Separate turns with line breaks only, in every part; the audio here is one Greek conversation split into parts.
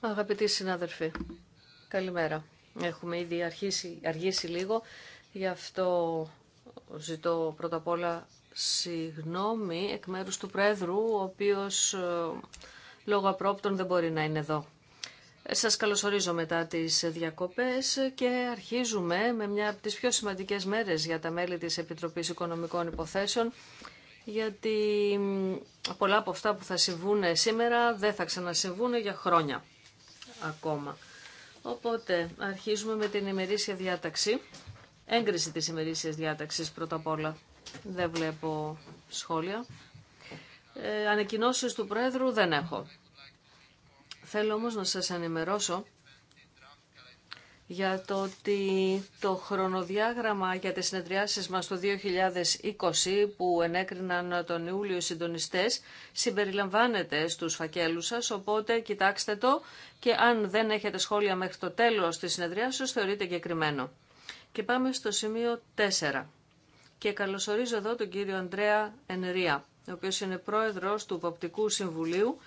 Αγαπητοί συνάδελφοι, καλημέρα. Έχουμε ήδη αρχίσει, αργήσει λίγο, γι' αυτό ζητώ πρώτα απ' όλα συγγνώμη εκ μέρους του Πρόεδρου, ο οποίος ε, λόγω απρόπτων δεν μπορεί να είναι εδώ. Σας καλωσορίζω μετά τις διακοπές και αρχίζουμε με μια από τις πιο σημαντικές μέρες για τα μέλη της Επιτροπής Οικονομικών Υποθέσεων, γιατί πολλά από αυτά που θα συμβούν σήμερα δεν θα ξανασυμβούν για χρόνια ακόμα. Οπότε αρχίζουμε με την ημερήσια διάταξη. Έγκριση της ημερήσιας διάταξης πρώτα απ' όλα. Δεν βλέπω σχόλια. Ε, του Πρόεδρου δεν έχω. Θέλω όμως να σας ενημερώσω για το ότι το χρονοδιάγραμμα για τις συνεδριάσεις μας το 2020 που ενέκριναν τον Ιούλιο οι συντονιστές συμπεριλαμβάνεται στους φακέλους σας, οπότε κοιτάξτε το και αν δεν έχετε σχόλια μέχρι το τέλος της συνεδριάσεως θεωρείται εγκεκριμένο. Και πάμε στο σημείο 4. Και καλωσορίζω εδώ τον κύριο Ανδρέα Ενρία, ο οποίος είναι πρόεδρος του Ποπτικού Συμβουλίου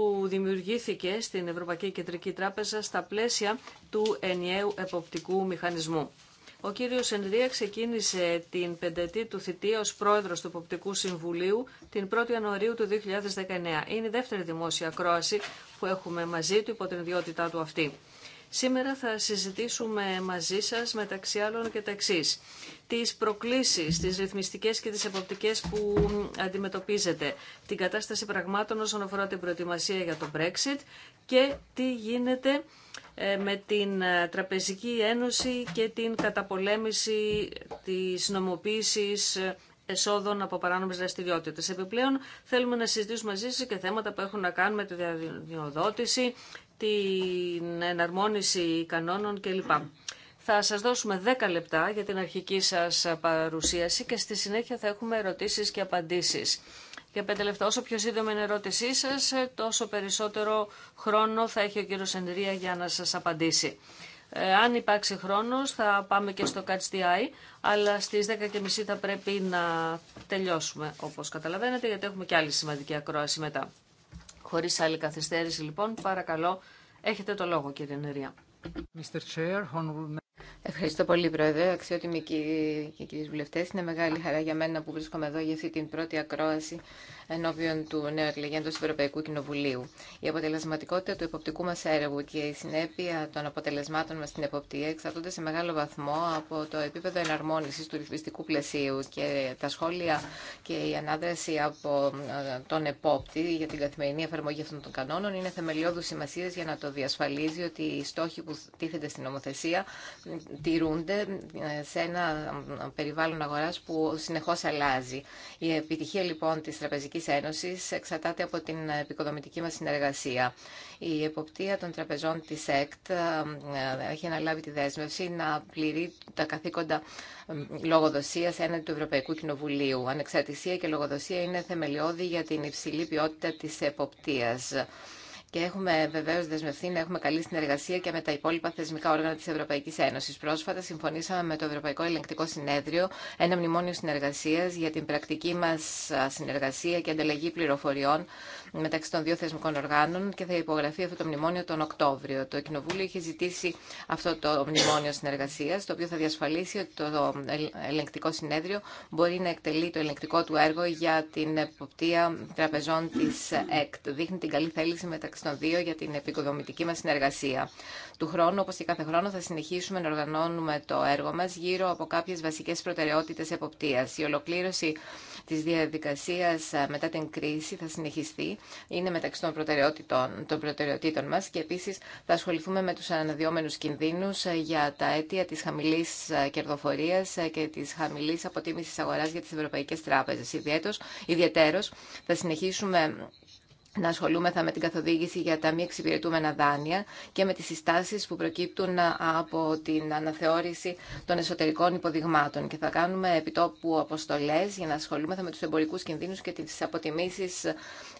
που δημιουργήθηκε στην Ευρωπαϊκή Κεντρική Τράπεζα στα πλαίσια του ενιαίου εποπτικού μηχανισμού. Ο κύριος Ενδρία ξεκίνησε την πεντετή του θητεία ως πρόεδρος του Εποπτικού Συμβουλίου την 1η Ιανουαρίου του 2019. Είναι η δεύτερη δημόσια ακρόαση που έχουμε μαζί του υπό την ιδιότητά του αυτή. Σήμερα θα συζητήσουμε μαζί σας μεταξύ άλλων και τα εξή. Τις προκλήσεις, τις ρυθμιστικές και τις εποπτικές που αντιμετωπίζετε, την κατάσταση πραγμάτων όσον αφορά την προετοιμασία για το Brexit και τι γίνεται ε, με την ε, Τραπεζική Ένωση και την καταπολέμηση της νομοποίησης ε, εσόδων από παράνομες δραστηριότητες. Επιπλέον, θέλουμε να συζητήσουμε μαζί σας και θέματα που έχουν να κάνουν με τη διαδιοδότηση την εναρμόνιση κανόνων κλπ. Θα σας δώσουμε 10 λεπτά για την αρχική σας παρουσίαση και στη συνέχεια θα έχουμε ερωτήσεις και απαντήσεις. Για 5 λεπτά, όσο πιο σύντομη είναι η ερώτησή σας, τόσο περισσότερο χρόνο θα έχει ο κύριος Ενρία για να σας απαντήσει. Ε, αν υπάρξει χρόνος θα πάμε και στο Catch αλλά στις 10.30 θα πρέπει να τελειώσουμε, όπως καταλαβαίνετε, γιατί έχουμε και άλλη σημαντική ακρόαση μετά. Χωρί άλλη καθυστέρηση λοιπόν, παρακαλώ, έχετε το λόγο κύριε Νερία.
Ευχαριστώ πολύ, Πρόεδρε. Αξιότιμοι και κύριοι βουλευτέ, είναι μεγάλη χαρά για μένα που βρίσκομαι εδώ για αυτή την πρώτη ακρόαση ενώπιον του νέου εκλεγέντο Ευρωπαϊκού Κοινοβουλίου. Η αποτελεσματικότητα του εποπτικού μα έργου και η συνέπεια των αποτελεσμάτων μα στην εποπτεία εξαρτώνται σε μεγάλο βαθμό από το επίπεδο εναρμόνιση του ρυθμιστικού πλαισίου και τα σχόλια και η ανάδραση από ε, τον επόπτη για την καθημερινή εφαρμογή αυτών των κανόνων είναι θεμελιώδου σημασία για να το διασφαλίζει ότι οι στόχοι που τίθενται στην νομοθεσία τηρούνται ε, σε ένα ε, περιβάλλον αγοράς που συνεχώς αλλάζει. Η επιτυχία λοιπόν της Τραπεζικής Ένωσης εξαρτάται από την επικοδομητική μας συνεργασία. Η εποπτεία των τραπεζών της ΕΚΤ ε, έχει αναλάβει τη δέσμευση να πληρεί τα καθήκοντα λογοδοσία έναντι του Ευρωπαϊκού Κοινοβουλίου. Ανεξαρτησία και λογοδοσία είναι θεμελιώδη για την υψηλή ποιότητα της εποπτείας και έχουμε βεβαίω δεσμευτεί να έχουμε καλή συνεργασία και με τα υπόλοιπα θεσμικά όργανα τη Ευρωπαϊκή Ένωση. Πρόσφατα συμφωνήσαμε με το Ευρωπαϊκό Ελεγκτικό Συνέδριο ένα μνημόνιο συνεργασία για την πρακτική μα συνεργασία και ανταλλαγή πληροφοριών μεταξύ των δύο θεσμικών οργάνων και θα υπογραφεί αυτό το μνημόνιο τον Οκτώβριο. Το Κοινοβούλιο είχε ζητήσει αυτό το μνημόνιο συνεργασία, το οποίο θα διασφαλίσει ότι το ελεγκτικό συνέδριο μπορεί να εκτελεί το ελεγκτικό του έργο για την εποπτεία τραπεζών τη ΕΚΤ. Δείχνει την καλή θέληση μεταξύ των δύο για την επικοδομητική μα συνεργασία του χρόνου, όπως και κάθε χρόνο, θα συνεχίσουμε να οργανώνουμε το έργο μας γύρω από κάποιες βασικές προτεραιότητες εποπτείας. Η ολοκλήρωση της διαδικασίας ε, μετά την κρίση θα συνεχιστεί, είναι μεταξύ των προτεραιοτήτων, των προτεραιοτήτων μας και επίσης θα ασχοληθούμε με τους αναδυόμενους κινδύνους ε, για τα αίτια της χαμηλής ε, κερδοφορίας και της χαμηλής αποτίμησης αγοράς για τις ευρωπαϊκές τράπεζες. Ιδιαίτερος, θα συνεχίσουμε να ασχολούμεθα με την καθοδήγηση για τα μη εξυπηρετούμενα δάνεια και με τις συστάσεις που προκύπτουν από την αναθεώρηση των εσωτερικών υποδειγμάτων και θα κάνουμε επιτόπου αποστολές για να ασχολούμεθα με τους εμπορικούς κινδύνους και τις αποτιμήσεις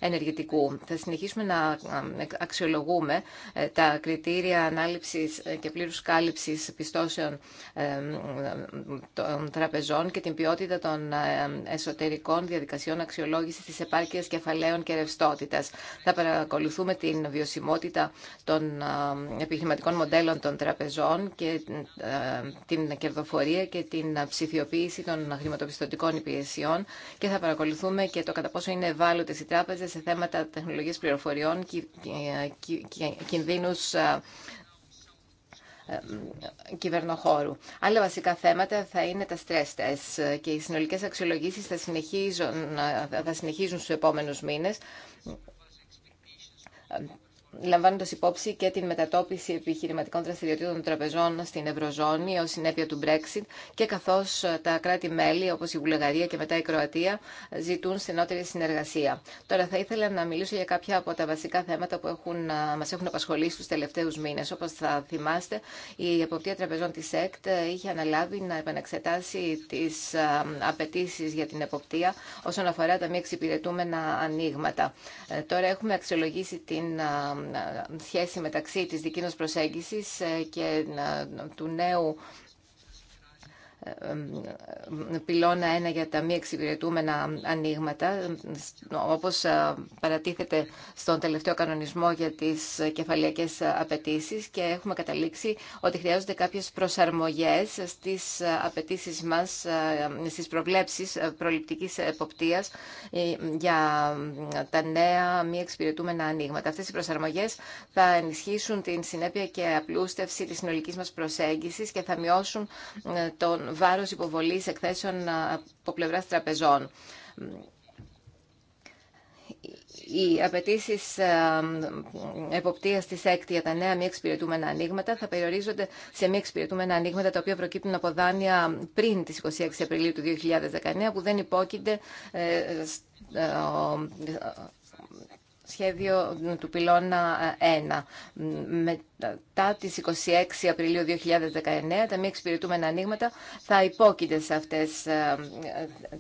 ενεργητικού. Θα συνεχίσουμε να αξιολογούμε ε, τα κριτήρια ανάληψης ε, και πλήρους κάλυψης πιστώσεων ε, των τραπεζών και την ποιότητα των εσωτερικών διαδικασιών αξιολόγησης της επάρκειας κεφαλαίων και ρευστότητα. Θα παρακολουθούμε την βιωσιμότητα των ε, επιχειρηματικών μοντέλων των τραπεζών και ε, την κερδοφορία και την ψηφιοποίηση των χρηματοπιστωτικών υπηρεσιών και θα παρακολουθούμε και το κατά πόσο είναι ευάλωτε οι τράπεζε σε θέματα τεχνολογία πληροφοριών και ε, κινδύνου ε, κυβερνοχώρου. Άλλα βασικά θέματα θα είναι τα stress και οι συνολικές αξιολογήσεις θα συνεχίζουν, ε, θα συνεχίζουν στους επόμενους μήνες λαμβάνοντα υπόψη και την μετατόπιση επιχειρηματικών δραστηριοτήτων των τραπεζών στην Ευρωζώνη ω συνέπεια του Brexit και καθώ ε, τα κράτη-μέλη όπω η Βουλγαρία και μετά η Κροατία ζητούν στενότερη συνεργασία. Τώρα θα ήθελα να μιλήσω για κάποια από τα βασικά θέματα που ε, μα έχουν απασχολήσει του τελευταίου μήνε. Όπω θα θυμάστε, η Εποπτεία Τραπεζών τη ΕΚΤ ε, είχε αναλάβει να επαναξετάσει τι απαιτήσει για την εποπτεία όσον αφορά τα μη εξυπηρετούμενα ανοίγματα. Τώρα έχουμε αξιολογήσει την σχέση μεταξύ της δικής μας προσέγγισης ε, και ε, του νέου πυλώνα ένα για τα μη εξυπηρετούμενα ανοίγματα, όπως ε, παρατίθεται στον τελευταίο κανονισμό για τις κεφαλιακές απαιτήσει και έχουμε καταλήξει ότι χρειάζονται κάποιες προσαρμογές στις απαιτήσει μας, ε, στις προβλέψεις προληπτικής εποπτείας ε, για τα νέα μη εξυπηρετούμενα ανοίγματα. Αυτές οι προσαρμογές θα ενισχύσουν την συνέπεια και απλούστευση της συνολικής μας προσέγγισης και θα μειώσουν τον βάρος υποβολής εκθέσεων ε, από πλευράς τραπεζών. Οι απαιτήσει ε, εποπτείας της ΕΚΤ για τα νέα μη εξυπηρετούμενα ανοίγματα θα περιορίζονται σε μη εξυπηρετούμενα ανοίγματα τα οποία προκύπτουν από δάνεια πριν τι 26 Απριλίου του 2019 που δεν υπόκεινται ε, σχέδιο ε, του πυλώνα 1. Ε, Μετά τι 26 Απριλίου 2019, τα μη εξυπηρετούμενα ανοίγματα θα υπόκειται σε αυτές ε,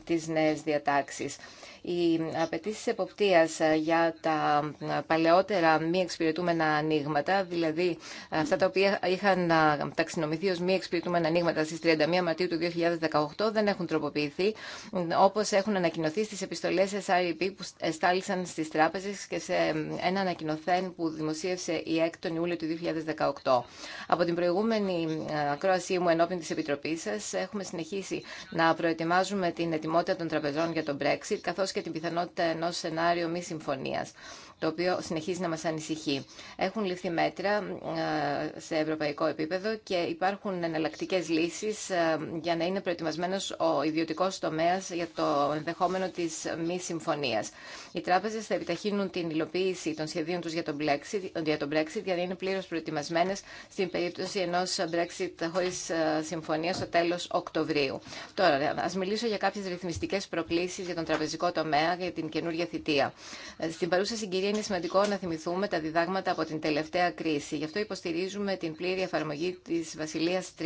τις νέες διατάξεις. Οι απαιτήσει εποπτεία για τα παλαιότερα μη εξυπηρετούμενα ανοίγματα, δηλαδή αυτά τα οποία είχαν ταξινομηθεί ω μη εξυπηρετούμενα ανοίγματα στι 31 Μαρτίου του 2018, δεν έχουν τροποποιηθεί, όπω έχουν ανακοινωθεί στι επιστολέ SREP που εστάλησαν στι τράπεζε και σε ένα ανακοινωθέν που δημοσίευσε η ΕΚ τον Ιούλιο του 2018. Από την προηγούμενη ε, ακρόασή μου ενώπιν τη Επιτροπή σα, έχουμε συνεχίσει να προετοιμάζουμε την ετοιμότητα των τραπεζών για τον Brexit, καθώ και την πιθανότητα ενός σενάριου μη συμφωνίας το οποίο συνεχίζει να μας ανησυχεί. Έχουν ληφθεί μέτρα ε, σε ευρωπαϊκό επίπεδο και υπάρχουν εναλλακτικέ λύσεις ε, για να είναι προετοιμασμένος ο ιδιωτικός τομέας για το ενδεχόμενο της μη συμφωνίας. Οι τράπεζες θα επιταχύνουν την υλοποίηση των σχεδίων τους για τον Brexit, για, να είναι πλήρως προετοιμασμένες στην περίπτωση ενός Brexit χωρίς ε, συμφωνία στο τέλος Οκτωβρίου. Τώρα, ας μιλήσω για κάποιες ρυθμιστικές προκλήσεις για τον τραπεζικό τομέα, για την καινούργια θητεία. Στην παρούσα συγκυρία είναι σημαντικό να θυμηθούμε τα διδάγματα από την τελευταία κρίση. Γι' αυτό υποστηρίζουμε την πλήρη εφαρμογή τη Βασιλεία 3.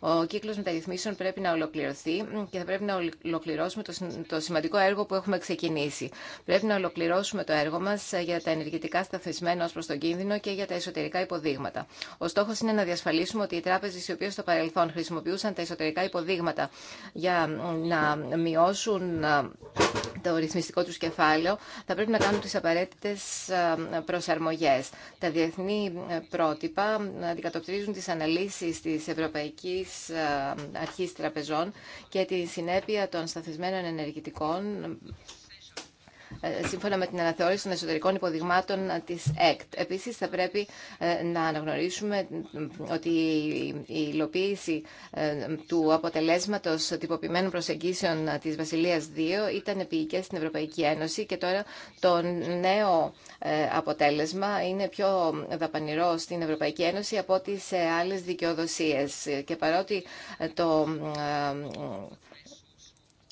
Ο κύκλο μεταρρυθμίσεων πρέπει να ολοκληρωθεί και θα πρέπει να ολοκληρώσουμε το σημαντικό έργο που έχουμε ξεκινήσει. Πρέπει να ολοκληρώσουμε το έργο μα για τα ενεργητικά σταθμισμένα ω προ τον κίνδυνο και για τα εσωτερικά υποδείγματα. Ο στόχο είναι να διασφαλίσουμε ότι οι τράπεζε οι οποίε στο παρελθόν χρησιμοποιούσαν τα εσωτερικά υποδείγματα για να μειώσουν ε, το ρυθμιστικό του κεφάλαιο, θα πρέπει να κάνουν τι απαραίτητε ε, προσαρμογές. Τα διεθνή ε, πρότυπα ε, αντικατοπτρίζουν τις αναλύσεις της Ευρωπαϊκής Αρχής Τραπεζών και τη συνέπεια των σταθεσμένων ενεργητικών ε, σύμφωνα με την αναθεώρηση των εσωτερικών υποδειγμάτων ε, της ΕΚΤ. Επίσης, θα πρέπει ε, να αναγνωρίσουμε ότι η υλοποίηση του αποτελέσματος τυποποιημένων προσεγγίσεων της Βασιλείας 2 ήταν επίκες στην Ευρωπαϊκή Ένωση και τώρα το νέο αποτέλεσμα είναι πιο δαπανηρό στην Ευρωπαϊκή Ένωση από ό,τι σε άλλες δικαιοδοσίες. Και παρότι το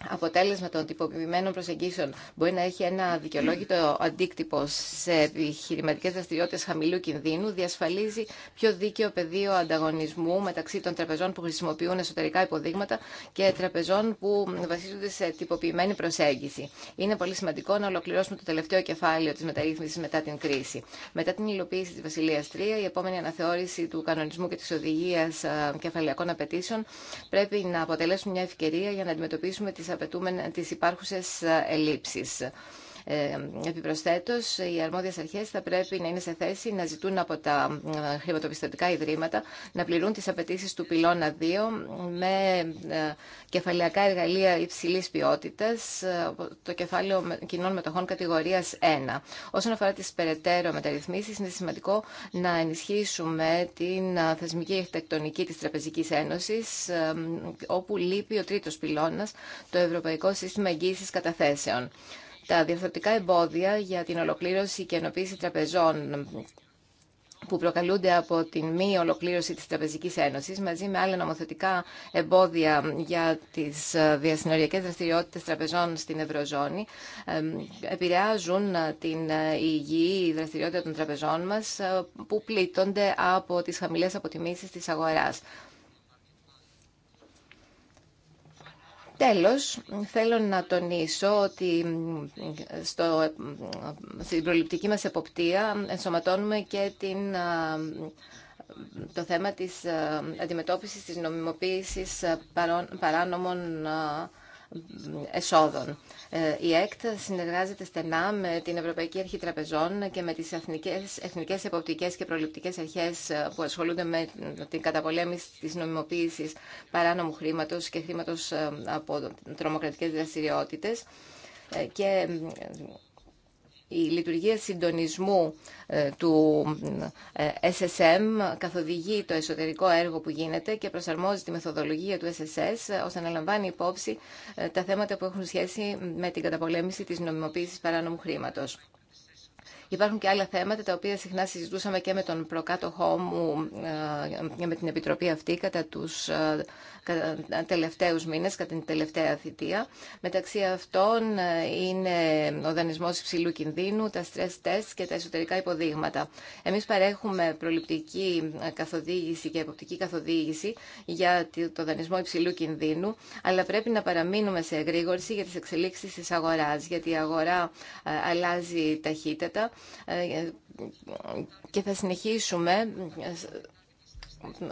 αποτέλεσμα των τυποποιημένων προσεγγίσεων μπορεί να έχει ένα δικαιολόγητο αντίκτυπο σε επιχειρηματικέ δραστηριότητε χαμηλού κινδύνου, διασφαλίζει πιο δίκαιο πεδίο ανταγωνισμού μεταξύ των τραπεζών που χρησιμοποιούν εσωτερικά υποδείγματα και τραπεζών που βασίζονται σε τυποποιημένη προσέγγιση. Είναι πολύ σημαντικό να ολοκληρώσουμε το τελευταίο κεφάλαιο τη μεταρρύθμιση μετά την κρίση. Μετά την υλοποίηση τη Βασιλεία 3, η επόμενη αναθεώρηση του κανονισμού και τη οδηγία ε, κεφαλαιακών απαιτήσεων πρέπει να αποτελέσουν μια ευκαιρία για να αντιμετωπίσουμε τι τις, απαιτούμενες, τις υπάρχουσες ε, ελλείψεις. Ε, επιπροσθέτως, οι αρμόδιες αρχές θα πρέπει να είναι σε θέση να ζητούν από τα ε, χρηματοπιστωτικά ιδρύματα να πληρούν τις απαιτήσει του πυλώνα 2 με ε, κεφαλαιακά εργαλεία υψηλής ποιότητας, το κεφάλαιο κοινών μετοχών κατηγορίας 1. Όσον αφορά τις περαιτέρω μεταρρυθμίσεις, είναι σημαντικό να ενισχύσουμε την θεσμική αρχιτεκτονική της Τραπεζικής Ένωσης, όπου λείπει ο τρίτος πυλώνας, το Ευρωπαϊκό Σύστημα Εγγύησης Καταθέσεων. Τα διαφορετικά εμπόδια για την ολοκλήρωση και ενοποίηση τραπεζών που προκαλούνται από την μη ολοκλήρωση της Τραπεζικής Ένωσης μαζί με άλλα νομοθετικά εμπόδια για τις ε, διασυνοριακές δραστηριότητες τραπεζών στην Ευρωζώνη ε, επηρεάζουν ε, την υγιή δραστηριότητα των τραπεζών μας που πλήττονται από τις χαμηλές αποτιμήσεις της αγοράς. Τέλος, θέλω να τονίσω ότι στο, στην προληπτική μας εποπτεία ενσωματώνουμε και την, το θέμα της αντιμετώπισης της νομιμοποίησης παράνομων εσόδων. Ε, η ΕΚΤ συνεργάζεται στενά με την Ευρωπαϊκή Αρχή Τραπεζών και με τις εθνικές, εθνικές εποπτικές και προληπτικές αρχές ε, που ασχολούνται με την καταπολέμηση της νομιμοποίησης παράνομου χρήματος και χρήματος ε, από τρομοκρατικές δραστηριότητες και η λειτουργία συντονισμού ε, του ε, SSM καθοδηγεί το εσωτερικό έργο που γίνεται και προσαρμόζει τη μεθοδολογία του SSS ώστε να λαμβάνει υπόψη ε, τα θέματα που έχουν σχέση με την καταπολέμηση της νομιμοποίησης παράνομου χρήματος. Υπάρχουν και άλλα θέματα τα οποία συχνά συζητούσαμε και με τον προκάτοχό μου και με την Επιτροπή αυτή κατά τους τελευταίους μήνες, κατά την τελευταία θητεία. Μεταξύ αυτών ε, είναι ο δανεισμός υψηλού κινδύνου, τα stress tests και τα εσωτερικά υποδείγματα. Εμείς παρέχουμε προληπτική ε, καθοδήγηση και εποπτική καθοδήγηση για το δανεισμό υψηλού κινδύνου, αλλά πρέπει να παραμείνουμε σε εγρήγορση για τις εξελίξεις της αγοράς, γιατί η αγορά ε, αλλάζει ταχύτατα και θα συνεχίσουμε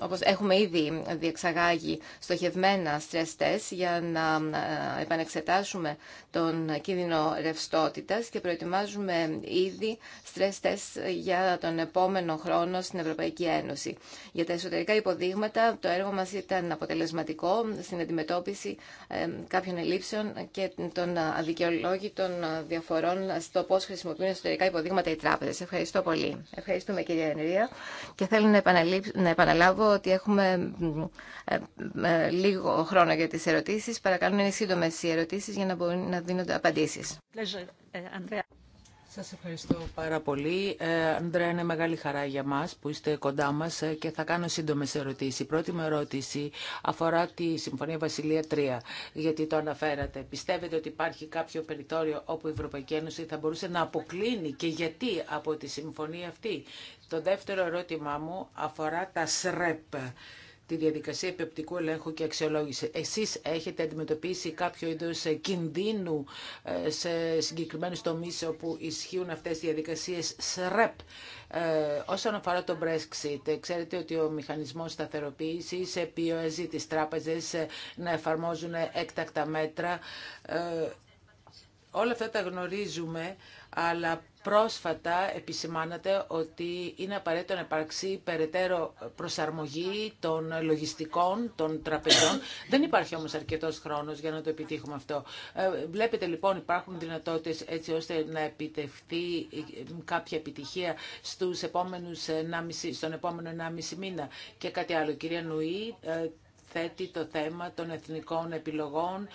όπως έχουμε ήδη διεξαγάγει στοχευμένα stress test για να ε, επανεξετάσουμε τον κίνδυνο ρευστότητας και προετοιμάζουμε ήδη stress test για τον επόμενο χρόνο στην Ευρωπαϊκή Ένωση. Για τα εσωτερικά υποδείγματα το έργο μας ήταν αποτελεσματικό στην αντιμετώπιση ε, κάποιων ελλείψεων και των αδικαιολόγητων διαφορών στο πώς χρησιμοποιούν εσωτερικά υποδείγματα οι τράπεζες. Ευχαριστώ πολύ. Ευχαριστούμε κυρία Ενρία και θέλω να Καταλάβω ότι έχουμε ε, ε, λίγο χρόνο για τις ερωτήσεις. Παρακαλώ να είναι σύντομες οι ερωτήσεις για να μπορούν να δίνονται απαντήσεις.
Ε, σας ευχαριστώ
πάρα
πολύ. Ε, είναι μεγάλη χαρά για μας που είστε κοντά μας ε, και θα κάνω σύντομες ερωτήσεις. Η πρώτη μου ερώτηση αφορά τη Συμφωνία Βασιλεία 3, γιατί το αναφέρατε. Πιστεύετε ότι υπάρχει κάποιο περιθώριο όπου η Ευρωπαϊκή Ένωση θα μπορούσε να αποκλίνει και γιατί από τη συμφωνία αυτή. Το δεύτερο ερώτημά μου αφορά τα ΣΡΕΠ τη διαδικασία επιπτικού ελέγχου και αξιολόγηση. Εσείς έχετε αντιμετωπίσει κάποιο είδος κινδύνου ε, σε συγκεκριμένους τομείς όπου ισχύουν αυτές οι διαδικασίες ΣΡΕΠ. E ε, όσον αφορά το Brexit, ξέρετε ότι ο μηχανισμός σταθεροποίησης πιέζει τις τράπεζες ε, να εφαρμόζουν έκτακτα μέτρα. Ε, όλα αυτά τα γνωρίζουμε, αλλά πρόσφατα επισημάνατε ότι είναι απαραίτητο να υπάρξει περαιτέρω προσαρμογή των λογιστικών, των τραπεζών. Δεν υπάρχει όμως αρκετός χρόνος για να το επιτύχουμε αυτό. Ε, βλέπετε λοιπόν υπάρχουν δυνατότητες έτσι ώστε να επιτευχθεί ε, κάποια επιτυχία στους επόμενους 1,5, ε, στον επόμενο 1,5 μήνα. Και κάτι άλλο, κυρία Νουή, θέτει το θέμα των εθνικών επιλογών,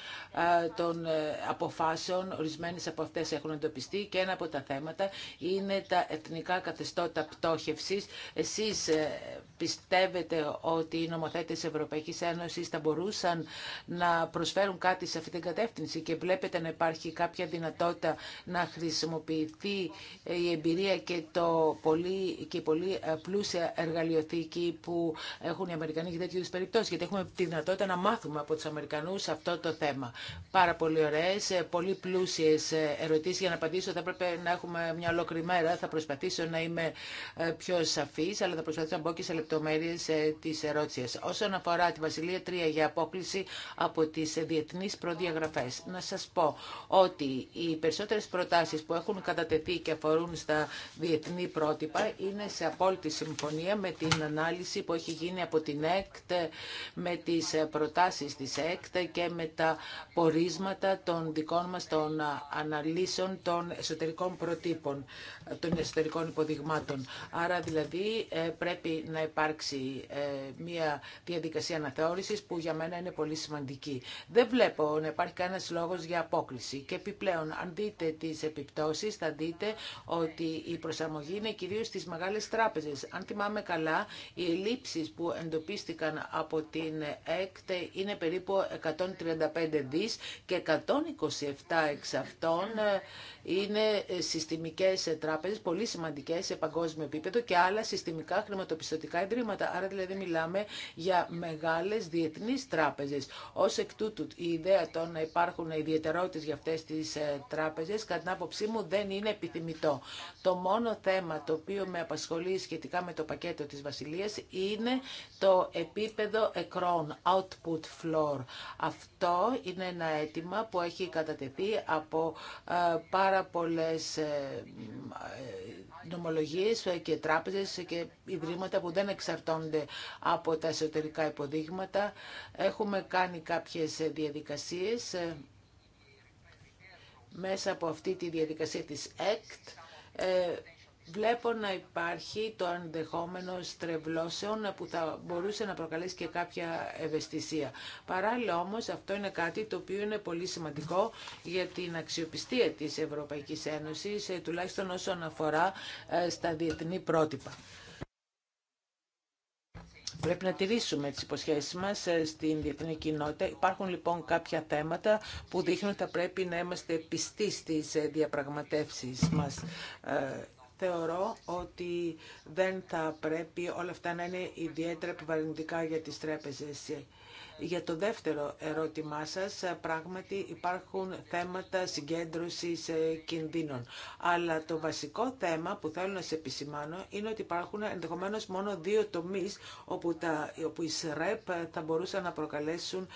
των ε, αποφάσεων. Ορισμένες από αυτές έχουν εντοπιστεί και ένα από τα θέματα είναι τα εθνικά καθεστώτα πτώχευσης. Εσείς ε, πιστεύετε ότι οι νομοθέτες Ευρωπαϊκή Ένωσης θα μπορούσαν να προσφέρουν κάτι σε αυτή την κατεύθυνση και βλέπετε να υπάρχει κάποια δυνατότητα να χρησιμοποιηθεί ε, η εμπειρία και, το πολύ, και η πολύ πλούσια εργαλειοθήκη που έχουν οι Αμερικανοί για τέτοιου περιπτώσει τη δυνατότητα να μάθουμε από τους Αμερικανούς αυτό το θέμα. Πάρα πολύ ωραίες, πολύ πλούσιες ερωτήσεις για να απαντήσω. Θα έπρεπε να έχουμε μια ολόκληρη μέρα. Θα προσπαθήσω να είμαι ε, πιο σαφής, αλλά θα προσπαθήσω να μπω και σε λεπτομέρειες ε, της ερώτησης. Όσον αφορά τη Βασιλεία 3 για απόκληση από τις διεθνείς προδιαγραφές, να σας πω ότι οι περισσότερες προτάσεις που έχουν κατατεθεί και αφορούν στα διεθνή πρότυπα είναι σε απόλυτη συμφωνία με την ανάλυση που έχει γίνει από την ΕΚΤ, με τις ε, προτάσεις της ΕΚΤ και με τα πορίσματα των δικών μας των αναλύσεων των εσωτερικών προτύπων, ε, των εσωτερικών υποδειγμάτων. Άρα δηλαδή ε, πρέπει να υπάρξει μια διαδικασία αναθεώρησης που για μένα είναι πολύ σημαντική. Δεν βλέπω να υπάρχει κανένας λόγος για απόκληση και επιπλέον αν δείτε τις επιπτώσεις θα δείτε ότι η προσαρμογή είναι κυρίως στις μεγάλες τράπεζες. Αν θυμάμαι καλά, οι ελλείψεις που εντοπίστηκαν από την είναι περίπου 135 δις και 127 εξ αυτών ε, είναι ε, συστημικέ ε, τράπεζε, πολύ σημαντικέ σε παγκόσμιο επίπεδο και άλλα συστημικά χρηματοπιστωτικά ιδρύματα. Άρα δηλαδή μιλάμε για μεγάλε διεθνεί τράπεζε. Ω εκ τούτου η ιδέα των να υπάρχουν ιδιαιτερότητε για αυτέ τι ε, τράπεζε, κατά την άποψή μου δεν είναι επιθυμητό. Το μόνο θέμα το οποίο με απασχολεί σχετικά με το πακέτο τη Βασιλεία είναι το επίπεδο εκρών, output floor. Αυτό είναι ένα αίτημα που έχει κατατεθεί από πάρα πάρα πολλές ε, ε, νομολογίες και τράπεζες και ιδρύματα που δεν εξαρτώνται από τα εσωτερικά υποδείγματα. Έχουμε κάνει κάποιες διαδικασίες ε, μέσα από αυτή τη διαδικασία της ΕΚΤ βλέπω να υπάρχει το ενδεχόμενο στρεβλώσεων που θα μπορούσε να προκαλέσει και κάποια ευαισθησία. Παράλληλα όμως αυτό είναι κάτι το οποίο είναι πολύ σημαντικό για την αξιοπιστία της Ευρωπαϊκής Ένωσης, ε, τουλάχιστον όσον αφορά ε, στα διεθνή πρότυπα. Πρέπει να τηρήσουμε τις υποσχέσεις μας ε, στην διεθνή κοινότητα. Υπάρχουν λοιπόν κάποια θέματα που δείχνουν ότι θα πρέπει να είμαστε πιστοί στις διαπραγματεύσεις μας θεωρώ ότι δεν θα πρέπει όλα αυτά να είναι ιδιαίτερα επιβαρυντικά για τις τρέπεζες. Για το δεύτερο ερώτημά σας, πράγματι υπάρχουν θέματα συγκέντρωσης ε, κινδύνων. Αλλά το βασικό θέμα που θέλω να σε επισημάνω είναι ότι υπάρχουν ενδεχομένως μόνο δύο τομείς όπου, τα, όπου οι ΣΡΕΠ θα μπορούσαν να προκαλέσουν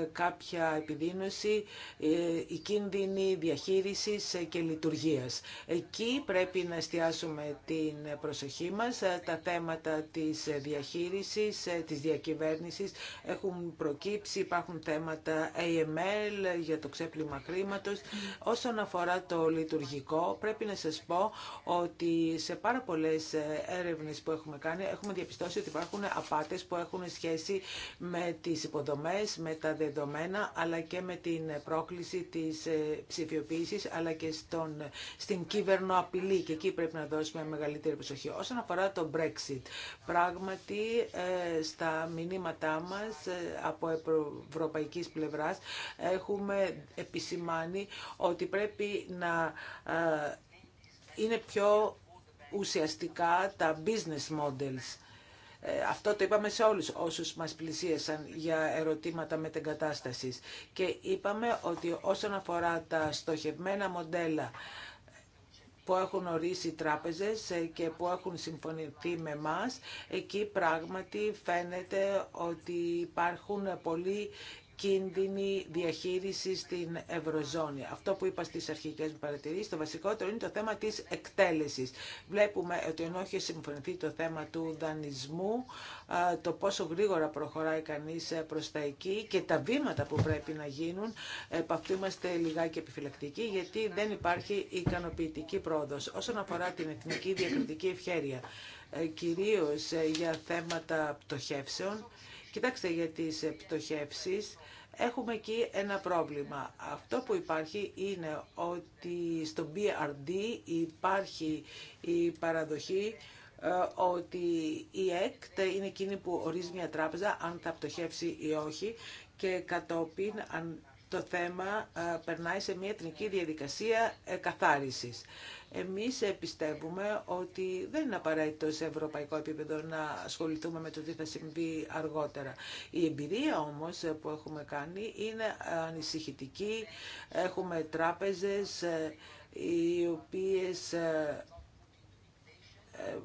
ε, κάποια επιδείνωση, ε, η κίνδυνη διαχείρισης και λειτουργίας. Εκεί πρέπει να εστιάσουμε την προσοχή μας. Τα θέματα της διαχείρισης, της διακυβέρνησης έχουν προκύψει, υπάρχουν θέματα AML για το ξέπλυμα χρήματος. Όσον αφορά το λειτουργικό, πρέπει να σας πω ότι σε πάρα πολλές έρευνες που έχουμε κάνει, έχουμε διαπιστώσει ότι υπάρχουν απάτες που έχουν σχέση με τις υποδομές, με τα δεδομένα, αλλά και με την πρόκληση της ε, ψηφιοποίησης, αλλά και στον, στην κυβερνοαπειλή και εκεί πρέπει να δώσουμε μεγαλύτερη προσοχή. Όσον αφορά το Brexit, πράγματι ε, στα μηνύματά μας ε, από ευρωπαϊκής πλευράς έχουμε επισημάνει ότι πρέπει να ε, είναι πιο ουσιαστικά τα business models. Ε, αυτό το είπαμε σε όλους όσους μας πλησίασαν για ερωτήματα κατάσταση. Και είπαμε ότι όσον αφορά τα στοχευμένα μοντέλα που έχουν ορίσει οι τράπεζες ε, και που έχουν συμφωνηθεί με μας, εκεί πράγματι φαίνεται ότι υπάρχουν πολλοί κίνδυνη διαχείριση στην Ευρωζώνη. Αυτό που είπα στι αρχικέ μου παρατηρήσει. το βασικότερο είναι το θέμα τη εκτέλεση. Βλέπουμε ότι ενώ έχει συμφωνηθεί το θέμα του δανεισμού, το πόσο γρήγορα προχωράει κανεί ε, προ τα εκεί και τα βήματα που πρέπει να γίνουν, ε, επ' αυτού είμαστε λιγάκι επιφυλακτικοί, γιατί δεν υπάρχει ικανοποιητική πρόοδος. Όσον αφορά την εθνική διακριτική ευχέρεια, ε, κυρίως για θέματα πτωχεύσεων, Κοιτάξτε για τις πτωχεύσεις, έχουμε εκεί ένα πρόβλημα. Αυτό που υπάρχει είναι ότι στο BRD υπάρχει η παραδοχή ε, ότι η ΕΚΤ είναι εκείνη που ορίζει μια τράπεζα αν θα πτωχεύσει ή όχι και κατόπιν αν το θέμα ε, περνάει σε μια εθνική διαδικασία ε, καθάρισης. Εμείς πιστεύουμε ότι δεν είναι απαραίτητο σε ευρωπαϊκό επίπεδο να ασχοληθούμε με το τι θα συμβεί αργότερα. Η εμπειρία όμως που έχουμε κάνει είναι ανησυχητική. Έχουμε τράπεζες ε, οι οποίες ε, ε,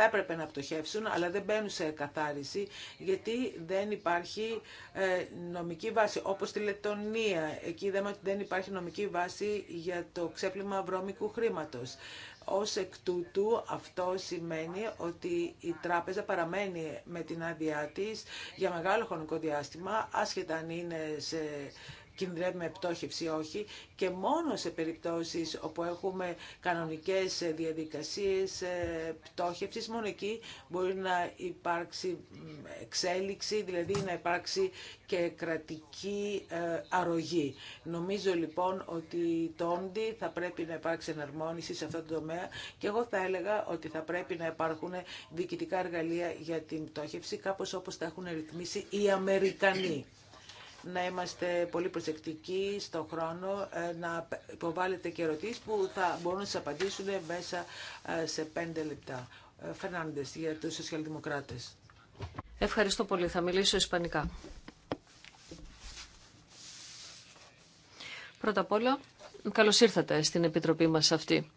θα έπρεπε να πτωχεύσουν, αλλά δεν μπαίνουν σε καθάριση, γιατί δεν υπάρχει ε, νομική βάση. Όπως στη Λετωνία, εκεί είδαμε ότι δεν υπάρχει νομική βάση για το ξέπλυμα βρώμικου χρήματος. Ως εκ τούτου αυτό σημαίνει ότι η τράπεζα παραμένει με την άδειά της για μεγάλο χρονικό διάστημα, άσχετα αν είναι σε κινδυνεύουμε πτώχευση ή όχι και μόνο σε περιπτώσεις όπου έχουμε κανονικές διαδικασίες ε, πτώχευσης, μόνο εκεί μπορεί να υπάρξει εξέλιξη, δηλαδή να υπάρξει και κρατική ε, αρρωγή. Νομίζω λοιπόν ότι το θα πρέπει να υπάρξει εναρμόνιση σε αυτό το τομέα και εγώ θα έλεγα ότι θα πρέπει να υπάρχουν διοικητικά εργαλεία για την πτώχευση, κάπως όπως τα έχουν ρυθμίσει οι Αμερικανοί να είμαστε πολύ προσεκτικοί στον χρόνο, ε, να υποβάλλετε και ερωτήσεις που θα μπορούν να σας απαντήσουν μέσα ε, σε πέντε λεπτά. Ε, Φερνάντες για τους σοσιαλδημοκράτες.
Ευχαριστώ πολύ. Θα μιλήσω ισπανικά. Πρώτα απ' όλα, καλώς ήρθατε στην Επιτροπή μας αυτή.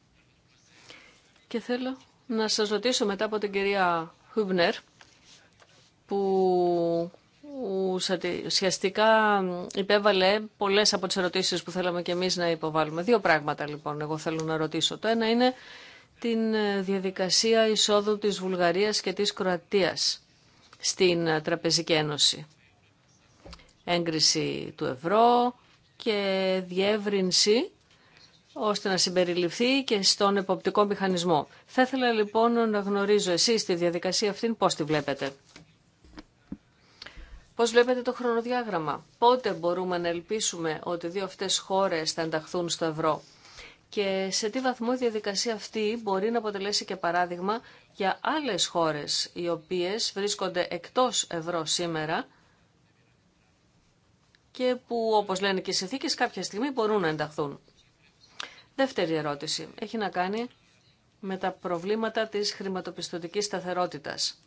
Και θέλω να σας ρωτήσω μετά από την κυρία Χούμπνερ, που ουσιαστικά υπέβαλε πολλές από τις ερωτήσεις που θέλαμε και εμείς να υποβάλουμε. Δύο πράγματα λοιπόν εγώ θέλω να ρωτήσω. Το ένα είναι την διαδικασία εισόδου της Βουλγαρίας και της Κροατίας στην Τραπεζική Ένωση. Έγκριση του ευρώ και διεύρυνση ώστε να συμπεριληφθεί και στον εποπτικό μηχανισμό. Θα ήθελα λοιπόν να γνωρίζω εσείς τη διαδικασία αυτήν πώς τη βλέπετε. Πώς βλέπετε το χρονοδιάγραμμα. Πότε μπορούμε να ελπίσουμε ότι δύο αυτές χώρες θα ενταχθούν στο ευρώ. Και σε τι βαθμό η διαδικασία αυτή μπορεί να αποτελέσει και παράδειγμα για άλλες χώρες οι οποίες βρίσκονται εκτός ευρώ σήμερα και που όπως λένε και οι συνθήκες κάποια στιγμή μπορούν να ενταχθούν. Δεύτερη ερώτηση έχει να κάνει με τα προβλήματα της χρηματοπιστωτικής σταθερότητας.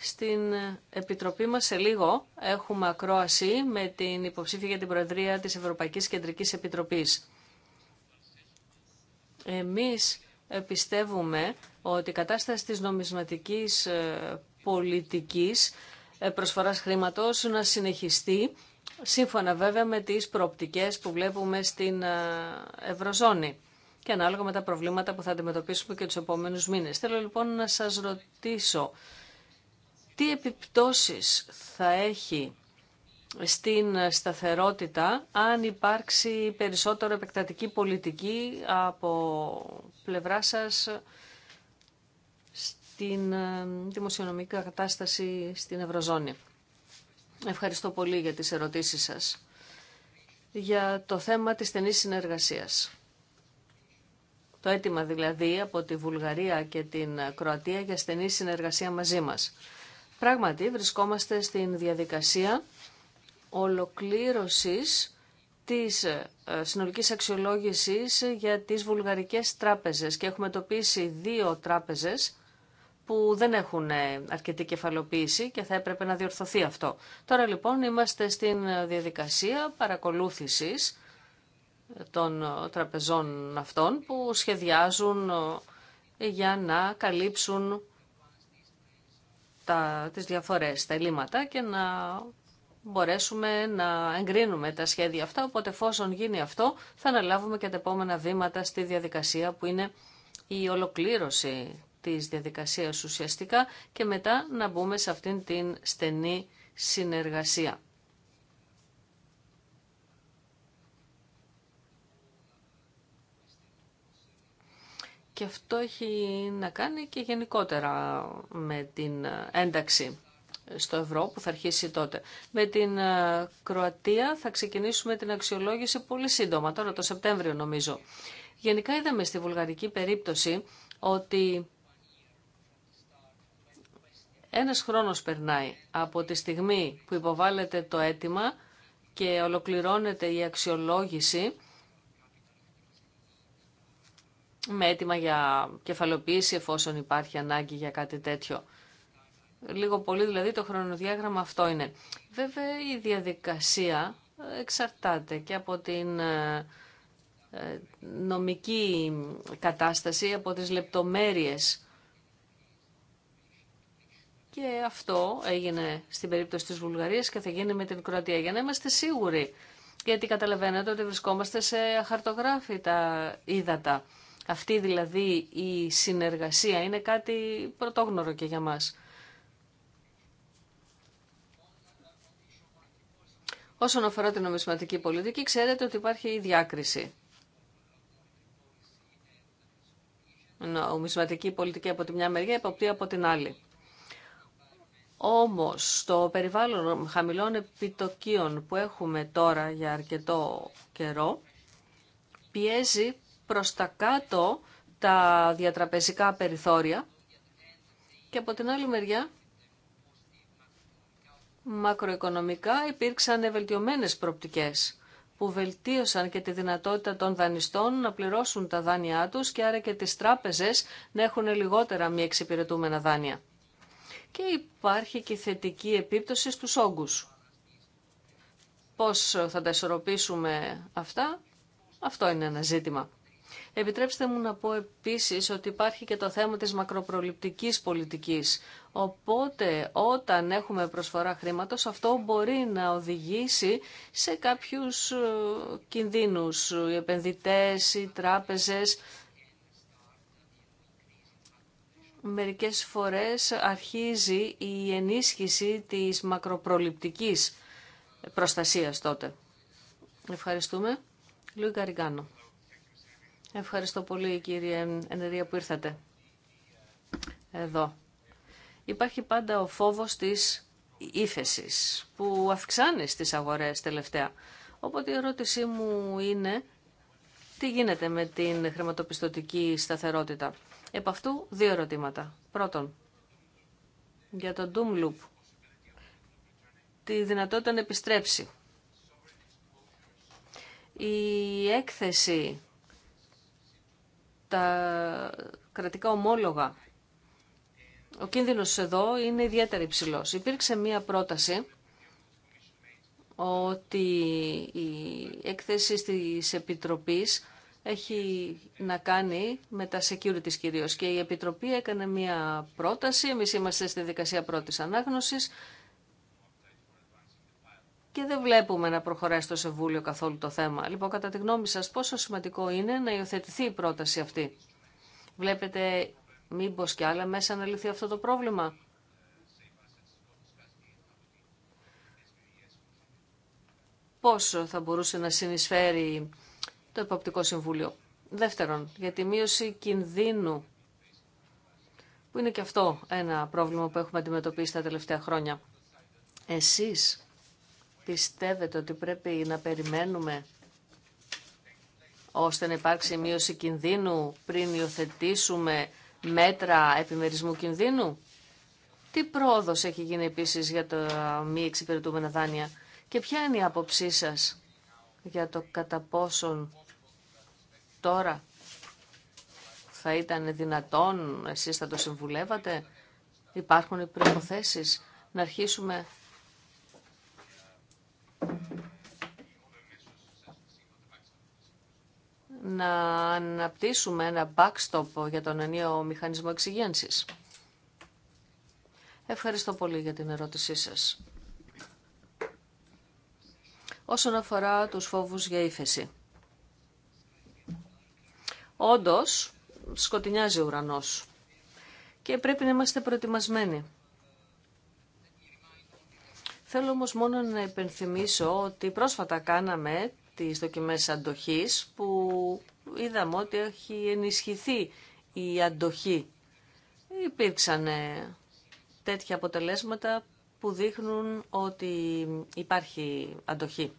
Στην Επιτροπή μας σε λίγο έχουμε ακρόαση με την υποψήφια για την Προεδρία της Ευρωπαϊκής Κεντρικής Επιτροπής. Εμείς ε, πιστεύουμε ότι η κατάσταση της νομισματικής ε, πολιτικής ε, προσφοράς χρήματος να συνεχιστεί σύμφωνα βέβαια με τις προοπτικές που βλέπουμε στην Ευρωζώνη και ανάλογα με τα προβλήματα που θα αντιμετωπίσουμε και τους επόμενους μήνες. Θέλω λοιπόν να σας ρωτήσω τι επιπτώσεις θα έχει στην σταθερότητα αν υπάρξει περισσότερο επεκτατική πολιτική από πλευρά σας στην ε, δημοσιονομική κατάσταση στην Ευρωζώνη. Ευχαριστώ πολύ για τις ερωτήσεις σας για το θέμα της στενής συνεργασίας. Το αίτημα δηλαδή από τη Βουλγαρία και την Κροατία για στενή συνεργασία μαζί μας. Πράγματι βρισκόμαστε στην διαδικασία ολοκλήρωσης της ε, συνολικής αξιολόγησης για τις βουλγαρικές τράπεζες και έχουμε τοπίσει δύο τράπεζες που δεν έχουν ε, αρκετή κεφαλοποίηση και θα έπρεπε να διορθωθεί αυτό. Τώρα λοιπόν είμαστε στην διαδικασία παρακολούθησης ε, των τραπεζών αυτών που σχεδιάζουν για να καλύψουν τα, τις διαφορές, τα ελλείμματα και να μπορέσουμε να εγκρίνουμε τα σχέδια αυτά, οπότε εφόσον γίνει αυτό θα αναλάβουμε και τα επόμενα βήματα στη διαδικασία που είναι η ολοκλήρωση της διαδικασίας ουσιαστικά και μετά να μπούμε σε αυτήν την στενή συνεργασία. Και αυτό έχει να κάνει και γενικότερα με την ένταξη στο ευρώ που θα αρχίσει τότε. Με την ε, Κροατία θα ξεκινήσουμε την αξιολόγηση πολύ σύντομα, τώρα το Σεπτέμβριο νομίζω. Γενικά είδαμε στη βουλγαρική περίπτωση ότι ένας χρόνος περνάει από τη στιγμή που υποβάλλεται το αίτημα και ολοκληρώνεται η αξιολόγηση με αίτημα για κεφαλοποίηση εφόσον υπάρχει ανάγκη για κάτι τέτοιο. Λίγο πολύ δηλαδή το χρονοδιάγραμμα αυτό είναι. Βέβαια η διαδικασία εξαρτάται και από την ε, ε, νομική κατάσταση, από τις λεπτομέρειες. Και αυτό έγινε στην περίπτωση της Βουλγαρίας και θα γίνει με την Κροατία για να είμαστε σίγουροι. Γιατί καταλαβαίνετε ότι βρισκόμαστε σε αχαρτογράφητα ύδατα. Αυτή δηλαδή η συνεργασία είναι κάτι πρωτόγνωρο και για μας. Όσον αφορά την νομισματική πολιτική, ξέρετε ότι υπάρχει η διάκριση. Νομισματική πολιτική από τη μια μεριά, υποπτή από την άλλη. Όμως, στο περιβάλλον χαμηλών επιτοκίων που έχουμε τώρα για αρκετό καιρό, πιέζει προς τα κάτω τα διατραπεζικά περιθώρια και από την άλλη μεριά μακροοικονομικά υπήρξαν βελτιωμένες προπτικές που βελτίωσαν και τη δυνατότητα των δανειστών να πληρώσουν τα δάνειά τους και άρα και τις τράπεζες να έχουν λιγότερα μη εξυπηρετούμενα δάνεια. Και υπάρχει και θετική επίπτωση στους όγκους. Πώς θα τα ισορροπήσουμε αυτά, αυτό είναι ένα ζήτημα. Επιτρέψτε μου να πω επίσης ότι υπάρχει και το θέμα της μακροπροληπτικής πολιτικής. Οπότε όταν έχουμε προσφορά χρήματος αυτό μπορεί να οδηγήσει σε κάποιους ε, κινδύνους. Οι επενδυτές, οι τράπεζες μερικές φορές αρχίζει η ενίσχυση της μακροπροληπτικής προστασίας τότε. Ευχαριστούμε. Λουί Καριγκάνο. Ευχαριστώ πολύ κύριε Ενερία που ήρθατε εδώ. Υπάρχει πάντα ο φόβος της ύφεση που αυξάνει στις αγορές τελευταία. Οπότε η ερώτησή μου είναι τι γίνεται με την χρηματοπιστωτική σταθερότητα. Επ' αυτού δύο ερωτήματα. Πρώτον, για το Doom Loop, τη δυνατότητα να επιστρέψει. Η έκθεση τα κρατικά ομόλογα. Ο κίνδυνος εδώ είναι ιδιαίτερα υψηλός. Υπήρξε μία πρόταση ότι η έκθεση της Επιτροπής έχει να κάνει με τα security κυρίως και η Επιτροπή έκανε μία πρόταση, εμείς είμαστε στη δικασία πρώτης ανάγνωσης και δεν βλέπουμε να προχωράει στο Σεβούλιο καθόλου το θέμα. Λοιπόν, κατά τη γνώμη σας, πόσο σημαντικό είναι να υιοθετηθεί η πρόταση αυτή. Βλέπετε μήπως και άλλα μέσα να λυθεί αυτό το πρόβλημα. Πόσο θα μπορούσε να συνεισφέρει το Εποπτικό Συμβούλιο. Δεύτερον, για τη μείωση κινδύνου, που είναι και αυτό ένα πρόβλημα που έχουμε αντιμετωπίσει τα τελευταία χρόνια. Εσείς Πιστεύετε ότι πρέπει να περιμένουμε ώστε να υπάρξει μείωση κινδύνου πριν υιοθετήσουμε μέτρα επιμερισμού κινδύνου. Τι πρόοδος έχει γίνει επίσης για τα μη εξυπηρετούμενα δάνεια και ποια είναι η άποψή σας για το κατά πόσον τώρα θα ήταν δυνατόν, εσείς θα το συμβουλεύατε, υπάρχουν οι προϋποθέσεις να αρχίσουμε να αναπτύσσουμε ένα backstop για τον ενίο μηχανισμό εξυγένσης. Ευχαριστώ πολύ για την ερώτησή σας. Όσον αφορά τους φόβους για ύφεση. Όντως, σκοτεινιάζει ο ουρανός και πρέπει να είμαστε προετοιμασμένοι. Θέλω όμως μόνο να υπενθυμίσω ότι πρόσφατα κάναμε τις δοκιμές αντοχής που είδαμε ότι έχει ενισχυθεί η αντοχή. Υπήρξαν τέτοια αποτελέσματα που δείχνουν ότι υπάρχει αντοχή.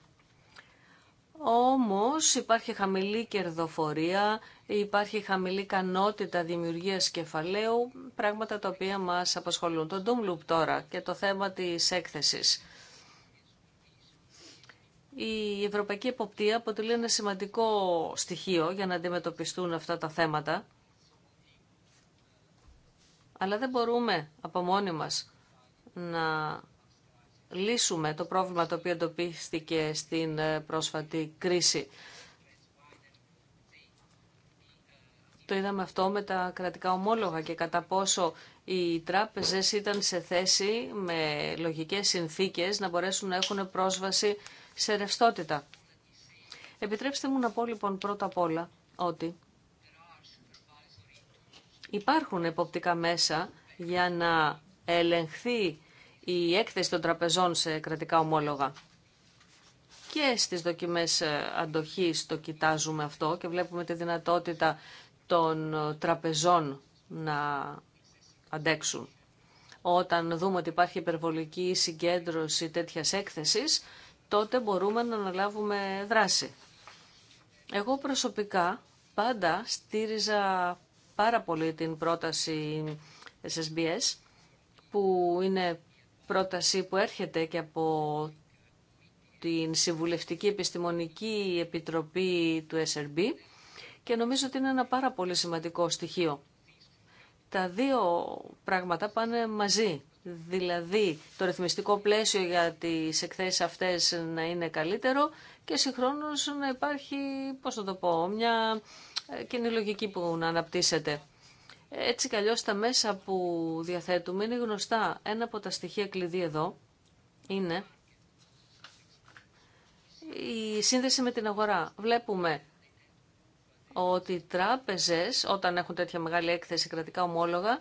Όμως υπάρχει χαμηλή κερδοφορία, υπάρχει χαμηλή ικανότητα δημιουργίας κεφαλαίου, πράγματα τα οποία μας απασχολούν. Το Ντούμλουπ τώρα και το θέμα της έκθεσης η ευρωπαϊκή εποπτεία αποτελεί ένα σημαντικό στοιχείο για να αντιμετωπιστούν αυτά τα θέματα. Αλλά δεν μπορούμε από μόνοι μας να λύσουμε το πρόβλημα το οποίο εντοπίστηκε στην ε, πρόσφατη κρίση. Το είδαμε αυτό με τα κρατικά ομόλογα και κατά πόσο οι τράπεζες ήταν σε θέση με λογικές συνθήκες να μπορέσουν να έχουν πρόσβαση σε ρευστότητα. Επιτρέψτε μου να πω λοιπόν πρώτα απ' όλα ότι υπάρχουν εποπτικά μέσα για να ελεγχθεί η έκθεση των τραπεζών σε κρατικά ομόλογα. Και στις δοκιμές ε, αντοχής το κοιτάζουμε αυτό και βλέπουμε τη δυνατότητα των τραπεζών να αντέξουν. Όταν δούμε ότι υπάρχει υπερβολική συγκέντρωση τέτοιας έκθεσης, τότε μπορούμε να αναλάβουμε δράση. Εγώ προσωπικά πάντα στήριζα πάρα πολύ την πρόταση SSBS, που είναι πρόταση που έρχεται και από την Συμβουλευτική Επιστημονική Επιτροπή του SRB και νομίζω ότι είναι ένα πάρα πολύ σημαντικό στοιχείο τα δύο πράγματα πάνε μαζί. Δηλαδή το ρυθμιστικό πλαίσιο για τις εκθέσεις αυτές να είναι καλύτερο και συγχρόνως να υπάρχει, πώς το πω, μια ε, κοινή λογική που να αναπτύσσεται. Έτσι αλλιώς τα μέσα που διαθέτουμε είναι γνωστά. Ένα από τα στοιχεία κλειδί εδώ είναι η σύνδεση με την αγορά. Βλέπουμε ότι οι τράπεζες όταν έχουν τέτοια μεγάλη έκθεση κρατικά ομόλογα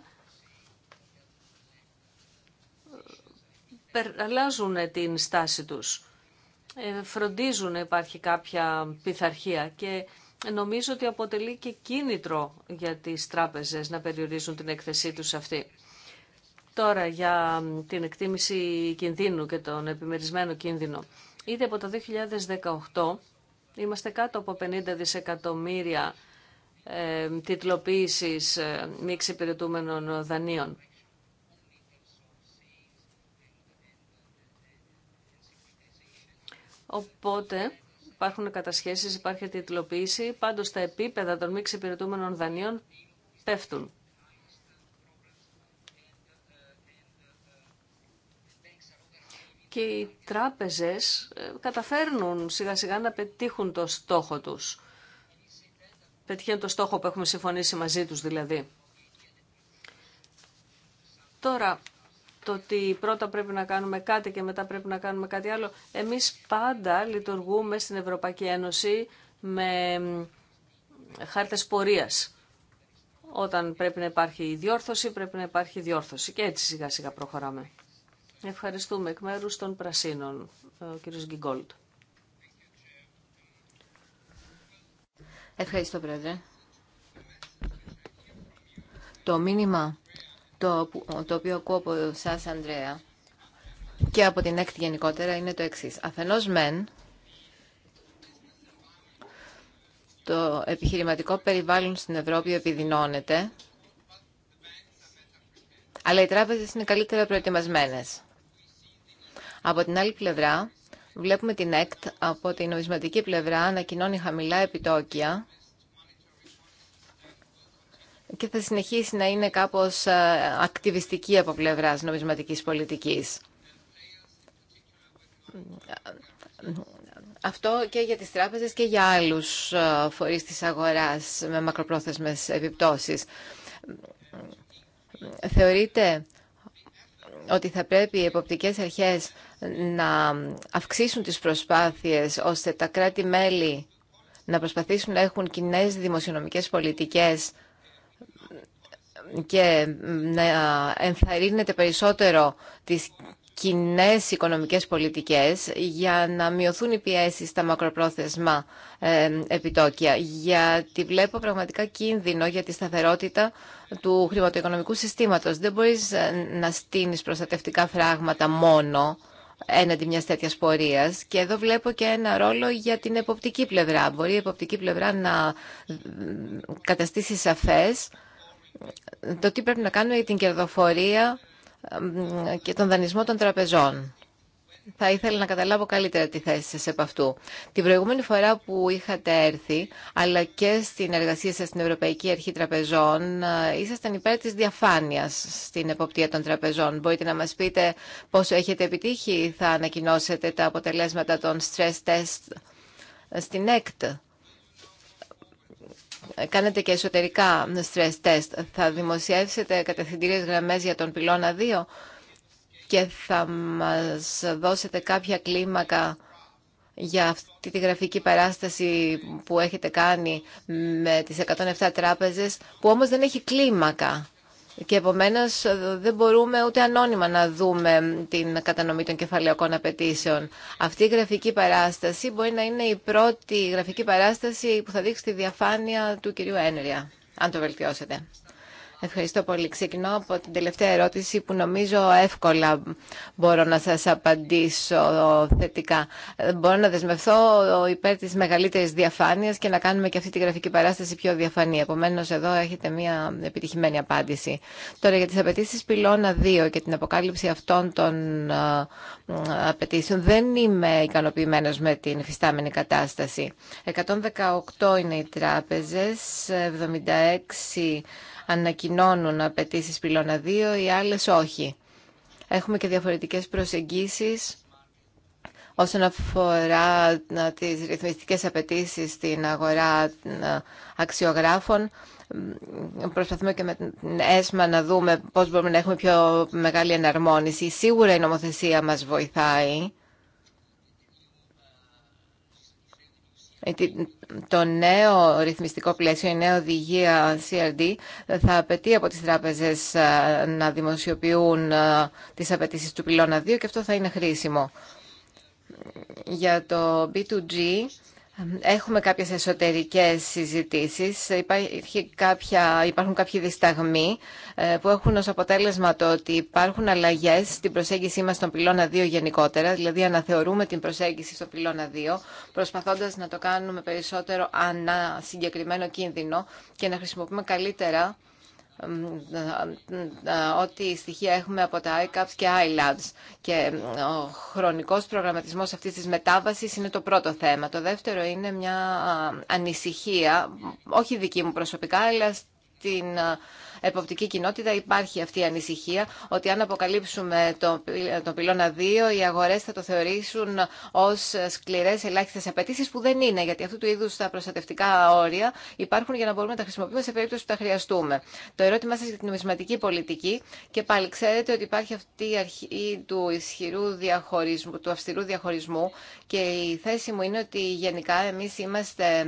αλλάζουν την στάση τους. Ε, φροντίζουν να υπάρχει κάποια πειθαρχία και νομίζω ότι αποτελεί και κίνητρο για τις τράπεζες να περιορίζουν την έκθεσή τους αυτή. Τώρα για την εκτίμηση κινδύνου και τον επιμερισμένο κίνδυνο. Ήδη από το 2018 Είμαστε κάτω από 50 δισεκατομμύρια ε, τιτλοποίησης ε, μη εξυπηρετούμενων δανείων. Οπότε υπάρχουν κατασχέσεις, υπάρχει τιτλοποίηση, πάντως τα επίπεδα των μη εξυπηρετούμενων δανείων πέφτουν. και οι τράπεζες ε, καταφέρνουν σιγά σιγά να πετύχουν το στόχο τους. Πετυχαίνουν το στόχο που έχουμε συμφωνήσει μαζί τους δηλαδή. Τώρα, το ότι πρώτα πρέπει να κάνουμε κάτι και μετά πρέπει να κάνουμε κάτι άλλο. Εμείς πάντα λειτουργούμε στην Ευρωπαϊκή Ένωση με χάρτες πορείας. Όταν πρέπει να υπάρχει διόρθωση, πρέπει να υπάρχει διόρθωση. Και έτσι σιγά σιγά προχωράμε. Ευχαριστούμε εκ μέρους των Πρασίνων, ο κύριος Γκίγκολτ. Ευχαριστώ, Πρόεδρε.
Το μήνυμα το, οποίο ακούω από εσά, Ανδρέα, και από την έκτη γενικότερα είναι το εξής. Αφενός μεν, το επιχειρηματικό περιβάλλον στην Ευρώπη επιδεινώνεται, αλλά οι τράπεζες είναι καλύτερα προετοιμασμένες. Από την άλλη πλευρά, βλέπουμε την ΕΚΤ από την νομισματική πλευρά να κοινώνει χαμηλά επιτόκια και θα συνεχίσει να είναι κάπως ε, ακτιβιστική από πλευράς νομισματικής πολιτικής. Αυτό και για τις τράπεζες και για άλλους ε, φορείς της αγοράς με μακροπρόθεσμες επιπτώσεις. Θεωρείτε ότι θα πρέπει οι εποπτικές αρχές να αυξήσουν τις προσπάθειες ώστε τα κράτη-μέλη να προσπαθήσουν να έχουν κοινέ δημοσιονομικές πολιτικές και να ενθαρρύνεται περισσότερο τις κοινέ οικονομικές πολιτικές για να μειωθούν οι πιέσει στα μακροπρόθεσμα ε, επιτόκια. Γιατί βλέπω πραγματικά κίνδυνο για τη σταθερότητα του χρηματοοικονομικού συστήματος. Δεν μπορεί ε, να στείνει προστατευτικά φράγματα μόνο έναντι μια τέτοια πορεία. και εδώ βλέπω και ένα ρόλο για την εποπτική πλευρά. Μπορεί η εποπτική πλευρά να καταστήσει σαφέ το τι πρέπει να κάνουμε για την κερδοφορία ε, και τον δανεισμό των τραπεζών. Θα ήθελα να καταλάβω καλύτερα τη θέση σας επ' αυτού. Την προηγούμενη φορά που είχατε έρθει, αλλά και στην εργασία σας στην Ευρωπαϊκή Αρχή Τραπεζών, ε, ήσασταν υπέρ της διαφάνειας στην εποπτεία των τραπεζών. Μπορείτε να μας πείτε πόσο έχετε επιτύχει, θα ανακοινώσετε τα αποτελέσματα των stress test στην ΕΚΤ κάνετε και εσωτερικά stress test. Θα δημοσιεύσετε κατευθυντήριες γραμμές για τον πυλώνα 2 και θα μας δώσετε κάποια κλίμακα για αυτή τη γραφική παράσταση που έχετε κάνει με τις 107 τράπεζες, που όμως δεν έχει κλίμακα. Και επομένω, ε, δεν μπορούμε ούτε ανώνυμα να δούμε την κατανομή των κεφαλαιακών απαιτήσεων. Αυτή η γραφική παράσταση μπορεί να είναι η πρώτη γραφική παράσταση που θα δείξει τη διαφάνεια του κυρίου Ένρια, αν το βελτιώσετε. Ευχαριστώ πολύ. Ξεκινώ από την τελευταία ερώτηση που νομίζω εύκολα μπορώ να σας απαντήσω θετικά. Μπορώ να δεσμευθώ υπέρ της μεγαλύτερης διαφάνειας και να κάνουμε και αυτή τη γραφική παράσταση πιο διαφανή. Επομένω, εδώ έχετε μια επιτυχημένη απάντηση. Τώρα, για τις απαιτήσει πυλώνα 2 και την αποκάλυψη αυτών των απαιτήσεων, δεν είμαι ικανοποιημένος με την φυστάμενη κατάσταση. 118 είναι οι τράπεζες, 76 ανακοινώνουν απαιτήσει πυλώνα 2, οι άλλες όχι. Έχουμε και διαφορετικές προσεγγισει όσον αφορά τι ρυθμιστικε απαιτήσει στην αγορά αξιογράφων. Προσπαθούμε και με την ΕΣΜΑ να δούμε πώς μπορούμε να έχουμε πιο μεγάλη εναρμόνιση. Σίγουρα η νομοθεσία μας βοηθάει Ε, το νέο ρυθμιστικό πλαίσιο, η νέα οδηγία CRD ε, θα απαιτεί από τις τράπεζες ε, να δημοσιοποιούν τις απαιτήσεις του πυλώνα 2 και αυτό θα είναι χρήσιμο. Για το B2G Έχουμε κάποιες εσωτερικές συζητήσεις, Υπάρχει κάποια, υπάρχουν κάποιοι δισταγμοί ε, που έχουν ως αποτέλεσμα το ότι υπάρχουν αλλαγές στην προσέγγιση μας στον πυλώνα 2 γενικότερα, δηλαδή αναθεωρούμε την προσέγγιση στον πυλώνα 2, προσπαθώντας να το κάνουμε περισσότερο ανά συγκεκριμένο κίνδυνο και να χρησιμοποιούμε καλύτερα ό,τι στοιχεία έχουμε από τα iCaps και iLabs. Και ε, ο χρονικός προγραμματισμός αυτής της μετάβασης είναι το πρώτο θέμα. Το δεύτερο είναι μια ανησυχία, όχι δική μου προσωπικά, αλλά στην ε, εποπτική κοινότητα υπάρχει αυτή η ανησυχία ότι αν αποκαλύψουμε τον το πυλώνα 2, οι αγορέ θα το θεωρήσουν ω σκληρέ ελάχιστε απαιτήσει που δεν είναι, γιατί αυτού του είδου τα προστατευτικά όρια υπάρχουν για να μπορούμε να τα χρησιμοποιούμε σε περίπτωση που τα χρειαστούμε. Το ερώτημά σα για την νομισματική πολιτική και πάλι ξέρετε ότι υπάρχει αυτή η αρχή του ισχυρού διαχωρισμού, του αυστηρού διαχωρισμού και η θέση μου είναι ότι γενικά εμεί είμαστε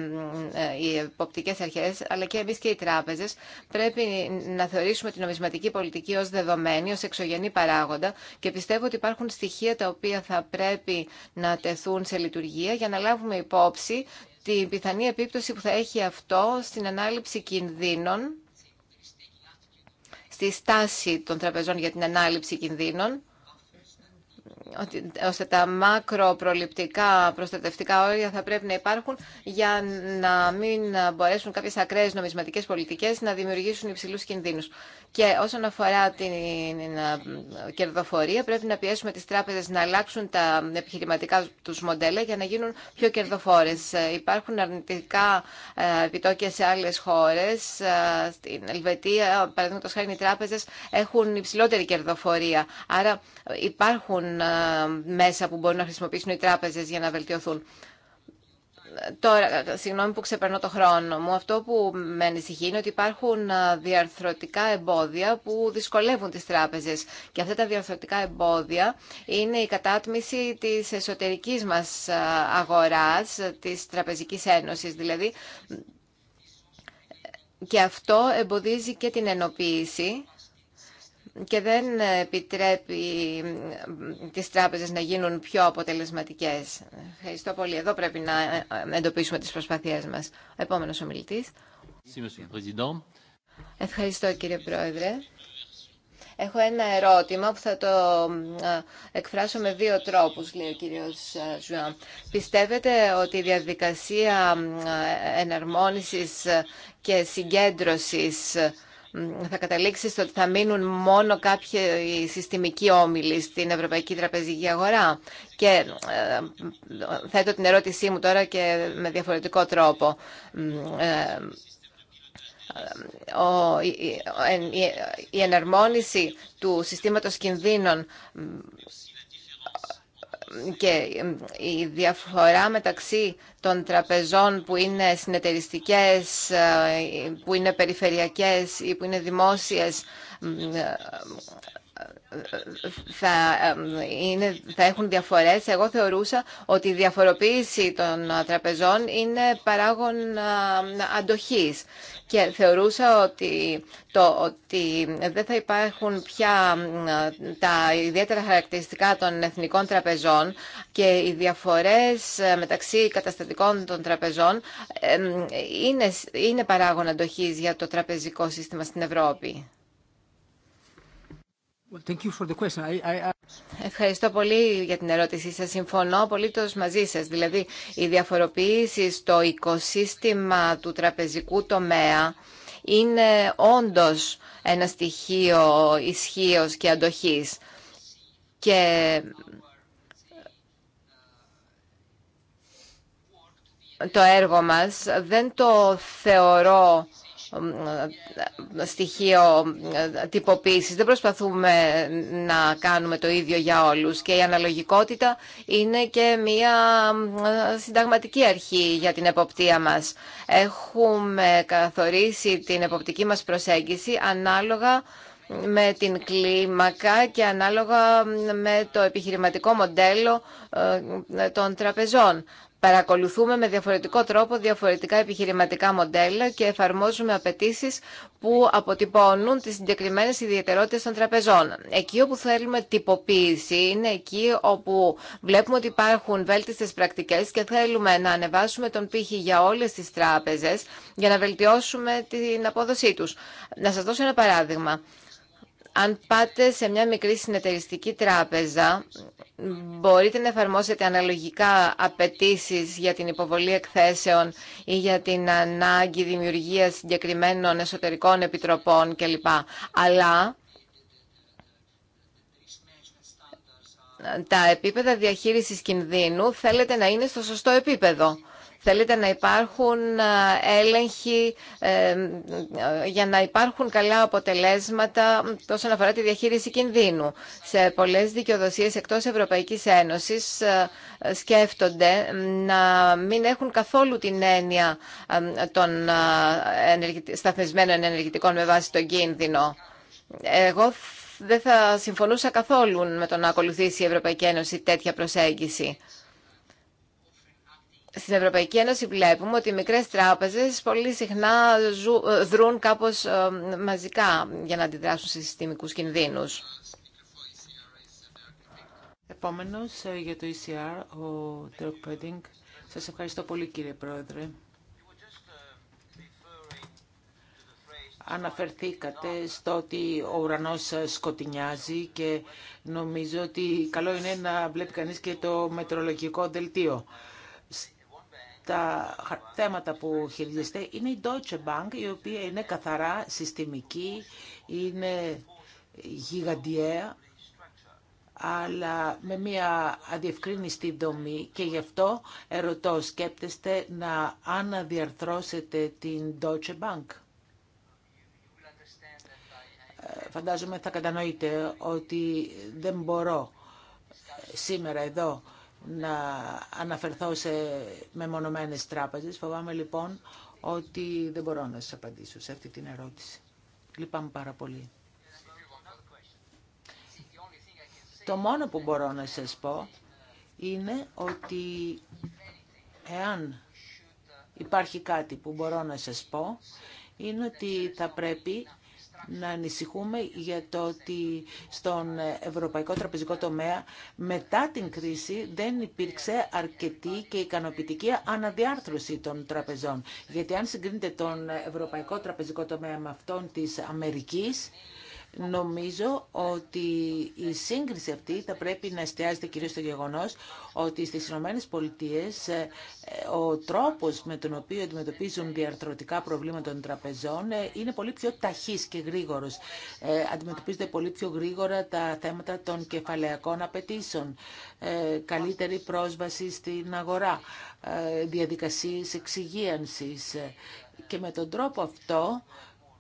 ε, οι εποπτικέ αρχέ, αλλά και εμεί και οι τράπεζε Πρέπει να θεωρήσουμε την νομισματική πολιτική ως δεδομένη, ως εξωγενή παράγοντα και πιστεύω ότι υπάρχουν στοιχεία τα οποία θα πρέπει να τεθούν σε λειτουργία για να λάβουμε υπόψη την πιθανή επίπτωση που θα έχει αυτό στην ανάληψη κινδύνων, στη στάση των τραπεζών για την ανάληψη κινδύνων ότι, ώστε τα μακροπροληπτικά προστατευτικά όρια θα πρέπει να υπάρχουν για να μην μπορέσουν κάποιες ακραίες νομισματικές πολιτικές να δημιουργήσουν υψηλούς κινδύνους. Και όσον αφορά την κερδοφορία πρέπει να πιέσουμε τις τράπεζες να αλλάξουν τα επιχειρηματικά τους μοντέλα για να γίνουν πιο κερδοφόρες. Υπάρχουν αρνητικά επιτόκια σε άλλες χώρες. Στην Ελβετία, παραδείγματος χάρη, οι τράπεζες έχουν υψηλότερη κερδοφορία. Άρα υπάρχουν μέσα που μπορούν να χρησιμοποιήσουν οι τράπεζες για να βελτιωθούν. Τώρα, συγγνώμη που ξεπερνώ το χρόνο μου, αυτό που με ανησυχεί είναι ότι υπάρχουν διαρθρωτικά εμπόδια που δυσκολεύουν τις τράπεζες. Και αυτά τα διαρθρωτικά εμπόδια είναι η κατάτμιση της εσωτερικής μας αγοράς, της Τραπεζικής Ένωσης δηλαδή. Και αυτό εμποδίζει και την ενοποίηση και δεν επιτρέπει τις τράπεζες να γίνουν πιο αποτελεσματικές. Ευχαριστώ πολύ. Εδώ πρέπει να ε, ε, εντοπίσουμε τις προσπάθειές μας. Ο επόμενος ομιλητής. Ευχαριστώ κύριε Πρόεδρε. Έχω ένα ερώτημα που θα το ε, εκφράσω με δύο τρόπους, λέει ο κύριος Ζουάν. Πιστεύετε ότι η διαδικασία εναρμόνισης και συγκέντρωσης θα καταλήξει ότι θα μείνουν μόνο κάποιοι συστημικοί όμιλοι στην Ευρωπαϊκή Τραπεζική Αγορά. Και ε, θέτω την ερώτησή μου τώρα και με διαφορετικό τρόπο. Ε, η εναρμόνιση του συστήματος κινδύνων και η διαφορά μεταξύ των τραπεζών που είναι συνεταιριστικές, ε, που είναι περιφερειακές ή που είναι δημόσιες ε, θα, είναι, θα έχουν διαφορές. Εγώ θεωρούσα ότι η διαφοροποίηση των τραπεζών είναι παράγον αντοχής και θεωρούσα ότι το ότι δεν θα υπάρχουν πια τα ιδιαίτερα χαρακτηριστικά των εθνικών τραπεζών και οι διαφορές μεταξύ καταστατικών των τραπεζών είναι, είναι παράγον αντοχής για το τραπεζικό σύστημα στην Ευρώπη. Ευχαριστώ πολύ για την ερώτησή σας. Συμφωνώ απολύτως μαζί σας. Δηλαδή, η διαφοροποίηση στο οικοσύστημα του τραπεζικού τομέα είναι όντως ένα στοιχείο ισχύος και αντοχής. Και το έργο μας δεν το θεωρώ στοιχείο ε, τυποποίησης. Δεν προσπαθούμε να κάνουμε το ίδιο για όλους και η αναλογικότητα είναι και μια ε, συνταγματική αρχή για την εποπτεία μας. Έχουμε καθορίσει την εποπτική μας προσέγγιση ανάλογα με την κλίμακα και ανάλογα με το επιχειρηματικό μοντέλο ε, των τραπεζών. Παρακολουθούμε με διαφορετικό τρόπο διαφορετικά επιχειρηματικά μοντέλα και εφαρμόζουμε απαιτήσει που αποτυπώνουν τι συγκεκριμένε ιδιαιτερότητε των τραπεζών. Εκεί όπου θέλουμε τυποποίηση είναι εκεί όπου βλέπουμε ότι υπάρχουν βέλτιστε πρακτικέ και θέλουμε να ανεβάσουμε τον πύχη για όλε τι τράπεζε για να βελτιώσουμε την απόδοσή του. Να σα δώσω ένα παράδειγμα αν πάτε σε μια μικρή συνεταιριστική τράπεζα, μπορείτε να εφαρμόσετε αναλογικά απαιτήσει για την υποβολή εκθέσεων ή για την ανάγκη δημιουργίας συγκεκριμένων εσωτερικών επιτροπών κλπ. Αλλά τα επίπεδα διαχείρισης κινδύνου θέλετε να είναι στο σωστό επίπεδο. Θέλετε να υπάρχουν ε, έλεγχοι ε, για να υπάρχουν καλά αποτελέσματα όσον αφορά τη διαχείριση κινδύνου. Σε πολλές δικαιοδοσίες εκτός Ευρωπαϊκής Ένωσης ε, σκέφτονται να μην έχουν καθόλου την έννοια των σταθμισμένων ενεργητικών με βάση τον κίνδυνο. Εγώ δεν θα συμφωνούσα καθόλου με το να ακολουθήσει η Ευρωπαϊκή Ένωση τέτοια προσέγγιση στην Ευρωπαϊκή Ένωση βλέπουμε ότι οι μικρές τράπεζες πολύ συχνά ε, δρούν κάπως ε, μαζικά για να αντιδράσουν σε συστημικούς κινδύνους. Επόμενος
ε, για το ECR, ο Dirk Πέντινγκ. Σας ευχαριστώ πολύ κύριε Πρόεδρε. Αναφερθήκατε στο ότι ο ουρανός σκοτεινιάζει και νομίζω ότι καλό είναι να βλέπει κανείς και το μετρολογικό δελτίο τα θέματα που χειριζεστε είναι η Deutsche Bank, η οποία είναι καθαρά συστημική, είναι γιγαντιαία, αλλά με μια αδιευκρίνηστη δομή και γι' αυτό ερωτώ, σκέπτεστε να αναδιαρθρώσετε την Deutsche Bank. Ε, φαντάζομαι θα κατανοείτε ότι δεν μπορώ σήμερα εδώ να αναφερθώ σε μεμονωμένες τράπεζες. Φοβάμαι λοιπόν ότι δεν μπορώ να σας απαντήσω σε αυτή την ερώτηση. Λυπάμαι πάρα πολύ. Το μόνο που μπορώ να σας πω είναι ότι εάν υπάρχει κάτι που μπορώ να σας πω, είναι ότι θα πρέπει να ανησυχούμε για το ότι στον ευρωπαϊκό τραπεζικό τομέα μετά την κρίση δεν υπήρξε αρκετή και ικανοποιητική αναδιάρθρωση των τραπεζών. Γιατί αν συγκρίνετε τον ευρωπαϊκό τραπεζικό τομέα με αυτόν της Αμερικής, Νομίζω ότι η σύγκριση αυτή θα πρέπει να εστιάζεται κυρίως στο γεγονός ότι στις Ηνωμένες Πολιτείες ε, ο τρόπος με τον οποίο αντιμετωπίζουν διαρθρωτικά προβλήματα των τραπεζών ε, είναι πολύ πιο ταχύς και γρήγορος. Ε, αντιμετωπίζονται πολύ πιο γρήγορα τα θέματα των κεφαλαιακών απαιτήσεων, καλύτερη πρόσβαση στην αγορά, διαδικασίες εξυγίανσης και με τον τρόπο αυτό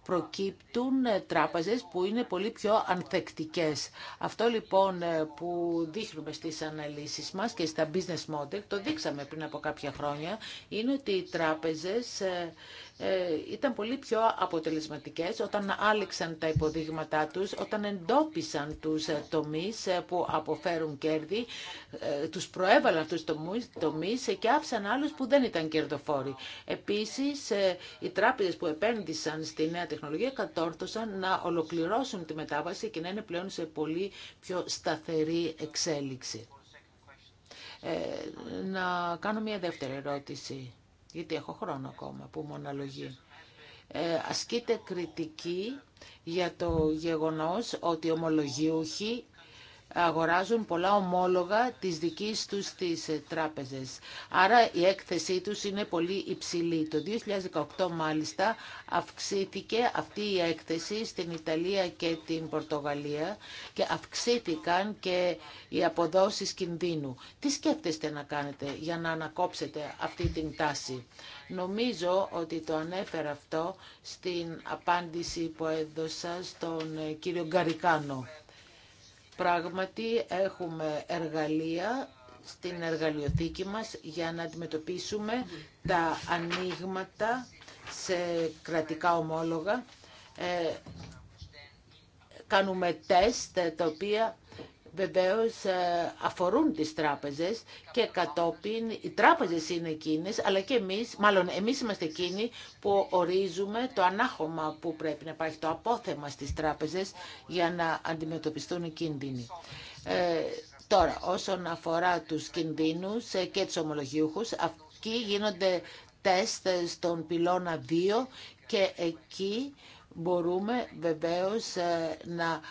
προκύπτουν ε, τράπεζες που είναι πολύ πιο ανθεκτικές. Αυτό λοιπόν ε, που δείχνουμε στις αναλύσεις μας και στα business model, το δείξαμε πριν από κάποια χρόνια, είναι ότι οι τράπεζες ε, ε, ήταν πολύ πιο αποτελεσματικές όταν άλεξαν τα υποδείγματά τους, όταν εντόπισαν τους ε, τομείς ε, που αποφέρουν κέρδη, τους προέβαλαν αυτούς τους τομείς και άφησαν άλλους που δεν ήταν κερδοφόροι. Επίσης, οι τράπεζες που επένδυσαν στη νέα τεχνολογία κατόρθωσαν να ολοκληρώσουν τη μετάβαση και να είναι πλέον σε πολύ πιο σταθερή εξέλιξη. να κάνω μια δεύτερη ερώτηση γιατί έχω χρόνο ακόμα που μοναλογεί, ε, ασκείται κριτική για το γεγονός ότι ομολογίουχοι αγοράζουν πολλά ομόλογα της δικής τους της ε, τράπεζες. Άρα η έκθεσή τους είναι πολύ υψηλή. Το 2018 μάλιστα αυξήθηκε αυτή η έκθεση στην Ιταλία και την Πορτογαλία και αυξήθηκαν και οι αποδόσεις κινδύνου. Τι σκέφτεστε να κάνετε για να ανακόψετε αυτή την τάση. Νομίζω ότι το ανέφερα αυτό στην απάντηση που έδωσα στον ε, κύριο Γκαρικάνο. Πράγματι έχουμε εργαλεία στην εργαλειοθήκη μας για να αντιμετωπίσουμε τα ανοίγματα σε κρατικά ομόλογα. Ε, κάνουμε τεστ τα οποία βεβαίως ε, αφορούν τις τράπεζες και κατόπιν οι τράπεζες είναι εκείνες, αλλά και εμείς, μάλλον εμείς είμαστε εκείνοι που ορίζουμε το ανάχωμα που πρέπει να υπάρχει, το απόθεμα στις τράπεζες για να αντιμετωπιστούν οι κίνδυνοι. Ε, τώρα, όσον αφορά τους κινδύνους ε, και τους ομολογιούχους, εκεί γίνονται τεστ στον πυλώνα 2 και εκεί μπορούμε βεβαίως ε, να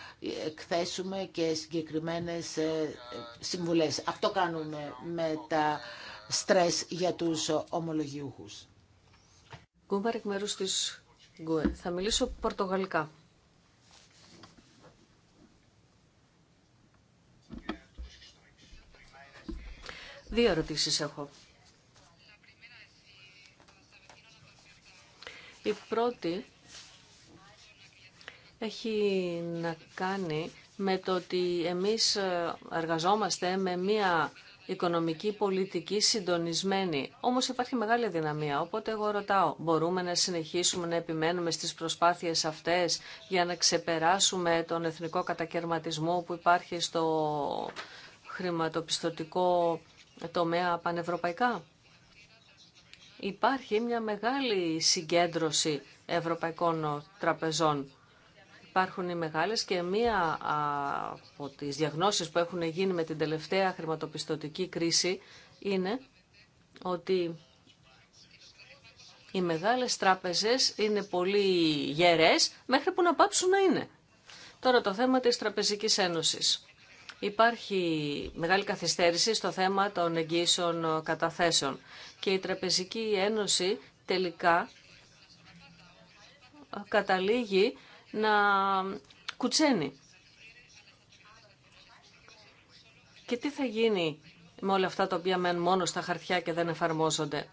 εκθέσουμε και συγκεκριμένες ε, συμβουλές. Αυτό
κάνουμε με τα στρες για τους ομολογιούχους. Γκούμπαρ εκ της Θα μιλήσω πορτογαλικά. Δύο ερωτήσεις έχω. Η πρώτη έχει να κάνει με το ότι εμείς εργαζόμαστε με μια οικονομική πολιτική συντονισμένη. Όμως υπάρχει μεγάλη δυναμία, οπότε εγώ ρωτάω, μπορούμε να συνεχίσουμε να επιμένουμε στις προσπάθειες αυτές για να ξεπεράσουμε τον εθνικό κατακαιρματισμό που υπάρχει στο χρηματοπιστωτικό τομέα πανευρωπαϊκά. Υπάρχει μια μεγάλη συγκέντρωση ευρωπαϊκών τραπεζών υπάρχουν οι μεγάλες και μία από τις διαγνώσεις που έχουν γίνει με την τελευταία χρηματοπιστωτική κρίση είναι ότι οι μεγάλες τράπεζες είναι πολύ γερές μέχρι που να πάψουν να είναι. Τώρα το θέμα της Τραπεζικής Ένωσης. Υπάρχει μεγάλη καθυστέρηση στο θέμα των εγγύσεων καταθέσεων και η Τραπεζική Ένωση τελικά καταλήγει να κουτσένει. Και τι θα γίνει με όλα αυτά τα οποία μένουν μόνο στα χαρτιά και δεν εφαρμόζονται.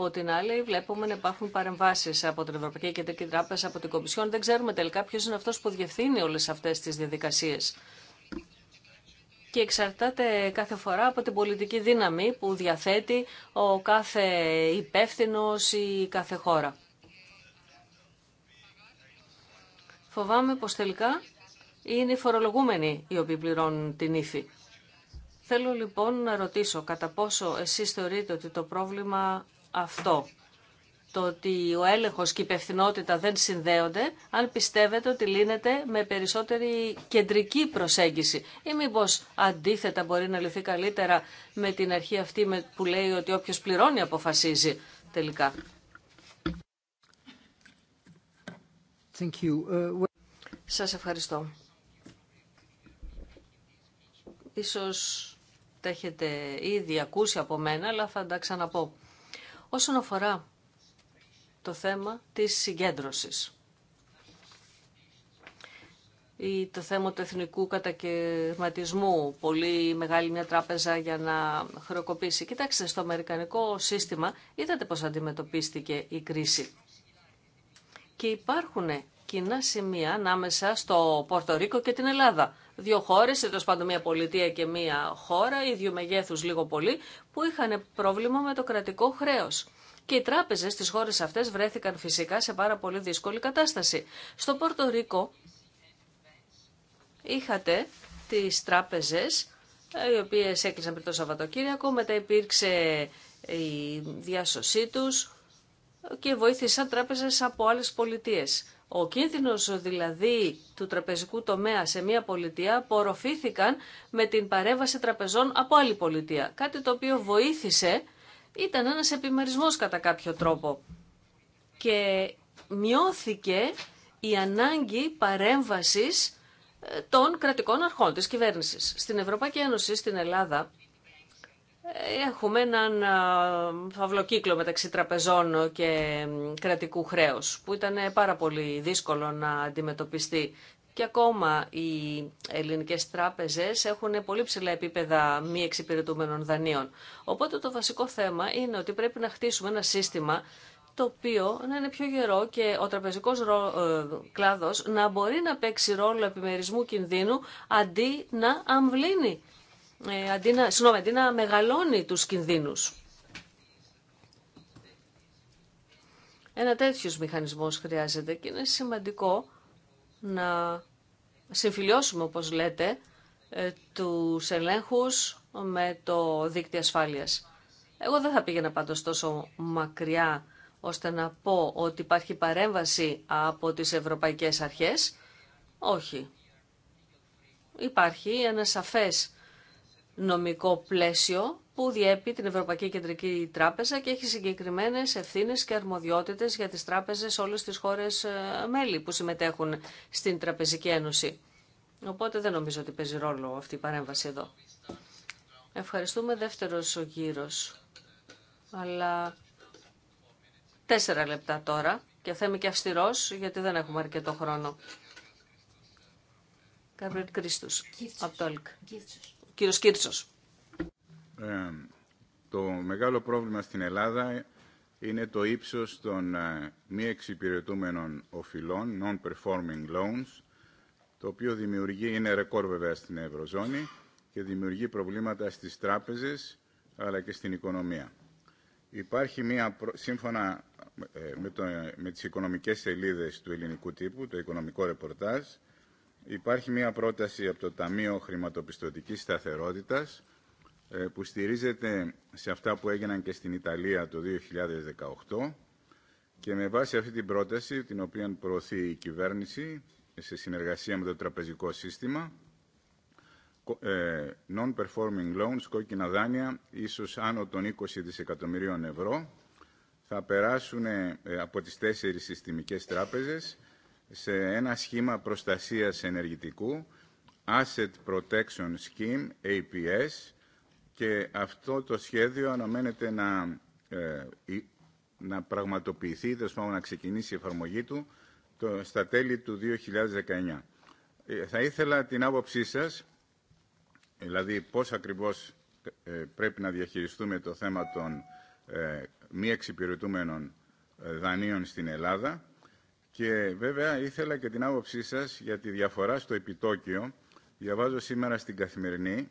Από την άλλη, βλέπουμε να υπάρχουν παρεμβάσει από την Ευρωπαϊκή Κεντρική Τράπεζα, από την Κομισιόν. Δεν ξέρουμε τελικά ποιο είναι αυτό που διευθύνει όλε αυτέ τι διαδικασίε. Και εξαρτάται κάθε φορά από την πολιτική δύναμη που διαθέτει ο κάθε υπεύθυνο ή κάθε χώρα. φοβάμαι πως τελικά είναι οι φορολογούμενοι οι οποίοι πληρώνουν την ύφη. Θέλω λοιπόν να ρωτήσω κατά πόσο εσείς θεωρείτε ότι το πρόβλημα αυτό, το ότι ο έλεγχος και η υπευθυνότητα δεν συνδέονται, αν πιστεύετε ότι λύνεται με περισσότερη κεντρική προσέγγιση ή μήπω αντίθετα μπορεί να λυθεί καλύτερα με την αρχή αυτή που λέει ότι όποιος πληρώνει αποφασίζει τελικά. Uh, Σας ευχαριστώ. Ίσως τα έχετε ήδη ακούσει από μένα, αλλά θα τα ξαναπώ. Όσον αφορά το θέμα της συγκέντρωσης ή το θέμα του εθνικού κατακαιρματισμού, πολύ μεγάλη μια τράπεζα για να χρεοκοπήσει. Κοιτάξτε, στο αμερικανικό σύστημα είδατε πώς αντιμετωπίστηκε η κρίση. Και υπάρχουν κοινά σημεία ανάμεσα στο Πορτορίκο και την Ελλάδα. Δύο χώρε, τέλο πάντων μια πολιτεία και μια χώρα, ίδιου μεγέθου λίγο πολύ, που είχαν πρόβλημα με το κρατικό χρέο. Και οι τράπεζε στι χώρε αυτέ βρέθηκαν φυσικά σε πάρα πολύ δύσκολη κατάσταση. Στο Πορτορίκο είχατε τι τράπεζε, οι οποίε έκλεισαν πριν το Σαββατοκύριακο, μετά υπήρξε η διάσωσή τους και βοήθησαν τράπεζες από άλλες πολιτείες. Ο κίνδυνος δηλαδή του τραπεζικού τομέα σε μια πολιτεία απορροφήθηκαν με την παρέμβαση τραπεζών από άλλη πολιτεία. Κάτι το οποίο βοήθησε ήταν ένας επιμερισμός κατά κάποιο τρόπο. Και μειώθηκε η ανάγκη παρέμβασης ε, των κρατικών αρχών της κυβέρνησης. Στην Ευρωπαϊκή Ένωση, στην Ελλάδα, έχουμε έναν φαυλοκύκλο μεταξύ τραπεζών και κρατικού χρέους που ήταν πάρα πολύ δύσκολο να αντιμετωπιστεί. Και ακόμα οι ελληνικές τράπεζες έχουν πολύ ψηλά επίπεδα μη εξυπηρετούμενων δανείων. Οπότε το βασικό θέμα είναι ότι πρέπει να χτίσουμε ένα σύστημα το οποίο να είναι πιο γερό και ο τραπεζικός ε, κλάδος να μπορεί να παίξει ρόλο επιμερισμού κινδύνου αντί να αμβλύνει ε, αντί να, να μεγαλώνει τους κινδύνους. Ένα τέτοιος μηχανισμός χρειάζεται και είναι σημαντικό να συμφιλιώσουμε, όπως λέτε, ε, τους ελέγχους με το δίκτυο ασφάλειας. Εγώ δεν θα πήγαινα πάντως τόσο μακριά ώστε να πω ότι υπάρχει παρέμβαση από τις ευρωπαϊκές αρχές. Όχι. Υπάρχει ένα σαφές νομικό πλαίσιο που διέπει την Ευρωπαϊκή Κεντρική Τράπεζα και έχει συγκεκριμένες ευθύνε και αρμοδιότητες για τις τράπεζες όλες τις χώρες ε, μέλη που συμμετέχουν στην Τραπεζική Ένωση. Οπότε δεν νομίζω ότι παίζει ρόλο αυτή η παρέμβαση εδώ. Ευχαριστούμε δεύτερο ο γύρο. Αλλά τέσσερα λεπτά τώρα και θα είμαι και αυστηρό, γιατί δεν έχουμε αρκετό χρόνο. Καρβέρτ Κρίστους από κύριο Κίρτσο.
Ε, το μεγάλο πρόβλημα στην Ελλάδα είναι το ύψος των ε, μη εξυπηρετούμενων οφειλών, non-performing loans, το οποίο δημιουργεί, είναι ρεκόρ βέβαια στην Ευρωζώνη και δημιουργεί προβλήματα στις τράπεζες αλλά και στην οικονομία. Υπάρχει μία, σύμφωνα ε, με, το, με τις οικονομικές σελίδες του ελληνικού τύπου, το οικονομικό ρεπορτάζ, υπάρχει μια πρόταση από το Ταμείο Χρηματοπιστωτικής Σταθερότητας ε, που στηρίζεται σε αυτά που έγιναν και στην Ιταλία το 2018 και με βάση αυτή την πρόταση, την οποία προωθεί η κυβέρνηση σε συνεργασία με το τραπεζικό σύστημα, ε, non-performing loans, κόκκινα δάνεια, ίσως άνω των 20 δισεκατομμυρίων ευρώ, θα περάσουν ε, από τις τέσσερις συστημικές τράπεζες σε ένα σχήμα προστασίας ενεργητικού Asset Protection Scheme, APS, και αυτό το σχέδιο αναμένεται να, ε, να πραγματοποιηθεί, δηλαδή να ξεκινήσει η εφαρμογή του το, στα τέλη του 2019. Ε, θα ήθελα την άποψή σας, δηλαδή πώς ακριβώς ε, πρέπει να διαχειριστούμε το θέμα των μη εξυπηρετούμενων δανείων στην Ελλάδα, και βέβαια ήθελα και την άποψή σας για τη διαφορά στο επιτόκιο. Διαβάζω σήμερα στην Καθημερινή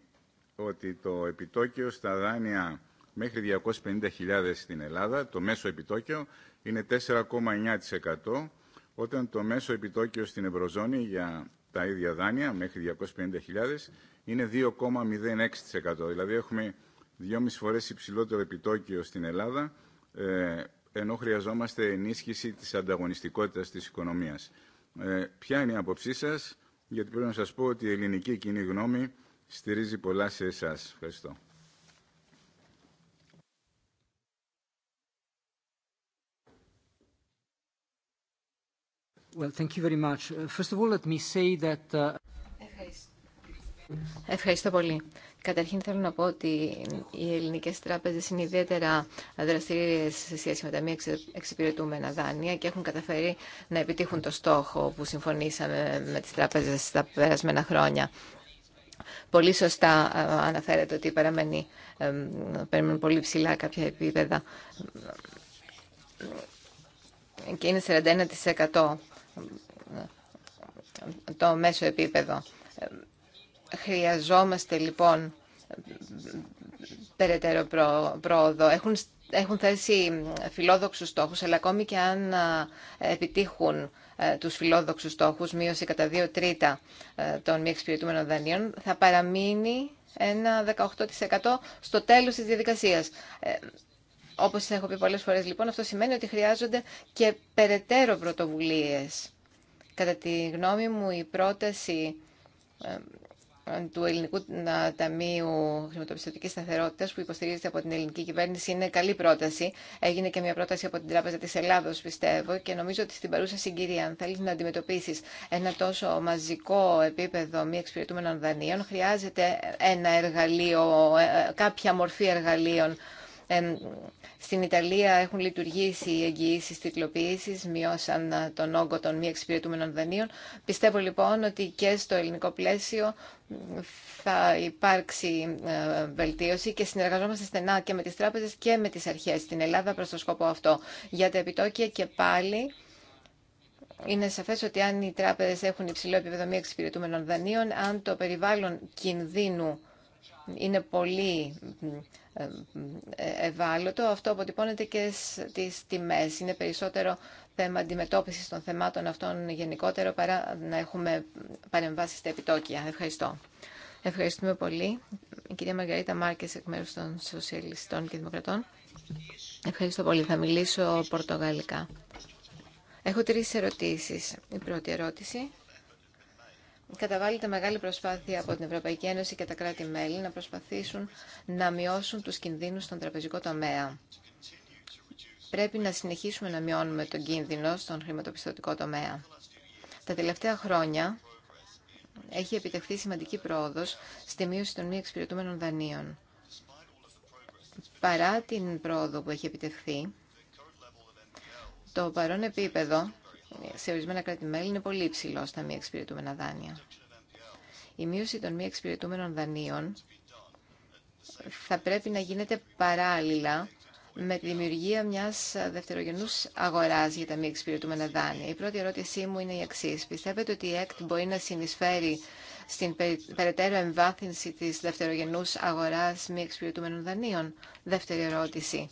ότι το επιτόκιο στα δάνεια μέχρι 250.000 στην Ελλάδα, το μέσο επιτόκιο, είναι 4,9%, όταν το μέσο επιτόκιο στην Ευρωζώνη για τα ίδια δάνεια μέχρι 250.000 είναι 2,06%. Δηλαδή έχουμε 2,5 φορές υψηλότερο επιτόκιο στην Ελλάδα, ε, ενώ χρειαζόμαστε ενίσχυση της ανταγωνιστικότητας της οικονομίας. Ε, ποια είναι η άποψή σας, γιατί πρέπει να σας πω ότι η ελληνική κοινή γνώμη στηρίζει πολλά σε εσάς. Ευχαριστώ.
Well, thank you very much. Uh, first of all, let me say that... Uh,
Ευχαριστώ πολύ. Καταρχήν θέλω να πω ότι οι ελληνικέ τράπεζε είναι ιδιαίτερα δραστήριε σε σχέση με τα μη εξυπηρετούμενα δάνεια και έχουν καταφέρει να επιτύχουν το στόχο που συμφωνήσαμε με τι τράπεζε τα περασμένα χρόνια. Πολύ σωστά ε, αναφέρεται ότι παραμένει, πολύ ψηλά κάποια επίπεδα και είναι 41% ε, το μέσο επίπεδο. Χρειαζόμαστε λοιπόν περαιτέρω πρόοδο. Έχουν, έχουν θέσει φιλόδοξους στόχους, αλλά ακόμη και αν επιτύχουν ε, τους φιλόδοξους στόχους, μείωση κατά δύο τρίτα ε, των μη εξυπηρετούμενων δανείων, θα παραμείνει ένα 18% στο τέλος της διαδικασίας. Ε, όπως σας έχω πει πολλές φορές λοιπόν, αυτό σημαίνει ότι χρειάζονται και περαιτέρω πρωτοβουλίες. Κατά τη γνώμη μου η πρόταση ε, του Ελληνικού ε, Ταμείου Χρηματοπιστωτικής Σταθερότητας που υποστηρίζεται από την ελληνική κυβέρνηση είναι καλή πρόταση. Έγινε και μια πρόταση από την Τράπεζα της Ελλάδος πιστεύω και νομίζω ότι στην παρούσα συγκυρία αν θέλεις να αντιμετωπίσεις ένα τόσο μαζικό επίπεδο μη εξυπηρετούμενων δανείων χρειάζεται ένα εργαλείο, ε, κάποια μορφή εργαλείων στην Ιταλία έχουν λειτουργήσει οι εγγυήσει τυκλοποίηση, μειώσαν ε, τον όγκο των μη εξυπηρετούμενων δανείων. Πιστεύω λοιπόν ότι και στο ελληνικό πλαίσιο θα υπάρξει ε, βελτίωση και συνεργαζόμαστε στενά και με τις τράπεζες και με τις αρχές στην Ελλάδα προς το σκοπό αυτό. Για τα επιτόκια και πάλι είναι σαφές ότι αν οι τράπεζες έχουν υψηλό επίπεδο μη εξυπηρετούμενων δανείων, αν το περιβάλλον κινδύνου είναι πολύ ε, ε, ευάλωτο. Αυτό αποτυπώνεται και στις τιμές. Είναι περισσότερο θέμα αντιμετώπιση των θεμάτων αυτών γενικότερο παρά να έχουμε παρεμβάσει στα επιτόκια. Ευχαριστώ. Ευχαριστούμε πολύ. Η κυρία Μαργαρίτα Μάρκες εκ μέρους των Σοσιαλιστών και Δημοκρατών. Ευχαριστώ πολύ. Θα μιλήσω πορτογαλικά. Έχω τρεις ερωτήσεις. Η πρώτη ερώτηση καταβάλλεται μεγάλη προσπάθεια από την Ευρωπαϊκή Ένωση και τα κράτη-μέλη να προσπαθήσουν να μειώσουν τους κινδύνους στον τραπεζικό τομέα. Πρέπει να συνεχίσουμε να μειώνουμε τον κίνδυνο στον χρηματοπιστωτικό τομέα. Τα τελευταία χρόνια έχει επιτευχθεί σημαντική πρόοδος στη μείωση των μη εξυπηρετούμενων δανείων. Παρά την πρόοδο που έχει επιτευχθεί, το παρόν επίπεδο σε ορισμένα κράτη-μέλη είναι πολύ υψηλό στα μη εξυπηρετούμενα δάνεια. Η μείωση των μη εξυπηρετούμενων δανείων θα πρέπει να γίνεται παράλληλα με τη δημιουργία μιας δευτερογενου αγοράς για τα μη εξυπηρετούμενα δάνεια. Η πρώτη ερώτησή μου είναι η εξή. Πιστεύετε ότι η ΕΚΤ μπορεί να συνεισφέρει στην περαιτέρω εμβάθυνση τη δεύτερογενού αγορά μη εξυπηρετούμενων δανείων. Δεύτερη ερώτηση.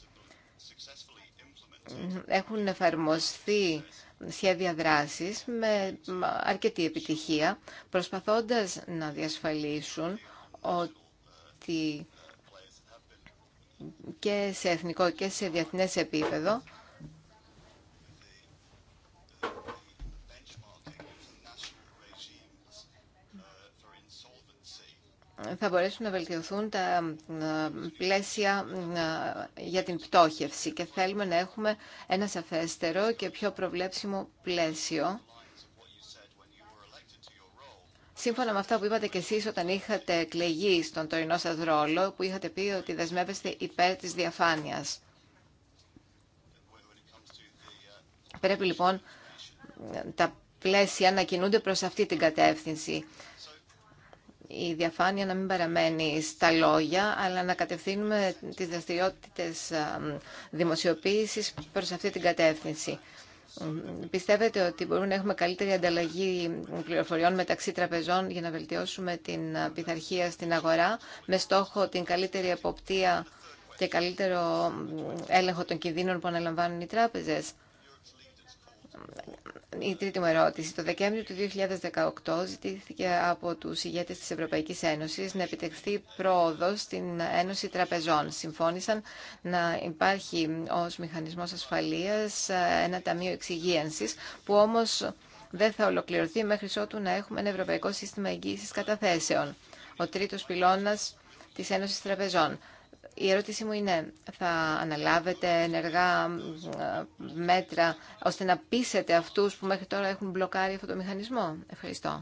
Έχουν εφαρμοστεί σχέδια δράσης με αρκετή επιτυχία, προσπαθώντας να διασφαλίσουν ότι και σε εθνικό και σε διεθνές επίπεδο θα μπορέσουν να βελτιωθούν τα ε, πλαίσια ε, για την πτώχευση και θέλουμε να έχουμε ένα σαφέστερο και πιο προβλέψιμο πλαίσιο σύμφωνα με αυτά που είπατε και εσείς όταν είχατε εκλεγεί στον τωρινό σας ρόλο, που είχατε πει ότι δεσμεύεστε υπέρ της διαφάνειας. Πρέπει λοιπόν τα πλαίσια να κινούνται προς αυτή την κατεύθυνση η διαφάνεια να μην παραμένει στα λόγια, αλλά να κατευθύνουμε τις δραστηριότητες ε, δημοσιοποίησης προς αυτή την κατεύθυνση. Πιστεύετε ότι μπορούμε να έχουμε καλύτερη ανταλλαγή πληροφοριών μεταξύ τραπεζών για να βελτιώσουμε την ε, πειθαρχία στην αγορά με στόχο την καλύτερη εποπτεία και καλύτερο έλεγχο των κινδύνων που αναλαμβάνουν οι τράπεζες. Η τρίτη μου ερώτηση. Το Δεκέμβριο του 2018 ζητήθηκε από τους ηγέτες της Ευρωπαϊκής Ένωσης να επιτευχθεί πρόοδος στην Ένωση Τραπεζών. Συμφώνησαν να υπάρχει ως μηχανισμός ασφαλείας ε, ένα ταμείο εξυγίανσης που όμως δεν θα ολοκληρωθεί μέχρι ότου να έχουμε ένα ευρωπαϊκό σύστημα εγγύησης καταθέσεων. Ο τρίτος πυλώνας της Ένωσης Τραπεζών η ερώτησή μου είναι, θα αναλάβετε ενεργά ε, μέτρα ώστε να πείσετε αυτούς που μέχρι τώρα έχουν μπλοκάρει αυτό το μηχανισμό. Ευχαριστώ.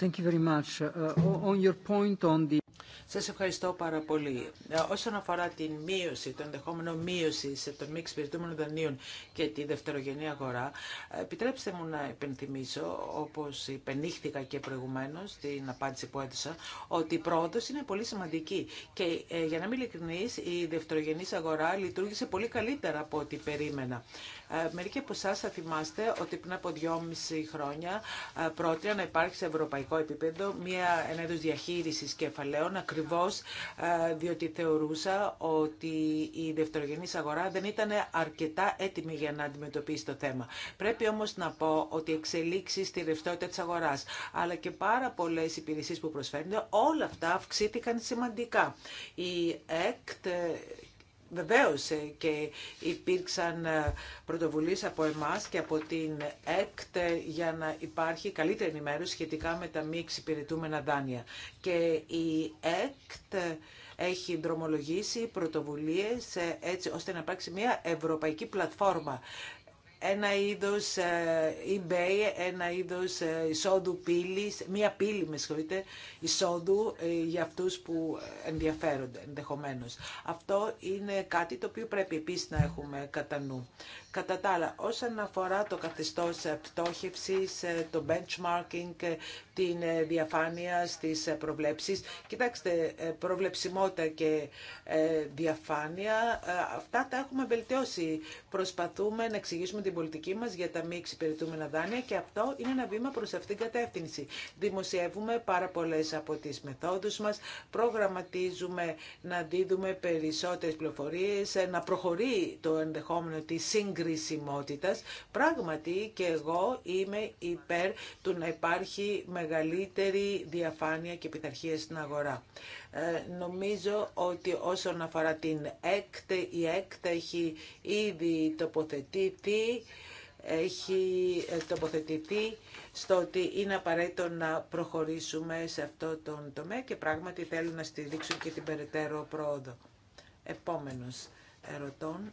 Thank you very much. Ε, on your point on the...
Σα ευχαριστώ πάρα πολύ. Ε, όσον αφορά την μείωση, το ενδεχόμενο μείωση σε το μη εξυπηρετούμενων δανείων και τη δευτερογενή αγορά, επιτρέψτε μου να υπενθυμίσω, όπω υπενήχθηκα και προηγουμένω στην απάντηση που έδωσα, ότι η πρόοδο είναι πολύ σημαντική και ε, για να είμαι ειλικρινή, η δεύτερογενή αγορά λειτουργήσε πολύ καλύτερα από ό,τι περίμενα. Ε, μερικοί από εσά θα θυμάστε ότι πριν από δυόμιση χρόνια πρότεινα να υπάρχει σε ευρωπαϊκό επίπεδο μια, ένα κεφαλαίων ακριβώς ε, διότι θεωρούσα ότι η δευτερογενής αγορά δεν ήταν αρκετά έτοιμη για να αντιμετωπίσει το θέμα. Πρέπει όμως να πω ότι εξελίξει στη ρευστότητα της αγοράς, αλλά και πάρα πολλές υπηρεσίες που προσφέρονται, όλα αυτά αυξήθηκαν σημαντικά. Η ΕΚΤ Βεβαίω, και υπήρξαν ε, πρωτοβουλίες από εμάς και από την ΕΚΤ ε, για να υπάρχει καλύτερη ενημέρωση σχετικά με τα μη εξυπηρετούμενα δάνεια. Και η ΕΚΤ ε, έχει δρομολογήσει πρωτοβουλίες έτσι ώστε να υπάρξει μια ευρωπαϊκή πλατφόρμα ένα είδος ε, eBay, ένα είδος ε, εισόδου πύλης, μία πύλη με συγχωρείτε, εισόδου ε, για αυτούς που ενδιαφέρονται ενδεχομένως. Αυτό είναι κάτι το οποίο πρέπει επίσης να έχουμε κατά νου. Κατά τα άλλα, όσον αφορά το καθεστώς ε, πτώχευσης, ε, το benchmarking, ε, την διαφάνεια στις προβλέψεις, κοιτάξτε, προβλεψιμότητα και διαφάνεια, αυτά τα έχουμε βελτιώσει. Προσπαθούμε να εξηγήσουμε την πολιτική μας για τα μη εξυπηρετούμενα δάνεια και αυτό είναι ένα βήμα προς αυτήν την κατεύθυνση. Δημοσιεύουμε πάρα πολλές από τις μεθόδους μας, προγραμματίζουμε να δίδουμε περισσότερες πληροφορίες, να προχωρεί το ενδεχόμενο της συγκρίση χρησιμότητας. Πράγματι και εγώ είμαι υπέρ του να υπάρχει μεγαλύτερη διαφάνεια και πειθαρχία στην αγορά. Ε, νομίζω ότι όσον αφορά την ΕΚΤ, η έκτα έχει ήδη τοποθετηθεί έχει ε, τοποθετηθεί στο ότι είναι απαραίτητο να προχωρήσουμε σε αυτό τον τομέα και πράγματι θέλουν να στηρίξουν και την περαιτέρω πρόοδο. Επόμενος ερωτών.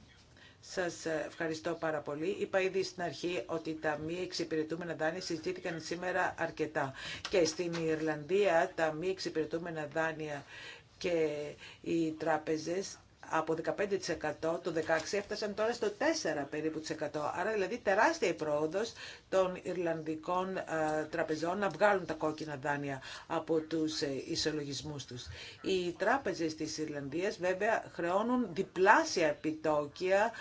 Σας ευχαριστώ πάρα πολύ. Είπα ήδη στην αρχή ότι τα μη εξυπηρετούμενα δάνεια συζητήθηκαν σήμερα αρκετά. Και στην Ιρλανδία τα μη εξυπηρετούμενα δάνεια και οι τράπεζες από 15% το 16 έφτασαν τώρα στο 4 περίπου Άρα δηλαδή τεράστια η πρόοδος των Ιρλανδικών τραπεζών να βγάλουν τα κόκκινα δάνεια από τους ε, ισολογισμούς τους. Οι τράπεζες της Ιρλανδίας βέβαια χρεώνουν διπλάσια επιτόκια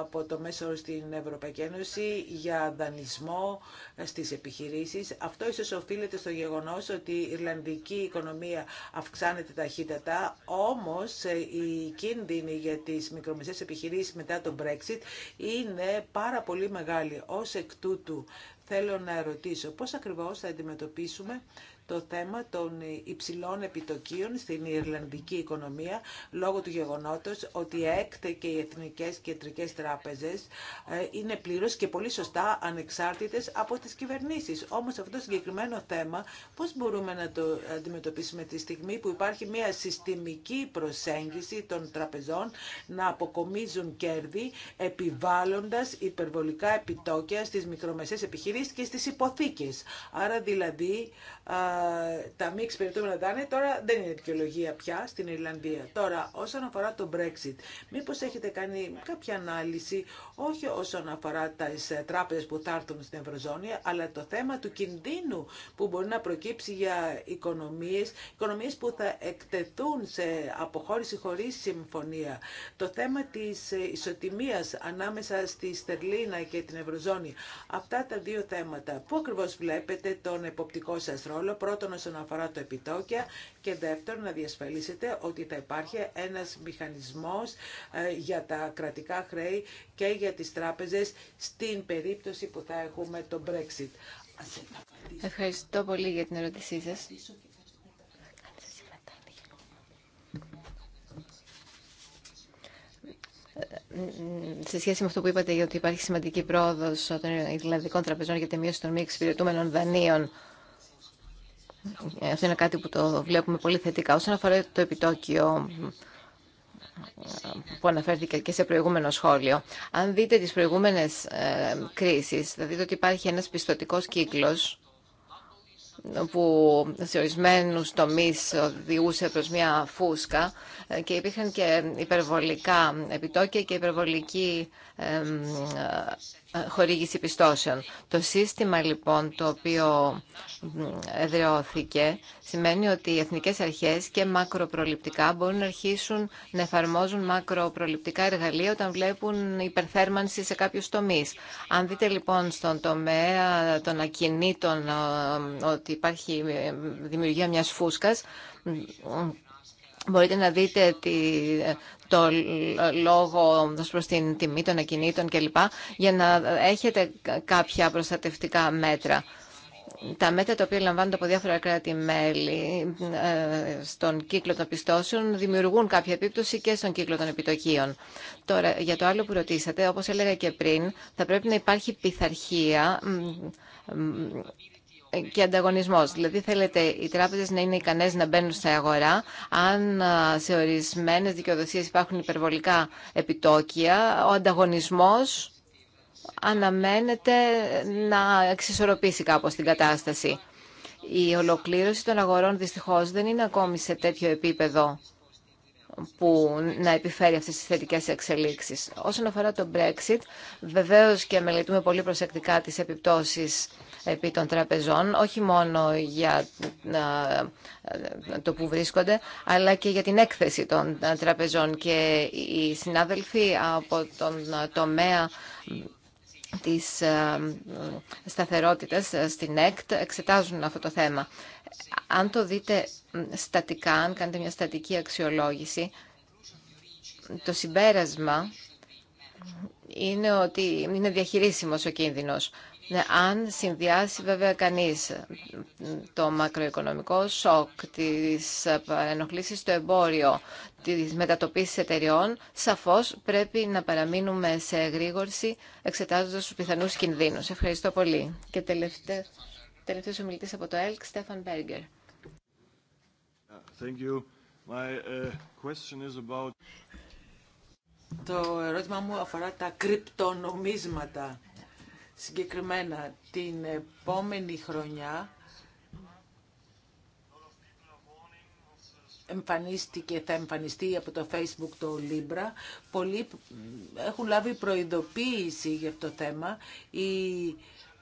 από το μέσο στην Ευρωπαϊκή Ένωση για δανεισμό ε, στις επιχειρήσεις. Αυτό ίσως οφείλεται στο γεγονός ότι η Ιρλανδική οικονομία αυξάνεται ταχύτατα, όμως ε, η η κίνδυνοι για τις μικρομεσαίες επιχειρήσεις μετά τον Brexit είναι πάρα πολύ μεγάλη. Ως εκ τούτου θέλω να ρωτήσω πώς ακριβώς θα αντιμετωπίσουμε το θέμα των υψηλών επιτοκίων στην Ιρλανδική οικονομία λόγω του γεγονότος ότι η και οι Εθνικές Κεντρικές Τράπεζες ε, είναι πλήρως και πολύ σωστά ανεξάρτητες από τις κυβερνήσεις. Όμως αυτό το συγκεκριμένο θέμα πώς μπορούμε να το αντιμετωπίσουμε τη στιγμή που υπάρχει μια συστημική προσέγγιση των τραπεζών να αποκομίζουν κέρδη επιβάλλοντας υπερβολικά επιτόκια στις μικρομεσαίες επιχειρήσεις και στις υποθήκες. Άρα δηλαδή τα μη εξυπηρετούμενα δάνεια τώρα δεν είναι δικαιολογία πια στην Ιρλανδία. Τώρα, όσον αφορά το Brexit, μήπω έχετε κάνει κάποια ανάλυση, όχι όσον αφορά τι ε, τράπεζε που θα έρθουν στην Ευρωζώνη, αλλά το θέμα του κινδύνου που μπορεί να προκύψει για οικονομίε, οικονομίε που θα εκτεθούν σε αποχώρηση χωρί συμφωνία. Το θέμα τη ε, ισοτιμίας ανάμεσα στη Στερλίνα και την Ευρωζώνη. Αυτά τα δύο θέματα. Πού ακριβώ βλέπετε τον εποπτικό σα ρόλο, πρώτον όσον αφορά το επιτόκια και δεύτερον να διασφαλίσετε ότι θα υπάρχει ένας μηχανισμός ε, για τα κρατικά χρέη και για τις τράπεζες στην περίπτωση που θα έχουμε το Brexit.
Ευχαριστώ πολύ για την ερώτησή σας. σε σχέση με αυτό που είπατε για ότι υπάρχει σημαντική πρόοδο των Ιρλανδικών τραπεζών για τη μείωση των μη εξυπηρετούμενων δανείων. Αυτό είναι κάτι που το βλέπουμε πολύ θετικά. Όσον αφορά το επιτόκιο ε, που αναφέρθηκε και σε προηγούμενο σχόλιο. Αν δείτε τις προηγούμενες ε, κρίσεις, θα δείτε ότι υπάρχει ένας πιστοτικός κύκλος που σε ορισμένου τομεί οδηγούσε προς μια φούσκα ε, και υπήρχαν και υπερβολικά επιτόκια και υπερβολική χορήγηση πιστώσεων. Το σύστημα λοιπόν το οποίο εδραιώθηκε σημαίνει ότι οι εθνικές αρχές και μακροπροληπτικά μπορούν να αρχίσουν να εφαρμόζουν μακροπροληπτικά εργαλεία όταν βλέπουν υπερθέρμανση σε κάποιους τομείς. Αν δείτε λοιπόν στον τομέα των ακινήτων ότι υπάρχει ε, δημιουργία μιας φούσκας, Μπορείτε να δείτε το λόγο προς την τιμή των ακινήτων κλπ. για να έχετε κάποια προστατευτικά μέτρα. Τα μέτρα τα οποία λαμβάνονται από διάφορα κράτη-μέλη ε, στον κύκλο των πιστώσεων δημιουργούν κάποια επίπτωση και στον κύκλο των επιτοκίων. Τώρα, για το άλλο που ρωτήσατε, όπως έλεγα και πριν, θα πρέπει να υπάρχει πειθαρχία ε, και ανταγωνισμός. Δηλαδή θέλετε οι τράπεζε να είναι ικανέ να μπαίνουν στα αγορά. Αν σε ορισμένε δικαιοδοσίες υπάρχουν υπερβολικά επιτόκια, ο ανταγωνισμός αναμένεται να εξισορροπήσει κάπως την κατάσταση. Η ολοκλήρωση των αγορών δυστυχώς δεν είναι ακόμη σε τέτοιο επίπεδο που να επιφέρει αυτές τις θετικές εξελίξεις. Όσον αφορά το Brexit, βεβαίως και μελετούμε πολύ προσεκτικά τις επιπτώσεις επί των τραπεζών, όχι μόνο για ε, ε, το που βρίσκονται, αλλά και για την έκθεση των ε, τραπεζών. Και οι συνάδελφοι από τον τομέα της σταθερότητας στην ΕΚΤ εξετάζουν αυτό το θέμα. Αν το δείτε στατικά, αν κάνετε μια στατική αξιολόγηση, το συμπέρασμα είναι ότι είναι διαχειρίσιμος ο κίνδυνος. Ναι, αν συνδυάσει βέβαια κανείς το μακροοικονομικό σοκ, τις ενοχλήσεις στο εμπόριο, τις μετατοπίσεις εταιριών, σαφώς πρέπει να παραμείνουμε σε εγρήγορση εξετάζοντας τους πιθανούς κινδύνους. Ευχαριστώ πολύ. Και τελευταί... τελευταίος ομιλητής από το ΕΛΚ, Στέφαν Μπέργκερ.
Uh,
το ερώτημα μου αφορά τα κρυπτονομίσματα συγκεκριμένα την επόμενη χρονιά εμφανίστηκε, θα εμφανιστεί από το facebook το Libra. Πολλοί έχουν λάβει προειδοποίηση για αυτό το θέμα. Η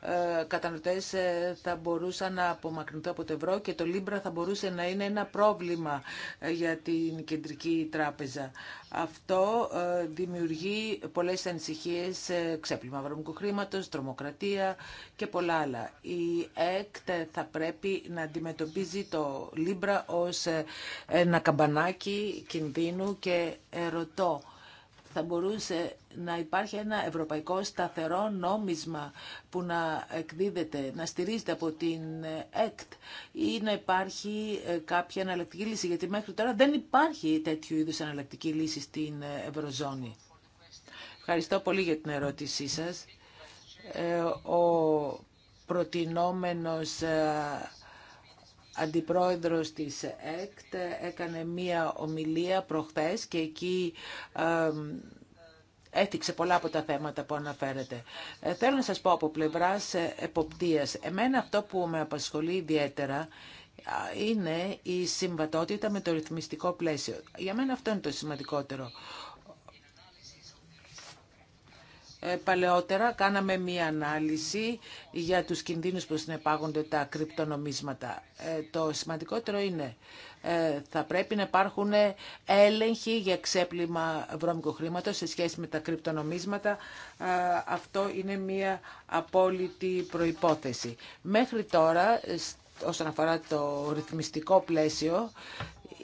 ε, καταναλωτές ε, θα μπορούσαν να απομακρυνθούν από το ευρώ και το Λίμπρα θα μπορούσε να είναι ένα πρόβλημα ε, για την κεντρική τράπεζα. Αυτό δημιουργεί πολλές ανησυχίες, ξέπλυμα βρωμικού χρήματος, τρομοκρατία και πολλά άλλα. Η ΕΚΤ θα πρέπει να αντιμετωπίζει το Λίμπρα ως ένα καμπανάκι κινδύνου και ερωτώ θα μπορούσε να υπάρχει ένα ευρωπαϊκό σταθερό νόμισμα που να εκδίδεται, να στηρίζεται από την ΕΚΤ ή να υπάρχει ε, κάποια εναλλακτική λύση, γιατί μέχρι τώρα δεν υπάρχει τέτοιου είδους εναλλακτική λύση στην ε, Ευρωζώνη. Ευχαριστώ πολύ για την ερώτησή σας. Ε, ο προτινόμενος αντιπρόεδρος της ΕΚΤ έκανε μία ομιλία προχθές και εκεί έθιξε πολλά από τα θέματα που αναφέρετε. Θέλω να σας πω από πλευράς ε, εποπτείας. Εμένα αυτό που με απασχολεί ιδιαίτερα είναι η συμβατότητα με το ρυθμιστικό πλαίσιο. Για μένα αυτό είναι το σημαντικότερο. Ε, παλαιότερα κάναμε μία ανάλυση για τους κινδύνους που συνεπάγονται τα κρυπτονομίσματα. Ε, το σημαντικότερο είναι ε, θα πρέπει να υπάρχουν έλεγχοι για ξέπλυμα βρώμικου χρήματος σε σχέση με τα κρυπτονομίσματα. Αυτό είναι μία απόλυτη προϋπόθεση. Μέχρι τώρα, όσον αφορά το ρυθμιστικό πλαίσιο,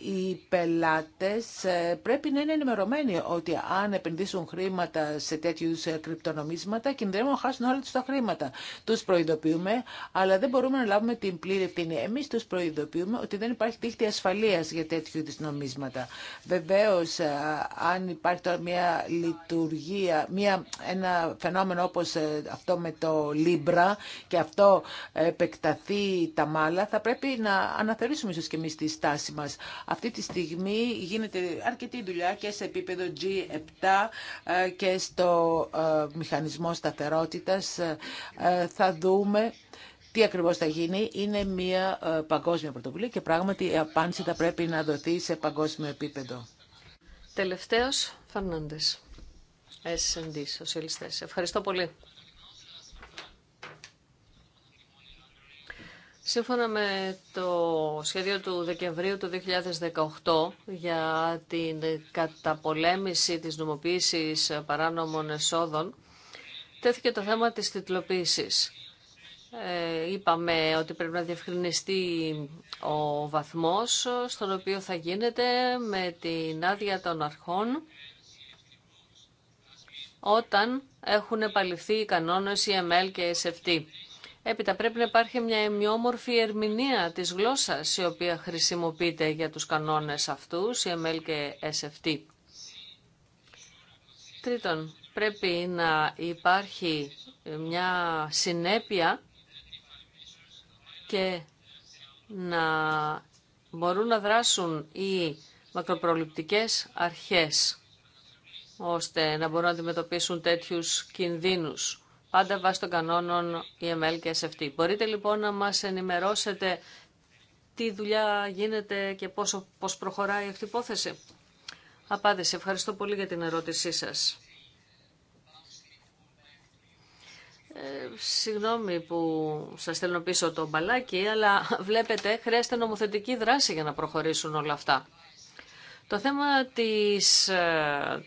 οι πελάτες ε, πρέπει να είναι ενημερωμένοι ότι αν επενδύσουν χρήματα σε τέτοιους ε, κρυπτονομίσματα κινδυνεύουν να χάσουν όλα τους τα χρήματα. Τους προειδοποιούμε, αλλά δεν μπορούμε να λάβουμε την πλήρη ευθύνη. Εμείς τους προειδοποιούμε ότι δεν υπάρχει δίχτυα ασφαλείας για τέτοιου είδους νομίσματα. Βεβαίως, ε, αν υπάρχει τώρα μια λειτουργία, μια, ένα φαινόμενο όπως αυτό με το Libra και αυτό επεκταθεί τα μάλα, θα πρέπει να αναθερήσουμε ίσως και εμείς τη στάση μας. Αυτή τη στιγμή γίνεται αρκετή δουλειά και σε επίπεδο G7 ε, και στο ε, μηχανισμό σταθερότητας. Ε, θα δούμε τι ακριβώς θα γίνει. Είναι μια παγκόσμια πρωτοβουλία και πράγματι η απάντηση θα πρέπει να δοθεί σε παγκόσμιο επίπεδο.
Τελευταίος, Φαρνάντες. S&D, σοσιαλιστές. Ευχαριστώ πολύ. Σύμφωνα με το σχέδιο του Δεκεμβρίου του 2018 για την καταπολέμηση της νομοποίησης παράνομων εσόδων, τέθηκε το θέμα της τιτλοποίησης. Ε, είπαμε ότι πρέπει να διευκρινιστεί ο βαθμός στον οποίο θα γίνεται με την άδεια των αρχών όταν έχουν επαληφθεί οι κανόνες EML και SFT. Έπειτα πρέπει να υπάρχει μια εμοιόμορφη ερμηνεία της γλώσσας η οποία χρησιμοποιείται για τους κανόνες αυτούς, ML και SFT. Τρίτον, πρέπει να υπάρχει μια συνέπεια και να μπορούν να δράσουν οι μακροπροληπτικές αρχές ώστε να μπορούν να αντιμετωπίσουν τέτοιους κινδύνους πάντα βάσει των κανόνων EML και SFT. Μπορείτε λοιπόν να μας ενημερώσετε τι δουλειά γίνεται και πόσο, πώς προχωράει αυτή η υπόθεση. Απάντηση. Ευχαριστώ πολύ για την ερώτησή σας. Ε, συγγνώμη που σας στέλνω πίσω το μπαλάκι, αλλά βλέπετε χρειάζεται νομοθετική δράση για να προχωρήσουν όλα αυτά. Το θέμα της ε,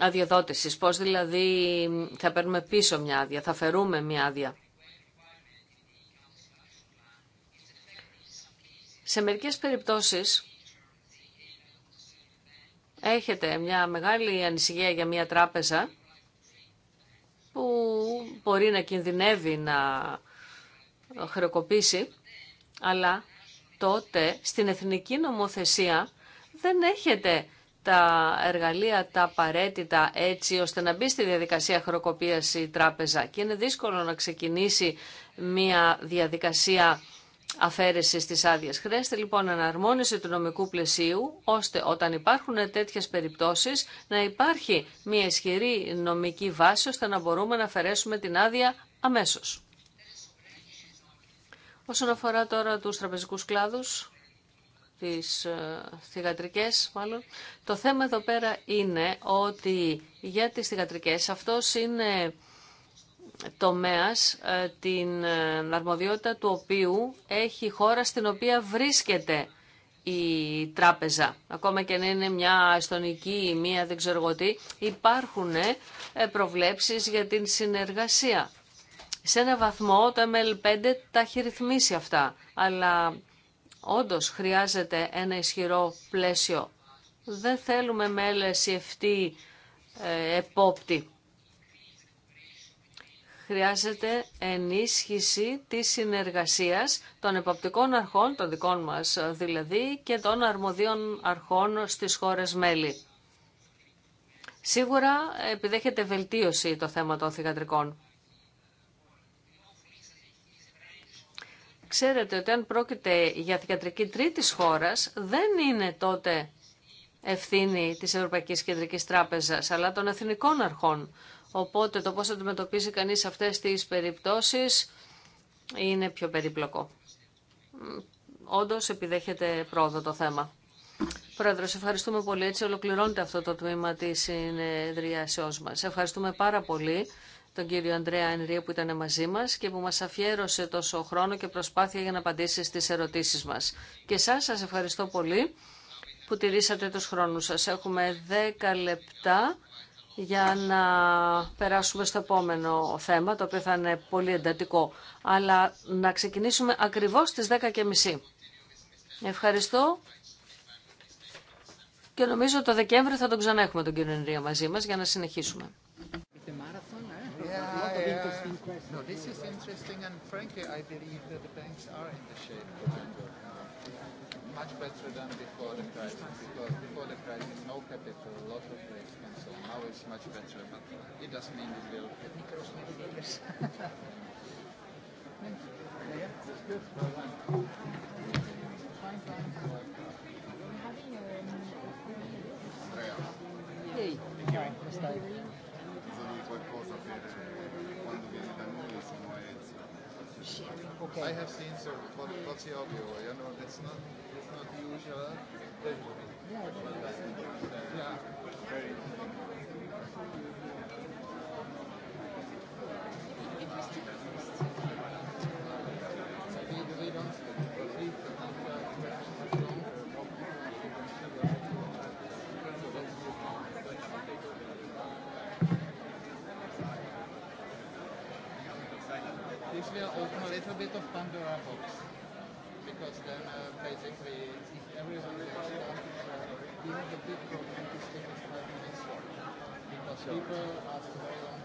αδειοδότησης, πώς δηλαδή θα παίρνουμε πίσω μια άδεια, θα φερούμε μια άδεια. Σε μερικές περιπτώσεις έχετε μια μεγάλη ανησυχία για μια τράπεζα που μπορεί να κινδυνεύει να χρεοκοπήσει, αλλά τότε στην εθνική νομοθεσία δεν έχετε τα εργαλεία τα απαραίτητα έτσι ώστε να μπει στη διαδικασία χροκοπίας η τράπεζα και είναι δύσκολο να ξεκινήσει μια διαδικασία αφαίρεση της άδεια. Χρειάζεται λοιπόν αναρμόνιση του νομικού πλαισίου, ώστε όταν υπάρχουν τέτοιε περιπτώσει να υπάρχει μια ισχυρή νομική βάση, ώστε να μπορούμε να αφαιρέσουμε την άδεια αμέσω. Όσον αφορά τώρα του τραπεζικού κλάδου, τις ε, θηγατρικές μάλλον. Το θέμα εδώ πέρα είναι ότι για τις θηγατρικές αυτός είναι τομέας ε, την ε, αρμοδιότητα του οποίου έχει χώρα στην οποία βρίσκεται η τράπεζα. Ακόμα και αν είναι μια εστονική ή μια δεν ξέρω τι, υπάρχουν προβλέψεις για την συνεργασία. Σε ένα βαθμό το ML5 τα έχει ρυθμίσει αυτά, αλλά όντως χρειάζεται ένα ισχυρό πλαίσιο. Δεν θέλουμε μέλες ευτή ε, επόπτη. Χρειάζεται ενίσχυση της συνεργασίας των εποπτικών αρχών, των δικών μας ε, δηλαδή, και των αρμοδίων αρχών στις χώρες μέλη. Σίγουρα επιδέχεται βελτίωση το θέμα των θηγατρικών. Ξέρετε ότι αν πρόκειται για θεατρική τρίτης χώρας, δεν είναι τότε ευθύνη της Ευρωπαϊκής Κεντρικής Τράπεζας, αλλά των εθνικών αρχών. Οπότε το πώς αντιμετωπίζει κανείς αυτές τις περιπτώσεις είναι πιο περίπλοκο. Όντως επιδέχεται πρόοδο το θέμα. Πρόεδρος, ευχαριστούμε πολύ. Έτσι ολοκληρώνεται αυτό το τμήμα της συνεδριάσεώς μας. Ευχαριστούμε πάρα πολύ τον κύριο Ανδρέα Ενρία που ήταν μαζί μα και που μα αφιέρωσε τόσο χρόνο και προσπάθεια για να απαντήσει στις ερωτήσει μα. Και εσάς σας ευχαριστώ πολύ που τηρήσατε του χρόνου σα. Έχουμε 10 λεπτά για να περάσουμε στο επόμενο θέμα, το οποίο θα είναι πολύ εντατικό. Αλλά να ξεκινήσουμε ακριβώς στις 10.30. Ευχαριστώ. Και νομίζω το Δεκέμβριο θα τον ξανά έχουμε τον κύριο Ενρία μαζί μας για να συνεχίσουμε.
No, this is
interesting, and frankly, I believe that the banks are in the shape much better than before the crisis, because before the crisis, no capital, a lot of risk, and so now it's much better, but it doesn't mean it will. Thank you. Yeah, that's good
qualcosa per quando viene da noi sono
ads. Okay. I have seen so what, what's the audio? You know, it's not it's not usual. Yeah, yeah. Very interesting. people AUTHORWAVE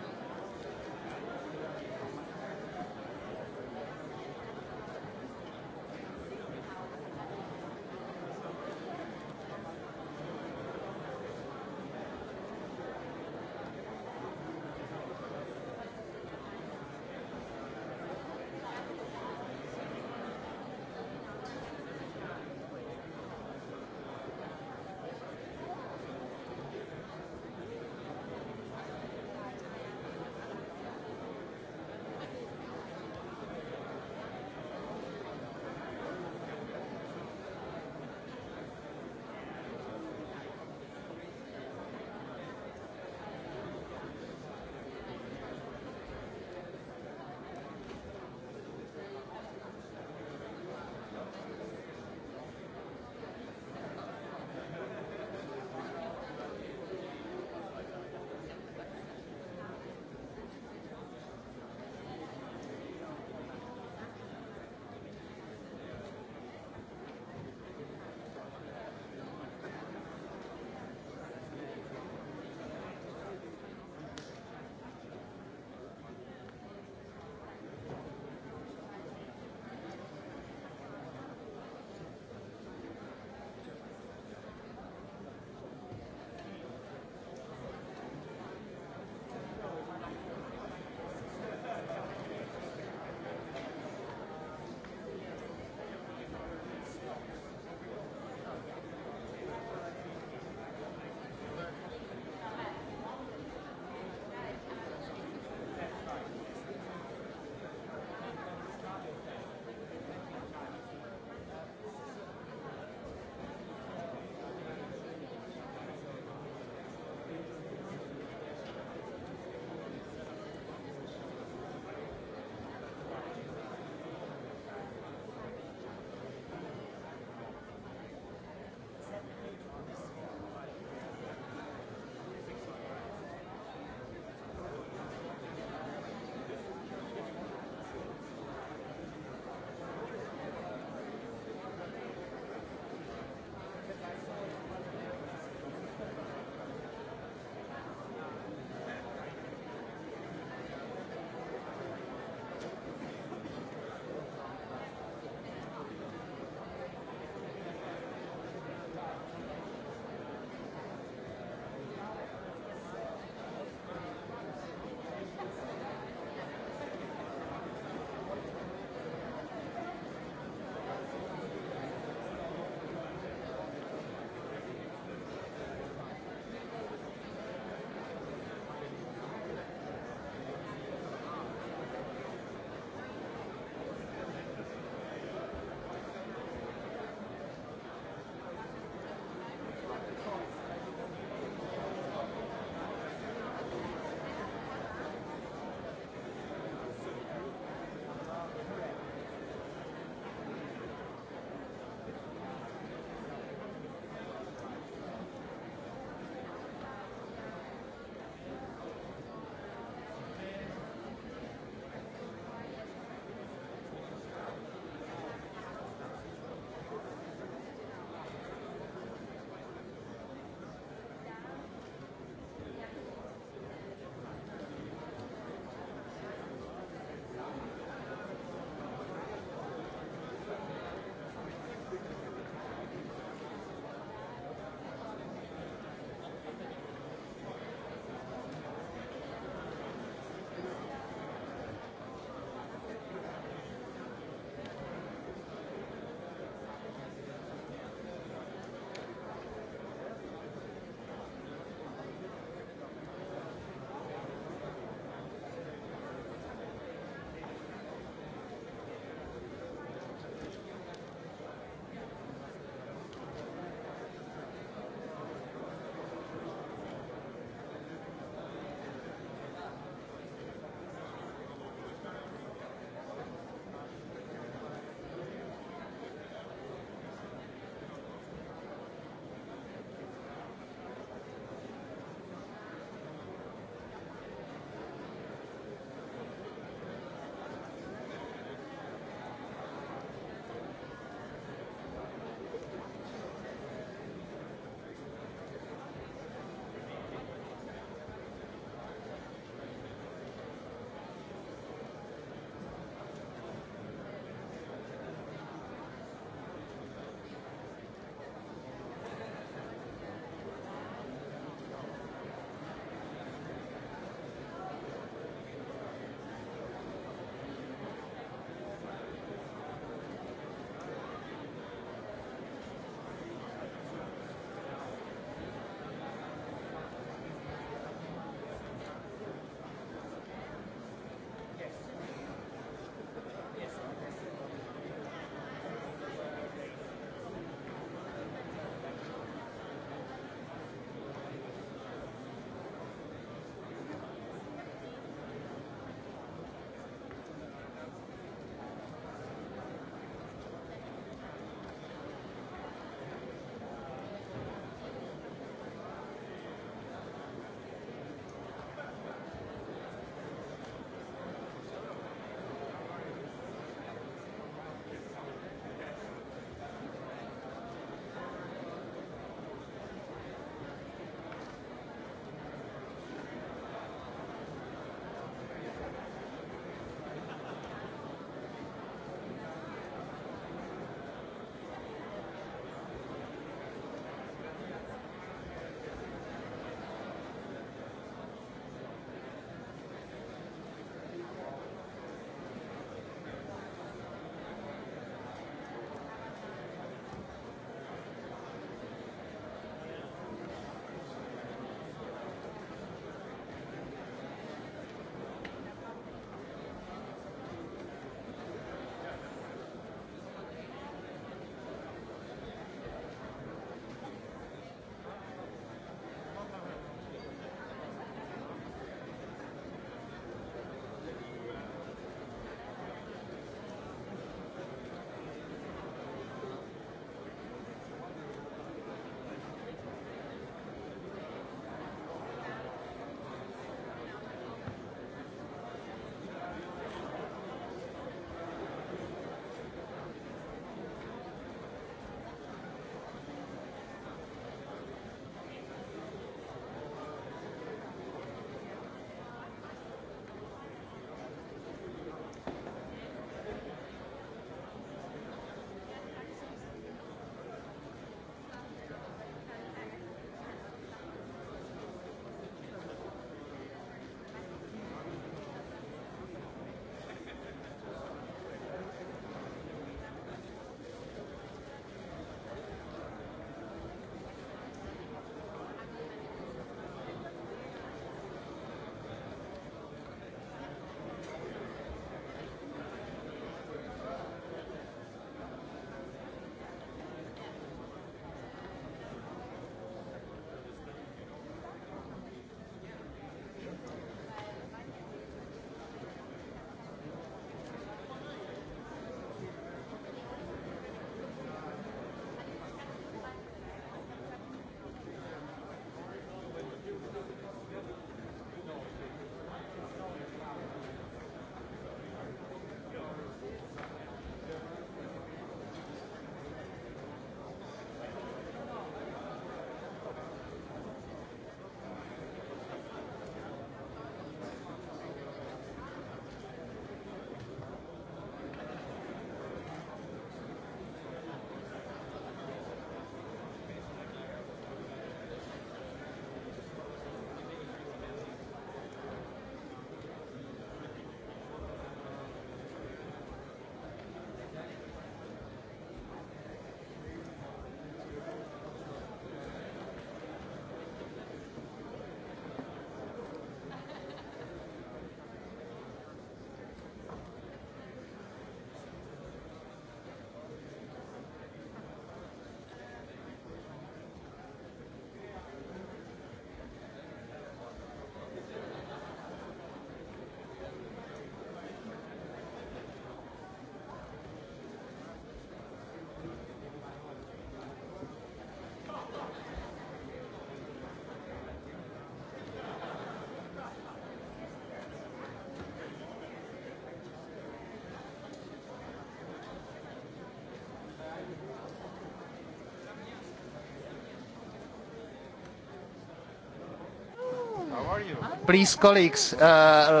Uh,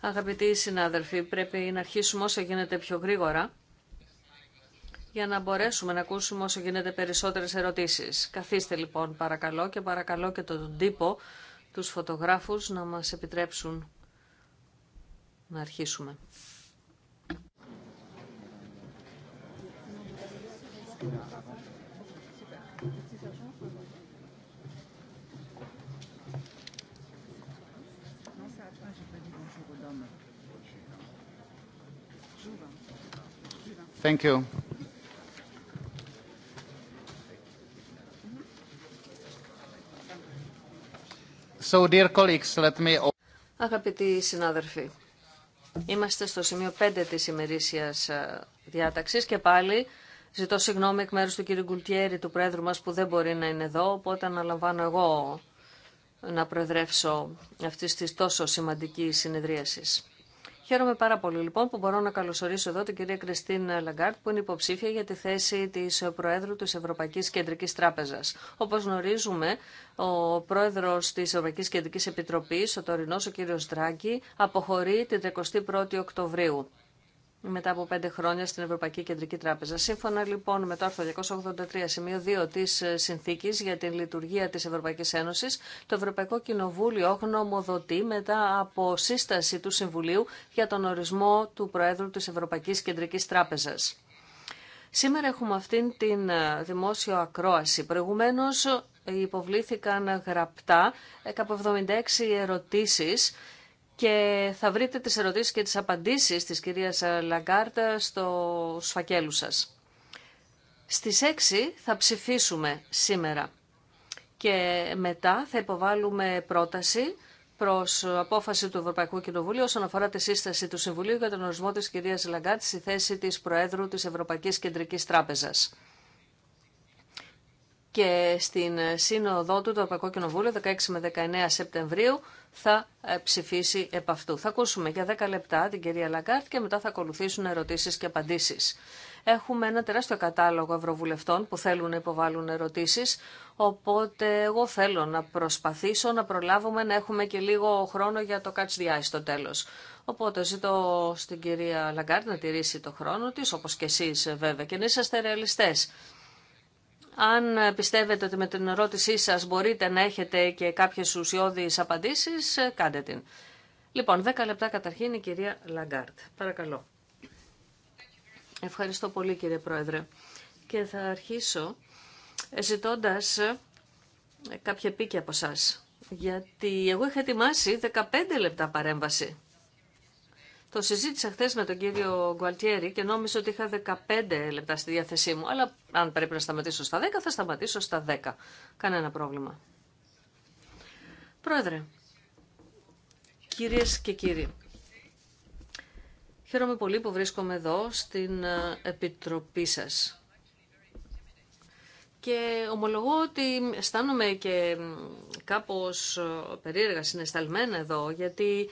Αγαπητοί συνάδελφοι, πρέπει να αρχίσουμε όσο γίνεται πιο γρήγορα για να μπορέσουμε να ακούσουμε όσο γίνεται περισσότερες ερωτήσεις. Καθίστε λοιπόν παρακαλώ και παρακαλώ και τον τύπο, τους φωτογράφους να μας επιτρέψουν να αρχίσουμε. Thank you. Αγαπητοί συνάδελφοι, είμαστε στο σημείο 5 της ημερήσιας ε, διάταξης και πάλι ζητώ συγγνώμη εκ μέρους του κύριου Γκουλτιέρη, του Πρόεδρου μας που δεν μπορεί να είναι εδώ, οπότε αναλαμβάνω εγώ να προεδρεύσω αυτή τη τόσο σημαντική συνεδρίασης. Χαίρομαι πάρα πολύ λοιπόν που μπορώ να καλωσορίσω εδώ την κυρία Κριστίν Λαγκάρτ που είναι υποψήφια για τη θέση της Προέδρου της Ευρωπαϊκής Κεντρικής Τράπεζας. Όπως γνωρίζουμε, ο Πρόεδρος της Ευρωπαϊκής Κεντρικής Επιτροπής, ο τωρινός ο κύριος Δράγκη, αποχωρεί την 31η Οκτωβρίου μετά από πέντε χρόνια στην Ευρωπαϊκή Κεντρική Τράπεζα. Σύμφωνα λοιπόν με το άρθρο 283 σημείο 2 τη ε, συνθήκη για την λειτουργία της Ευρωπαϊκής Ένωσης, το Ευρωπαϊκό Κοινοβούλιο γνωμοδοτεί μετά από σύσταση του Συμβουλίου για τον ορισμό του Προέδρου της Ευρωπαϊκής Κεντρικής Τράπεζας. Σήμερα έχουμε αυτήν την ε, δημόσιο ακρόαση. Προηγουμένως ε, υποβλήθηκαν γραπτά 176 76 ερωτήσεις και θα βρείτε τις ερωτήσεις και τις απαντήσεις της κυρίας Λαγκάρτα στο σφακέλου σας. Στις 6 θα ψηφίσουμε σήμερα και μετά θα υποβάλουμε πρόταση προς απόφαση του Ευρωπαϊκού Κοινοβουλίου όσον αφορά τη σύσταση του Συμβουλίου για τον ορισμό της κυρίας Λαγκάρτα στη θέση της Προέδρου της Ευρωπαϊκής Κεντρικής Τράπεζας και στην σύνοδό του το Ευρωπαϊκό Κοινοβούλιο 16 με 19 Σεπτεμβρίου θα ε, ψηφίσει επ' αυτού. Θα ακούσουμε για 10 λεπτά την κυρία Λαγκάρτ και μετά θα ακολουθήσουν ερωτήσεις και απαντήσεις. Έχουμε ένα τεράστιο κατάλογο ευρωβουλευτών που θέλουν να υποβάλουν ερωτήσεις, οπότε εγώ θέλω να προσπαθήσω να προλάβουμε να έχουμε και λίγο χρόνο για το catch the eye στο τέλος. Οπότε ζητώ στην κυρία Λαγκάρτ να τηρήσει το χρόνο της, όπως και εσείς βέβαια, και να είσαστε ρεαλιστές. Αν πιστεύετε ότι με την ερώτησή σας μπορείτε να έχετε και κάποιες ουσιώδεις απαντήσεις, ε, κάντε την. Λοιπόν, 10 λεπτά καταρχήν η κυρία Λαγκάρτ. Παρακαλώ. Ευχαριστώ πολύ κύριε Πρόεδρε. Και θα αρχίσω ε, ζητώντα ε, κάποια πήκη από εσά. Γιατί εγώ είχα ετοιμάσει 15 λεπτά παρέμβαση. Το συζήτησα χθε με τον κύριο Γκουαλτιέρη και νόμιζα ότι είχα 15 λεπτά στη διάθεσή μου. Αλλά αν πρέπει να σταματήσω στα 10, θα σταματήσω στα 10. Κανένα πρόβλημα. Πρόεδρε, κυρίες και κύριοι, χαίρομαι πολύ που βρίσκομαι εδώ στην ε, Επιτροπή σας. Και ομολογώ ότι αισθάνομαι και κάπως ε, περίεργα συναισθαλμένα εδώ, γιατί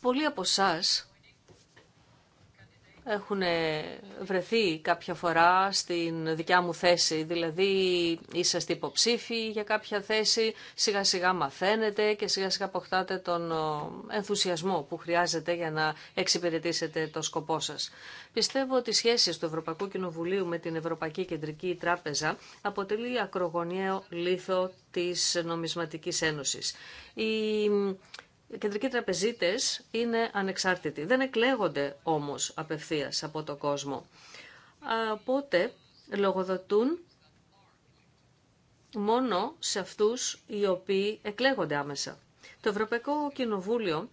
Πολλοί από εσά έχουν βρεθεί κάποια φορά στην δικιά μου θέση. Δηλαδή είσαστε υποψήφοι για κάποια θέση, σιγά σιγά μαθαίνετε και σιγά σιγά αποκτάτε τον ε, ενθουσιασμό που χρειάζεται για να εξυπηρετήσετε το σκοπό σας. Πιστεύω ότι οι σχέσει του Ευρωπαϊκού Κοινοβουλίου με την Ευρωπαϊκή Κεντρική Τράπεζα αποτελεί ακρογωνιαίο λίθο της Νομισματικής Ένωσης. Η κεντρικοί τραπεζίτέ είναι ανεξάρτητοι. Δεν εκλέγονται όμως απευθεία από το κόσμο. Οπότε λογοδοτούν μόνο σε αυτούς οι οποίοι εκλέγονται άμεσα. Το Ευρωπαϊκό Κοινοβούλιο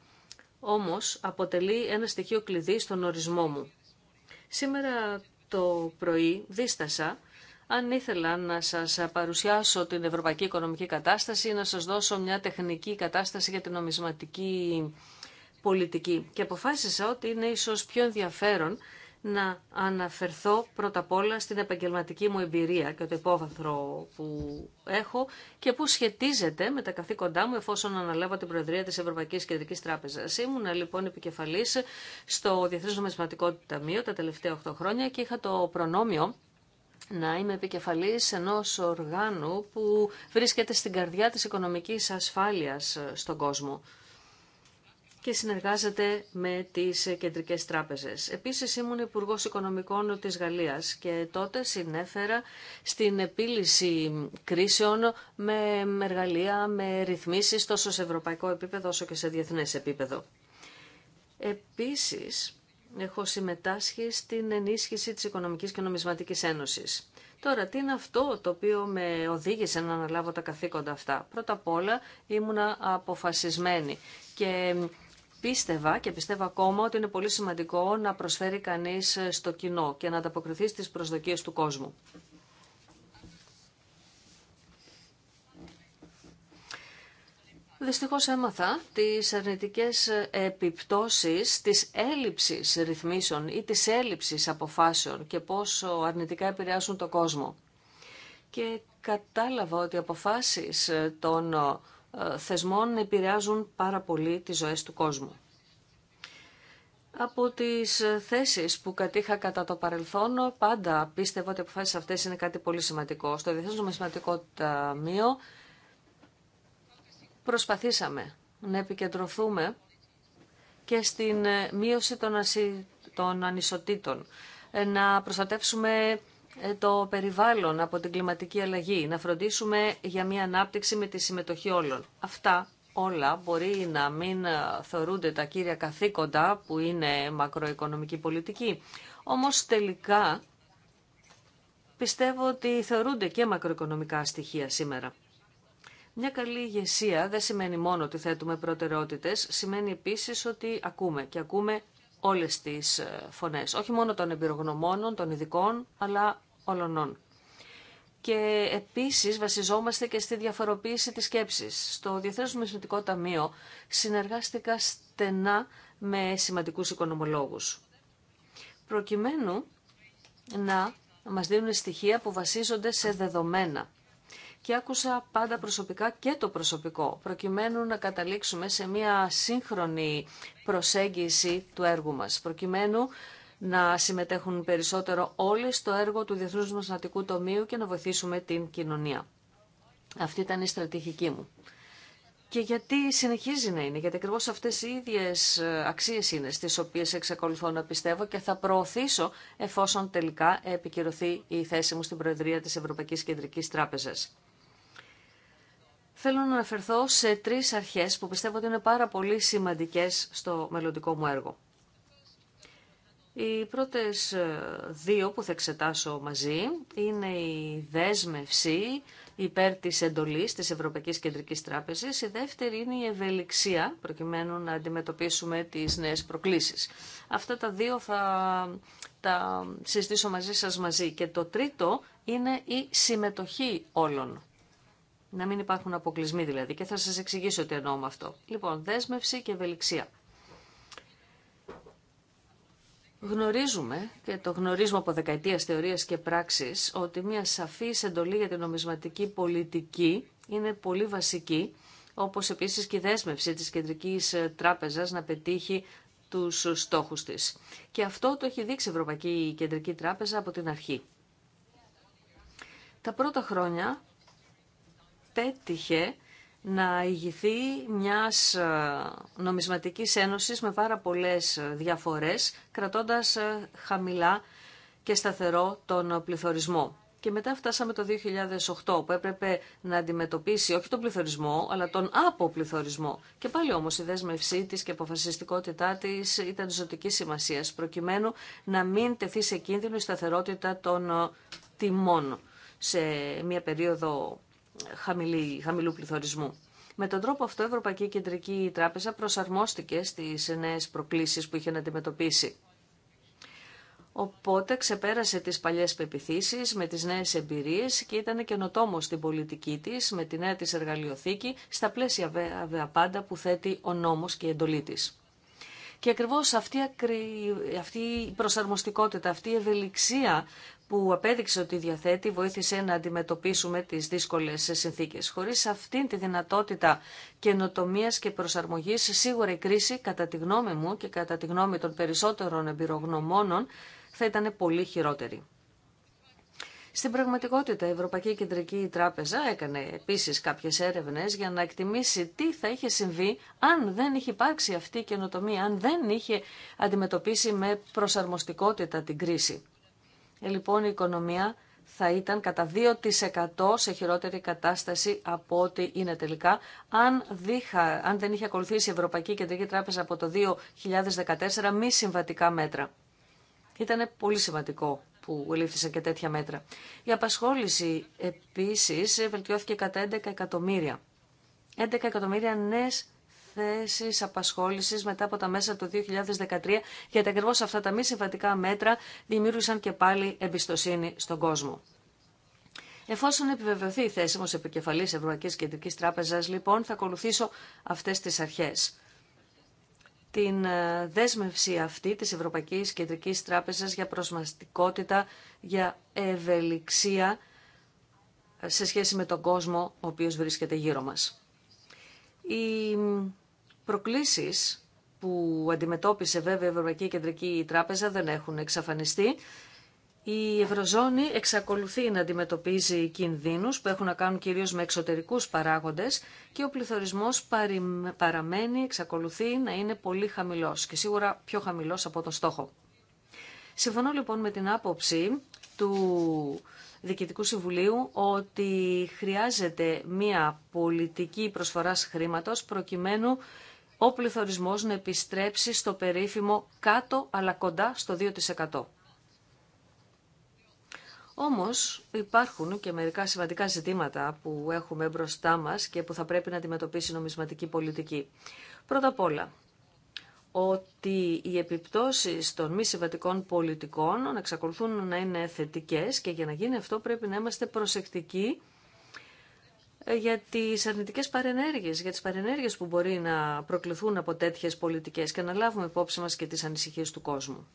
όμως αποτελεί ένα στοιχείο κλειδί στον ορισμό μου. Σήμερα το πρωί δίστασα αν ήθελα να σας παρουσιάσω την ευρωπαϊκή οικονομική κατάσταση, να σας δώσω μια τεχνική κατάσταση για την νομισματική πολιτική. Και αποφάσισα ότι είναι ίσως πιο ενδιαφέρον να αναφερθώ πρώτα απ' όλα στην επαγγελματική μου εμπειρία και το υπόβαθρο που έχω και που σχετίζεται με τα καθήκοντά μου εφόσον αναλάβω την Προεδρία της Ευρωπαϊκής Κεντρικής Τράπεζας. Ήμουν λοιπόν επικεφαλής στο Διεθνές Νομισματικό Ταμείο τα τελευταία 8 χρόνια και είχα το προνόμιο να είμαι επικεφαλής ενός οργάνου που βρίσκεται στην καρδιά της οικονομικής ασφάλειας ε, στον κόσμο και συνεργάζεται με τις ε, κεντρικές τράπεζες. Επίσης ήμουν υπουργό Οικονομικών της Γαλλίας και τότε συνέφερα στην επίλυση κρίσεων με εργαλεία, με ρυθμίσεις τόσο σε ευρωπαϊκό επίπεδο όσο και σε διεθνές επίπεδο. Επίσης, έχω συμμετάσχει στην ενίσχυση της Οικονομικής και Νομισματικής Ένωσης. Τώρα, τι είναι αυτό το οποίο με οδήγησε να αναλάβω τα καθήκοντα αυτά. Πρώτα απ' όλα ήμουνα αποφασισμένη και πίστευα και πιστεύω ακόμα ότι είναι πολύ σημαντικό να προσφέρει κανείς στο κοινό και να ανταποκριθεί στις προσδοκίες του κόσμου. Δυστυχώς έμαθα τις αρνητικές επιπτώσεις της έλλειψης ρυθμίσεων ή της έλλειψης αποφάσεων και πόσο αρνητικά επηρεάζουν το κόσμο. Και κατάλαβα ότι οι αποφάσεις των ε, θεσμών επηρεάζουν πάρα πολύ τις ζωές του κόσμου. Από τις θέσεις που κατήχα κατά το παρελθόν, πάντα πίστευα ότι οι αποφάσεις αυτές είναι κάτι πολύ σημαντικό. Στο Διεθνές Νομισματικό Ταμείο προσπαθήσαμε να επικεντρωθούμε και στην ε, μείωση των ανισοτήτων, ε, να προστατεύσουμε ε, το περιβάλλον από την κλιματική αλλαγή, να φροντίσουμε για μια ανάπτυξη με τη συμμετοχή όλων. Αυτά όλα μπορεί να μην θεωρούνται τα κύρια καθήκοντα που είναι μακροοικονομική πολιτική. Όμως τελικά πιστεύω ότι θεωρούνται και μακροοικονομικά στοιχεία σήμερα. Μια καλή ηγεσία δεν σημαίνει μόνο ότι θέτουμε προτεραιότητες, σημαίνει επίσης ότι ακούμε και ακούμε όλες τις ε, φωνές, όχι μόνο των εμπειρογνωμόνων, των ειδικών, αλλά όλων. Και επίσης βασιζόμαστε και στη διαφοροποίηση της σκέψης. Στο Διεθνές Νομισματικό Ταμείο συνεργάστηκα στενά με σημαντικούς οικονομολόγους. Προκειμένου να μας δίνουν στοιχεία που βασίζονται σε δεδομένα και άκουσα πάντα προσωπικά και το προσωπικό, προκειμένου να καταλήξουμε σε μια σύγχρονη προσέγγιση του έργου μας, προκειμένου να συμμετέχουν περισσότερο όλοι στο έργο του Διεθνούς Μασνατικού Τομείου και να βοηθήσουμε την κοινωνία. Αυτή ήταν η στρατηγική μου. Και γιατί συνεχίζει να είναι, γιατί ακριβώ αυτές οι ίδιες ε, αξίες είναι στις οποίες εξακολουθώ να πιστεύω και θα προωθήσω εφόσον τελικά επικυρωθεί η θέση μου στην Προεδρία της Ευρωπαϊκής Κεντρικής Τράπεζας. Θέλω να αναφερθώ σε τρεις αρχές που πιστεύω ότι είναι πάρα πολύ σημαντικές στο μελλοντικό μου έργο. Οι πρώτες ε, δύο που θα εξετάσω μαζί είναι η δέσμευση υπέρ της εντολής της Ευρωπαϊκής Κεντρικής Τράπεζης. Η δεύτερη είναι η ευελιξία προκειμένου να αντιμετωπίσουμε τις νέες προκλήσεις. Αυτά τα δύο θα τα συζητήσω μαζί σας μαζί. Και το τρίτο είναι η συμμετοχή όλων. Να μην υπάρχουν αποκλεισμοί δηλαδή. Και θα σας εξηγήσω τι εννοώ με αυτό. Λοιπόν, δέσμευση και ευελιξία. Γνωρίζουμε και το γνωρίζουμε από δεκαετίας θεωρίας και πράξης ότι μια σαφής εντολή για την νομισματική πολιτική είναι πολύ βασική, όπως επίσης και η δέσμευση της Κεντρικής Τράπεζας να πετύχει τους στόχους της. Και αυτό το έχει δείξει η Ευρωπαϊκή Κεντρική Τράπεζα από την αρχή. Τα πρώτα χρόνια πέτυχε να ηγηθεί μιας ε, νομισματικής ένωσης με πάρα πολλές ε, διαφορές, κρατώντας ε, χαμηλά και σταθερό τον πληθωρισμό. Και μετά φτάσαμε το 2008 που έπρεπε να αντιμετωπίσει όχι τον πληθωρισμό αλλά τον αποπληθωρισμό. Και πάλι όμως η δέσμευσή της και η αποφασιστικότητά της ήταν ζωτική σημασία προκειμένου να μην τεθεί σε κίνδυνο η σταθερότητα των τιμών σε μια περίοδο χαμηλού πληθωρισμού. Με τον τρόπο αυτό η Ευρωπαϊκή Κεντρική Τράπεζα προσαρμόστηκε στις νέες προκλήσεις που είχε να αντιμετωπίσει. Οπότε ξεπέρασε τις παλιές πεπιθήσεις με τις νέες εμπειρίες και ήταν καινοτόμο στην πολιτική της με τη νέα της εργαλειοθήκη στα πλαίσια βέβαια πάντα που θέτει ο νόμος και η εντολή της. Και ακριβώς αυτή, αυτή η προσαρμοστικότητα, αυτή η ευελιξία που απέδειξε ότι διαθέτει βοήθησε να αντιμετωπίσουμε τις δύσκολες συνθήκες. Χωρίς αυτή τη δυνατότητα καινοτομία και προσαρμογής, σίγουρα η κρίση, κατά τη γνώμη μου και κατά τη γνώμη των περισσότερων εμπειρογνωμόνων, θα ήταν πολύ χειρότερη. Στην πραγματικότητα, η Ευρωπαϊκή Κεντρική Τράπεζα έκανε επίση κάποιε έρευνε για να εκτιμήσει τι θα είχε συμβεί αν δεν είχε υπάρξει αυτή η καινοτομία, αν δεν είχε αντιμετωπίσει με προσαρμοστικότητα την κρίση. Ε, λοιπόν η οικονομία θα ήταν κατά 2% σε χειρότερη κατάσταση από ό,τι είναι τελικά. Αν, δίχα, αν δεν είχε ακολουθήσει η Ευρωπαϊκή Κεντρική Τράπεζα από το 2014 μη συμβατικά μέτρα. Ήταν πολύ σημαντικό που ελήφθησαν και τέτοια μέτρα. Η απασχόληση επίσης βελτιώθηκε κατά 11 εκατομμύρια. 11 εκατομμύρια νέες Θέσει απασχόληση μετά από τα μέσα του 2013, γιατί ακριβώ αυτά τα μη συμβατικά μέτρα δημιούργησαν και πάλι εμπιστοσύνη στον κόσμο. Εφόσον επιβεβαιωθεί η θέση μου επικεφαλής Ευρωπαϊκής Κεντρικής Τράπεζας, λοιπόν, θα ακολουθήσω αυτέ τι αρχέ. Την ε, δέσμευση αυτή της Ευρωπαϊκής Κεντρικής Τράπεζας για προσμαστικότητα, για ευελιξία ε, σε σχέση με τον κόσμο ο οποίος βρίσκεται γύρω μας. Η προκλήσεις που αντιμετώπισε βέβαια η Ευρωπαϊκή Κεντρική Τράπεζα δεν έχουν εξαφανιστεί. Η Ευρωζώνη εξακολουθεί να αντιμετωπίζει κινδύνους που έχουν να κάνουν κυρίως με εξωτερικούς παράγοντες και ο πληθωρισμός παραμένει, εξακολουθεί να είναι πολύ χαμηλός και σίγουρα πιο χαμηλός από το στόχο. Συμφωνώ λοιπόν με την άποψη του Διοικητικού Συμβουλίου ότι χρειάζεται μία πολιτική προσφοράς χρήματος προκειμένου ο πληθωρισμός να επιστρέψει στο περίφημο κάτω αλλά κοντά στο 2%. Όμως υπάρχουν και μερικά σημαντικά ζητήματα που έχουμε μπροστά μας και που θα πρέπει να αντιμετωπίσει η νομισματική πολιτική. Πρώτα απ' όλα, ότι οι επιπτώσεις των μη συμβατικών πολιτικών να εξακολουθούν να είναι θετικές και για να γίνει αυτό πρέπει να είμαστε προσεκτικοί για τι αρνητικέ παρενέργειε, για τις παρενέργειες που μπορεί να προκληθούν από τέτοιες πολιτικές και να λάβουμε υπόψη μας και τι ανησυχίε του κόσμου.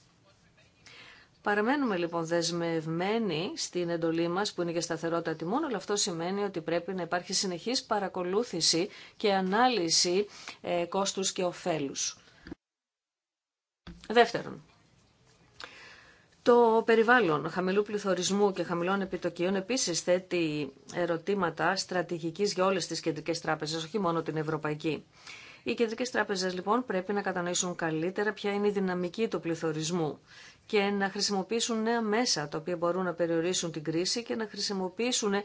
Παραμένουμε λοιπόν δεσμευμένοι στην εντολή μας που είναι για σταθερότητα τιμών, αλλά αυτό σημαίνει ότι πρέπει να υπάρχει συνεχής παρακολούθηση και ανάλυση ε, κόστου και ωφέλου. Δεύτερον, το περιβάλλον χαμηλού πληθωρισμού και χαμηλών επιτοκίων επίση θέτει ερωτήματα στρατηγική για όλε τι κεντρικέ τράπεζε, όχι μόνο την Ευρωπαϊκή. Οι κεντρικέ τράπεζε λοιπόν πρέπει να κατανοήσουν καλύτερα ποια είναι η δυναμική του πληθωρισμού και να χρησιμοποιήσουν νέα μέσα τα οποία μπορούν να περιορίσουν την κρίση και να χρησιμοποιήσουν ε,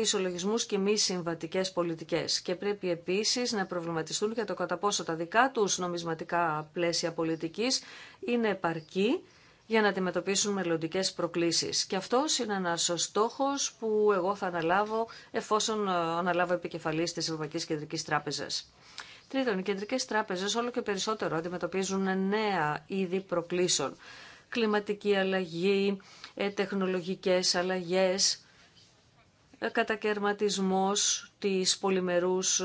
ισολογισμού και μη συμβατικέ πολιτικές. Και πρέπει επίση να προβληματιστούν για το κατά πόσο τα δικά του νομισματικά πλαίσια πολιτική είναι επαρκή για να αντιμετωπίσουν μελλοντικέ προκλήσεις. Και αυτό είναι ένας στόχο που εγώ θα αναλάβω εφόσον ε, αναλάβω επικεφαλής της Ευρωπαϊκή Κεντρικής Τράπεζας. Τρίτον, οι κεντρικέ τράπεζε όλο και περισσότερο αντιμετωπίζουν νέα είδη προκλήσεων. Κλιματική αλλαγή, ε, τεχνολογικές αλλαγές, ε, κατακαιρματισμός της πολυμερούς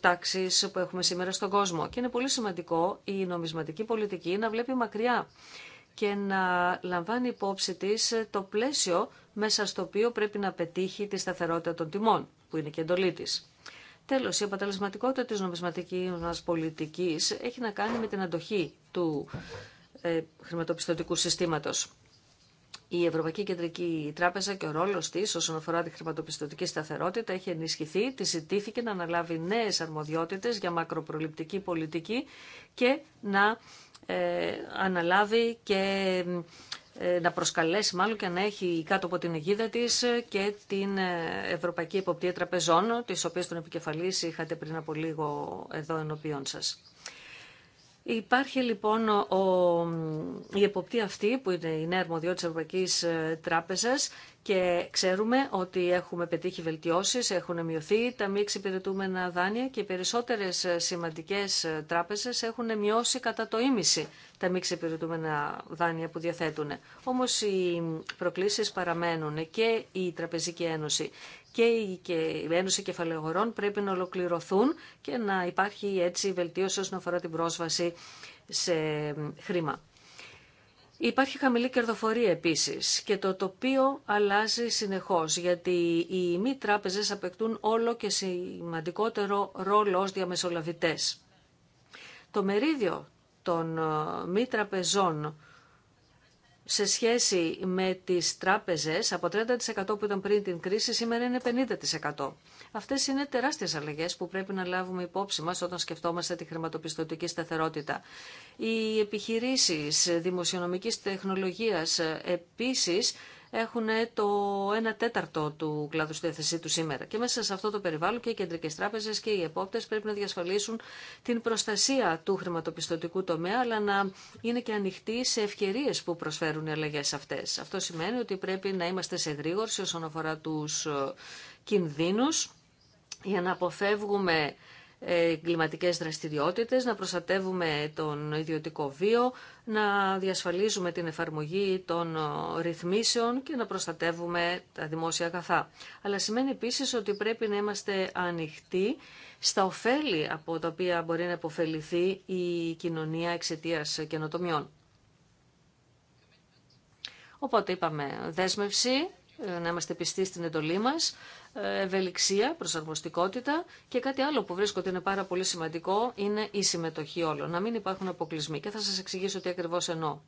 τάξης που έχουμε σήμερα στον κόσμο. Και είναι πολύ σημαντικό η νομισματική πολιτική να βλέπει μακριά και να λαμβάνει υπόψη της το πλαίσιο μέσα στο οποίο πρέπει να πετύχει τη σταθερότητα των τιμών, που είναι και εντολή της. Τέλος, η αποτελεσματικότητα της νομισματικής μας πολιτικής έχει να κάνει με την αντοχή του ε, χρηματοπιστωτικού συστήματος. Η Ευρωπαϊκή Κεντρική Τράπεζα και ο ρόλος της όσον αφορά τη χρηματοπιστωτική σταθερότητα έχει ενισχυθεί, τη ζητήθηκε να αναλάβει νέες αρμοδιότητες για μακροπροληπτική πολιτική και να ε, αναλάβει και ε, να προσκαλέσει μάλλον και να έχει κάτω από την αιγίδα τη και την ε, Ευρωπαϊκή Εποπτεία Τραπεζών, τις οποίες τον επικεφαλή είχατε πριν από λίγο εδώ ενώπιον σα. Υπάρχει λοιπόν ο, η εποπτεία αυτή που είναι η νέα αρμοδιότητα της Ευρωπαϊκής ε, Τράπεζας και ξέρουμε ότι έχουμε πετύχει βελτιώσεις, έχουν μειωθεί τα μη εξυπηρετούμενα δάνεια και οι περισσότερες ε, σημαντικές ε, τράπεζες έχουν μειώσει κατά το ίμιση τα μη ξεπεριτούμενα δάνεια που διαθέτουν. Όμως οι προκλήσεις παραμένουν και η Τραπεζική Ένωση και η Ένωση Κεφαλαιογορών πρέπει να ολοκληρωθούν και να υπάρχει έτσι βελτίωση όσον αφορά την πρόσβαση σε χρήμα. Υπάρχει χαμηλή κερδοφορία επίσης και το τοπίο αλλάζει συνεχώς γιατί οι μη τράπεζες απεκτούν όλο και σημαντικότερο ρόλο ως διαμεσολαβητές. Το μερίδιο των ε, μη τραπεζών σε σχέση με τις τράπεζες από 30% που ήταν πριν την κρίση σήμερα είναι 50%. Αυτές είναι τεράστιες αλλαγές που πρέπει να λάβουμε υπόψη μας όταν σκεφτόμαστε τη χρηματοπιστωτική σταθερότητα. Οι επιχειρήσεις δημοσιονομικής τεχνολογίας ε, επίσης έχουν το 1 τέταρτο του κλάδου στη διάθεσή του σήμερα. Και μέσα σε αυτό το περιβάλλον και οι κεντρικέ τράπεζε και οι επόπτε πρέπει να διασφαλίσουν την προστασία του χρηματοπιστωτικού τομέα, αλλά να είναι και ανοιχτοί σε ευκαιρίε που προσφέρουν οι αλλαγέ αυτέ. Αυτό σημαίνει ότι πρέπει να είμαστε σε γρήγορση όσον αφορά του ε, κινδύνου για να αποφεύγουμε ε, κλιματικές δραστηριότητες, να προστατεύουμε τον ιδιωτικό βίο, να διασφαλίζουμε την εφαρμογή των ε, ρυθμίσεων και να προστατεύουμε τα δημόσια αγαθά. Αλλά σημαίνει επίσης ότι πρέπει να είμαστε ανοιχτοί στα ωφέλη από τα οποία μπορεί να υποφεληθεί η κοινωνία εξαιτία καινοτομιών. Οπότε είπαμε δέσμευση, να είμαστε πιστοί στην εντολή μας, ε, ευελιξία, προσαρμοστικότητα και κάτι άλλο που βρίσκω ότι είναι πάρα πολύ σημαντικό είναι η συμμετοχή όλων, να μην υπάρχουν αποκλεισμοί και θα σα εξηγήσω τι ακριβώ εννοώ.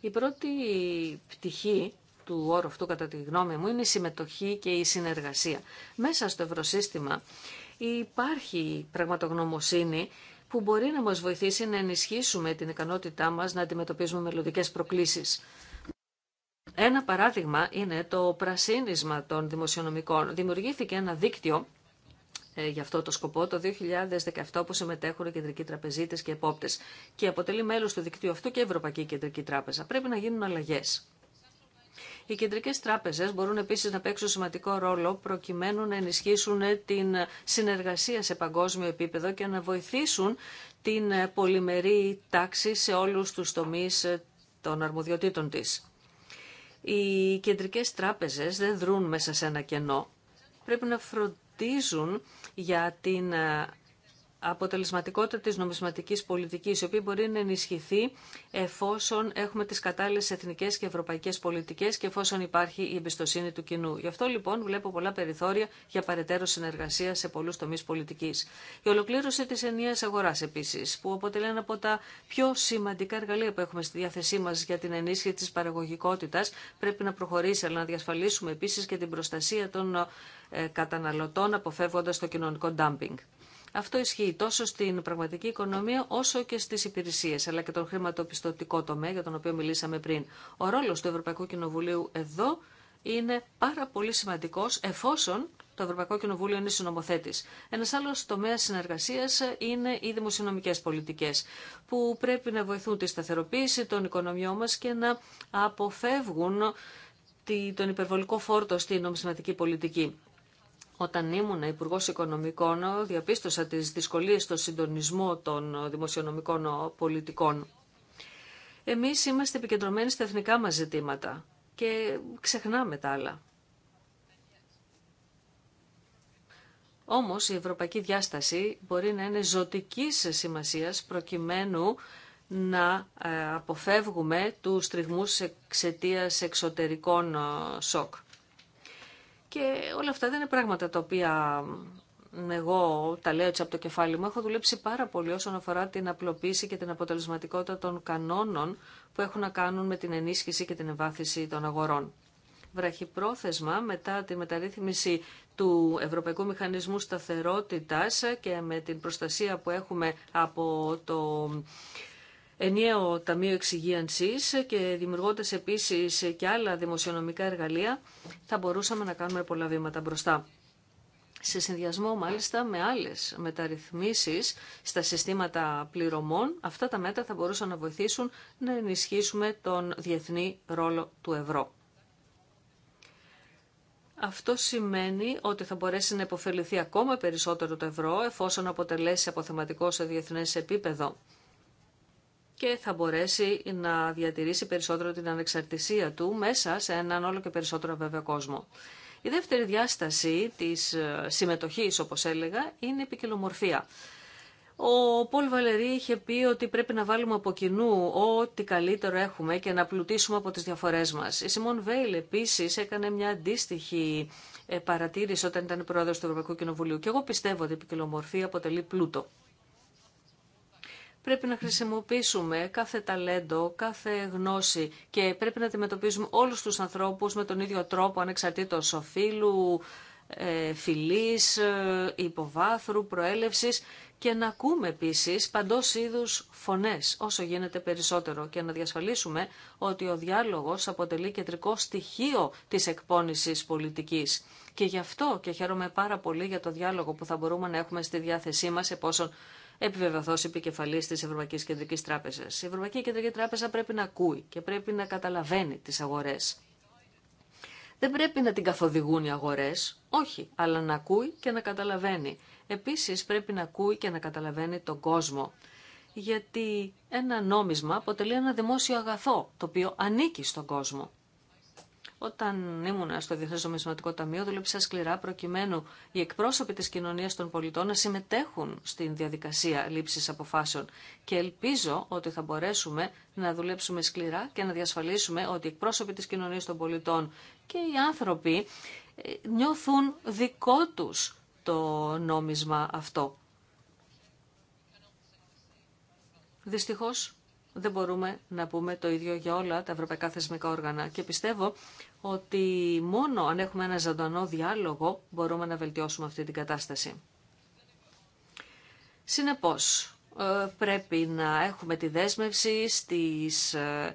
Η πρώτη πτυχή του όρου αυτού κατά τη γνώμη μου είναι η συμμετοχή και η συνεργασία. Μέσα στο ευρωσύστημα υπάρχει πραγματογνωμοσύνη που μπορεί να μας βοηθήσει να ενισχύσουμε την ικανότητά μας να αντιμετωπίζουμε μελλοντικέ προκλήσεις. Ένα παράδειγμα είναι το πρασίνισμα των δημοσιονομικών. Δημιουργήθηκε ένα δίκτυο ε, για αυτό το σκοπό το 2017 που συμμετέχουν οι κεντρικοί τραπεζίτε και επόπτε και αποτελεί μέλο του δικτύου αυτού και η Ευρωπαϊκή Κεντρική Τράπεζα. Πρέπει να γίνουν αλλαγέ. Οι κεντρικέ τράπεζε μπορούν επίση να παίξουν σημαντικό ρόλο προκειμένου να ενισχύσουν ε, την συνεργασία σε παγκόσμιο επίπεδο και να βοηθήσουν την ε, πολυμερή τάξη σε όλου του τομεί των αρμοδιοτήτων οι κεντρικές τράπεζες δεν δρούν μέσα σε ένα κενό. Πρέπει να φροντίζουν για την ε, αποτελεσματικότητα της νομισματικής πολιτικής, η οποία μπορεί να ενισχυθεί εφόσον έχουμε τις κατάλληλες εθνικές και ευρωπαϊκές πολιτικές και εφόσον υπάρχει η εμπιστοσύνη του κοινού. Γι' αυτό λοιπόν βλέπω πολλά περιθώρια για παρετέρω συνεργασία σε πολλούς τομείς πολιτικής. Η ολοκλήρωση της ενιαίας αγοράς επίσης, που αποτελεί ένα από τα πιο σημαντικά εργαλεία που έχουμε στη διάθεσή μας για την ενίσχυση της παραγωγικότητας, πρέπει να προχωρήσει, αλλά να διασφαλίσουμε επίσης και την προστασία των ε, καταναλωτών, αποφεύγοντας το κοινωνικό ντάμπινγκ. Αυτό ισχύει τόσο στην πραγματική οικονομία όσο και στι υπηρεσίε, αλλά και τον χρηματοπιστωτικό τομέα για τον οποίο μιλήσαμε πριν. Ο ρόλο του Ευρωπαϊκού Κοινοβουλίου εδώ είναι πάρα πολύ σημαντικό, εφόσον το Ευρωπαϊκό Κοινοβούλιο είναι συνομοθέτη. Ένα άλλο τομέα συνεργασία είναι οι δημοσιονομικέ πολιτικέ, που πρέπει να βοηθούν τη σταθεροποίηση των οικονομιών μα και να αποφεύγουν τον υπερβολικό φόρτο στην νομισματική πολιτική. Όταν ήμουν Υπουργό Οικονομικών, διαπίστωσα τι δυσκολίε στο συντονισμό των δημοσιονομικών πολιτικών. Εμεί είμαστε επικεντρωμένοι στα εθνικά μα ζητήματα και ξεχνάμε τα άλλα. Όμως η ευρωπαϊκή διάσταση μπορεί να είναι ζωτικής σημασίας προκειμένου να ε, αποφεύγουμε τους τριγμούς εξαιτία εξωτερικών ε, σοκ. Και όλα αυτά δεν είναι πράγματα τα οποία εγώ τα λέω έτσι από το κεφάλι μου. Έχω δουλέψει πάρα πολύ όσον αφορά την απλοποίηση και την αποτελεσματικότητα των κανόνων που έχουν να κάνουν με την ενίσχυση και την εμβάθυνση των αγορών. Βραχυπρόθεσμα, μετά τη μεταρρύθμιση του Ευρωπαϊκού Μηχανισμού Σταθερότητας και με την προστασία που έχουμε από το ενιαίο Ταμείο Εξυγίανσης και δημιουργώντας επίσης και άλλα δημοσιονομικά εργαλεία θα μπορούσαμε να κάνουμε πολλά βήματα μπροστά. Σε συνδυασμό μάλιστα με άλλες μεταρρυθμίσεις στα συστήματα πληρωμών, αυτά τα μέτρα θα μπορούσαν να βοηθήσουν να ενισχύσουμε τον διεθνή ρόλο του ευρώ. Αυτό σημαίνει ότι θα μπορέσει να υποφεληθεί ακόμα περισσότερο το ευρώ εφόσον αποτελέσει αποθεματικό σε διεθνές επίπεδο και θα μπορέσει να διατηρήσει περισσότερο την ανεξαρτησία του μέσα σε έναν όλο και περισσότερο βέβαιο κόσμο. Η δεύτερη διάσταση της ε, συμμετοχής, όπως έλεγα, είναι η ποικιλομορφία. Ο Πολ Βαλερή είχε πει ότι πρέπει να βάλουμε από κοινού ό,τι καλύτερο έχουμε και να πλουτίσουμε από τις διαφορές μας. Η Σιμών Βέιλ επίσης έκανε μια αντίστοιχη ε, παρατήρηση όταν ήταν πρόεδρος του Ευρωπαϊκού Κοινοβουλίου και εγώ πιστεύω ότι η ποικιλομορφία αποτελεί πλούτο πρέπει να χρησιμοποιήσουμε κάθε ταλέντο, κάθε γνώση και πρέπει να αντιμετωπίζουμε όλους τους ανθρώπους με τον ίδιο τρόπο, ανεξαρτήτως οφείλου, ε, φιλής, ε, υποβάθρου, προέλευσης και να ακούμε επίσης παντός είδους φωνές όσο γίνεται περισσότερο και να διασφαλίσουμε ότι ο διάλογος αποτελεί κεντρικό στοιχείο της εκπόνησης πολιτικής. Και γι' αυτό και χαίρομαι πάρα πολύ για το διάλογο που θα μπορούμε να έχουμε στη διάθεσή μας εφόσον επιβεβαιωθώ επικεφαλή της Ευρωπαϊκής Κεντρικής Τράπεζας. Η Ευρωπαϊκή Κεντρική Τράπεζα πρέπει να ακούει και πρέπει να καταλαβαίνει τις αγορές. Δεν πρέπει να την καθοδηγούν οι αγορές, όχι, αλλά να ακούει και να καταλαβαίνει Επίσης πρέπει να ακούει και να καταλαβαίνει τον κόσμο. Γιατί ένα νόμισμα αποτελεί ένα δημόσιο αγαθό, το οποίο ανήκει στον κόσμο. Όταν ήμουν στο Διεθνές Νομισματικό Ταμείο, δούλεψα σκληρά προκειμένου οι εκπρόσωποι της κοινωνίας των πολιτών να συμμετέχουν στην διαδικασία λήψης αποφάσεων και ελπίζω ότι θα μπορέσουμε να δουλέψουμε σκληρά και να διασφαλίσουμε ότι οι εκπρόσωποι της κοινωνίας των πολιτών και οι άνθρωποι ε, νιώθουν δικό τους το νόμισμα αυτό. Δυστυχώς δεν μπορούμε να πούμε το ίδιο για όλα τα ευρωπαϊκά θεσμικά όργανα και πιστεύω ότι μόνο αν έχουμε ένα ζωντανό διάλογο μπορούμε να βελτιώσουμε αυτή την κατάσταση. Συνεπώς, ε, πρέπει να έχουμε τη δέσμευση στις ε,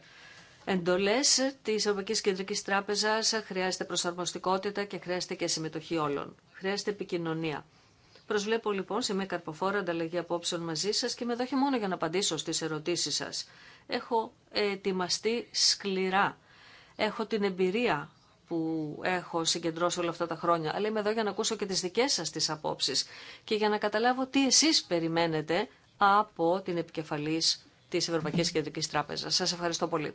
Εντολέ τη Ευρωπαϊκή Κεντρική Τράπεζα χρειάζεται προσαρμοστικότητα και χρειάζεται και συμμετοχή όλων. Χρειάζεται επικοινωνία. Προσβλέπω λοιπόν σε μια καρποφόρα ανταλλαγή απόψεων μαζί σα και είμαι εδώ μόνο για να απαντήσω στις ερωτήσει σα. Έχω ετοιμαστεί σκληρά. Έχω την εμπειρία που έχω συγκεντρώσει όλα αυτά τα χρόνια, αλλά είμαι εδώ για να ακούσω και τι δικέ σα τι απόψει. και για να καταλάβω τι εσεί περιμένετε από την επικεφαλή τη Ευρωπαϊκή Κεντρική Τράπεζα. Σα ευχαριστώ πολύ.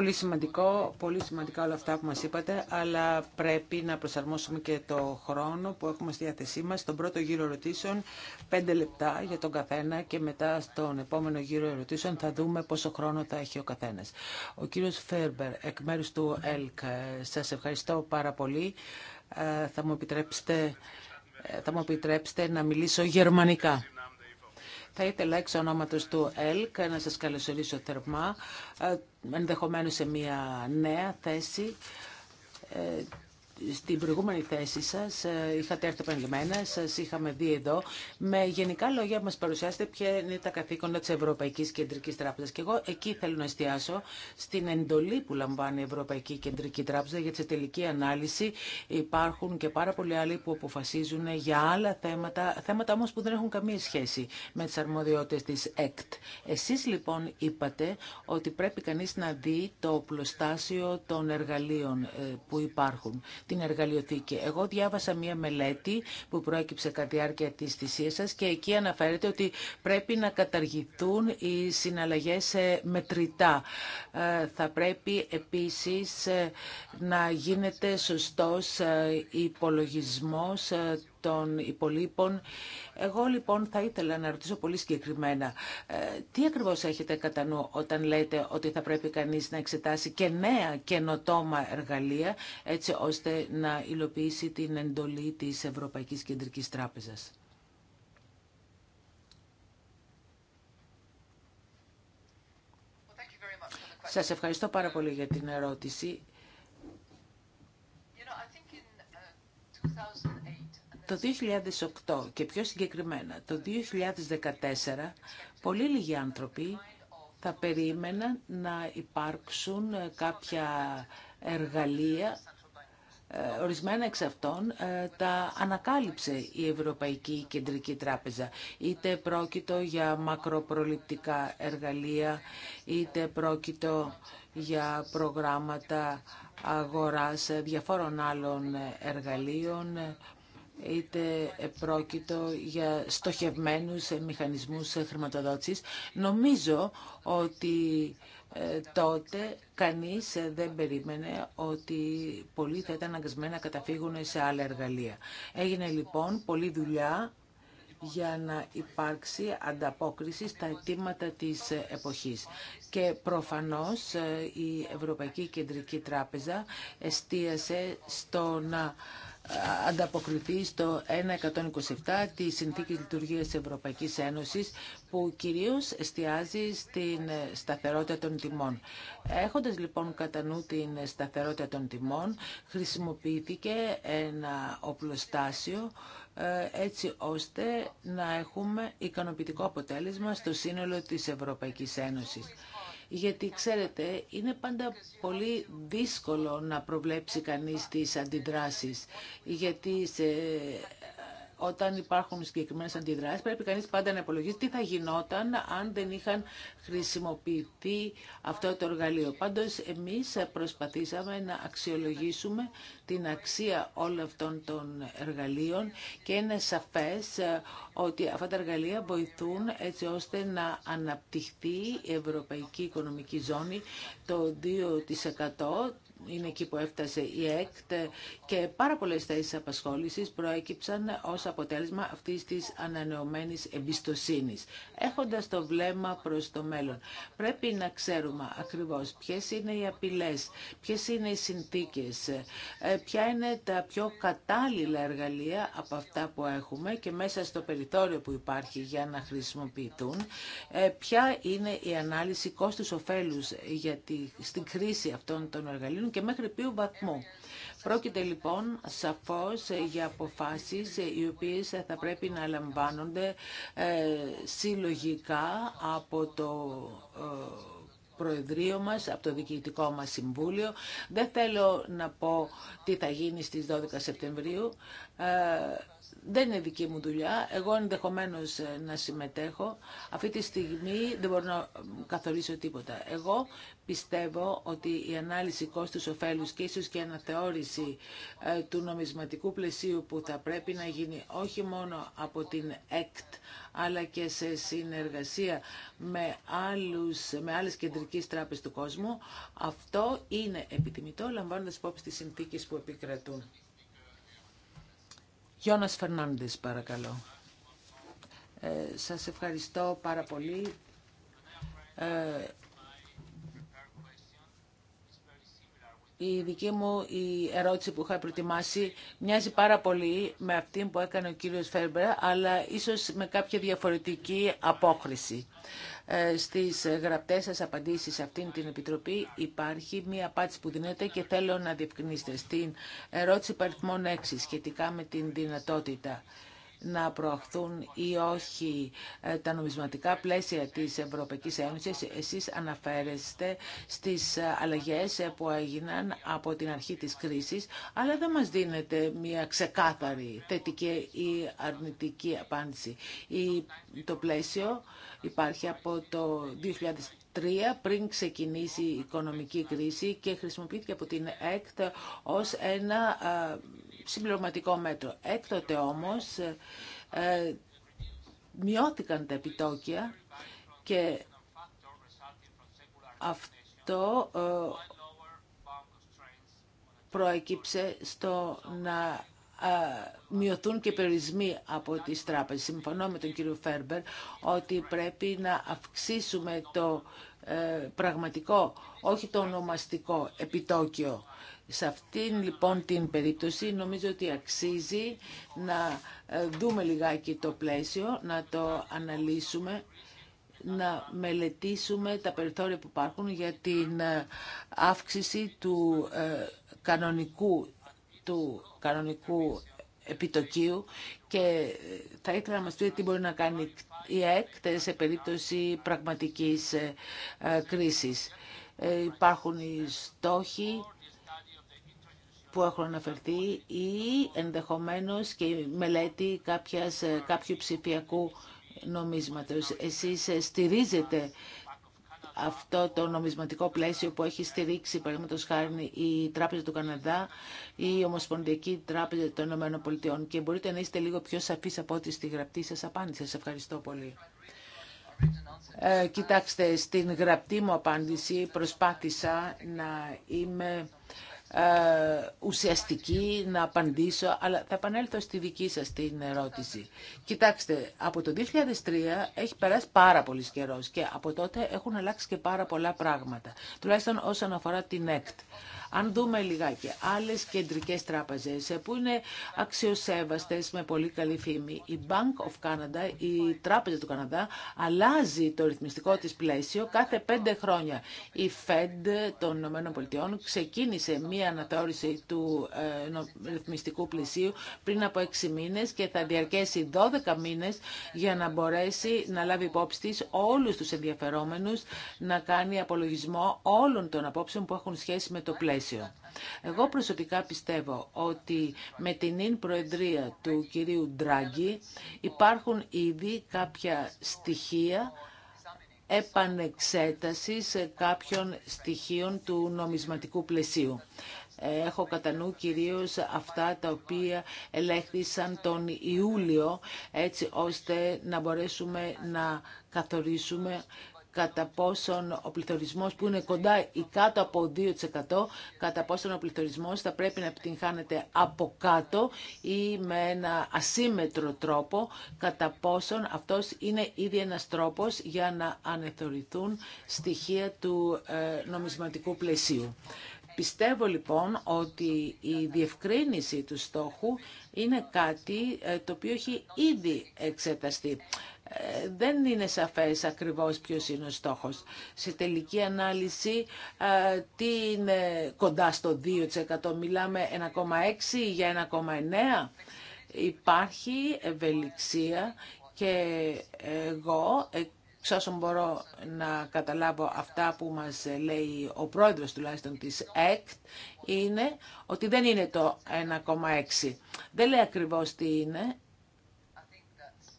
πολύ σημαντικό, πολύ σημαντικά όλα αυτά που μας είπατε, αλλά πρέπει να προσαρμόσουμε και το χρόνο που έχουμε στη διάθεσή μας. Στον πρώτο γύρο ερωτήσεων, πέντε λεπτά για τον καθένα και μετά στον επόμενο γύρο ερωτήσεων θα δούμε πόσο χρόνο θα έχει ο καθένας. Ο κύριος Φέρμπερ, εκ μέρους του ΕΛΚ, σας ευχαριστώ πάρα πολύ. Ε, θα μου επιτρέψετε, ε, θα μου επιτρέψετε να μιλήσω γερμανικά. Θα ήθελα εξ ονόματος του ΕΛΚ να σας καλωσορίσω θερμά, ε, ενδεχομένως σε μια νέα θέση ε, στην προηγούμενη θέση σας ε, είχατε έρθει επανειλημμένα, σας είχαμε δει εδώ, με γενικά λόγια μας παρουσιάσετε ποια είναι τα καθήκοντα της Ευρωπαϊκής Κεντρικής Τράπεζας. Και εγώ εκεί θέλω να εστιάσω στην εντολή που λαμβάνει η Ευρωπαϊκή Κεντρική Τράπεζα για τη τελική ανάλυση. Υπάρχουν και πάρα πολλοί άλλοι που αποφασίζουν για άλλα θέματα, θέματα όμως που δεν έχουν καμία σχέση με τις αρμοδιότητες της ΕΚΤ. Εσείς λοιπόν είπατε ότι πρέπει κανείς να δει το πλωστάσιο των εργαλείων ε, που υπάρχουν την εργαλειοθήκη. Εγώ διάβασα μία μελέτη που προέκυψε κατά τη διάρκεια της σας και εκεί αναφέρεται ότι πρέπει να καταργηθούν οι συναλλαγές ε, μετρητά. Ε, θα πρέπει επίσης ε, να γίνεται σωστός υπολογισμός των υπολείπων. Εγώ λοιπόν θα ήθελα να ρωτήσω πολύ συγκεκριμένα, ε, τι ακριβώς έχετε κατά νου όταν λέτε ότι θα πρέπει κανείς να εξετάσει και νέα καινοτόμα εργαλεία έτσι ώστε να υλοποιήσει την εντολή της Ευρωπαϊκής Κεντρικής Τράπεζας. Σας ευχαριστώ πάρα πολύ για την ερώτηση. Uh, το 2008 και πιο συγκεκριμένα το 2014, πολύ λίγοι άνθρωποι θα περίμεναν να υπάρξουν κάποια εργαλεία ε, ορισμένα εξ αυτών ε, τα ανακάλυψε η Ευρωπαϊκή Κεντρική Τράπεζα. Είτε πρόκειτο για μακροπροληπτικά εργαλεία, είτε πρόκειτο για προγράμματα αγοράς ε, διαφόρων άλλων εργαλείων, είτε πρόκειτο για στοχευμένους μηχανισμούς χρηματοδότησης. Νομίζω ότι ε, τότε κανείς δεν περίμενε ότι πολλοί θα ήταν αγκασμένοι να καταφύγουν σε άλλα εργαλεία. Έγινε λοιπόν πολλή δουλειά για να υπάρξει ανταπόκριση στα αιτήματα της εποχής. Και προφανώς ε, η Ευρωπαϊκή Κεντρική Τράπεζα εστίασε στο να ανταποκριθεί στο 1.127 τη Συνθήκη Λειτουργίας Ευρωπαϊκής Ένωσης που κυρίως εστιάζει στην σταθερότητα των τιμών. Έχοντας λοιπόν κατά νου την σταθερότητα των τιμών χρησιμοποιήθηκε ένα οπλοστάσιο ε, έτσι ώστε να έχουμε ικανοποιητικό αποτέλεσμα στο σύνολο της Ευρωπαϊκής Ένωσης γιατί ξέρετε είναι πάντα πολύ δύσκολο να προβλέψει κανείς τις αντιδράσεις, γιατί σε όταν υπάρχουν συγκεκριμένε αντιδράσει, πρέπει κανείς πάντα να υπολογίζει τι θα γινόταν αν δεν είχαν χρησιμοποιηθεί αυτό το εργαλείο. Πάντως, εμείς προσπαθήσαμε να αξιολογήσουμε την αξία όλων αυτών των εργαλείων και είναι σαφές ε, ότι αυτά τα εργαλεία βοηθούν έτσι ώστε να αναπτυχθεί η Ευρωπαϊκή Οικονομική Ζώνη το 2% είναι εκεί που έφτασε η ΕΚΤ και πάρα πολλές θέσεις απασχόλησης προέκυψαν ως αποτέλεσμα αυτής της ανανεωμένης εμπιστοσύνης. Έχοντας το βλέμμα προς το μέλλον, πρέπει να ξέρουμε ακριβώς ποιες είναι οι απειλές, ποιες είναι οι συνθήκες, ε, ποια είναι τα πιο κατάλληλα εργαλεία από αυτά που έχουμε και μέσα στο περιθώριο που υπάρχει για να χρησιμοποιηθούν, ε, ποια είναι η ανάλυση κόστους-οφέλους στην χρήση αυτών των εργαλείων και μέχρι ποιο βαθμό. Πρόκειται λοιπόν σαφώς για αποφάσεις οι οποίες θα πρέπει να λαμβάνονται ε, συλλογικά από το ε, Προεδρείο μας, από το Διοικητικό μας Συμβούλιο. Δεν θέλω να πω τι θα γίνει στις 12 Σεπτεμβρίου. Ε, δεν είναι δική μου δουλειά. Εγώ ενδεχομένω να συμμετέχω. Αυτή τη στιγμή δεν μπορώ να καθορίσω τίποτα. Εγώ Πιστεύω ότι η ανάλυση κόστους ωφέλους και ίσως και η αναθεώρηση ε, του νομισματικού πλαισίου που θα πρέπει να γίνει όχι μόνο από την ΕΚΤ αλλά και σε συνεργασία με, άλλους, με άλλες κεντρικές τράπεζες του κόσμου, αυτό είναι επιτιμητό λαμβάνοντας υπόψη τις συνθήκες που επικρατούν. Γιώνας Φερνάνδης, παρακαλώ. Ε, σας ευχαριστώ πάρα πολύ. Ε, Η δική μου η ερώτηση που είχα προετοιμάσει μοιάζει πάρα πολύ με αυτή που έκανε ο κύριος Φέρμπερ, αλλά ίσως με κάποια διαφορετική απόκριση. Ε, στις γραπτές σας απαντήσεις σε αυτήν την Επιτροπή υπάρχει μία απάντηση που δίνεται και θέλω να διευκρινίσετε στην ερώτηση παριθμών 6 σχετικά με την δυνατότητα να προαχθούν ή όχι ε, τα νομισματικά πλαίσια της Ευρωπαϊκής Ένωσης. Εσείς αναφέρεστε στις ε, αλλαγές ε, που έγιναν από την αρχή της κρίσης, αλλά δεν μας δίνεται μια ξεκάθαρη θετική ή αρνητική απάντηση. Το πλαίσιο υπάρχει από το 2003 πριν ξεκινήσει η οικονομική κρίση και χρησιμοποιήθηκε από την ΕΚΤ ως ένα συμπληρωματικό μέτρο. Έκτοτε όμως ε, μειώθηκαν τα επιτόκια και αυτό ε, προέκυψε στο να ε, μειωθούν και περιορισμοί από τις τράπεζες. Συμφωνώ με τον κύριο Φέρμπερ ότι πρέπει να αυξήσουμε το ε, πραγματικό, όχι το ονομαστικό επιτόκιο. Σε αυτήν λοιπόν την περίπτωση νομίζω ότι αξίζει να ε, δούμε λιγάκι το πλαίσιο, να το αναλύσουμε, να μελετήσουμε τα περιθώρια που υπάρχουν για την ε, αύξηση του ε, κανονικού, του κανονικού επιτοκίου και θα ήθελα να μας πείτε τι μπορεί να κάνει η ΕΚ σε περίπτωση πραγματικής κρίσης. Υπάρχουν οι στόχοι που έχουν αναφερθεί ή ενδεχομένως και η μελέτη κάποιας, ε, κάποιου ψηφιακού νομίσματος. Εσείς ε, στηρίζετε αυτό το νομισματικό πλαίσιο που έχει στηρίξει παραδείγματο χάρη η Τράπεζα του Καναδά ή η Ομοσπονδιακή Τράπεζα των Ηνωμένων Πολιτειών και μπορείτε να είστε λίγο πιο σαφείς από ό,τι στη γραπτή σας απάντηση. Σας ευχαριστώ πολύ. Ε, κοιτάξτε, στην γραπτή μου απάντηση προσπάθησα να είμαι ε, ουσιαστική να απαντήσω, αλλά θα επανέλθω στη δική σας την ερώτηση. Κοιτάξτε, από το 2003 έχει περάσει πάρα πολύ καιρός και από τότε έχουν αλλάξει και πάρα πολλά πράγματα, τουλάχιστον όσον αφορά την ΕΚΤ. Αν δούμε λιγάκι άλλες κεντρικές τράπεζες που είναι αξιοσέβαστες με πολύ καλή φήμη, η Bank of Canada, η Τράπεζα του Καναδά, αλλάζει το ρυθμιστικό της πλαίσιο κάθε πέντε χρόνια. Η Fed των Πολιτειών ξεκίνησε μία αναθεώρηση του ε, ρυθμιστικού πλαισίου πριν από έξι μήνες και θα διαρκέσει 12 μήνες για να μπορέσει να λάβει υπόψη της όλους τους ενδιαφερόμενους να κάνει απολογισμό όλων των απόψεων που έχουν σχέση με το πλαίσιο. Εγώ προσωπικά πιστεύω ότι με την ειν προεδρία του κυρίου Ντράγκη υπάρχουν ήδη κάποια στοιχεία επανεξέτασης κάποιων στοιχείων του νομισματικού πλαισίου. Έχω κατά νου κυρίως αυτά τα οποία ελέγχθησαν τον Ιούλιο, έτσι ώστε να μπορέσουμε να καθορίσουμε κατά πόσον ο πληθωρισμός που είναι κοντά ή κάτω από 2%, κατά πόσον ο πληθωρισμός θα πρέπει να επιτυγχάνεται από κάτω ή με ένα ασύμετρο τρόπο, κατά πόσον αυτός είναι ήδη ένας τρόπος για να ανεθωρηθούν στοιχεία του ε, νομισματικού πλαισίου. Πιστεύω λοιπόν ότι η διευκρίνηση του στόχου είναι κάτι ε, το οποίο έχει ήδη εξεταστεί. Ε, δεν είναι σαφές ακριβώς ποιος είναι ο στόχος. Σε τελική ανάλυση, ε, τι είναι κοντά στο 2%, μιλάμε 1,6 για 1,9. Υπάρχει ευελιξία και εγώ, εξ όσων μπορώ να καταλάβω αυτά που μας λέει ο πρόεδρος τουλάχιστον της ΕΚΤ, είναι ότι δεν είναι το 1,6. Δεν λέει ακριβώς τι είναι.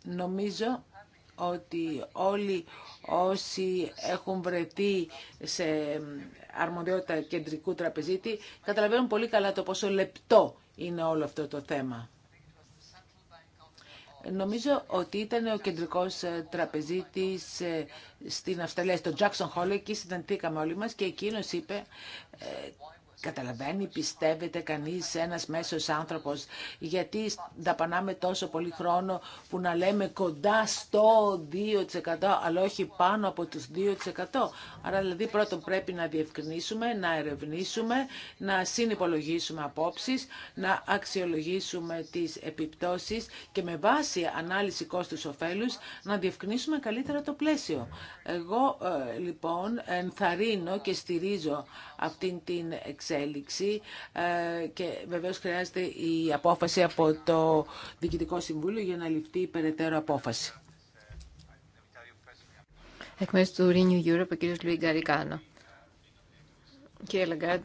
Νομίζω ότι όλοι όσοι έχουν βρεθεί σε αρμοδιότητα κεντρικού τραπεζίτη καταλαβαίνουν πολύ καλά το πόσο λεπτό είναι όλο αυτό το θέμα. Νομίζω ότι ήταν ο κεντρικός ε, τραπεζίτης ε, στην Αυστραλία, στο Jackson Hole, εκεί συναντήκαμε όλοι μας και εκείνος είπε ε, Καταλαβαίνει, πιστεύετε κανείς ένας μέσος άνθρωπος γιατί δαπανάμε τόσο πολύ χρόνο που να λέμε κοντά στο 2% αλλά όχι πάνω από τους 2%. Άρα δηλαδή πρώτον πρέπει να διευκρινίσουμε, να ερευνήσουμε, να συνυπολογίσουμε απόψεις, να αξιολογήσουμε τις επιπτώσεις και με βάση ανάλυση κόστους ωφέλους να διευκρινίσουμε καλύτερα το πλαίσιο. Εγώ ε, λοιπόν ενθαρρύνω και στηρίζω αυτήν την εξέλιξη εξέλιξη ε, και βεβαίως χρειάζεται η απόφαση από το Διοικητικό Συμβούλιο για να ληφθεί περαιτέρω απόφαση.
Εκ μέρους του Renew Europe, ο κύριος Λουί Γκαρικάνο. Κύριε Λαγκάρντ,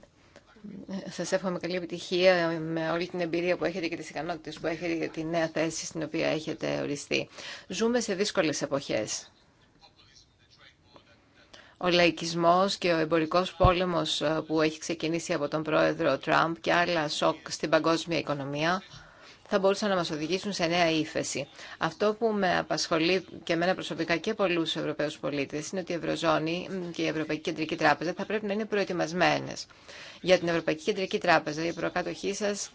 σα εύχομαι καλή επιτυχία με όλη την εμπειρία που έχετε και τι ικανότητε που έχετε για τη νέα θέση στην οποία έχετε οριστεί. Ζούμε σε δύσκολε εποχές. Ο λαϊκισμός και ο εμπορικός πόλεμος ε, που έχει ξεκινήσει από τον πρόεδρο Τραμπ και άλλα σοκ στην παγκόσμια οικονομία θα μπορούσαν να μας οδηγήσουν σε νέα ύφεση. Αυτό που με απασχολεί και εμένα προσωπικά και πολλούς Ευρωπαίους πολίτες είναι ότι η Ευρωζώνη και η Ευρωπαϊκή Κεντρική Τράπεζα θα πρέπει να είναι προετοιμασμένες. Για την Ευρωπαϊκή Κεντρική Τράπεζα οι προκάτοχοί σας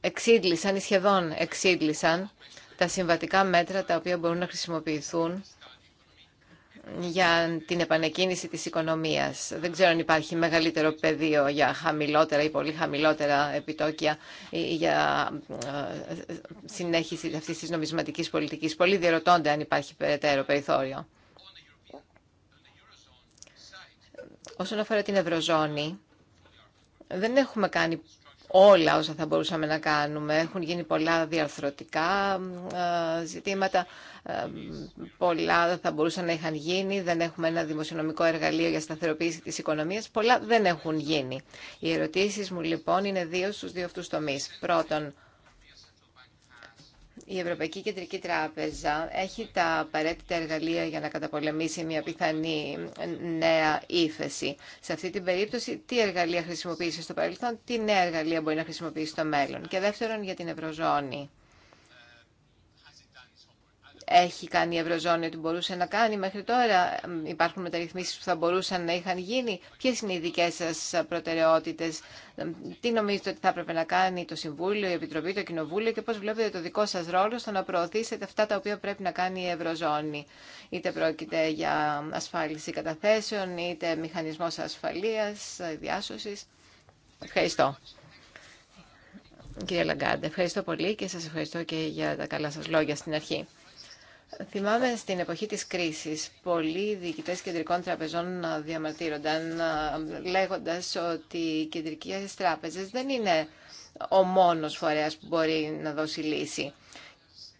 εξήγησαν ή σχεδόν εξήγησαν τα συμβατικά μέτρα τα οποία μπορούν να χρησιμοποιηθούν για την επανεκκίνηση της οικονομίας. Δεν ξέρω αν υπάρχει μεγαλύτερο πεδίο για χαμηλότερα ή πολύ χαμηλότερα επιτόκια ή για ε, συνέχιση αυτής της νομισματικής πολιτικής. Πολλοί διερωτώνται αν υπάρχει περαιτέρω περιθώριο. Όσον αφορά την Ευρωζώνη, δεν έχουμε κάνει όλα όσα θα μπορούσαμε να κάνουμε. Έχουν γίνει πολλά διαρθρωτικά ε, ζητήματα πολλά δεν θα μπορούσαν να είχαν γίνει, δεν έχουμε ένα δημοσιονομικό εργαλείο για σταθεροποίηση της οικονομίας, πολλά δεν έχουν γίνει. Οι ερωτήσεις μου λοιπόν είναι δύο στους δύο αυτούς τομείς. Πρώτον, η Ευρωπαϊκή Κεντρική Τράπεζα έχει τα απαραίτητα εργαλεία για να καταπολεμήσει μια πιθανή νέα ύφεση. Σε αυτή την περίπτωση, τι εργαλεία χρησιμοποίησε στο παρελθόν, τι νέα εργαλεία μπορεί να χρησιμοποιήσει στο μέλλον. Και δεύτερον, για την Ευρωζώνη έχει κάνει η Ευρωζώνη ότι μπορούσε να κάνει μέχρι τώρα. Υπάρχουν μεταρρυθμίσεις που θα μπορούσαν να είχαν γίνει. Ποιες είναι οι δικές σας προτεραιότητες. Τι νομίζετε ότι θα έπρεπε να κάνει το Συμβούλιο, η Επιτροπή, το Κοινοβούλιο και πώς βλέπετε το δικό σας ρόλο στο να προωθήσετε αυτά τα οποία πρέπει να κάνει η Ευρωζώνη. Είτε πρόκειται για ασφάλιση καταθέσεων, είτε μηχανισμός ασφαλείας, διάσωσης. Ευχαριστώ. Κύριε Λαγκάντε, ευχαριστώ πολύ και σας ευχαριστώ και για τα καλά σας λόγια στην αρχή. Θυμάμαι στην εποχή της κρίσης, πολλοί διοικητέ κεντρικών τραπεζών διαμαρτύρονταν λέγοντας ότι οι κεντρικές τράπεζες δεν είναι ο μόνος φορέας που μπορεί να δώσει λύση.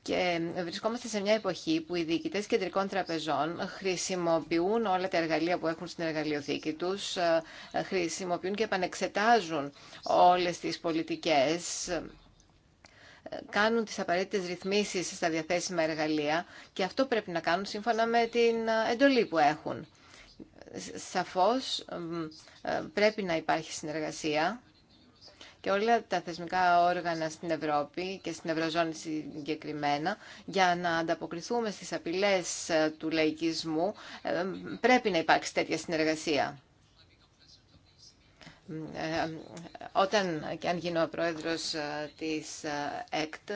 Και βρισκόμαστε σε μια εποχή που οι διοικητές κεντρικών τραπεζών χρησιμοποιούν όλα τα εργαλεία που έχουν στην εργαλειοθήκη τους, ε, ε, χρησιμοποιούν και επανεξετάζουν όλες τις πολιτικές κάνουν τις απαραίτητες ρυθμίσεις στα διαθέσιμα εργαλεία και αυτό πρέπει να κάνουν σύμφωνα με την ε, εντολή που έχουν. Σαφώς ε, πρέπει να υπάρχει συνεργασία και όλα τα θεσμικά όργανα στην Ευρώπη και στην Ευρωζώνη συγκεκριμένα για να ανταποκριθούμε στις απειλές ε, του λαϊκισμού πρέπει να υπάρξει τέτοια συνεργασία. Ε, ε, όταν και αν γίνω πρόεδρος ε, της ΕΚΤ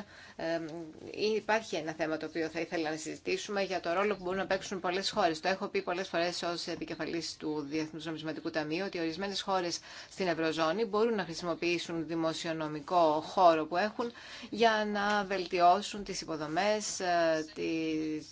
υπάρχει ένα θέμα το οποίο θα ήθελα να συζητήσουμε για το ρόλο που μπορούν να παίξουν πολλές χώρες. Το έχω πει πολλές φορές ως επικεφαλής του Διεθνούς Νομισματικού Ταμείου ότι ορισμένες χώρες στην Ευρωζώνη μπορούν να χρησιμοποιήσουν δημοσιονομικό χώρο που έχουν για να βελτιώσουν τις υποδομές, τις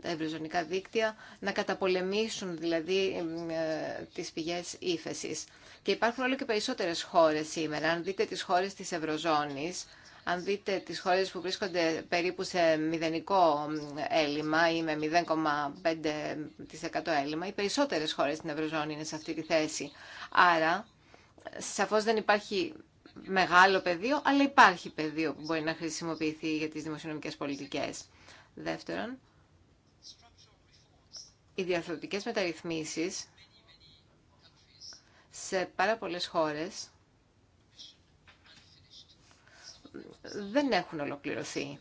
τα ευρυζωνικά δίκτυα, να καταπολεμήσουν δηλαδή ε, τις πηγές ύφεση. Και υπάρχουν όλο και περισσότερες χώρες σήμερα. Αν δείτε τις χώρες της Ευρωζώνης, αν δείτε τις χώρες που βρίσκονται περίπου σε μηδενικό έλλειμμα ή με 0,5% έλλειμμα, οι περισσότερες χώρες στην Ευρωζώνη είναι σε αυτή τη θέση. Άρα, σαφώς δεν υπάρχει μεγάλο πεδίο, αλλά υπάρχει πεδίο που μπορεί να χρησιμοποιηθεί για τις δημοσιονομικές πολιτικές. Δεύτερον, οι διαρθρωτικές μεταρρυθμίσεις σε πάρα πολλές χώρες δεν έχουν ολοκληρωθεί.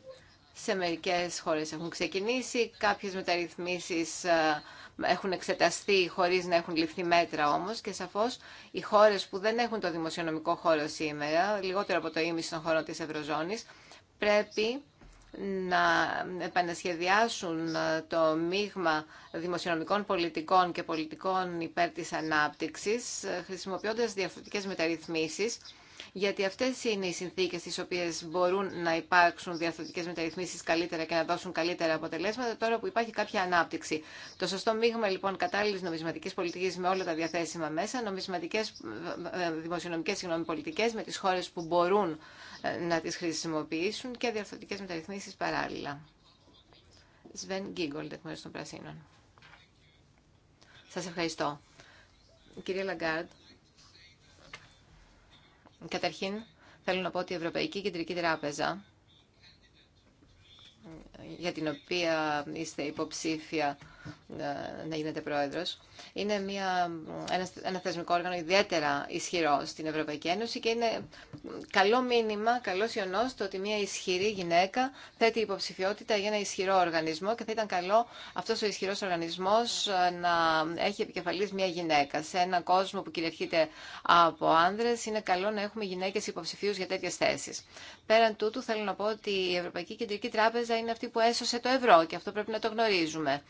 Σε μερικές χώρες έχουν ξεκινήσει, κάποιες μεταρρυθμίσεις ε, έχουν εξεταστεί χωρίς να έχουν ληφθεί μέτρα όμως και σαφώς οι χώρες που δεν έχουν το δημοσιονομικό χώρο σήμερα, λιγότερο από το ίμιση των χωρών της Ευρωζώνης, πρέπει να επανασχεδιάσουν ε, το μείγμα δημοσιονομικών πολιτικών και πολιτικών υπέρ της ανάπτυξης, ε, χρησιμοποιώντας διαφορετικές μεταρρυθμίσεις, γιατί αυτές είναι οι συνθήκες στις οποίες μπορούν να υπάρξουν διαφορετικές μεταρρυθμίσεις καλύτερα και να δώσουν καλύτερα αποτελέσματα τώρα που υπάρχει κάποια ανάπτυξη. Το σωστό μείγμα λοιπόν κατάλληλης νομισματικής πολιτικής με όλα τα διαθέσιμα μέσα, νομισματικές, ε, δημοσιονομικές συγγνώμη, πολιτικές με τις χώρες που μπορούν να τις χρησιμοποιήσουν και διαρθρωτικές μεταρρυθμίσεις παράλληλα. Σβέν Γκίγκολ, εκ των Πρασίνων. Σας ευχαριστώ. Κυρία Λαγκάρντ, καταρχήν θέλω να πω ότι η Ευρωπαϊκή Κεντρική Τράπεζα για την οποία είστε υποψήφια ε, να γίνεται πρόεδρος. Είναι μια, ένα, ένα θεσμικό όργανο ιδιαίτερα ισχυρό στην Ευρωπαϊκή Ένωση και είναι καλό μήνυμα, καλό ιονό το ότι μια ισχυρή γυναίκα θέτει υποψηφιότητα για ένα ισχυρό οργανισμό και θα ήταν καλό αυτό ο ισχυρό οργανισμό ε, να έχει επικεφαλής μια γυναίκα. Σε έναν κόσμο που κυριαρχείται από άνδρες είναι καλό να έχουμε γυναίκε υποψηφίου για τέτοιε θέσει. Πέραν τούτου θέλω να πω ότι η Ευρωπαϊκή Κεντρική Τράπεζα είναι αυτή που έσωσε το ευρώ και αυτό πρέπει να το γνωρίζουμε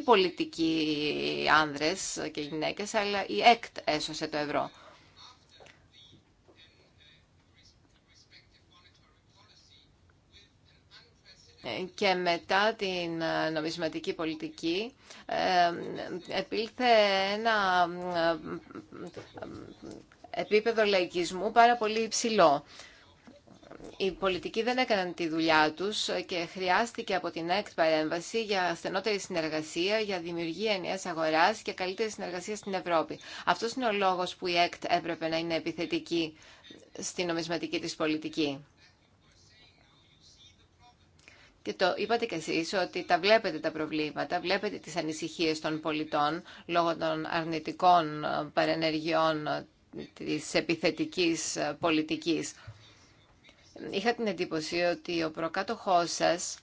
όχι πολιτικοί άνδρες και γυναίκες, αλλά η ΕΚΤ έσωσε το ευρώ. και μετά την νομισματική πολιτική επήλθε ένα επίπεδο λαϊκισμού πάρα πολύ υψηλό οι πολιτικοί δεν έκαναν τη δουλειά τους και χρειάστηκε από την ΕΚΤ παρέμβαση για στενότερη συνεργασία, για δημιουργία ενιαίας αγοράς και καλύτερη συνεργασία στην Ευρώπη. Αυτός είναι ο λόγος που η ΕΚΤ έπρεπε να είναι επιθετική στην νομισματική της πολιτική. Και το είπατε κι εσείς ότι τα βλέπετε τα προβλήματα, βλέπετε τις ανησυχίες των πολιτών λόγω των αρνητικών παρενεργειών της επιθετικής πολιτικής είχα την εντύπωση ότι ο προκάτοχός σας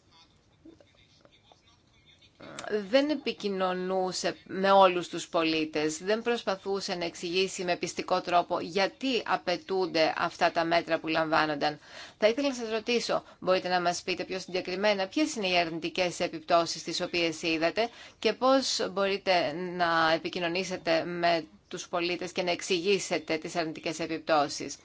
δεν επικοινωνούσε με όλους τους πολίτες, δεν προσπαθούσε να εξηγήσει με πιστικό τρόπο γιατί απαιτούνται αυτά τα μέτρα που λαμβάνονταν. Θα ήθελα να σας ρωτήσω, μπορείτε να μας πείτε πιο συγκεκριμένα ποιες είναι οι αρνητικές επιπτώσεις τις οποίες είδατε και πώς μπορείτε να επικοινωνήσετε με τους πολίτες και να εξηγήσετε τις αρνητικές επιπτώσεις.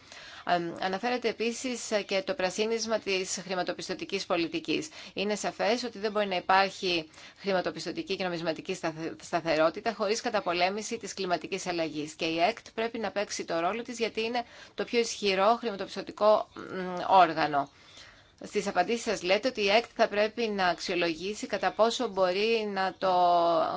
Αναφέρεται επίσης και το πρασίνισμα τη χρηματοπιστωτικής πολιτικής. Είναι σαφές ότι δεν μπορεί να υπάρχει χρηματοπιστωτική και νομισματική σταθερότητα χωρίς καταπολέμηση της κλιματικής αλλαγής. Και η ΕΚΤ πρέπει να παίξει το ρόλο της γιατί είναι το πιο ισχυρό χρηματοπιστωτικό όργανο. Στις απαντήσεις σας λέτε ότι η ΕΚΤ θα πρέπει να αξιολογήσει κατά πόσο μπορεί να το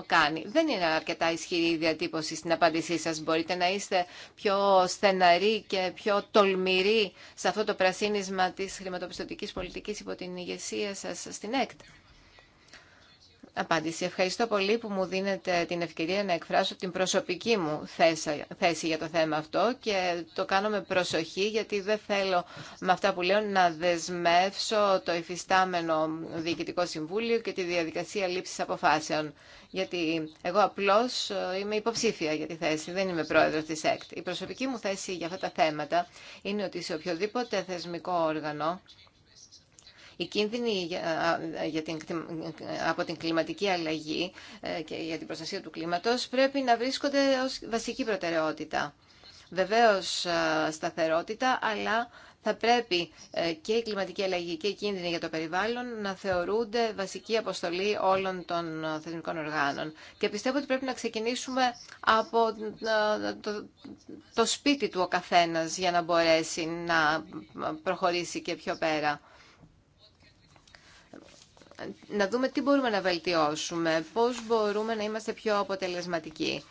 κάνει. Δεν είναι αρκετά ισχυρή η διατύπωση στην απάντησή σας. Μπορείτε να είστε πιο στεναροί και πιο τολμηροί σε αυτό το πρασίνισμα της χρηματοπιστωτικής πολιτικής υπό την ηγεσία σας στην ΕΚΤ απάντηση. Ευχαριστώ πολύ που μου δίνετε την ευκαιρία να εκφράσω την προσωπική μου θέση για το θέμα αυτό και το κάνω με προσοχή γιατί δεν θέλω με αυτά που λέω να δεσμεύσω το υφιστάμενο Διοικητικό Συμβούλιο και τη διαδικασία λήψης αποφάσεων. Γιατί εγώ απλώς ε, είμαι υποψήφια για τη θέση, δεν είμαι πρόεδρος της ΕΚΤ. Η προσωπική μου θέση για αυτά τα θέματα είναι ότι σε οποιοδήποτε θεσμικό όργανο οι κίνδυνοι για από την κλιματική αλλαγή ε, και για την προστασία του κλίματος πρέπει να βρίσκονται ως βασική προτεραιότητα. Βεβαίως σταθερότητα, αλλά θα πρέπει ε, και η κλιματική αλλαγή και οι κίνδυνοι για το περιβάλλον να θεωρούνται βασική αποστολή όλων των θεσμικών οργάνων. Και πιστεύω ότι πρέπει να ξεκινήσουμε από το, το σπίτι του ο καθένας για να μπορέσει να προχωρήσει και πιο πέρα να δούμε τι μπορούμε να βελτιώσουμε, πώς μπορούμε να είμαστε πιο αποτελεσματικοί.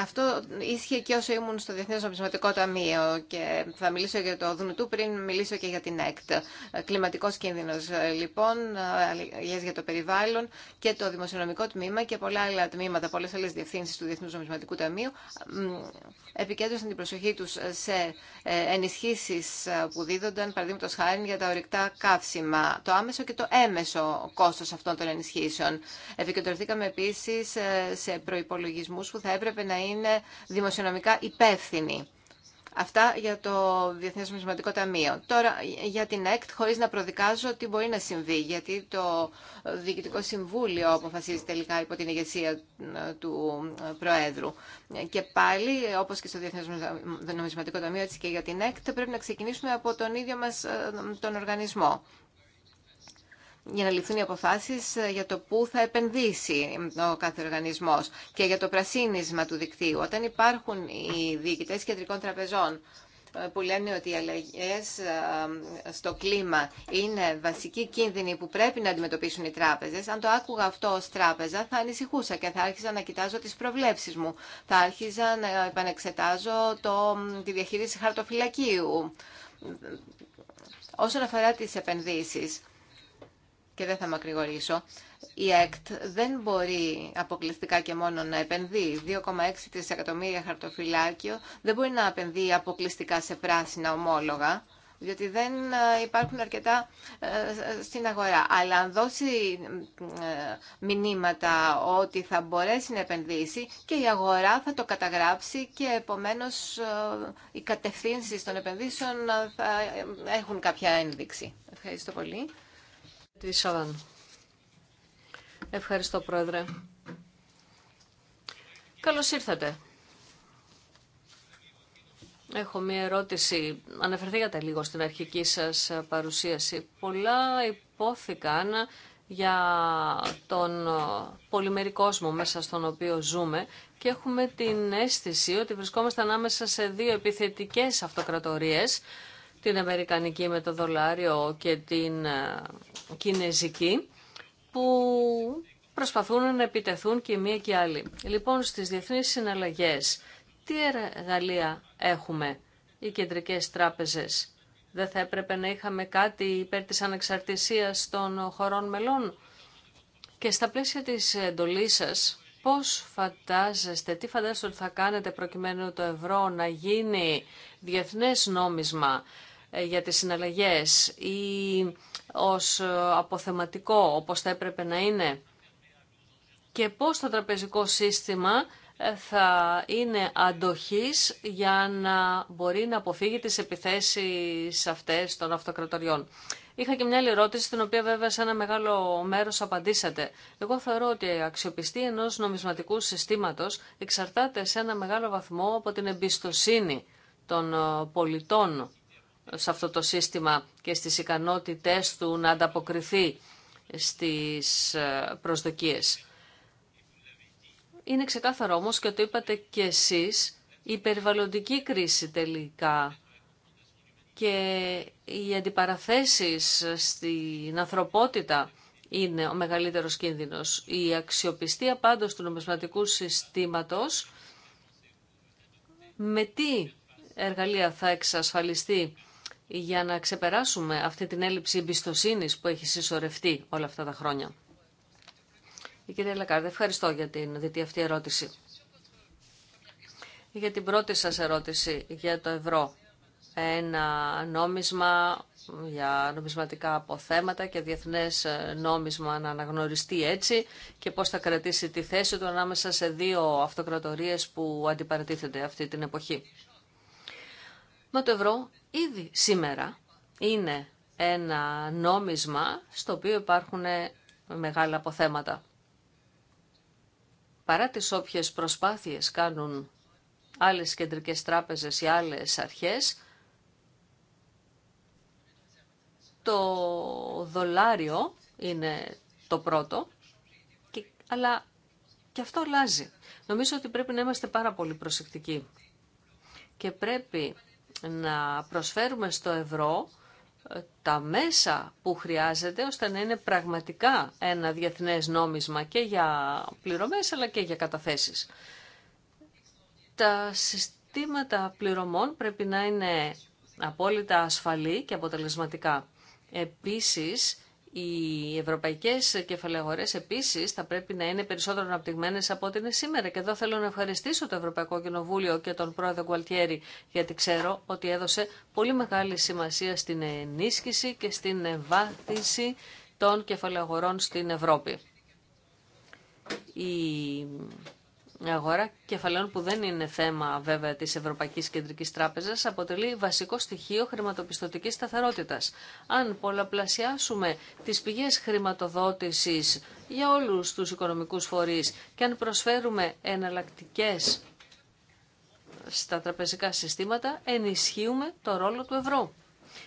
Αυτό ίσχυε και όσο ήμουν στο Διεθνές Νομισματικό Ταμείο και θα μιλήσω για το ΔΝΤΟΥ πριν μιλήσω και για την ΕΚΤ. Κλιματικός κίνδυνο λοιπόν, αλληλεγγύε για το περιβάλλον και το δημοσιονομικό τμήμα και πολλά άλλα τμήματα, πολλέ άλλες διευθύνσει του Διεθνούς Νομισματικού Ταμείου επικέντρωσαν την προσοχή του σε ε, ενισχύσει που δίδονταν, παραδείγματο χάρη για τα ορυκτά καύσιμα, το άμεσο και το έμεσο κόστο αυτών των ενισχύσεων. Επικεντρωθήκαμε επίση ε, σε προπολογισμού που θα έπρεπε να είναι δημοσιονομικά υπεύθυνοι. Αυτά για το Διεθνές Ταμείο. Τώρα για την ΕΚΤ, χωρίς να προδικάζω τι μπορεί να συμβεί, γιατί το Διοικητικό Συμβούλιο αποφασίζει τελικά υπό την ηγεσία ε, του ε, Προέδρου. Και πάλι, όπως και στο Διεθνές Νομισματικό Ταμείο, έτσι και για την ΕΚΤ, πρέπει να ξεκινήσουμε από τον ίδιο μας ε, τον οργανισμό για να ληφθούν οι αποφάσει ε, για το πού θα επενδύσει ο κάθε οργανισμός και για το πρασίνισμα του δικτύου. Όταν υπάρχουν οι διοικητέ κεντρικών τραπεζών ε, που λένε ότι οι αλλαγές ε, στο κλίμα είναι βασική κίνδυνη που πρέπει να αντιμετωπίσουν οι τράπεζες, αν το άκουγα αυτό ω τράπεζα θα ανησυχούσα και θα άρχιζα να κοιτάζω τι προβλέψει μου. Θα άρχιζα να επανεξετάζω το, τη διαχείριση χαρτοφυλακίου. Όσον αφορά τις επενδύσεις, και δεν θα μακρηγορήσω, η ΕΚΤ δεν μπορεί αποκλειστικά και μόνο να επενδύει. 2,6 δισεκατομμύρια χαρτοφυλάκιο δεν μπορεί να επενδύει αποκλειστικά σε πράσινα ομόλογα, διότι δεν ε, υπάρχουν αρκετά ε, στην αγορά. Αλλά αν δώσει ε, μηνύματα ότι θα μπορέσει να επενδύσει και η αγορά θα το καταγράψει και επομένως οι κατευθύνσεις των επενδύσεων θα έχουν
κάποια ένδειξη. Ευχαριστώ πολύ. Ευχαριστώ, Πρόεδρε. Καλώς ήρθατε. Έχω μία ερώτηση. Αναφερθήκατε λίγο στην αρχική σας παρουσίαση. Πολλά υπόθηκαν για τον κόσμο μέσα στον οποίο ζούμε και έχουμε την αίσθηση ότι βρισκόμαστε ανάμεσα σε δύο επιθετικές αυτοκρατορίες την αμερικανική με το δολάριο και την ε, κινέζικη, που προσπαθούν να επιτεθούν και μία και άλλη. Λοιπόν, στις διεθνείς συναλλαγές, τι εργαλεία έχουμε οι κεντρικές τράπεζες. Δεν θα έπρεπε να είχαμε κάτι υπέρ της ανεξαρτησίας των χωρών μελών. Και στα πλαίσια της εντολής σας, πώς φαντάζεστε, τι φαντάζεστε ότι θα κάνετε προκειμένου το ευρώ να γίνει διεθνές νόμισμα, ε, για τις συναλλαγές ή ως ε, αποθεματικό όπως θα έπρεπε να είναι και πώς το τραπεζικό σύστημα ε, θα είναι αντοχής για να μπορεί να αποφύγει τις επιθέσεις αυτές των αυτοκρατοριών. Είχα και μια άλλη ερώτηση, την οποία βέβαια σε ένα μεγάλο μέρος απαντήσατε. Εγώ θεωρώ ότι η αξιοπιστή ενός νομισματικού συστήματος εξαρτάται σε ένα μεγάλο βαθμό από την εμπιστοσύνη των πολιτών σε αυτό το σύστημα και στις ικανότητές του να ανταποκριθεί στις ε, προσδοκίες. Είναι ξεκάθαρο όμως και το είπατε και εσείς, η περιβαλλοντική κρίση τελικά και οι αντιπαραθέσεις στην ανθρωπότητα είναι ο μεγαλύτερος κίνδυνος. Η αξιοπιστία πάντως του νομισματικού συστήματος με τι εργαλεία θα εξασφαλιστεί για να ξεπεράσουμε αυτή την έλλειψη εμπιστοσύνη που έχει συσσωρευτεί όλα αυτά τα χρόνια. Η κυρία ευχαριστώ για την διτή αυτή ερώτηση. Για την πρώτη σας ερώτηση για το ευρώ. Ένα νόμισμα για νομισματικά αποθέματα και διεθνές νόμισμα να αναγνωριστεί έτσι και πώς θα κρατήσει τη θέση του ανάμεσα σε δύο αυτοκρατορίες που αντιπαρατήθενται αυτή την εποχή. Μα το ευρώ ήδη σήμερα είναι ένα νόμισμα στο οποίο υπάρχουν μεγάλα αποθέματα. Παρά τις όποιες προσπάθειες κάνουν άλλες κεντρικές τράπεζες ή άλλες αρχές, το δολάριο είναι το πρώτο, αλλά και αυτό αλλάζει. Νομίζω ότι πρέπει να είμαστε πάρα πολύ προσεκτικοί και πρέπει να προσφέρουμε στο ευρώ ε, τα μέσα που χρειάζεται ώστε να είναι πραγματικά ένα διεθνές νόμισμα και για πληρωμές αλλά και για καταθέσεις. Τα συστήματα πληρωμών πρέπει να είναι απόλυτα ασφαλή και αποτελεσματικά. Επίσης, οι ευρωπαϊκές κεφαλαγορές επίσης θα πρέπει να είναι περισσότερο αναπτυγμένε από ό,τι είναι σήμερα. Και εδώ θέλω να ευχαριστήσω το Ευρωπαϊκό Κοινοβούλιο και τον πρόεδρο Γκουαλτιέρη, γιατί ξέρω ότι έδωσε πολύ μεγάλη σημασία στην ενίσχυση και στην ευάθυνση των κεφαλαγορών στην Ευρώπη αγορά κεφαλαίων που δεν είναι θέμα βέβαια της Ευρωπαϊκής Κεντρικής Τράπεζας αποτελεί βασικό στοιχείο χρηματοπιστωτικής σταθερότητας. Αν πολλαπλασιάσουμε τις πηγές χρηματοδότησης για όλους τους οικονομικούς φορείς και αν προσφέρουμε εναλλακτικέ στα τραπεζικά συστήματα, ενισχύουμε το ρόλο του ευρώ.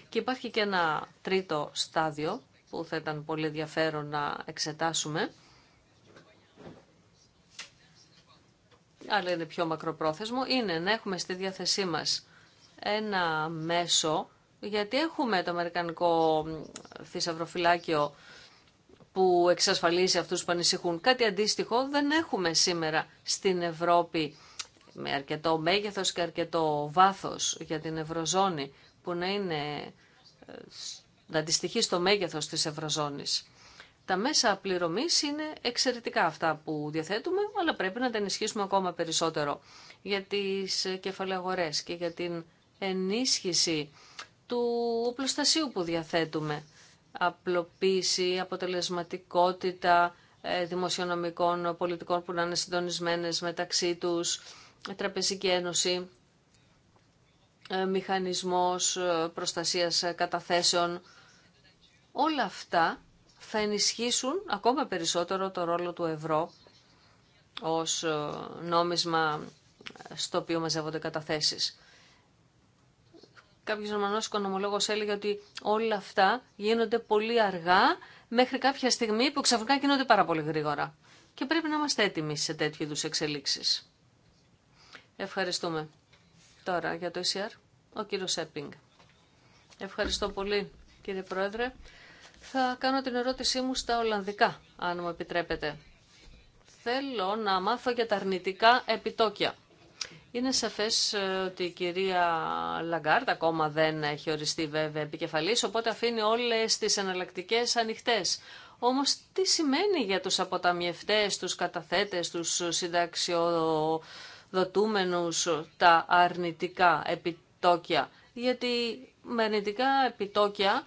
Και υπάρχει και ένα τρίτο στάδιο που θα ήταν πολύ ενδιαφέρον να εξετάσουμε αλλά είναι πιο μακροπρόθεσμο, είναι να έχουμε στη διάθεσή μας ένα μέσο, γιατί έχουμε το Αμερικανικό θησαυροφυλάκιο που εξασφαλίζει αυτούς που ανησυχούν. Κάτι αντίστοιχο δεν έχουμε σήμερα στην Ευρώπη με αρκετό μέγεθος και αρκετό βάθος για την Ευρωζώνη που να είναι ε, να αντιστοιχεί στο μέγεθος της Ευρωζώνης. Τα μέσα πληρωμή είναι εξαιρετικά αυτά που διαθέτουμε, αλλά πρέπει να τα ενισχύσουμε ακόμα περισσότερο για τις κεφαλαγορές και για την ενίσχυση του οπλοστασίου που διαθέτουμε. Απλοποίηση, αποτελεσματικότητα ε, δημοσιονομικών πολιτικών που να είναι συντονισμένες μεταξύ τους, τραπεζική ένωση, ε, μηχανισμός ε, προστασίας καταθέσεων. Όλα αυτά θα ενισχύσουν ακόμα περισσότερο το ρόλο του ευρώ ως ε, νόμισμα στο οποίο μαζεύονται καταθέσεις. Κάποιος Ρωμανός οικονομολόγος έλεγε ότι όλα αυτά γίνονται πολύ αργά μέχρι κάποια στιγμή που ξαφνικά γίνονται πάρα πολύ γρήγορα. Και πρέπει να είμαστε έτοιμοι σε τέτοιου είδους εξελίξεις. Ευχαριστούμε. Τώρα για το ECR, ο κύριος Σέπινγκ. Ευχαριστώ πολύ κύριε Πρόεδρε. Θα κάνω την ερώτησή μου στα Ολλανδικά, αν μου επιτρέπετε. Θέλω να μάθω για τα αρνητικά επιτόκια. Είναι σαφές ε, ότι η κυρία Λαγκάρτ ακόμα δεν έχει οριστεί βέβαια επικεφαλής, οπότε αφήνει όλες τις εναλλακτικέ ανοιχτές. Όμως τι σημαίνει για τους αποταμιευτές, τους καταθέτες, τους συνταξιοδοτούμενους τα αρνητικά επιτόκια. Γιατί με αρνητικά επιτόκια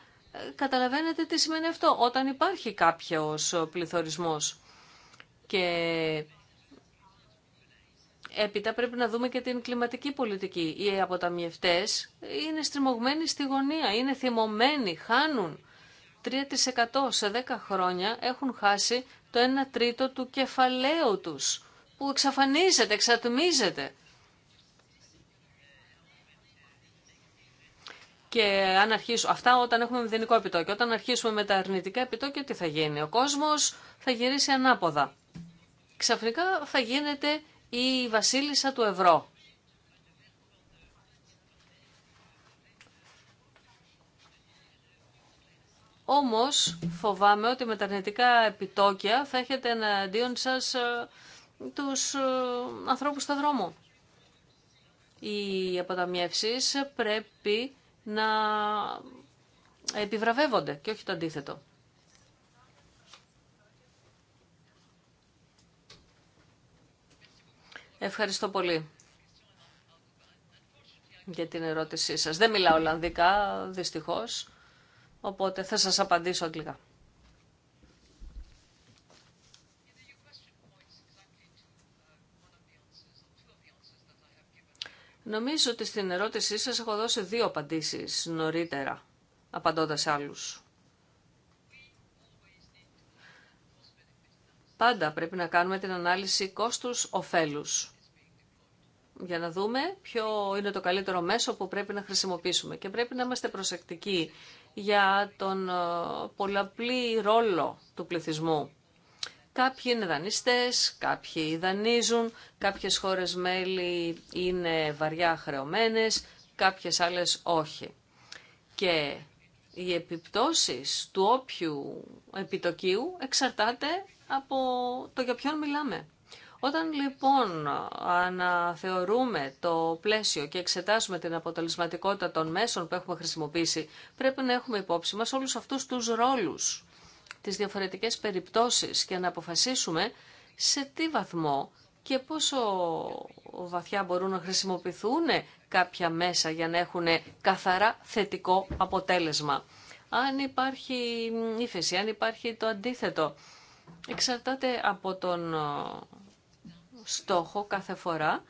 καταλαβαίνετε τι σημαίνει αυτό. Όταν υπάρχει κάποιος πληθωρισμός και έπειτα πρέπει να δούμε και την κλιματική πολιτική. Οι αποταμιευτές είναι στριμωγμένοι στη γωνία, είναι θυμωμένοι, χάνουν. 3% σε 10 χρόνια έχουν χάσει το 1 τρίτο του κεφαλαίου τους που εξαφανίζεται, εξατμίζεται. Και αν αυτά όταν έχουμε μηδενικό επιτόκιο. Όταν αρχίσουμε με τα αρνητικά επιτόκια, τι θα γίνει. Ο κόσμος θα γυρίσει ανάποδα. Ξαφνικά θα γίνεται η βασίλισσα του ευρώ. Όμως φοβάμαι ότι με τα αρνητικά επιτόκια θα έχετε εναντίον σας ε, τους ε, ανθρώπους στο δρόμο. Οι αποταμιεύσεις πρέπει να επιβραβεύονται και όχι το αντίθετο. Ευχαριστώ πολύ για την ερώτησή σας. Δεν μιλάω Ολλανδικά, δυστυχώς, οπότε θα σας απαντήσω αγγλικά. Νομίζω ότι στην ερώτησή σας έχω δώσει δύο απαντήσεις νωρίτερα, απαντώντας άλλους. Πάντα πρέπει να κάνουμε την ανάλυση κόστους-οφέλους για να δούμε ποιο είναι το καλύτερο μέσο που πρέπει να χρησιμοποιήσουμε. Και πρέπει να είμαστε προσεκτικοί για τον ε, πολλαπλή ρόλο του πληθυσμού. Κάποιοι είναι δανειστές, κάποιοι δανείζουν, κάποιες χώρες μέλη είναι βαριά χρεωμένες, κάποιες άλλες όχι. Και οι επιπτώσεις του όποιου επιτοκίου εξαρτάται από το για ποιον μιλάμε. Όταν λοιπόν αναθεωρούμε το πλαίσιο και εξετάζουμε την αποτελεσματικότητα των μέσων που έχουμε χρησιμοποιήσει, πρέπει να έχουμε υπόψη μας όλους αυτούς τους ρόλους τις διαφορετικές περιπτώσεις και να αποφασίσουμε σε τι βαθμό και πόσο βαθιά μπορούν να χρησιμοποιηθούν κάποια μέσα για να έχουν καθαρά θετικό αποτέλεσμα. Αν υπάρχει ύφεση, αν υπάρχει το αντίθετο, εξαρτάται από τον στόχο κάθε φορά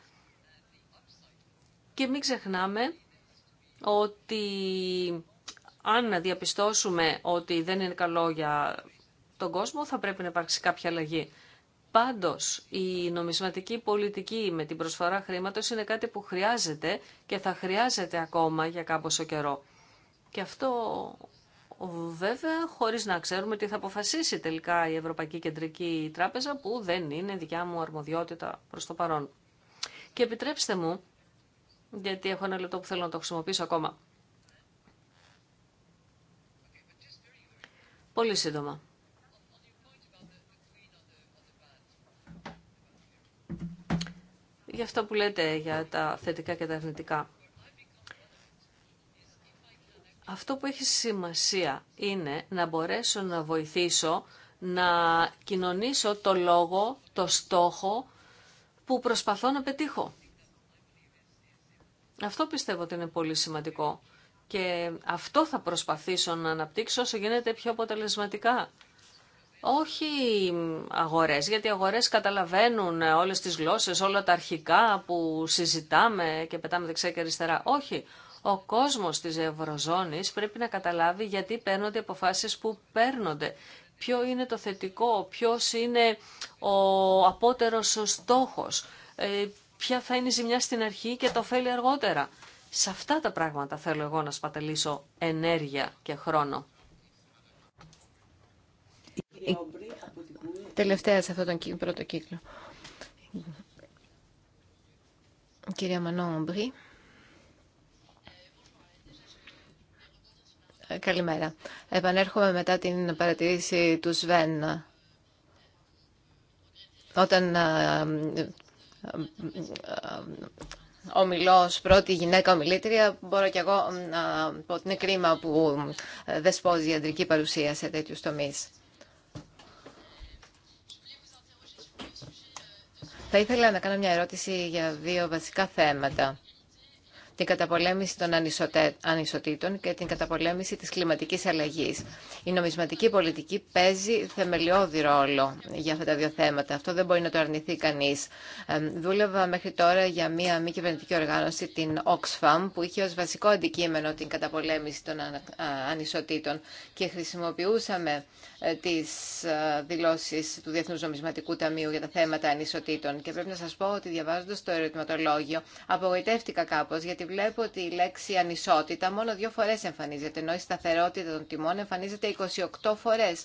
και μην ξεχνάμε ότι αν διαπιστώσουμε ότι δεν είναι καλό για τον κόσμο, θα πρέπει να υπάρξει κάποια αλλαγή. Πάντως, η νομισματική πολιτική με την προσφορά χρήματος είναι κάτι που χρειάζεται και θα χρειάζεται ακόμα για κάποιο καιρό. Και αυτό βέβαια χωρίς να ξέρουμε τι θα αποφασίσει τελικά η Ευρωπαϊκή Κεντρική Τράπεζα που δεν είναι δικιά μου αρμοδιότητα προς το παρόν. Και επιτρέψτε μου, γιατί έχω ένα λεπτό που θέλω να το χρησιμοποιήσω ακόμα. Πολύ σύντομα. Για αυτό που λέτε για τα θετικά και τα αρνητικά. Αυτό που έχει σημασία είναι να μπορέσω να βοηθήσω να κοινωνήσω το λόγο, το στόχο που προσπαθώ να πετύχω. Αυτό πιστεύω ότι είναι πολύ σημαντικό. Και αυτό θα προσπαθήσω να αναπτύξω όσο γίνεται πιο αποτελεσματικά. Όχι αγορές, γιατί οι αγορές καταλαβαίνουν όλες τις γλώσσες, όλα τα αρχικά που συζητάμε και πετάμε δεξιά και αριστερά. Όχι. Ο κόσμος της Ευρωζώνης πρέπει να καταλάβει γιατί παίρνονται αποφάσεις που παίρνονται. Ποιο είναι το θετικό, ποιος είναι ο απότερος στόχος, ε, ποια θα είναι η ζημιά στην αρχή και το ωφέλει αργότερα. Σε αυτά τα πράγματα θέλω εγώ να σπαταλήσω ενέργεια και χρόνο.
Τελευταία σε αυτόν τον πρώτο κύκλο. Κυρία Μανώ ε, Καλημέρα. Επανέρχομαι μετά την παρατηρήση του Σβέν. Όταν ε, ε, ομιλώ πρώτη γυναίκα ομιλήτρια, μπορώ κι εγώ να πω ότι είναι κρίμα που δεσπόζει η αντρική παρουσία σε τέτοιου τομεί. Θα ήθελα να κάνω μια ερώτηση για δύο βασικά θέματα την καταπολέμηση των ανισοτήτων και την καταπολέμηση της κλιματικής αλλαγής. Η νομισματική πολιτική παίζει θεμελιώδη ρόλο για αυτά τα δύο θέματα. Αυτό δεν μπορεί να το αρνηθεί κανείς. Δούλευα μέχρι τώρα για μία μη κυβερνητική οργάνωση, την Oxfam, που είχε ως βασικό αντικείμενο την καταπολέμηση των ανισοτήτων και χρησιμοποιούσαμε ε, τις ε, δηλώσεις του Διεθνούς Νομισματικού Ταμείου για τα θέματα ανισοτήτων. Και πρέπει να σας πω ότι διαβάζοντας το ερωτηματολόγιο απογοητεύτηκα κάπως γιατί βλέπω ότι η λέξη ανισότητα μόνο δύο φορές εμφανίζεται, ενώ η σταθερότητα των τιμών εμφανίζεται 28 φορές.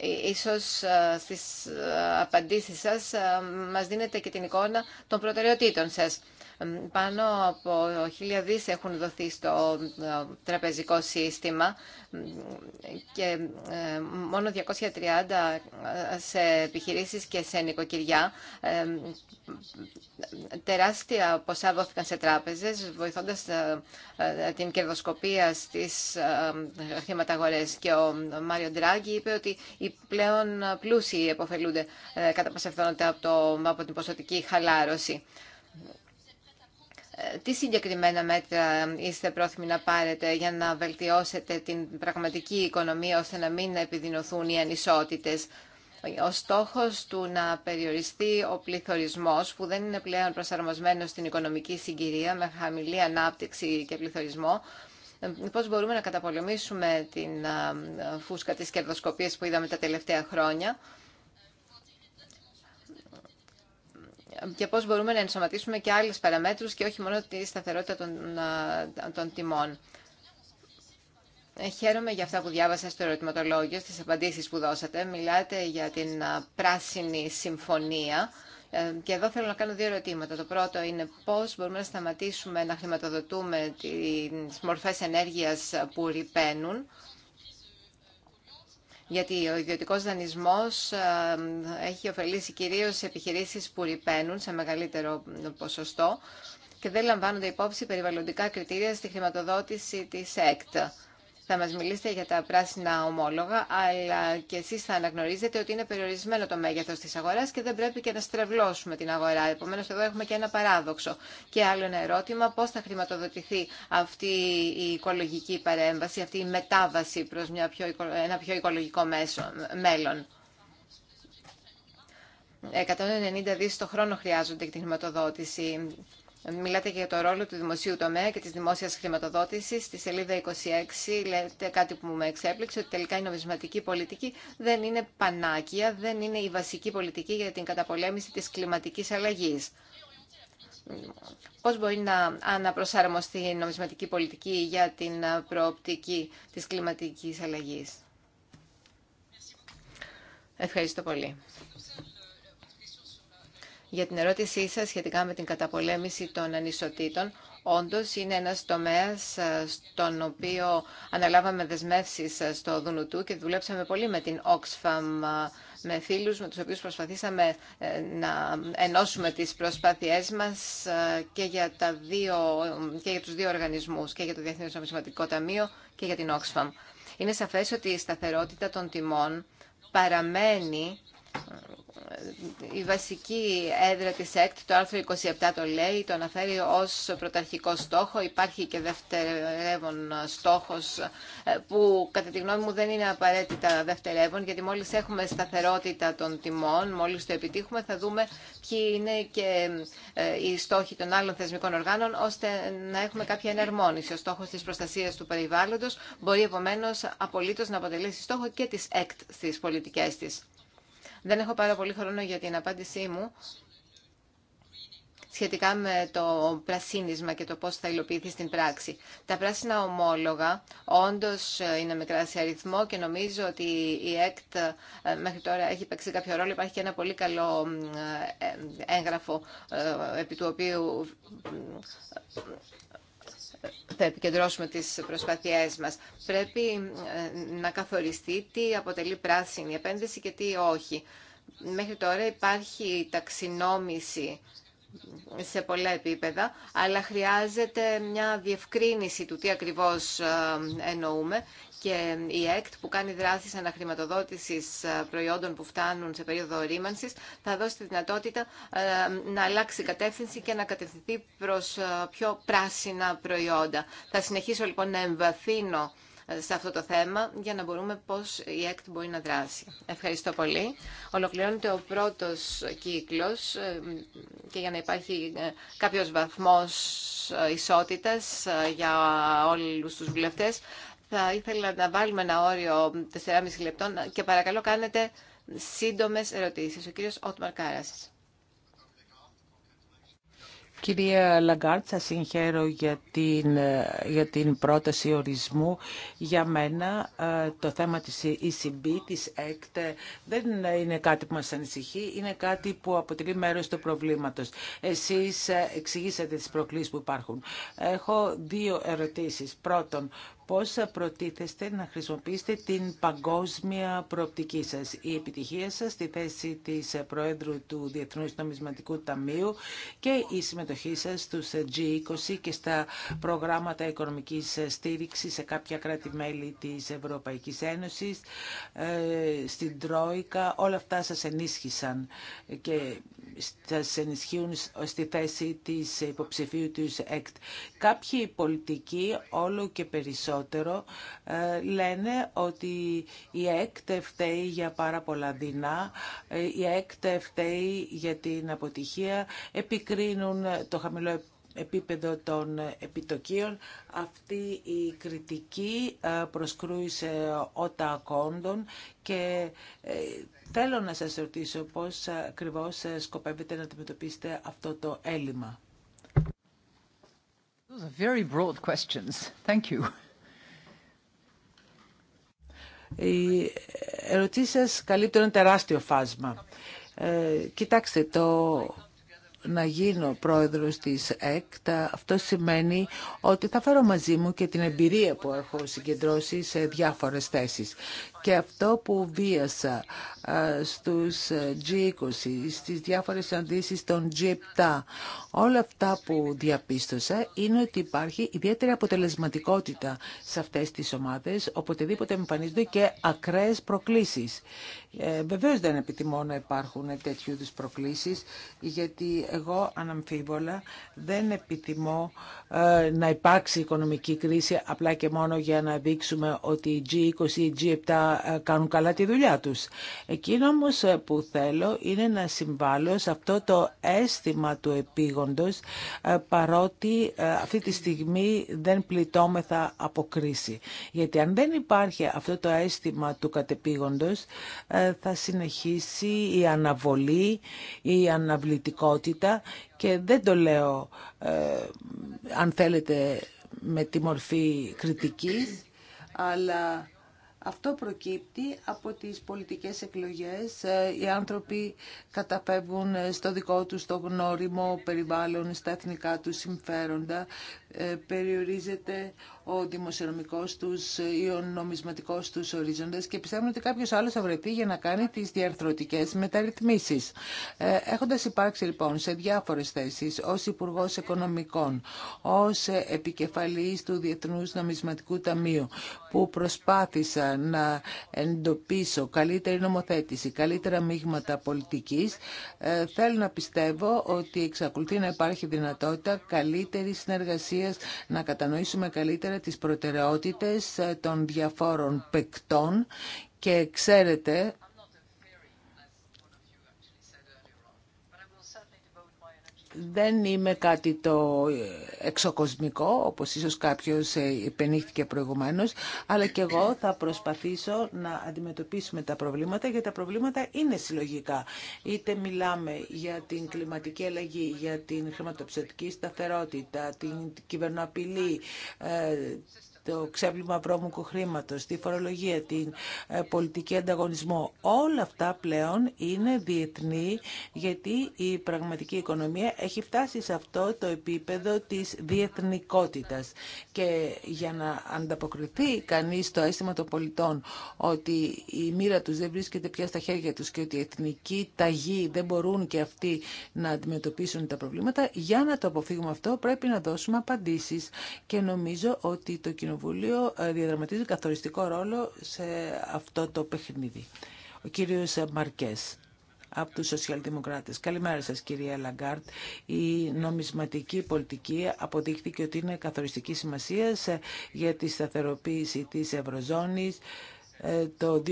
Ε, ίσως ε, στις ε, απαντήσεις σας μας δίνετε και την εικόνα των προτεραιοτήτων σας. Πάνω από χίλια δις έχουν δοθεί στο ε, τραπεζικό σύστημα και ε, μόνο 230 ε, σε επιχειρήσεις και σε νοικοκυριά. Τεράστια ποσά δόθηκαν σε τράπεζες, βοηθώντας την κερδοσκοπία στις χρηματαγορές. Και ο Μάριο Ντράγκη είπε ότι οι πλέον πλούσιοι επωφελούνται κατά πάσα από, από την ποσοτική χαλάρωση. Ε, τι συγκεκριμένα μέτρα είστε πρόθυμοι να πάρετε για να βελτιώσετε την πραγματική οικονομία ώστε να μην επιδεινωθούν οι ανισότητες. Ο στόχος του να περιοριστεί ο πληθωρισμός που δεν είναι πλέον προσαρμοσμένος στην οικονομική συγκυρία με χαμηλή ανάπτυξη και πληθωρισμό ε, πώς μπορούμε να καταπολεμήσουμε την ε, φούσκα της κερδοσκοπίας που είδαμε τα τελευταία χρόνια και πώς μπορούμε να ενσωματίσουμε και άλλες παραμέτρους και όχι μόνο τη σταθερότητα των, των τιμών. Ε, χαίρομαι για αυτά που διάβασα στο ερωτηματολόγιο, στις απαντήσεις που δώσατε. Μιλάτε για την πράσινη συμφωνία. Ε, και εδώ θέλω να κάνω δύο ερωτήματα. Το πρώτο είναι πώς μπορούμε να σταματήσουμε να χρηματοδοτούμε τις μορφές ενέργειας που ρηπαίνουν γιατί ο ιδιωτικός δανεισμός έχει ωφελήσει κυρίως επιχειρήσεις που ρηπαίνουν σε μεγαλύτερο ποσοστό και δεν λαμβάνονται υπόψη περιβαλλοντικά κριτήρια στη χρηματοδότηση της ΕΚΤ θα μας μιλήσετε για τα πράσινα ομόλογα, αλλά και εσείς θα αναγνωρίζετε ότι είναι περιορισμένο το μέγεθος της αγοράς και δεν πρέπει και να στρεβλώσουμε την αγορά. Επομένως, εδώ έχουμε και ένα παράδοξο. Και άλλο ένα ερώτημα, πώς θα χρηματοδοτηθεί αυτή η οικολογική παρέμβαση, αυτή η μετάβαση προς μια πιο, ένα πιο οικολογικό μέλλον. 190 δις το χρόνο χρειάζονται για τη χρηματοδότηση. Μιλάτε για το ρόλο του δημοσίου τομέα και τη δημόσια χρηματοδότηση. Στη σελίδα 26 λέτε κάτι που μου με εξέπληξε, ότι τελικά η νομισματική πολιτική δεν είναι πανάκια, δεν είναι η βασική πολιτική για την καταπολέμηση της κλιματικής αλλαγή. Πώς μπορεί να αναπροσαρμοστεί η νομισματική πολιτική για την προοπτική τη κλιματική αλλαγή. Ευχαριστώ πολύ. Για την ερώτησή σας σχετικά με την καταπολέμηση των ανισοτήτων, όντως είναι ένας τομέας ε, στον οποίο αναλάβαμε δεσμεύσεις ε, στο Δουνουτού και δουλέψαμε πολύ με την Oxfam, ε, με φίλους με τους οποίους προσπαθήσαμε να ενώσουμε τις προσπάθειές μας και για, τα δύο, και για τους δύο οργανισμούς, και για το Διεθνές Νομισματικό Ταμείο και για την Oxfam. Είναι σαφές ότι η σταθερότητα των τιμών παραμένει η βασική έδρα της ΕΚΤ, το άρθρο 27 το λέει, το αναφέρει ως πρωταρχικό στόχο. Υπάρχει και δευτερεύον στόχος ε, που κατά τη γνώμη μου δεν είναι απαραίτητα δευτερεύον γιατί μόλις έχουμε σταθερότητα των τιμών, μόλις το επιτύχουμε θα δούμε ποιοι είναι και ε, οι στόχοι των άλλων θεσμικών οργάνων ώστε να έχουμε κάποια εναρμόνιση. Ο στόχος της προστασίας του περιβάλλοντος μπορεί επομένως απολύτως να αποτελέσει στόχο και της ΕΚΤ στις πολιτικές της. Δεν έχω πάρα πολύ χρόνο για την απάντησή μου σχετικά με το πρασίνισμα και το πώς θα υλοποιηθεί στην πράξη. Τα πράσινα ομόλογα όντως είναι μικρά σε αριθμό και νομίζω ότι η ΕΚΤ ε, μέχρι τώρα έχει παίξει κάποιο ρόλο. Υπάρχει και ένα πολύ καλό ε, ε, έγγραφο επί του οποίου θα επικεντρώσουμε τις προσπάθειές μας. Πρέπει ε, να καθοριστεί τι αποτελεί πράσινη επένδυση και τι όχι. Μέχρι τώρα υπάρχει ταξινόμηση σε πολλά επίπεδα, αλλά χρειάζεται μια διευκρίνηση του τι ακριβώς ε, εννοούμε και η ΕΚΤ που κάνει δράσεις αναχρηματοδότησης ε, προϊόντων που φτάνουν σε περίοδο ρήμανσης θα δώσει τη δυνατότητα ε, να αλλάξει κατεύθυνση και να κατευθυνθεί προς πιο πράσινα προϊόντα. Θα συνεχίσω λοιπόν να εμβαθύνω σε αυτό το θέμα για να μπορούμε πώς η ΕΚΤ μπορεί να δράσει. Ευχαριστώ πολύ. Ολοκληρώνεται ο πρώτος κύκλος ε, και για να υπάρχει ε, κάποιος βαθμός ε, ισότητας για όλους τους βουλευτές θα ήθελα να βάλουμε ένα όριο 4,5 λεπτών και παρακαλώ κάνετε σύντομες ερωτήσεις. Ο κύριος Ότμαρ Κάρας.
Κυρία Λαγκάρτ, σας συγχαίρω για την, για πρόταση ορισμού. Για μένα ε, το θέμα της ECB, της ΕΚΤ, ε, δεν είναι κάτι που μας ανησυχεί, είναι κάτι που αποτελεί μέρος του προβλήματος. Εσείς ε, εξηγήσατε τις προκλήσεις που υπάρχουν. Έχω δύο ερωτήσεις. Πρώτον, πώς προτίθεστε να χρησιμοποιήσετε την παγκόσμια προοπτική σας. Η επιτυχία σας στη θέση της Προέδρου του Διεθνούς Νομισματικού Ταμείου και η συμμετοχή σας στους G20 και στα προγράμματα οικονομικής στήριξης σε κάποια κράτη-μέλη της Ευρωπαϊκής Ένωσης, ε, στην Τρόικα, όλα αυτά σας ενίσχυσαν και σας ενισχύουν στη θέση της υποψηφίου του ΕΚΤ. Κάποιοι πολιτικοί όλο και περισσότερο περισσότερο ε, λένε ότι η ΕΚΤ φταίει για πάρα πολλά δεινά, ε, η ΕΚΤ φταίει για την αποτυχία, επικρίνουν το χαμηλό επίπεδο των επιτοκίων. Αυτή η κριτική ε, προσκρούει σε ότα ακόντων και θέλω να σας ρωτήσω πώς ακριβώς σκοπεύετε να αντιμετωπίσετε αυτό το έλλειμμα.
Those are very broad questions. Thank you.
Οι ερωτήσεις σας καλύπτουν ένα τεράστιο φάσμα. Ε, κοιτάξτε, το να γίνω πρόεδρος της ΕΚΤΑ, αυτό σημαίνει ότι θα φέρω μαζί μου και την εμπειρία που έχω συγκεντρώσει σε διάφορες θέσεις. Και αυτό που βίασα στους ε, G20, στις διάφορες αντίστοιχες των G7, όλα αυτά που διαπίστωσα είναι ότι υπάρχει ιδιαίτερη αποτελεσματικότητα σε αυτές τις ομάδες, οποτεδήποτε εμφανίζονται και ακραίες προκλήσεις. Ε, βεβαίως δεν επιθυμώ να υπάρχουν τέτοιου είδους προκλήσεις, γιατί εγώ αναμφίβολα δεν επιθυμώ ε, να υπάρξει οικονομική κρίση απλά και μόνο για να δείξουμε ότι οι G20, οι G7 ε, κάνουν καλά τη δουλειά τους. Εκείνο όμως ε, που θέλω είναι να συμβάλλω σε αυτό το αίσθημα του επίγοντος ε, παρότι αυτή τη στιγμή δεν πληττόμεθα από κρίση. Γιατί αν δεν υπάρχει αυτό το αίσθημα του κατεπίγοντος θα συνεχίσει η αναβολή, η αναβλητικότητα και δεν το λέω αν θέλετε με τη μορφή κριτικής αλλά αυτό προκύπτει από τις πολιτικές εκλογές. Ε, οι άνθρωποι καταφεύγουν στο δικό τους το γνώριμο περιβάλλον, στα εθνικά τους συμφέροντα. Ε, περιορίζεται ο δημοσιονομικό του ή ο νομισματικός τους ορίζοντα και πιστεύουν ότι κάποιο άλλο θα βρεθεί για να κάνει τις διαρθρωτικές μεταρρυθμίσεις. Ε, Έχοντα υπάρξει λοιπόν σε διάφορε θέσει ω υπουργό Οικονομικών, ω επικεφαλής του Διεθνού Νομισματικού Ταμείου που προσπάθησα να εντοπίσω καλύτερη νομοθέτηση, καλύτερα μείγματα πολιτικής, ε, θέλω να πιστεύω ότι εξακολουθεί να υπάρχει δυνατότητα καλύτερη συνεργασία να κατανοήσουμε καλύτερα της τις προτεραιότητες ε, των διαφόρων παικτών και ξέρετε δεν είμαι κάτι το εξοκοσμικό, όπως ίσως κάποιος υπενήχθηκε ε, προηγουμένως, αλλά και εγώ θα προσπαθήσω να αντιμετωπίσουμε τα προβλήματα, γιατί τα προβλήματα είναι συλλογικά. Είτε μιλάμε για την κλιματική αλλαγή, για την χρηματοψηφιακή σταθερότητα, την κυβερνοαπειλή, ε, το ξέπλυμα βρώμικου χρήματο, τη φορολογία, την ε, πολιτική ανταγωνισμό. Όλα αυτά πλέον είναι διεθνή γιατί η πραγματική οικονομία έχει φτάσει σε αυτό το επίπεδο της διεθνικότητας. Και για να ανταποκριθεί κανείς στο αίσθημα των πολιτών ότι η μοίρα τους δεν βρίσκεται πια στα χέρια τους και ότι οι εθνικοί ταγοί δεν μπορούν και αυτοί να αντιμετωπίσουν τα προβλήματα, για να το αποφύγουμε αυτό πρέπει να δώσουμε απαντήσει. Και νομίζω ότι το κοινό Κοινοβούλιο ε, διαδραματίζει καθοριστικό ρόλο σε αυτό το παιχνίδι. Ο κύριος Μαρκές από τους σοσιαλδημοκράτες. Καλημέρα σας κυρία Λαγκάρτ. Η νομισματική πολιτική αποδείχθηκε ότι είναι καθοριστική σημασία για τη σταθεροποίηση της Ευρωζώνης, ε, το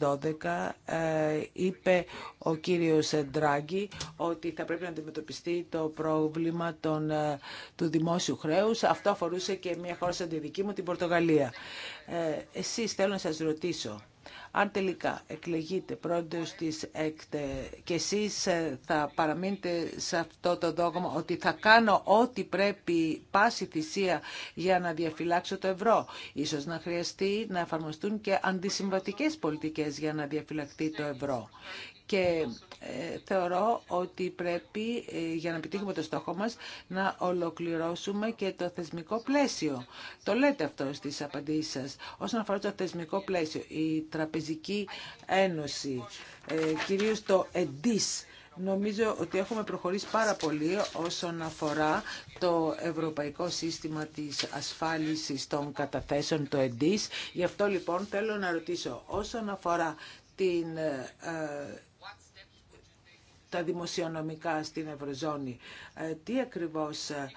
2012 ε, είπε ο κύριος Ντράγκη ότι θα πρέπει να αντιμετωπιστεί το πρόβλημα των, ε, του δημόσιου χρέους. Αυτό αφορούσε και μια χώρα σαν τη δική μου, την Πορτογαλία. Εσείς θέλω να σας ρωτήσω αν τελικά εκλεγείτε πρόεδρος της ΕΚΤΕ και εσείς ε, θα παραμείνετε σε αυτό το δόγμα ότι θα κάνω ό,τι πρέπει πάση θυσία για να διαφυλάξω το ευρώ. Ίσως να χρειαστεί να εφαρμοστούν και αντισυμβατικές πολιτικές για να διαφυλαχθεί το ευρώ και ε, θεωρώ ότι πρέπει ε, για να επιτύχουμε το στόχο μας να ολοκληρώσουμε και το θεσμικό πλαίσιο. Το λέτε αυτό στις απαντήσεις σας. Όσον αφορά το θεσμικό πλαίσιο, η Τραπεζική Ένωση, ε, κυρίως το ΕΝΤΙΣ, Νομίζω ότι έχουμε προχωρήσει πάρα πολύ όσον αφορά το Ευρωπαϊκό Σύστημα της Ασφάλισης των Καταθέσεων, το ΕΝΤΙΣ. Γι' αυτό λοιπόν θέλω να ρωτήσω όσον αφορά την τα δημοσιονομικά στην Ευρωζώνη. Ε, τι ακριβώς ε,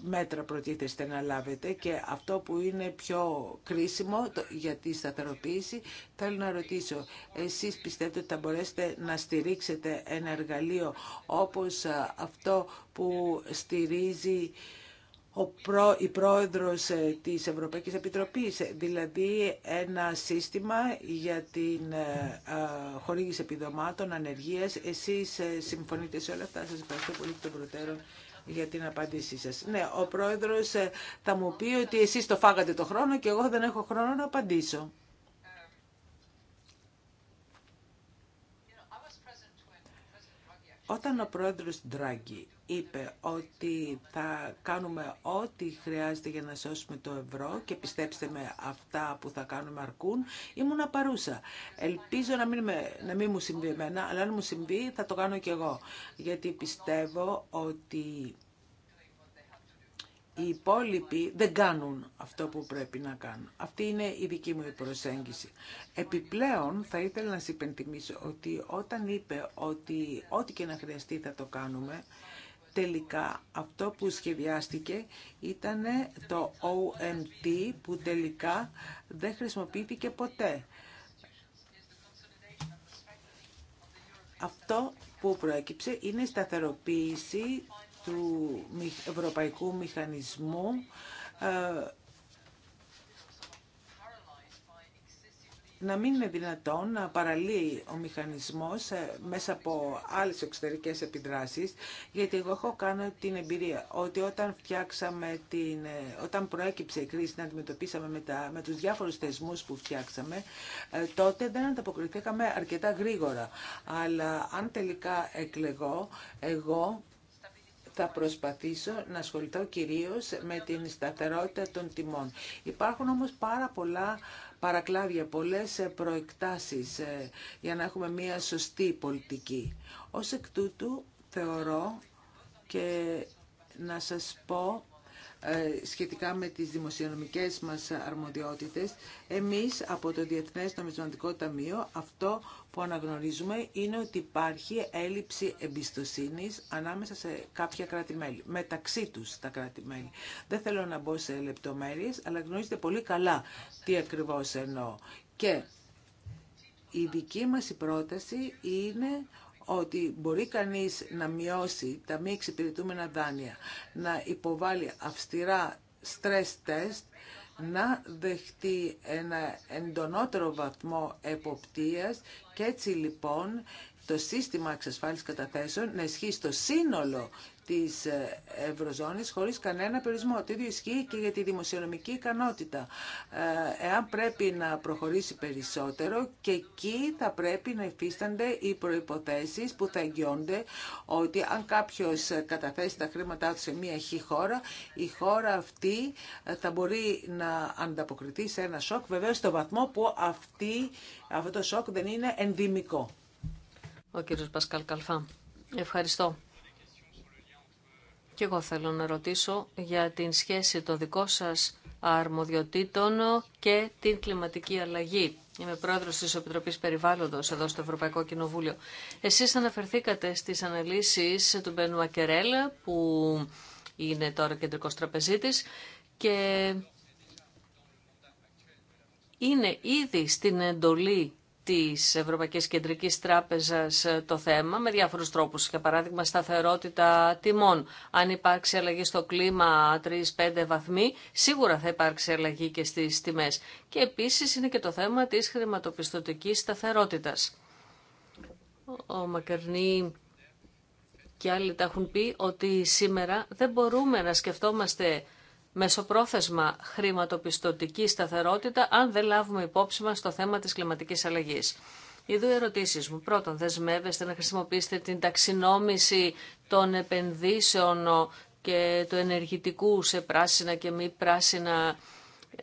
μέτρα προτίθεστε να λάβετε και αυτό που είναι πιο κρίσιμο για τη σταθεροποίηση, θέλω να ρωτήσω, εσείς πιστεύετε ότι θα μπορέσετε να στηρίξετε ένα εργαλείο όπως ε, αυτό που στηρίζει ο προ, η πρόεδρος ε, της Ευρωπαϊκής Επιτροπής, ε, δηλαδή ένα σύστημα για την ε, χορήγηση επιδομάτων, ανεργίας. Εσείς συμφωνείτε σε όλα αυτά. Σας ευχαριστώ πολύ τον προτέρων για την απάντησή σας. Ναι, ο πρόεδρος θα μου πει ότι εσείς το φάγατε το χρόνο και εγώ δεν έχω χρόνο να απαντήσω. Όταν ο πρόεδρος Ντράγκη είπε ότι θα κάνουμε ό,τι χρειάζεται για να σώσουμε το ευρώ και πιστέψτε με αυτά που θα κάνουμε αρκούν, ήμουνα παρούσα. Ελπίζω να μην, να μου συμβεί εμένα, αλλά αν μου συμβεί θα το κάνω κι εγώ. Γιατί πιστεύω ότι οι υπόλοιποι δεν κάνουν αυτό που πρέπει να κάνουν. Αυτή είναι η δική μου προσέγγιση. Επιπλέον θα ήθελα να σας υπενθυμίσω ότι όταν είπε ότι ό,τι και να χρειαστεί θα το κάνουμε, τελικά αυτό που σχεδιάστηκε ήταν το OMT που τελικά δεν χρησιμοποιήθηκε ποτέ. Αυτό που προέκυψε είναι η σταθεροποίηση του Ευρωπαϊκού Μηχανισμού ε, να μην είναι δυνατόν να παραλύει ο μηχανισμός ε, μέσα από άλλες εξωτερικές επιδράσεις, γιατί εγώ έχω κάνει την εμπειρία ότι όταν φτιάξαμε την, ε, όταν προέκυψε η κρίση να αντιμετωπίσαμε με, τα, με τους διάφορους θεσμούς που φτιάξαμε, ε, τότε δεν ανταποκριθήκαμε αρκετά γρήγορα. Αλλά αν τελικά εκλεγώ, εγώ θα προσπαθήσω να ασχοληθώ κυρίως με την σταθερότητα των τιμών. Υπάρχουν όμως πάρα πολλά παρακλάδια, πολλές ε, προεκτάσεις ε, για να έχουμε μια σωστή πολιτική. Ως εκ τούτου θεωρώ και να σας πω ε, σχετικά με τις δημοσιονομικές μας αρμοδιότητες. Εμείς από το Διεθνές Νομισματικό Ταμείο αυτό που αναγνωρίζουμε είναι ότι υπάρχει έλλειψη εμπιστοσύνης ανάμεσα σε κάποια κράτη-μέλη, μεταξύ τους τα κράτη-μέλη. Δεν θέλω να μπω σε λεπτομέρειες, αλλά γνωρίζετε πολύ καλά τι ακριβώς εννοώ. Και η δική μας η πρόταση είναι ότι μπορεί κανείς να μειώσει τα μη εξυπηρετούμενα δάνεια, να υποβάλει αυστηρά stress test, να δεχτεί ένα εντονότερο βαθμό εποπτείας και έτσι λοιπόν το σύστημα εξασφάλισης καταθέσεων να ισχύει στο σύνολο της ε, Ευρωζώνης χωρίς κανένα περιορισμό. Το ίδιο ισχύει και για τη δημοσιονομική ικανότητα. Ε, εάν πρέπει να προχωρήσει περισσότερο και εκεί θα πρέπει να υφίστανται οι προϋποθέσεις που θα εγγυώνται ότι αν κάποιος καταθέσει τα χρήματά του σε μία χή χώρα, η χώρα αυτή ε, θα μπορεί να ανταποκριθεί σε ένα σοκ, βεβαίως στο βαθμό που αυτή, αυτό το σοκ δεν είναι ενδυμικό.
Ο κύριος Πασκάλ Καλφά. Ευχαριστώ. Και εγώ θέλω να ρωτήσω για την σχέση των δικών σας αρμοδιοτήτων και την κλιματική αλλαγή. Είμαι πρόεδρος της Επιτροπής Περιβάλλοντος εδώ στο Ευρωπαϊκό Κοινοβούλιο. Εσείς αναφερθήκατε στις αναλύσεις του Μπένου Ακερέλ, που είναι τώρα κεντρικός τραπεζίτης, και είναι ήδη στην εντολή της Ευρωπαϊκής Κεντρικής Τράπεζας ε, το θέμα με διάφορους τρόπους. Για παράδειγμα σταθερότητα τιμών. Αν υπάρξει αλλαγή στο κλίμα 3-5 βαθμοί, σίγουρα θα υπάρξει αλλαγή και στις τιμές. Και επίσης είναι και το θέμα της χρηματοπιστωτικής σταθερότητας. Ο Μακερνή και άλλοι τα έχουν πει ότι σήμερα δεν μπορούμε να σκεφτόμαστε μεσοπρόθεσμα χρηματοπιστωτική σταθερότητα αν δεν λάβουμε υπόψη μας το θέμα της κλιματικής αλλαγής. Οι δύο ερωτήσεις μου. Πρώτον, δεσμεύεστε να χρησιμοποιήσετε την ταξινόμηση των επενδύσεων και του ενεργητικού σε πράσινα και μη πράσινα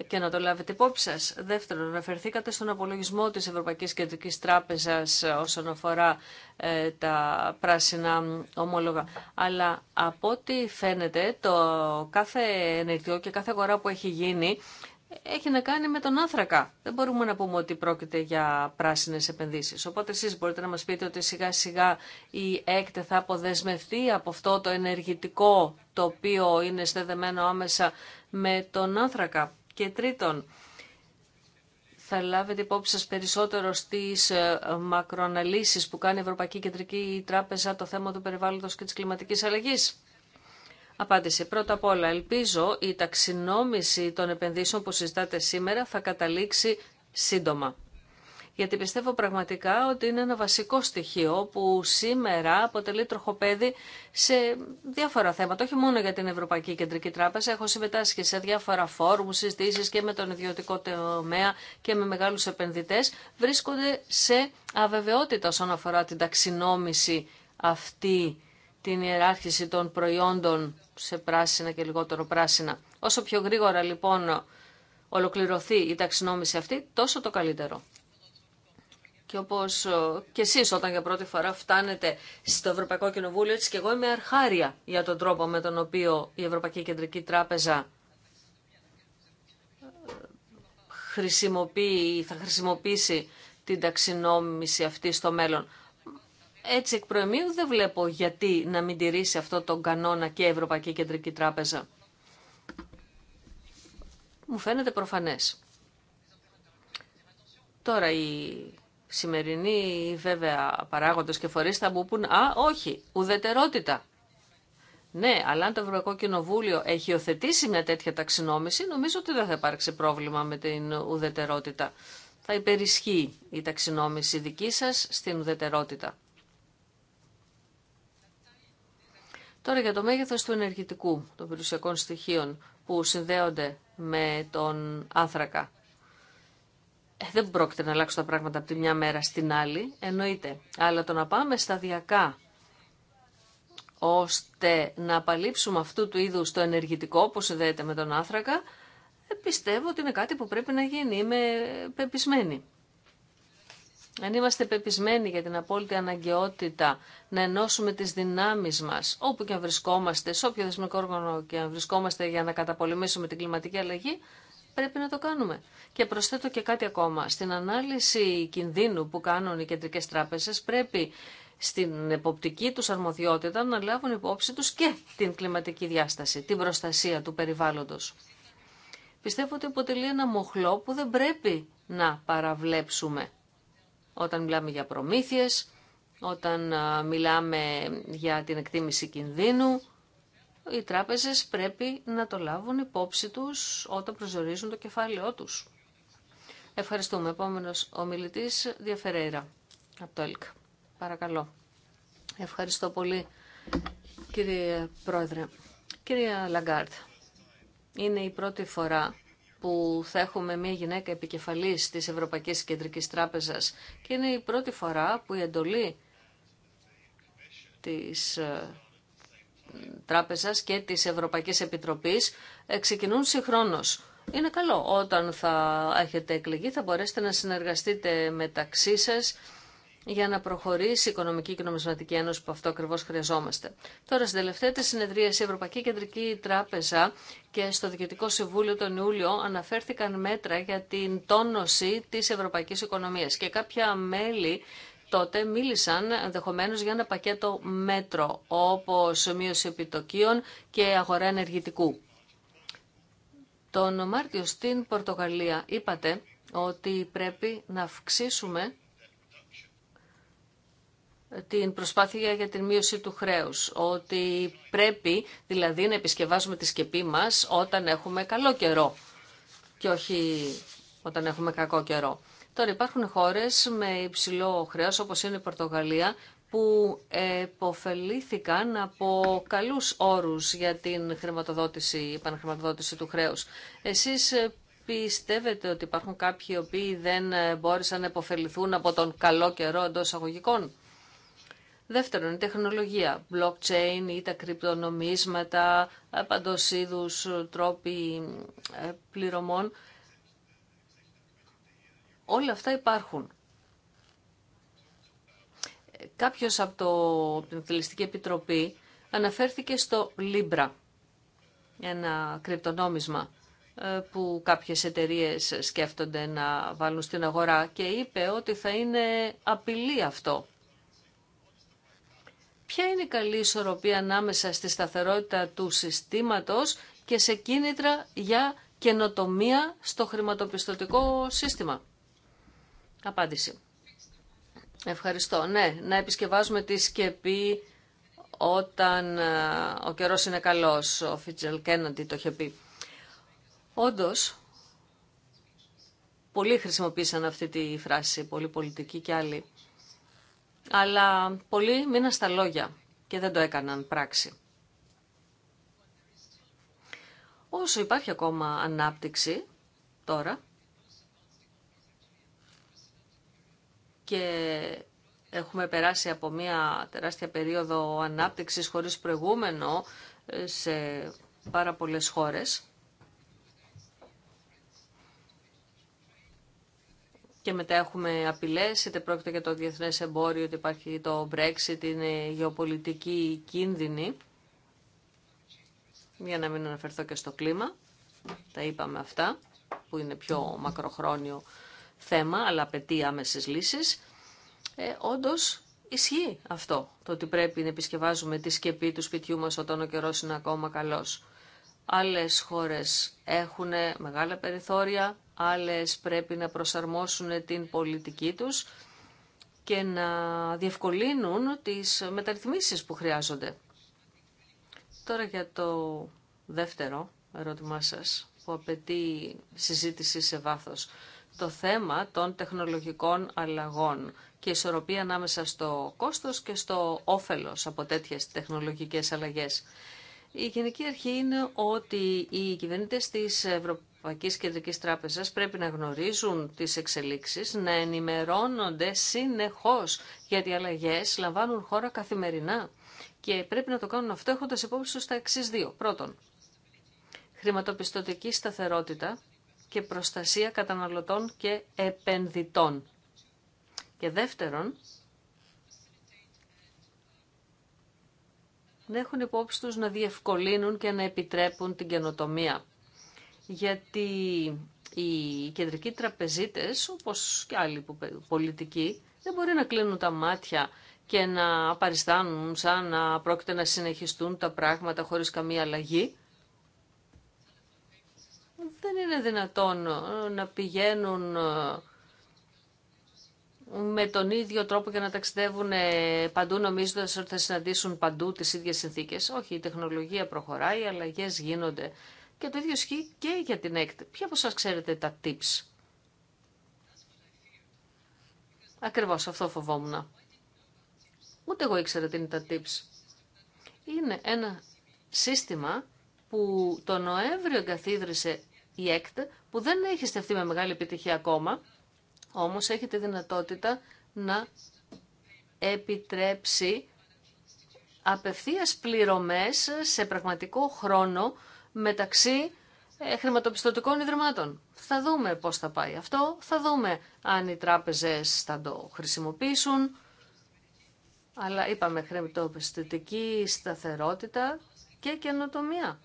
και να το λάβετε υπόψη σα. Δεύτερον, αναφερθήκατε στον απολογισμό τη Ευρωπαϊκή Κεντρική Τράπεζα ε, όσον αφορά ε, τα πράσινα ομόλογα. Αλλά από ό,τι φαίνεται, το κάθε ενεργειό και κάθε αγορά που έχει γίνει έχει να κάνει με τον άνθρακα. Δεν μπορούμε να πούμε ότι πρόκειται για πράσινε επενδύσει. Οπότε εσεί μπορείτε να μα πείτε ότι σιγά σιγά η ΕΚΤΕ θα αποδεσμευτεί από αυτό το ενεργητικό το οποίο είναι στεδεμένο άμεσα με τον άνθρακα. Και τρίτον, θα λάβετε υπόψη σας περισσότερο στις ε, μακροαναλύσεις που κάνει η Ευρωπαϊκή Κεντρική Τράπεζα το θέμα του περιβάλλοντος και της κλιματικής αλλαγής. Απάντηση. Πρώτα απ' όλα, ελπίζω η ταξινόμηση των επενδύσεων που συζητάτε σήμερα θα καταλήξει σύντομα γιατί πιστεύω πραγματικά ότι είναι ένα βασικό στοιχείο που σήμερα αποτελεί τροχοπέδι σε διάφορα θέματα, όχι μόνο για την Ευρωπαϊκή Κεντρική Τράπεζα. Έχω συμμετάσχει σε διάφορα φόρουμ, συζητήσει και με τον ιδιωτικό τομέα και με μεγάλου επενδυτέ. Βρίσκονται σε αβεβαιότητα όσον αφορά την ταξινόμηση αυτή την ιεράρχηση των προϊόντων σε πράσινα και λιγότερο πράσινα. Όσο πιο γρήγορα λοιπόν ολοκληρωθεί η ταξινόμηση αυτή, τόσο το καλύτερο και όπω ε, και εσεί, όταν για πρώτη φορά φτάνετε στο Ευρωπαϊκό Κοινοβούλιο, έτσι και εγώ είμαι αρχάρια για τον τρόπο με τον οποίο η Ευρωπαϊκή Κεντρική Τράπεζα ε, χρησιμοποιεί, θα χρησιμοποιήσει την ταξινόμηση αυτή στο μέλλον. Έτσι εκ προημίου δεν βλέπω γιατί να μην τηρήσει αυτό τον κανόνα και η Ευρωπαϊκή Κεντρική Τράπεζα. Μου φαίνεται προφανές. Τώρα η σημερινοί βέβαια παράγοντες και φορείς θα μου πούν «Α, όχι, ουδετερότητα». Ναι, αλλά αν το Ευρωπαϊκό Κοινοβούλιο έχει υιοθετήσει μια τέτοια ταξινόμηση, νομίζω ότι δεν θα υπάρξει πρόβλημα με την ουδετερότητα. Θα υπερισχύει η ταξινόμηση δική σας στην ουδετερότητα. Τώρα για το μέγεθος του ενεργητικού των περιουσιακών στοιχείων που συνδέονται με τον άνθρακα. Ε, δεν πρόκειται να αλλάξουν τα πράγματα από τη μια μέρα στην άλλη, εννοείται. Αλλά το να πάμε σταδιακά ώστε να απαλείψουμε αυτού του είδου το ενεργητικό όπω συνδέεται με τον άνθρακα, ε, πιστεύω ότι είναι κάτι που πρέπει να γίνει. Είμαι πεπισμένη. Αν είμαστε πεπισμένοι για την απόλυτη αναγκαιότητα να ενώσουμε τις δυνάμεις μας όπου και αν βρισκόμαστε, σε όποιο δεσμικό όργανο και αν βρισκόμαστε για να καταπολεμήσουμε την κλιματική αλλαγή, πρέπει να το κάνουμε. Και προσθέτω και κάτι ακόμα. Στην ανάλυση κινδύνου που κάνουν οι κεντρικές τράπεζες πρέπει στην εποπτική τους αρμοδιότητα να λάβουν υπόψη τους και την κλιματική διάσταση, την προστασία του περιβάλλοντος. Πιστεύω ότι αποτελεί ένα μοχλό που δεν πρέπει να παραβλέψουμε όταν μιλάμε για προμήθειες, όταν μιλάμε για την εκτίμηση κινδύνου, οι τράπεζες πρέπει να το λάβουν υπόψη τους όταν προσδιορίζουν το κεφάλαιό τους. Ευχαριστούμε. Επόμενος ο μιλητής Διαφερέιρα από το ΕΛΚ. Παρακαλώ. Ευχαριστώ πολύ κύριε Πρόεδρε. Κύριε Λαγκάρτ, είναι η πρώτη φορά που θα έχουμε μια γυναίκα επικεφαλής της Ευρωπαϊκής Κεντρικής Τράπεζας και είναι η πρώτη φορά που η εντολή της ε, Τράπεζας και της Ευρωπαϊκής Επιτροπής ε, ξεκινούν συγχρόνως. Είναι καλό. Όταν θα έχετε εκλεγεί θα μπορέσετε να συνεργαστείτε μεταξύ σας για να προχωρήσει η Οικονομική και Νομισματική Ένωση που αυτό ακριβώ χρειαζόμαστε. Τώρα, στην τελευταία τη συνεδρία, η Ευρωπαϊκή Κεντρική Τράπεζα και στο Διοικητικό Συμβούλιο τον Ιούλιο αναφέρθηκαν μέτρα για την τόνωση τη ευρωπαϊκή οικονομία. Και κάποια μέλη τότε μίλησαν ενδεχομένω για ένα πακέτο μέτρο, όπως μείωση επιτοκίων και αγορά ενεργητικού. Τον Μάρτιο στην Πορτογαλία είπατε ότι πρέπει να αυξήσουμε την προσπάθεια για την μείωση του χρέους, ότι πρέπει δηλαδή να επισκευάζουμε τη σκεπή μας όταν έχουμε καλό καιρό και όχι όταν έχουμε κακό καιρό. Τώρα υπάρχουν χώρες με υψηλό χρέος όπως είναι η Πορτογαλία που εποφελήθηκαν από καλούς όρους για την χρηματοδότηση, επαναχρηματοδότηση του χρέους. Εσείς πιστεύετε ότι υπάρχουν κάποιοι οι οποίοι δεν μπόρεσαν να επωφεληθούν από τον καλό καιρό εντό αγωγικών. Δεύτερον, η τεχνολογία, blockchain ή τα κρυπτονομίσματα, ε, παντός είδους τρόποι ε, πληρωμών Όλα αυτά υπάρχουν. Κάποιος από, το, από την Εκτελεστική Επιτροπή αναφέρθηκε στο Libra, ένα κρυπτονόμισμα ε, που κάποιες εταιρείες σκέφτονται να βάλουν στην αγορά και είπε ότι θα είναι απειλή αυτό. Ποια είναι η καλή ισορροπία ανάμεσα στη σταθερότητα του συστήματος και σε κίνητρα για καινοτομία στο χρηματοπιστωτικό σύστημα. Απάντηση. Ευχαριστώ. Ναι, να επισκευάζουμε τη σκεπή όταν ε, ο καιρός είναι καλός. Ο Φιτζελ Κέναντι το είχε πει. Όντως, πολλοί χρησιμοποίησαν αυτή τη φράση, πολύ πολιτικοί και άλλοι. Αλλά πολλοί μείναν στα λόγια και δεν το έκαναν πράξη. Όσο υπάρχει ακόμα ανάπτυξη τώρα, και έχουμε περάσει από μια τεράστια περίοδο ανάπτυξης χωρίς προηγούμενο ε, σε πάρα πολλές χώρες. Και μετά έχουμε απειλές, είτε πρόκειται για το διεθνές εμπόριο, είτε υπάρχει το Brexit, είναι γεωπολιτική κίνδυνη. Για να μην αναφερθώ και στο κλίμα, τα είπαμε αυτά, που είναι πιο μακροχρόνιο θέμα, αλλά απαιτεί άμεσες λύσεις, ε, όντως ισχύει αυτό, το ότι πρέπει να επισκευάζουμε τη σκεπή του σπιτιού μας όταν ο καιρό είναι ακόμα καλός. Άλλες χώρες έχουν μεγάλα περιθώρια, άλλες πρέπει να προσαρμόσουν την πολιτική τους και να διευκολύνουν τις μεταρρυθμίσεις που χρειάζονται. Τώρα για το δεύτερο ερώτημά σας που απαιτεί συζήτηση σε βάθος το θέμα των τεχνολογικών αλλαγών και ισορροπία ανάμεσα στο κόστος και στο όφελος από τέτοιες τεχνολογικές αλλαγές. Η γενική αρχή είναι ότι οι κυβερνήτες της Ευρωπαϊκής Κεντρικής Τράπεζας πρέπει να γνωρίζουν τις εξελίξεις, να ενημερώνονται συνεχώς, γιατί οι αλλαγές λαμβάνουν χώρα καθημερινά και πρέπει να το κάνουν αυτό έχοντας υπόψη στα εξή δύο. Πρώτον, χρηματοπιστωτική σταθερότητα και προστασία καταναλωτών και επενδυτών. Και δεύτερον, να έχουν υπόψη τους να διευκολύνουν και να επιτρέπουν την καινοτομία. Γιατί οι κεντρικοί τραπεζίτες, όπως και άλλοι πολιτικοί, δεν μπορεί να κλείνουν τα μάτια και να παριστάνουν σαν να πρόκειται να συνεχιστούν τα πράγματα χωρίς καμία αλλαγή δεν είναι δυνατόν ε, να πηγαίνουν ε, με τον ίδιο τρόπο και να ταξιδεύουν ε, παντού νομίζοντας ότι θα συναντήσουν παντού τις ίδιες συνθήκες. Όχι, η τεχνολογία προχωράει, οι αλλαγές γίνονται. Και το ίδιο ισχύει και για την έκτη. Ποια από σας ξέρετε τα tips. Ακριβώς αυτό φοβόμουν. Ούτε εγώ ήξερα τι είναι τα tips. Είναι ένα σύστημα που το Νοέμβριο εγκαθίδρυσε η ΕΚΤ που δεν έχει στεφθεί με μεγάλη επιτυχία ακόμα, όμως έχει τη δυνατότητα να επιτρέψει απευθείας πληρωμές σε πραγματικό χρόνο μεταξύ ε, χρηματοπιστωτικών ιδρυμάτων. Θα δούμε πώς θα πάει αυτό, θα δούμε αν οι τράπεζες θα το χρησιμοποιήσουν, αλλά είπαμε χρηματοπιστωτική σταθερότητα και καινοτομία.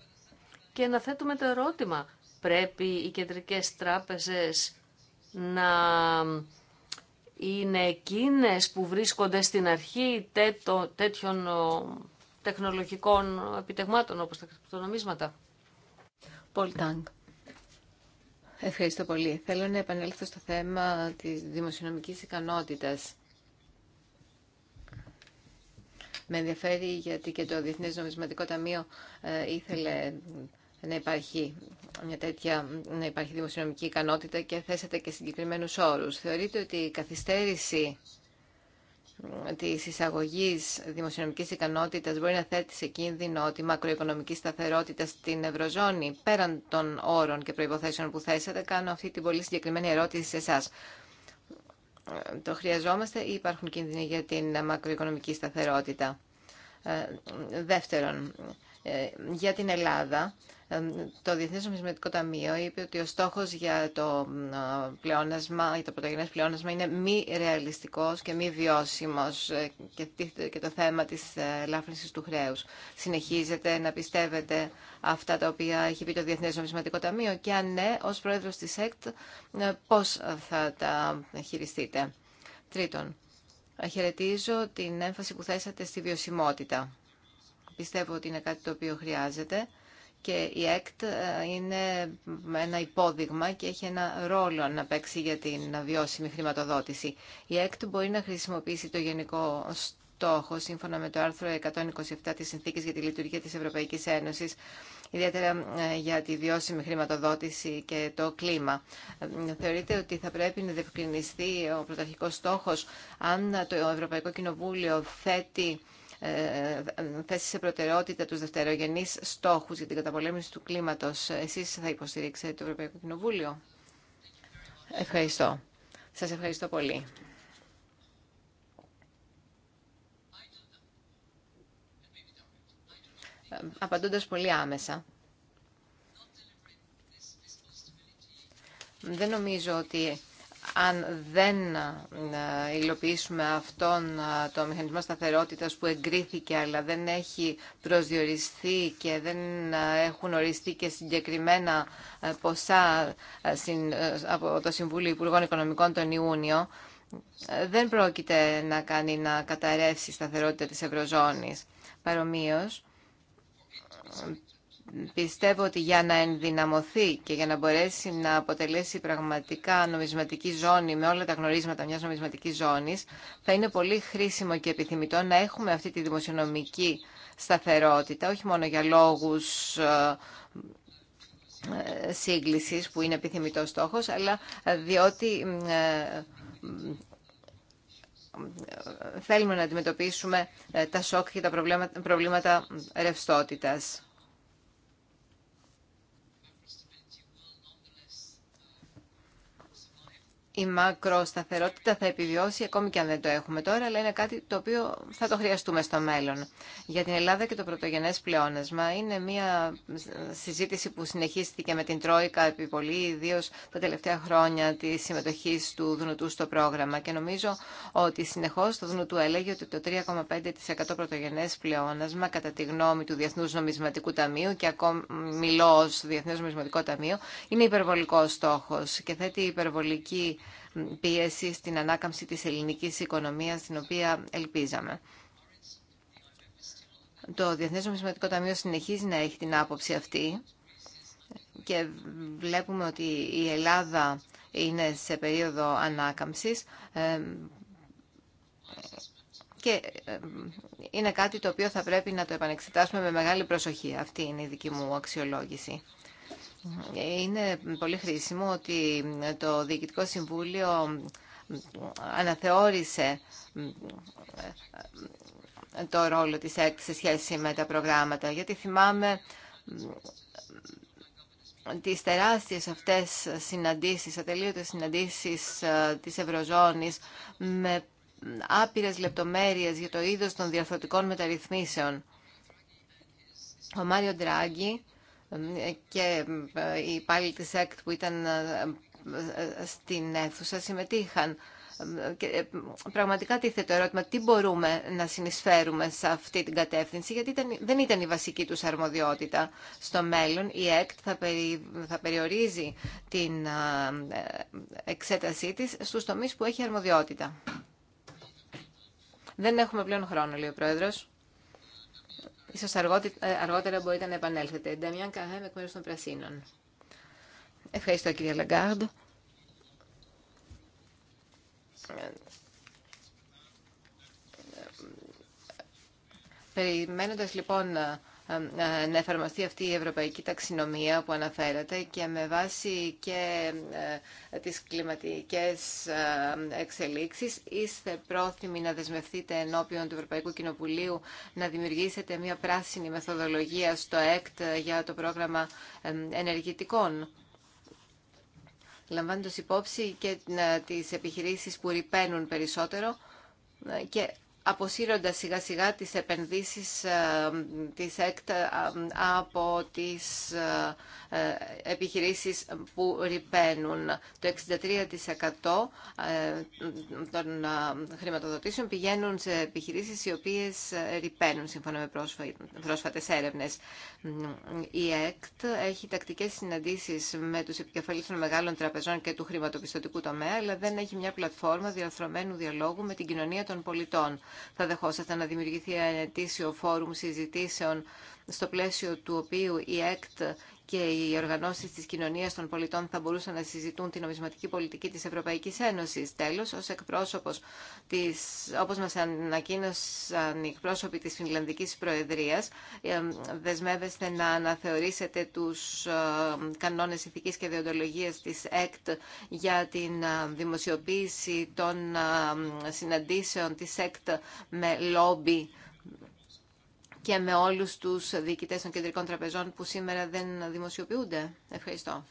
Και να θέτουμε το ερώτημα, πρέπει οι κεντρικές τράπεζες να είναι εκείνες που βρίσκονται στην αρχή τέτοιων τεχνολογικών επιτεγμάτων όπως τα κρυπτονομίσματα. Πολ Τάγκ. Ευχαριστώ πολύ.
Θέλω να επανέλθω στο θέμα της δημοσιονομικής ικανότητας. Με ενδιαφέρει γιατί και το Διεθνές Νομισματικό Ταμείο ε, ήθελε να υπάρχει μια τέτοια, να υπάρχει δημοσιονομική ικανότητα και θέσατε και συγκεκριμένου όρου. Θεωρείτε ότι η καθυστέρηση τη εισαγωγή δημοσιονομική ικανότητα μπορεί να θέτει σε κίνδυνο τη μακροοικονομική σταθερότητα στην Ευρωζώνη πέραν των όρων και προποθέσεων που θέσατε. Κάνω αυτή την πολύ συγκεκριμένη ερώτηση σε εσά. Το χρειαζόμαστε ή υπάρχουν κίνδυνοι για την μακροοικονομική σταθερότητα. Ε, δεύτερον, ε, για την Ελλάδα, ε, το Διεθνές Νομισματικό Ταμείο είπε ότι ο στόχος για το, ε, πλεόνασμα, για το πλεόνασμα είναι μη ρεαλιστικός και μη βιώσιμος και, και το θέμα της ελάφρυνση του χρέους. Συνεχίζετε να πιστεύετε αυτά τα οποία έχει πει το Διεθνές Νομισματικό Ταμείο και αν ναι, ως πρόεδρος της ΕΚΤ, Πώ θα τα χειριστείτε. Τρίτον, χαιρετίζω την έμφαση που θέσατε στη βιωσιμότητα. Πιστεύω ότι είναι κάτι το οποίο χρειάζεται και η ΕΚΤ ε, είναι ένα υπόδειγμα και έχει ένα ρόλο να παίξει για την βιώσιμη χρηματοδότηση. Η ΕΚΤ μπορεί να χρησιμοποιήσει το γενικό στόχο σύμφωνα με το άρθρο 127 της Συνθήκης για τη Λειτουργία της Ευρωπαϊκής Ένωσης ιδιαίτερα ε, για τη βιώσιμη χρηματοδότηση και το κλίμα. Θεωρείτε ότι θα πρέπει να διευκρινιστεί ο πρωταρχικός στόχος αν το Ευρωπαϊκό Κοινοβούλιο θέτει ε, θέσει σε προτεραιότητα τους δευτερογενείς στόχους για την καταπολέμηση του κλίματος. Εσείς θα υποστηρίξετε το Ευρωπαϊκό Κοινοβούλιο. Ευχαριστώ. Σας ευχαριστώ πολύ. Απαντώντα πολύ άμεσα, δεν νομίζω ότι αν δεν ε, υλοποιήσουμε αυτόν ε, το μηχανισμό σταθερότητας που εγκρίθηκε αλλά δεν έχει προσδιοριστεί και δεν ε, έχουν οριστεί και συγκεκριμένα ποσά από το Συμβούλιο Υπουργών Οικονομικών τον Ιούνιο, δεν πρόκειται να κάνει να καταρρεύσει η σταθερότητα της Ευρωζώνης. Παρομοίως, Πιστεύω ότι για να ενδυναμωθεί και για να μπορέσει να αποτελέσει πραγματικά νομισματική ζώνη με όλα τα γνωρίσματα μιας νομισματικής ζώνης, θα είναι πολύ χρήσιμο και επιθυμητό να έχουμε αυτή τη δημοσιονομική σταθερότητα, όχι μόνο για λόγους ε, ε, σύγκλησης που είναι επιθυμητό στόχος, αλλά διότι ε, θέλουμε να αντιμετωπίσουμε τα σοκ και τα προβλήματα, προβλήματα ρευστότητας. η μακροσταθερότητα θα επιβιώσει ακόμη και αν δεν το έχουμε τώρα, αλλά είναι κάτι το οποίο θα το χρειαστούμε στο μέλλον. Για την Ελλάδα και το πρωτογενέ πλεόνασμα είναι μια συζήτηση που συνεχίστηκε με την Τρόικα επί πολύ, ιδίω τα τελευταία χρόνια τη συμμετοχή του Δουνουτού στο πρόγραμμα. Και νομίζω ότι συνεχώ το Δουνουτού έλεγε ότι το 3,5% πρωτογενέ πλεόνασμα, κατά τη γνώμη του Διεθνού Νομισματικού Ταμείου και ακόμη μιλώ ω Διεθνέ Νομισματικό Ταμείο, είναι υπερβολικό στόχο και θέτει υπερβολική πίεση στην ανάκαμψη της ελληνικής οικονομίας, την οποία ελπίζαμε. Το Διεθνές Νομισματικό Ταμείο συνεχίζει να έχει την άποψη αυτή και βλέπουμε ότι η Ελλάδα είναι σε περίοδο ανάκαμψης ε, και ε, είναι κάτι το οποίο θα πρέπει να το επανεξετάσουμε με μεγάλη προσοχή. Αυτή είναι η δική μου αξιολόγηση. Ε, είναι πολύ χρήσιμο ότι το Διοικητικό Συμβούλιο αναθεώρησε ε, το ρόλο της ΕΚΤ σε σχέση με τα προγράμματα, γιατί θυμάμαι ε, τις τεράστιες αυτές συναντήσεις, ατελείωτες συναντήσεις της Ευρωζώνης με άπειρες λεπτομέρειες για το είδος των διαρθρωτικών μεταρρυθμίσεων. Ο Μάριο Ντράγκη και ε, οι υπάλληλοι της ΕΚΤ που ήταν ε, ε, στην αίθουσα συμμετείχαν. Και πραγματικά τίθεται το ερώτημα τι μπορούμε να συνεισφέρουμε σε αυτή την κατεύθυνση, γιατί δεν ήταν η βασική τους αρμοδιότητα. Στο μέλλον η ΕΚΤ θα, θα περιορίζει την εξέτασή της στους τομείς που έχει αρμοδιότητα. Δεν έχουμε πλέον χρόνο, λέει ο Πρόεδρος. Ίσως ε, αργότερα μπορείτε να επανέλθετε. Νταμιάν καρέ εκ μέρους των Πρασίνων. Ευχαριστώ, κυρία Λαγκάρντ. Περιμένοντας λοιπόν ε, ε, να εφαρμοστεί αυτή η ευρωπαϊκή ταξινομία που αναφέρατε και με βάση και ε, τις κλιματικές εξελίξεις είστε πρόθυμοι να δεσμευτείτε ενώπιον του Ευρωπαϊκού Κοινοβουλίου να δημιουργήσετε μια πράσινη μεθοδολογία στο ΕΚΤ για το πρόγραμμα ενεργητικών λαμβάνοντας υπόψη και τις επιχειρήσεις που ρηπαίνουν περισσότερο και αποσύροντας σιγά σιγά τις επενδύσεις ε, της ΕΚΤ ε, από τις ε, επιχειρήσεις που ρηπαίνουν. Το 63% των χρηματοδοτήσεων πηγαίνουν σε επιχειρήσεις οι οποίες ρηπαίνουν, σύμφωνα με πρόσφατες έρευνες. Η ΕΚΤ έχει τακτικές συναντήσεις με τους επικεφαλής των μεγάλων τραπεζών και του χρηματοπιστωτικού τομέα, αλλά δεν έχει μια πλατφόρμα διαρθρωμένου διαλόγου με την κοινωνία των πολιτών θα δεχόσατε να δημιουργηθεί ένα ετήσιο φόρουμ συζητήσεων στο πλαίσιο του οποίου η ΕΚΤ και οι οργανώσεις της κοινωνίας των πολιτών θα μπορούσαν να συζητούν την νομισματική πολιτική της Ευρωπαϊκής Ένωσης. Τέλος, ως εκπρόσωπος της, όπως μας ανακοίνωσαν οι εκπρόσωποι της Φινλανδική Προεδρίας, ε, δεσμεύεστε να αναθεωρήσετε τους ε, κανόνες ηθικής και διοντολογία της ΕΚΤ για την ε, δημοσιοποίηση των συναντήσεων τη ΕΚΤ με λόμπι και με όλους τους διοικητές των κεντρικών τραπεζών που σήμερα δεν δημοσιοποιούνται. Ευχαριστώ.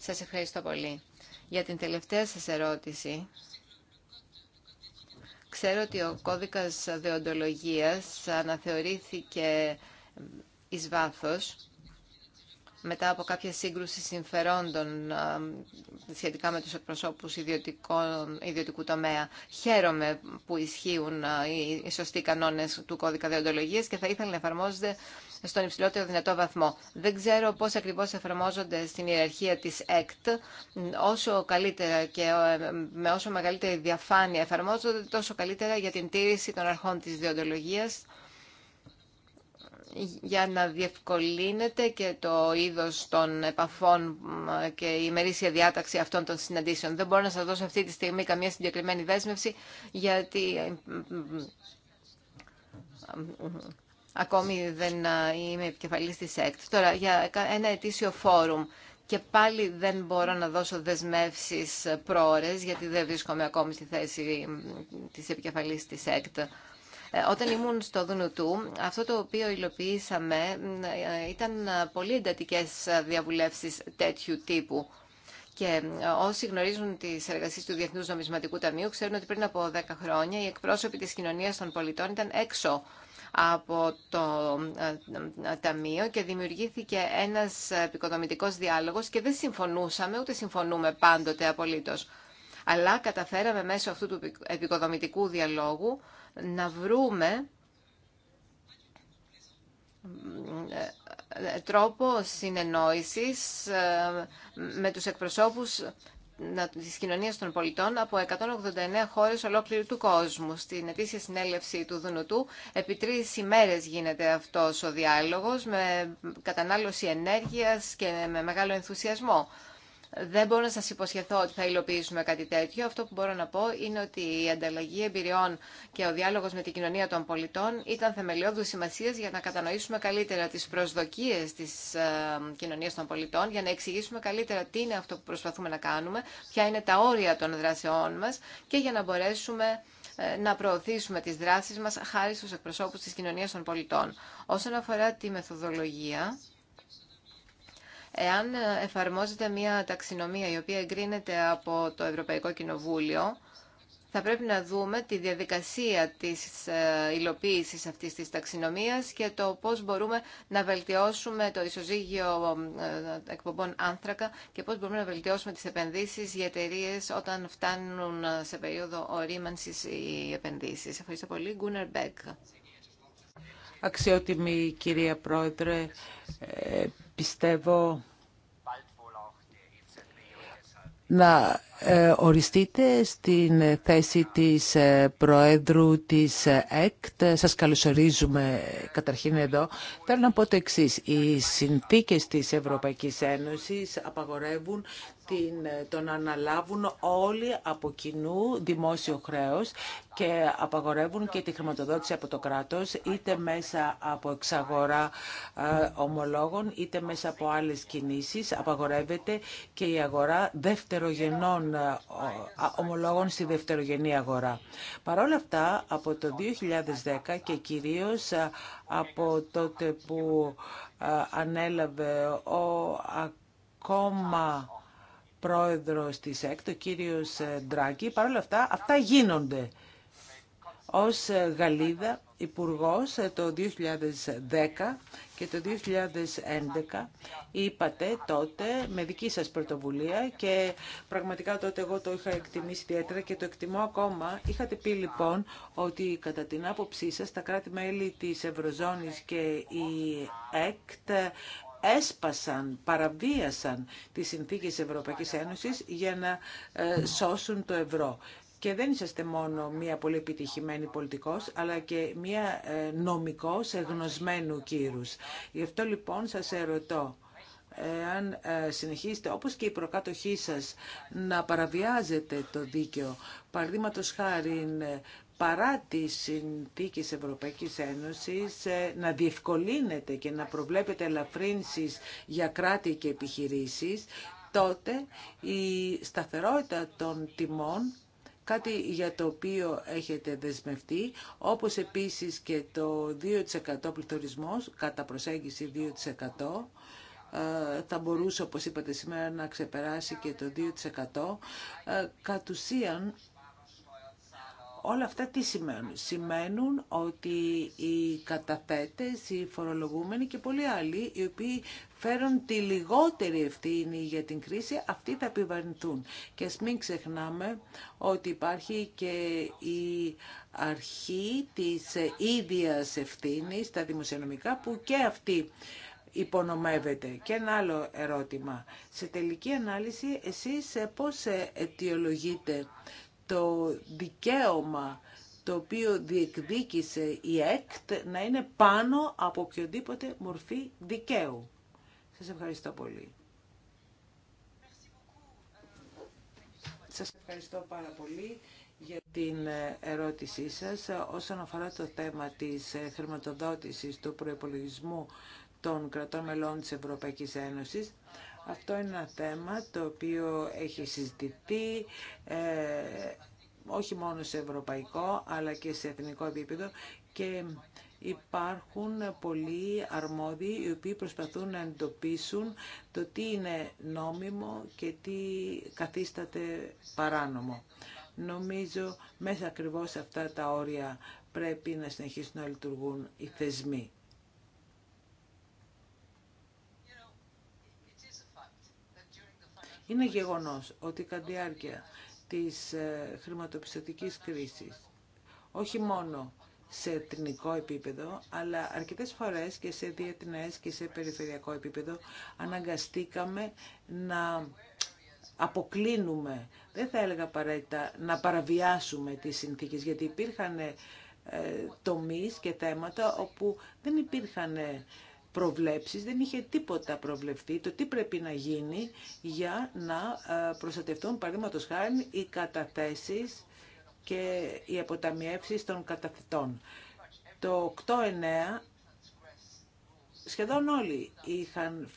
Σας ευχαριστώ πολύ. Για την τελευταία σας ερώτηση, ξέρω ότι ο κώδικας δεοντολογίας αναθεωρήθηκε εις βάθος μετά από κάποια σύγκρουση συμφερόντων σχετικά με τους εκπροσώπους ιδιωτικού τομέα. Χαίρομαι που ισχύουν οι σωστοί κανόνες του κώδικα διοντολογίας και θα ήθελα να εφαρμόζονται στον υψηλότερο δυνατό βαθμό. Δεν ξέρω πώς ακριβώς εφαρμόζονται στην ιεραρχία της ΕΚΤ. Όσο καλύτερα και ε, με όσο μεγαλύτερη διαφάνεια εφαρμόζονται, τόσο καλύτερα για την τήρηση των αρχών της διοντολογίας για να διευκολύνεται και το είδος των επαφών και η ημερήσια διάταξη αυτών των συναντήσεων. Δεν μπορώ να σας δώσω αυτή τη στιγμή καμία συγκεκριμένη δέσμευση, γιατί ε, ακόμη δεν ε, είμαι επικεφαλής της ΕΚΤ. Τώρα, για ένα ετήσιο φόρουμ. Και πάλι δεν μπορώ να δώσω δεσμεύσεις πρόορες, γιατί δεν βρίσκομαι ακόμη στη θέση της επικεφαλής της ΕΚΤ. Ε, όταν ήμουν στο Δουνουτού, αυτό το οποίο υλοποιήσαμε ε, ήταν ε, πολύ εντατικέ διαβουλεύσει τέτοιου τύπου. Και όσοι γνωρίζουν τι εργασίε του Διεθνού Νομισματικού Ταμείου ξέρουν ότι πριν από 10 χρόνια οι εκπρόσωποι τη κοινωνία των πολιτών ήταν έξω από το Ταμείο και δημιουργήθηκε ένας επικοδομητικός διάλογος και δεν συμφωνούσαμε ούτε συμφωνούμε πάντοτε απολύτως. Αλλά καταφέραμε μέσω αυτού του επικοδομητικού διαλόγου να βρούμε ε, ε, τρόπο συνεννόησης ε, με τους εκπροσώπους τη κοινωνία των πολιτών από 189 χώρες ολόκληρου του κόσμου. Στην ετήσια συνέλευση του Δουνουτού, επί τρει ημέρες γίνεται αυτός ο διάλογος με κατανάλωση ενέργειας και με μεγάλο ενθουσιασμό. Δεν μπορώ να σας υποσχεθώ ότι θα υλοποιήσουμε κάτι τέτοιο. Αυτό που μπορώ να πω είναι ότι η ανταλλαγή εμπειριών και ο διάλογος με την κοινωνία των πολιτών ήταν θεμελιώδους σημασία για να κατανοήσουμε καλύτερα τις προσδοκίες της ε, κοινωνίας των πολιτών, για να εξηγήσουμε καλύτερα τι είναι αυτό που προσπαθούμε να κάνουμε, ποια είναι τα όρια των δράσεών μας και για να μπορέσουμε ε, να προωθήσουμε τις δράσεις μας χάρη στους εκπροσώπους της κοινωνίας των πολιτών. Όσον αφορά τη μεθοδολογία, Εάν ε, εφαρμόζεται μια ταξινομία η οποία εγκρίνεται από το Ευρωπαϊκό Κοινοβούλιο, θα πρέπει να δούμε τη διαδικασία της ε, υλοποίησης αυτής της ταξινομίας και το πώς μπορούμε να βελτιώσουμε το ισοζύγιο ε, εκπομπών άνθρακα και πώς μπορούμε να βελτιώσουμε τις επενδύσεις για εταιρείε όταν φτάνουν σε περίοδο ορίμανσης οι επενδύσεις. Ευχαριστώ πολύ. Γκούνερ Μπέκ.
Αξιότιμη κυρία Πρόεδρε, ε, πιστεύω να ε, οριστείτε στην θέση της ε, Προέδρου της ε, ΕΚΤ. Σας καλωσορίζουμε καταρχήν εδώ. Θέλω να πω το εξή. Οι συνθήκες της Ευρωπαϊκής Ένωσης απαγορεύουν την, τον αναλάβουν όλοι από κοινού δημόσιο χρέος και απαγορεύουν και τη χρηματοδότηση από το κράτος είτε μέσα από εξαγορά ομολόγων είτε μέσα από άλλες κινήσεις απαγορεύεται και η αγορά δευτερογενών ε, ομολόγων στη δευτερογενή αγορά. Παρ' όλα αυτά, από το 2010 και κυρίως ε, από τότε που ε, ανέλαβε ο ακόμα πρόεδρος της ΕΚ, ο κύριος Ντράγκη, παρ' όλα αυτά, αυτά γίνονται. Ως Γαλλίδα Υπουργό ε, το 2010 και το 2011 είπατε τότε με δική σας πρωτοβουλία και πραγματικά τότε εγώ το είχα εκτιμήσει ιδιαίτερα και το εκτιμώ ακόμα. Είχατε πει λοιπόν ότι κατά την άποψή σας τα κράτη-μέλη της Ευρωζώνης και η ΕΚΤ έσπασαν, παραβίασαν τις συνθήκες Ευρωπαϊκής Ένωσης για να ε, σώσουν το ευρώ και δεν είσαστε μόνο μία πολύ επιτυχημένη πολιτικός, αλλά και μία ε, νομικός εγνωσμένου κύρους. Γι' αυτό λοιπόν σας ερωτώ, αν ε, συνεχίσετε, όπως και η προκάτοχή σας, να παραβιάζετε το δίκαιο, παραδείγματο χάρη ε, παρά τη συνθήκες Ευρωπαϊκής Ένωσης να διευκολύνετε και να προβλέπετε ελαφρύνσεις για κράτη και επιχειρήσεις, τότε η σταθερότητα των τιμών κάτι για το οποίο έχετε δεσμευτεί, όπως επίσης και το 2% πληθωρισμός, κατά προσέγγιση 2%, ε, θα μπορούσε, όπως είπατε σήμερα, να ξεπεράσει και το 2%. Ε, κατ' ουσίαν, Όλα αυτά τι σημαίνουν. Σημαίνουν ότι οι καταθέτες, οι φορολογούμενοι και πολλοί άλλοι, οι οποίοι φέρουν τη λιγότερη ευθύνη για την κρίση, αυτοί θα επιβαρυνθούν. Και ας μην ξεχνάμε ότι υπάρχει και η αρχή της ίδιας ευθύνης στα δημοσιονομικά που και αυτή υπονομεύεται. Και ένα άλλο ερώτημα. Σε τελική ανάλυση, εσείς πώς αιτιολογείτε το δικαίωμα το οποίο διεκδίκησε η ΕΚΤ να είναι πάνω από οποιοδήποτε μορφή δικαίου. Σας ευχαριστώ πολύ. Σας ευχαριστώ πάρα πολύ για την ερώτησή σας όσον αφορά το θέμα της χρηματοδότησης του προϋπολογισμού των κρατών μελών της Ευρωπαϊκής Ένωσης. Αυτό είναι ένα θέμα το οποίο έχει συζητηθεί ε, όχι μόνο σε ευρωπαϊκό αλλά και σε εθνικό επίπεδο και υπάρχουν πολλοί αρμόδιοι οι οποίοι προσπαθούν να εντοπίσουν το τι είναι νόμιμο και τι καθίσταται παράνομο. Νομίζω μέσα ακριβώς αυτά τα όρια πρέπει να συνεχίσουν να λειτουργούν οι θεσμοί. Είναι γεγονός ότι κατά τη διάρκεια της ε, χρηματοπιστωτικής κρίσης, όχι μόνο σε εθνικό επίπεδο, αλλά αρκετές φορές και σε διεθνές και σε περιφερειακό επίπεδο αναγκαστήκαμε να αποκλίνουμε, δεν θα έλεγα απαραίτητα να παραβιάσουμε τις συνθήκες, γιατί υπήρχαν ε, τομείς και θέματα όπου δεν υπήρχαν προβλέψεις, δεν είχε τίποτα προβλεφτεί το τι πρέπει να γίνει για να ε, προστατευτούν παραδείγματος χάρη οι καταθέσεις και οι αποταμιεύσεις των καταθετών. Το 8-9 σχεδόν όλοι είχαν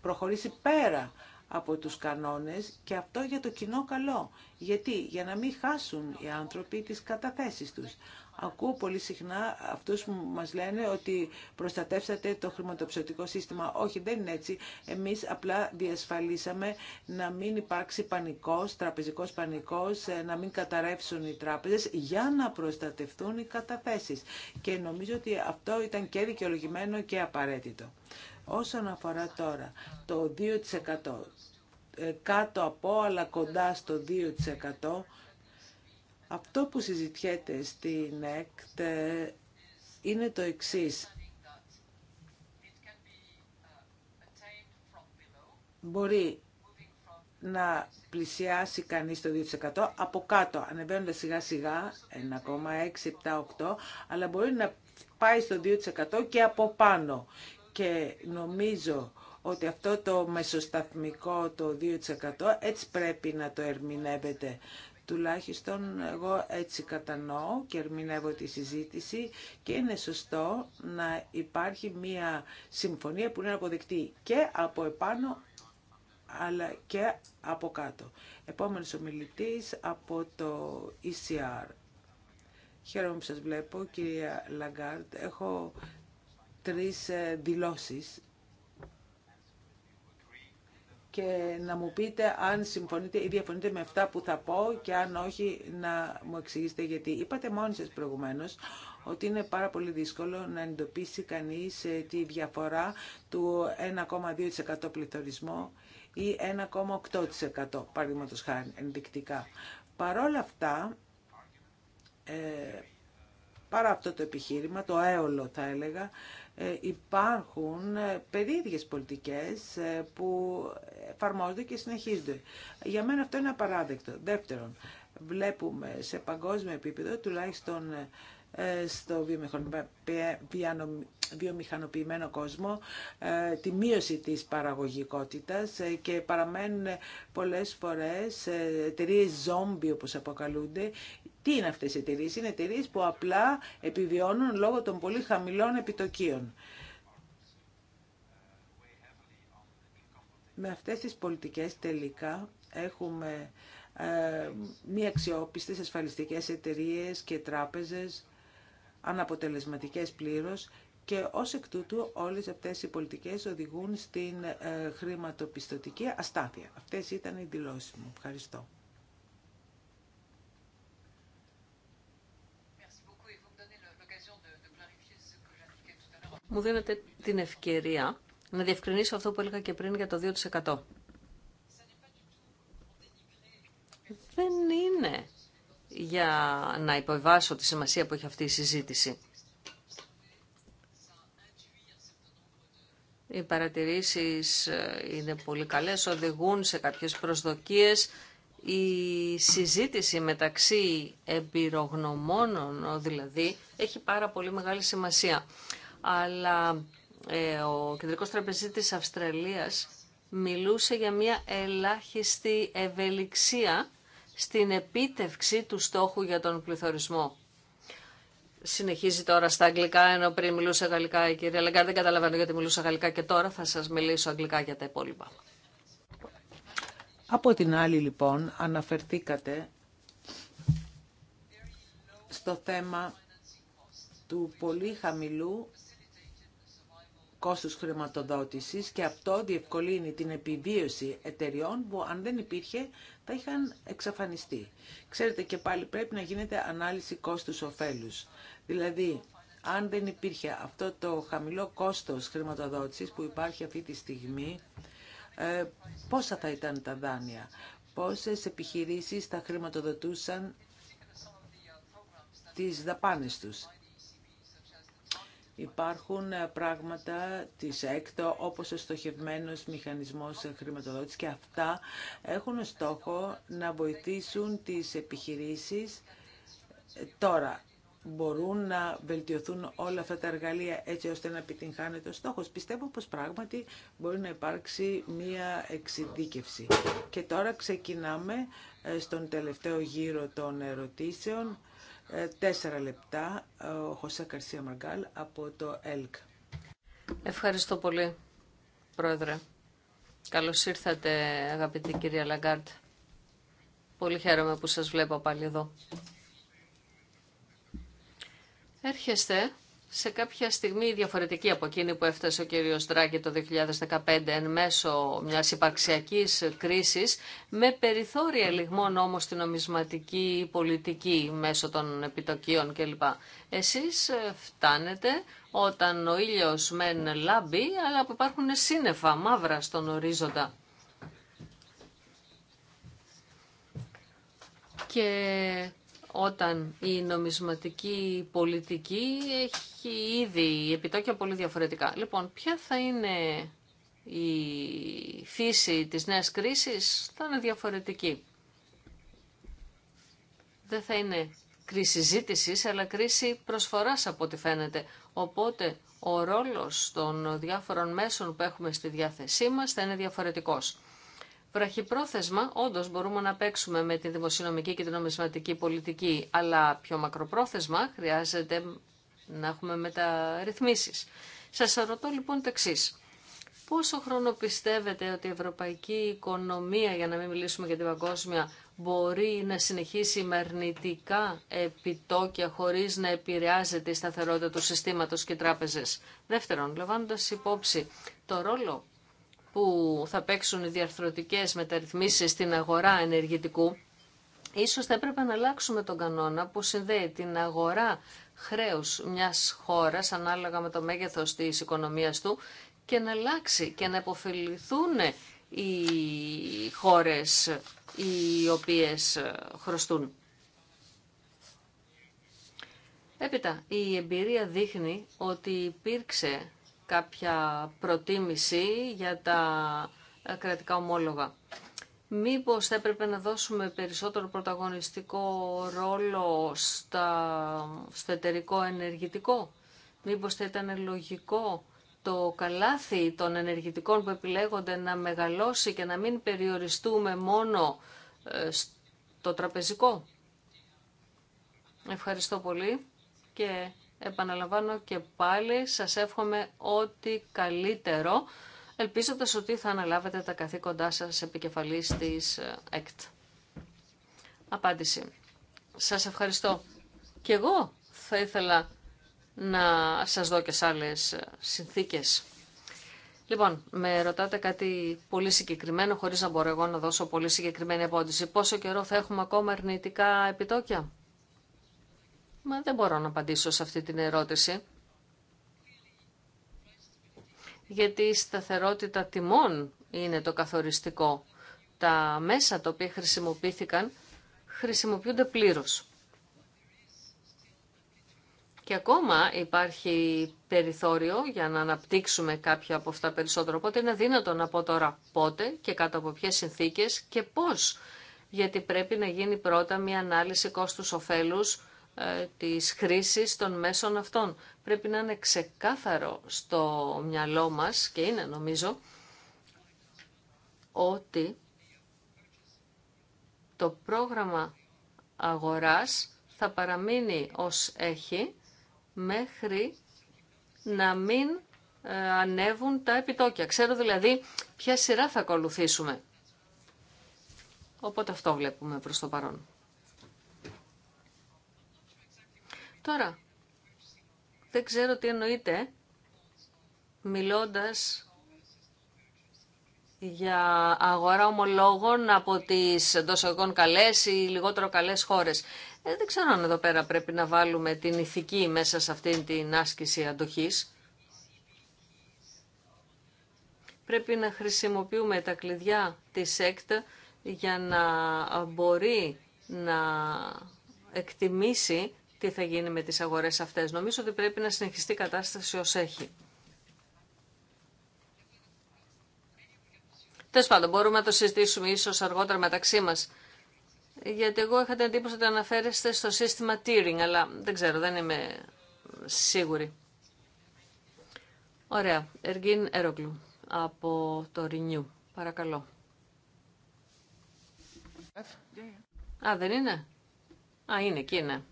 προχωρήσει πέρα από τους κανόνες και αυτό για το κοινό καλό. Γιατί, για να μην χάσουν οι άνθρωποι τις καταθέσεις τους. Ακούω πολύ συχνά αυτούς που μας λένε ότι προστατεύσατε το χρηματοψηφιακό σύστημα. Όχι, δεν είναι έτσι. Εμείς απλά διασφαλίσαμε να μην υπάρξει πανικός, τραπεζικός πανικός, ε, να μην καταρρεύσουν οι τράπεζες για να προστατευτούν οι καταθέσεις. Και νομίζω ότι αυτό ήταν και δικαιολογημένο και απαραίτητο. Όσον αφορά τώρα το 2%, ε, κάτω από αλλά κοντά στο 2%, αυτό που συζητιέται στην ΕΚΤ ε, είναι το εξής. Μπορεί να πλησιάσει κανείς το 2% από κάτω, ανεβαίνοντα σιγά σιγά, 1,678, αλλά μπορεί να πάει στο 2% και από πάνω. Και νομίζω ότι αυτό το μεσοσταθμικό το 2% έτσι πρέπει να το ερμηνεύεται. Τουλάχιστον εγώ έτσι κατανοώ και ερμηνεύω τη συζήτηση και είναι σωστό να υπάρχει μια συμφωνία που είναι αποδεκτή και από επάνω αλλά και από κάτω. Επόμενος ομιλητής από το ECR. Χαίρομαι που σας βλέπω, κυρία Λαγκάρτ. Έχω τρεις ε, δηλώσεις και να μου πείτε αν συμφωνείτε ή διαφωνείτε με αυτά που θα πω και αν όχι να μου εξηγήσετε γιατί. Είπατε μόνοι σας προηγουμένως ότι είναι πάρα πολύ δύσκολο να εντοπίσει κανείς ε, τη διαφορά του 1,2% πληθωρισμού ή 1,8% παραδείγματος χάρη ενδεικτικά. Παρόλα αυτά, ε, παρά αυτό το επιχείρημα, το έολο θα έλεγα, ε, υπάρχουν ε, περίεργες πολιτικές ε, που εφαρμόζονται και συνεχίζονται. Για μένα αυτό είναι απαράδεκτο. Δεύτερον, βλέπουμε σε παγκόσμιο επίπεδο, τουλάχιστον ε, στο βιομηχανοποιημένο κόσμο ε, τη μείωση της παραγωγικότητας ε, και παραμένουν πολλές φορές εταιρείε ζόμπι όπως αποκαλούνται. Τι είναι αυτές οι εταιρείε, Είναι εταιρείε που απλά επιβιώνουν λόγω των πολύ χαμηλών επιτοκίων. Με αυτές τις πολιτικές τελικά έχουμε μία αξιόπιστες ασφαλιστικές εταιρείες και τράπεζες αναποτελεσματικές πλήρως και ως εκ τούτου όλες αυτές οι πολιτικές οδηγούν στην ε, χρηματοπιστωτική αστάθεια. Αυτές ήταν οι δηλώσεις
μου. Ευχαριστώ. Μου δίνετε την ευκαιρία να διευκρινίσω αυτό που έλεγα και πριν για το 2%. Δεν είναι για να υποβάσω τη σημασία που έχει αυτή η συζήτηση. Οι παρατηρήσεις ε, είναι πολύ καλές, οδηγούν σε κάποιες προσδοκίες. Η συζήτηση μεταξύ εμπειρογνωμόνων, δηλαδή, έχει πάρα πολύ μεγάλη σημασία. Αλλά ε, ο Κεντρικός Τραπεζίτης Αυστραλίας μιλούσε για μια ελάχιστη ευελιξία στην επίτευξη του στόχου για τον πληθωρισμό. Συνεχίζει τώρα στα αγγλικά, ενώ πριν μιλούσα γαλλικά η κυρία Λεγκάρ, δεν καταλαβαίνω γιατί μιλούσα γαλλικά και τώρα θα σας μιλήσω αγγλικά για τα υπόλοιπα.
Από την άλλη λοιπόν αναφερθήκατε
στο θέμα
του πολύ χαμηλού κόστος χρηματοδότησης και αυτό διευκολύνει την επιβίωση εταιριών που αν δεν υπήρχε θα είχαν εξαφανιστεί. Ξέρετε και πάλι πρέπει να γίνεται ανάλυση κόστους ωφέλους. Δηλαδή, αν δεν υπήρχε αυτό το χαμηλό κόστος χρηματοδότησης που υπάρχει αυτή τη στιγμή, ε, πόσα θα ήταν τα δάνεια, πόσες επιχειρήσεις θα χρηματοδοτούσαν τις δαπάνες τους. Υπάρχουν ε, πράγματα της ΕΚΤΟ όπως ο στοχευμένος μηχανισμός ε, χρηματοδότησης και αυτά έχουν στόχο να βοηθήσουν τις επιχειρήσεις τώρα μπορούν να βελτιωθούν όλα αυτά τα εργαλεία έτσι ώστε να επιτυγχάνεται ο στόχος. Πιστεύω πως πράγματι μπορεί να υπάρξει μία εξειδίκευση. Και τώρα ξεκινάμε ε, στον τελευταίο γύρο των ερωτήσεων. Ε, τέσσερα
λεπτά, ο Χωσέ Καρσία Μαργκάλ από το ΕΛΚ. Ευχαριστώ πολύ, Πρόεδρε. Καλώς ήρθατε, αγαπητή κυρία Λαγκάρτ. Πολύ χαίρομαι που σας βλέπω πάλι εδώ. Έρχεστε σε κάποια στιγμή διαφορετική από εκείνη που έφτασε ο κύριος Τράγκη το 2015 εν μέσω μιας υπαρξιακής κρίσης, με περιθώρια λιγμών όμως στην νομισματική πολιτική μέσω των επιτοκίων κλπ. Εσείς ε, φτάνετε όταν ο ήλιος μεν λάμπει, αλλά που υπάρχουν σύννεφα μαύρα στον ορίζοντα. Και όταν η νομισματική πολιτική έχει ήδη επιτόκια πολύ διαφορετικά. Λοιπόν, ποια θα είναι η φύση της νέας κρίσης, θα είναι διαφορετική. Δεν θα είναι κρίση ζήτησης, αλλά κρίση προσφοράς από ό,τι φαίνεται. Οπότε ο ρόλος των διάφορων μέσων που έχουμε στη διάθεσή μας θα είναι διαφορετικός. Βραχυπρόθεσμα, όντω μπορούμε να παίξουμε με τη δημοσιονομική και την νομισματική πολιτική, αλλά πιο μακροπρόθεσμα χρειάζεται να έχουμε μεταρρυθμίσεις. Σας ρωτώ λοιπόν το εξή. Πόσο χρόνο πιστεύετε ότι η ευρωπαϊκή οικονομία, για να μην μιλήσουμε για την παγκόσμια, μπορεί να συνεχίσει με αρνητικά επιτόκια χωρίς να επηρεάζεται η σταθερότητα του συστήματος και τράπεζες. Δεύτερον, λαμβάνοντα υπόψη το ρόλο που θα παίξουν οι διαρθρωτικές μεταρρυθμίσεις στην αγορά ενεργητικού, ίσως θα έπρεπε να αλλάξουμε τον κανόνα που συνδέει την αγορά χρέους μιας χώρας ανάλογα με το μέγεθος της οικονομίας του και να αλλάξει και να υποφεληθούν οι χώρες οι οποίες χρωστούν. Έπειτα, η εμπειρία δείχνει ότι υπήρξε κάποια προτίμηση για τα ε, κρατικά ομόλογα. Μήπως θα έπρεπε να δώσουμε περισσότερο πρωταγωνιστικό ρόλο στα, στο εταιρικό ενεργητικό. Μήπως θα ήταν λογικό το καλάθι των ενεργητικών που επιλέγονται να μεγαλώσει και να μην περιοριστούμε μόνο ε, στο τραπεζικό. Ευχαριστώ πολύ και Επαναλαμβάνω και πάλι, σας εύχομαι ό,τι καλύτερο, ελπίζοντας ότι θα αναλάβετε τα καθήκοντά σας επικεφαλής της ε, ΕΚΤ. Απάντηση. Σας ευχαριστώ. Και εγώ θα ήθελα να σας δω και σε άλλες ε, συνθήκες. Λοιπόν, με ρωτάτε κάτι πολύ συγκεκριμένο, χωρίς να μπορώ εγώ να δώσω πολύ συγκεκριμένη απάντηση. Πόσο καιρό θα έχουμε ακόμα αρνητικά επιτόκια. Μα δεν μπορώ να απαντήσω σε αυτή την ερώτηση. Γιατί η σταθερότητα τιμών είναι το καθοριστικό. Τα μέσα τα οποία χρησιμοποιήθηκαν χρησιμοποιούνται πλήρως. Και ακόμα υπάρχει περιθώριο για να αναπτύξουμε κάποια από αυτά περισσότερο. Οπότε είναι δύνατο να πω τώρα πότε και κάτω από ποιες συνθήκες και πώς. Γιατί πρέπει να γίνει πρώτα μια ανάλυση κόστους-οφέλους ε, της χρήσης των μέσων αυτών. Πρέπει να είναι ξεκάθαρο στο μυαλό μας και είναι νομίζω ότι το πρόγραμμα αγοράς θα παραμείνει ως έχει μέχρι να μην ε, ανέβουν τα επιτόκια. Ξέρω δηλαδή ποια σειρά θα ακολουθήσουμε. Οπότε αυτό βλέπουμε προς το παρόν. Τώρα, δεν ξέρω τι εννοείται μιλώντας για αγορά ομολόγων από τις εντός καλές ή λιγότερο καλές χώρες. Ε, δεν ξέρω αν εδώ πέρα πρέπει να βάλουμε την ηθική μέσα σε αυτήν την άσκηση αντοχής. Πρέπει να χρησιμοποιούμε τα κλειδιά της ΕΚΤ για να μπορεί να εκτιμήσει τι θα γίνει με τις αγορές αυτές. Νομίζω ότι πρέπει να συνεχιστεί η κατάσταση ως έχει. Τέλο πάντων, μπορούμε να το συζητήσουμε ίσως αργότερα μεταξύ μας. Γιατί εγώ είχα την εντύπωση ότι αναφέρεστε στο σύστημα tiering, αλλά δεν ξέρω, δεν είμαι σίγουρη. Ωραία. Εργίν Ερόγλου από το Renew, Παρακαλώ. Α, δεν είναι. Α, είναι εκεί, είναι.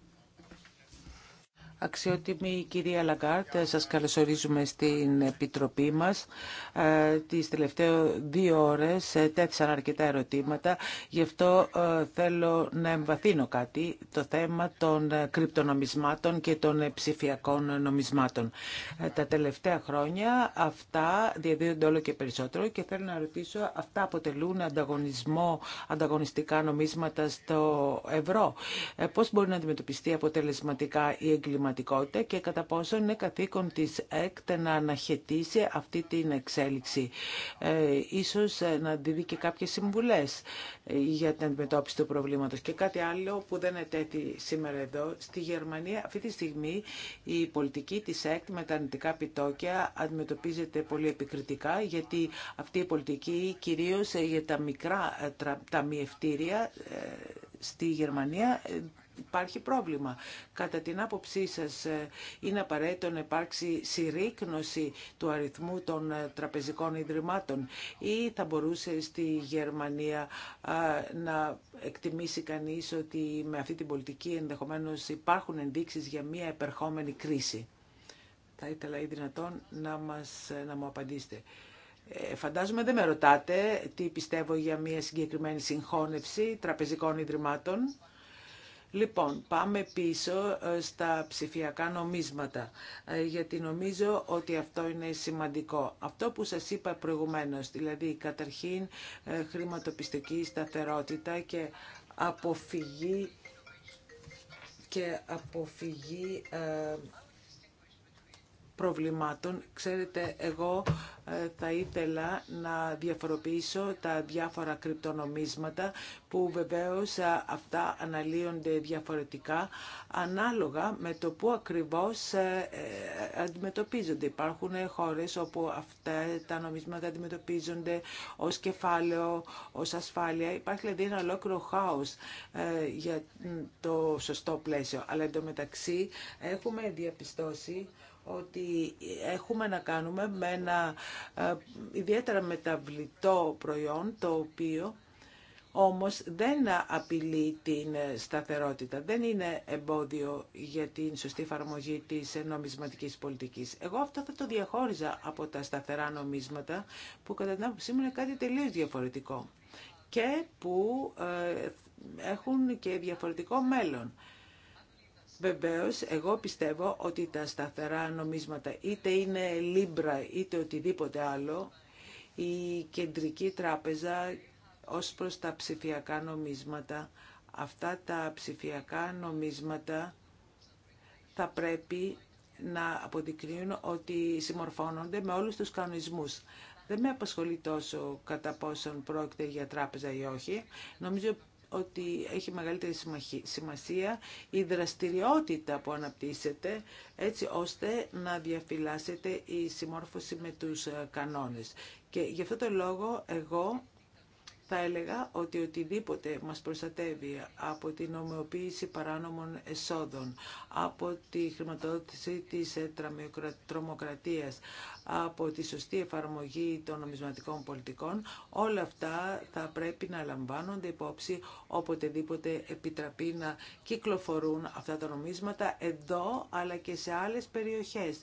Αξιότιμη κυρία Λαγκάρτ, σας καλωσορίζουμε στην Επιτροπή μας. Ε, τις τελευταίες δύο ώρες ε, τέθησαν αρκετά ερωτήματα, γι' αυτό ε, θέλω να εμβαθύνω κάτι, το θέμα των κρυπτονομισμάτων και των ψηφιακών νομισμάτων. Τα τελευταία χρόνια αυτά διαδίδονται όλο και περισσότερο και θέλω να ρωτήσω, αυτά αποτελούν ανταγωνισμό, ανταγωνιστικά νομίσματα στο ευρώ. Πώς μπορεί να αντιμετωπιστεί αποτελεσματικά η και κατά πόσο είναι καθήκον της ΕΚΤ να αναχαιτήσει αυτή την εξέλιξη. Ε, ίσως ε, να δίδει και κάποιες συμβουλές ε, για την αντιμετώπιση του προβλήματος. Και κάτι άλλο που δεν ετέθη σήμερα εδώ. Στη Γερμανία αυτή τη στιγμή η πολιτική της ΕΚΤ με τα αρνητικά επιτόκια αντιμετωπίζεται πολύ επικριτικά γιατί αυτή η πολιτική κυρίως ε, για τα μικρά ταμιευτήρια στη Γερμανία υπάρχει πρόβλημα. Κατά την άποψή σας ε, είναι απαραίτητο να υπάρξει συρρήκνωση του αριθμού των ε, τραπεζικών ιδρυμάτων ή θα μπορούσε στη Γερμανία να εκτιμήσει κανείς ότι με αυτή την πολιτική ενδεχομένως υπάρχουν ενδείξεις για μια επερχόμενη κρίση. Θα ήθελα ή δυνατόν να, μας, ε, να μου απαντήσετε. Φαντάζομαι δεν με ρωτάτε τι πιστεύω για μια συγκεκριμένη συγχώνευση τραπεζικών ιδρυμάτων. Λοιπόν, πάμε πίσω ε, στα ψηφιακά νομίσματα, ε, γιατί νομίζω ότι αυτό είναι σημαντικό. Αυτό που σας είπα προηγουμένως, δηλαδή καταρχήν ε, χρηματοπιστική σταθερότητα και αποφυγή και αποφυγή προβλημάτων. Ξέρετε, εγώ ε, θα ήθελα να διαφοροποιήσω τα διάφορα κρυπτονομίσματα που βεβαίως ε, αυτά αναλύονται διαφορετικά ανάλογα με το που ακριβώς ε, αντιμετωπίζονται. Υπάρχουν χώρες όπου αυτά τα νομίσματα αντιμετωπίζονται ως κεφάλαιο, ως ασφάλεια. Υπάρχει δηλαδή ένα ολόκληρο χάος για το σωστό πλαίσιο. Αλλά εντωμεταξύ έχουμε διαπιστώσει ότι έχουμε να κάνουμε με ένα ε, ιδιαίτερα μεταβλητό προϊόν, το οποίο όμως δεν απειλεί την σταθερότητα, δεν είναι εμπόδιο για την σωστή εφαρμογή της νομισματικής πολιτικής. Εγώ αυτό θα το διαχώριζα από τα σταθερά νομίσματα, που κατά την άποψή μου είναι κάτι τελείως διαφορετικό και που ε, έχουν και διαφορετικό μέλλον. Βεβαίω, εγώ πιστεύω ότι τα σταθερά νομίσματα, είτε είναι λίμπρα είτε οτιδήποτε άλλο, η κεντρική τράπεζα ως προς τα ψηφιακά νομίσματα, αυτά τα ψηφιακά νομίσματα θα πρέπει να αποδεικνύουν ότι συμμορφώνονται με όλους τους κανονισμούς. Δεν με απασχολεί τόσο κατά πόσον πρόκειται για τράπεζα ή όχι. Νομίζω ότι έχει μεγαλύτερη σημασία η δραστηριότητα που αναπτύσσεται έτσι ώστε να διαφυλάσετε η συμμόρφωση με τους ε, κανόνες. Και γι' αυτό το λόγο εγώ θα έλεγα ότι οτιδήποτε μας προστατεύει από την ομοιοποίηση παράνομων εσόδων, από τη χρηματοδότηση της ε, τρομοκρατίας, από τη σωστή εφαρμογή των νομισματικών πολιτικών, όλα αυτά θα πρέπει να λαμβάνονται υπόψη οποτεδήποτε επιτραπεί να κυκλοφορούν αυτά τα νομίσματα εδώ αλλά και σε άλλες περιοχές.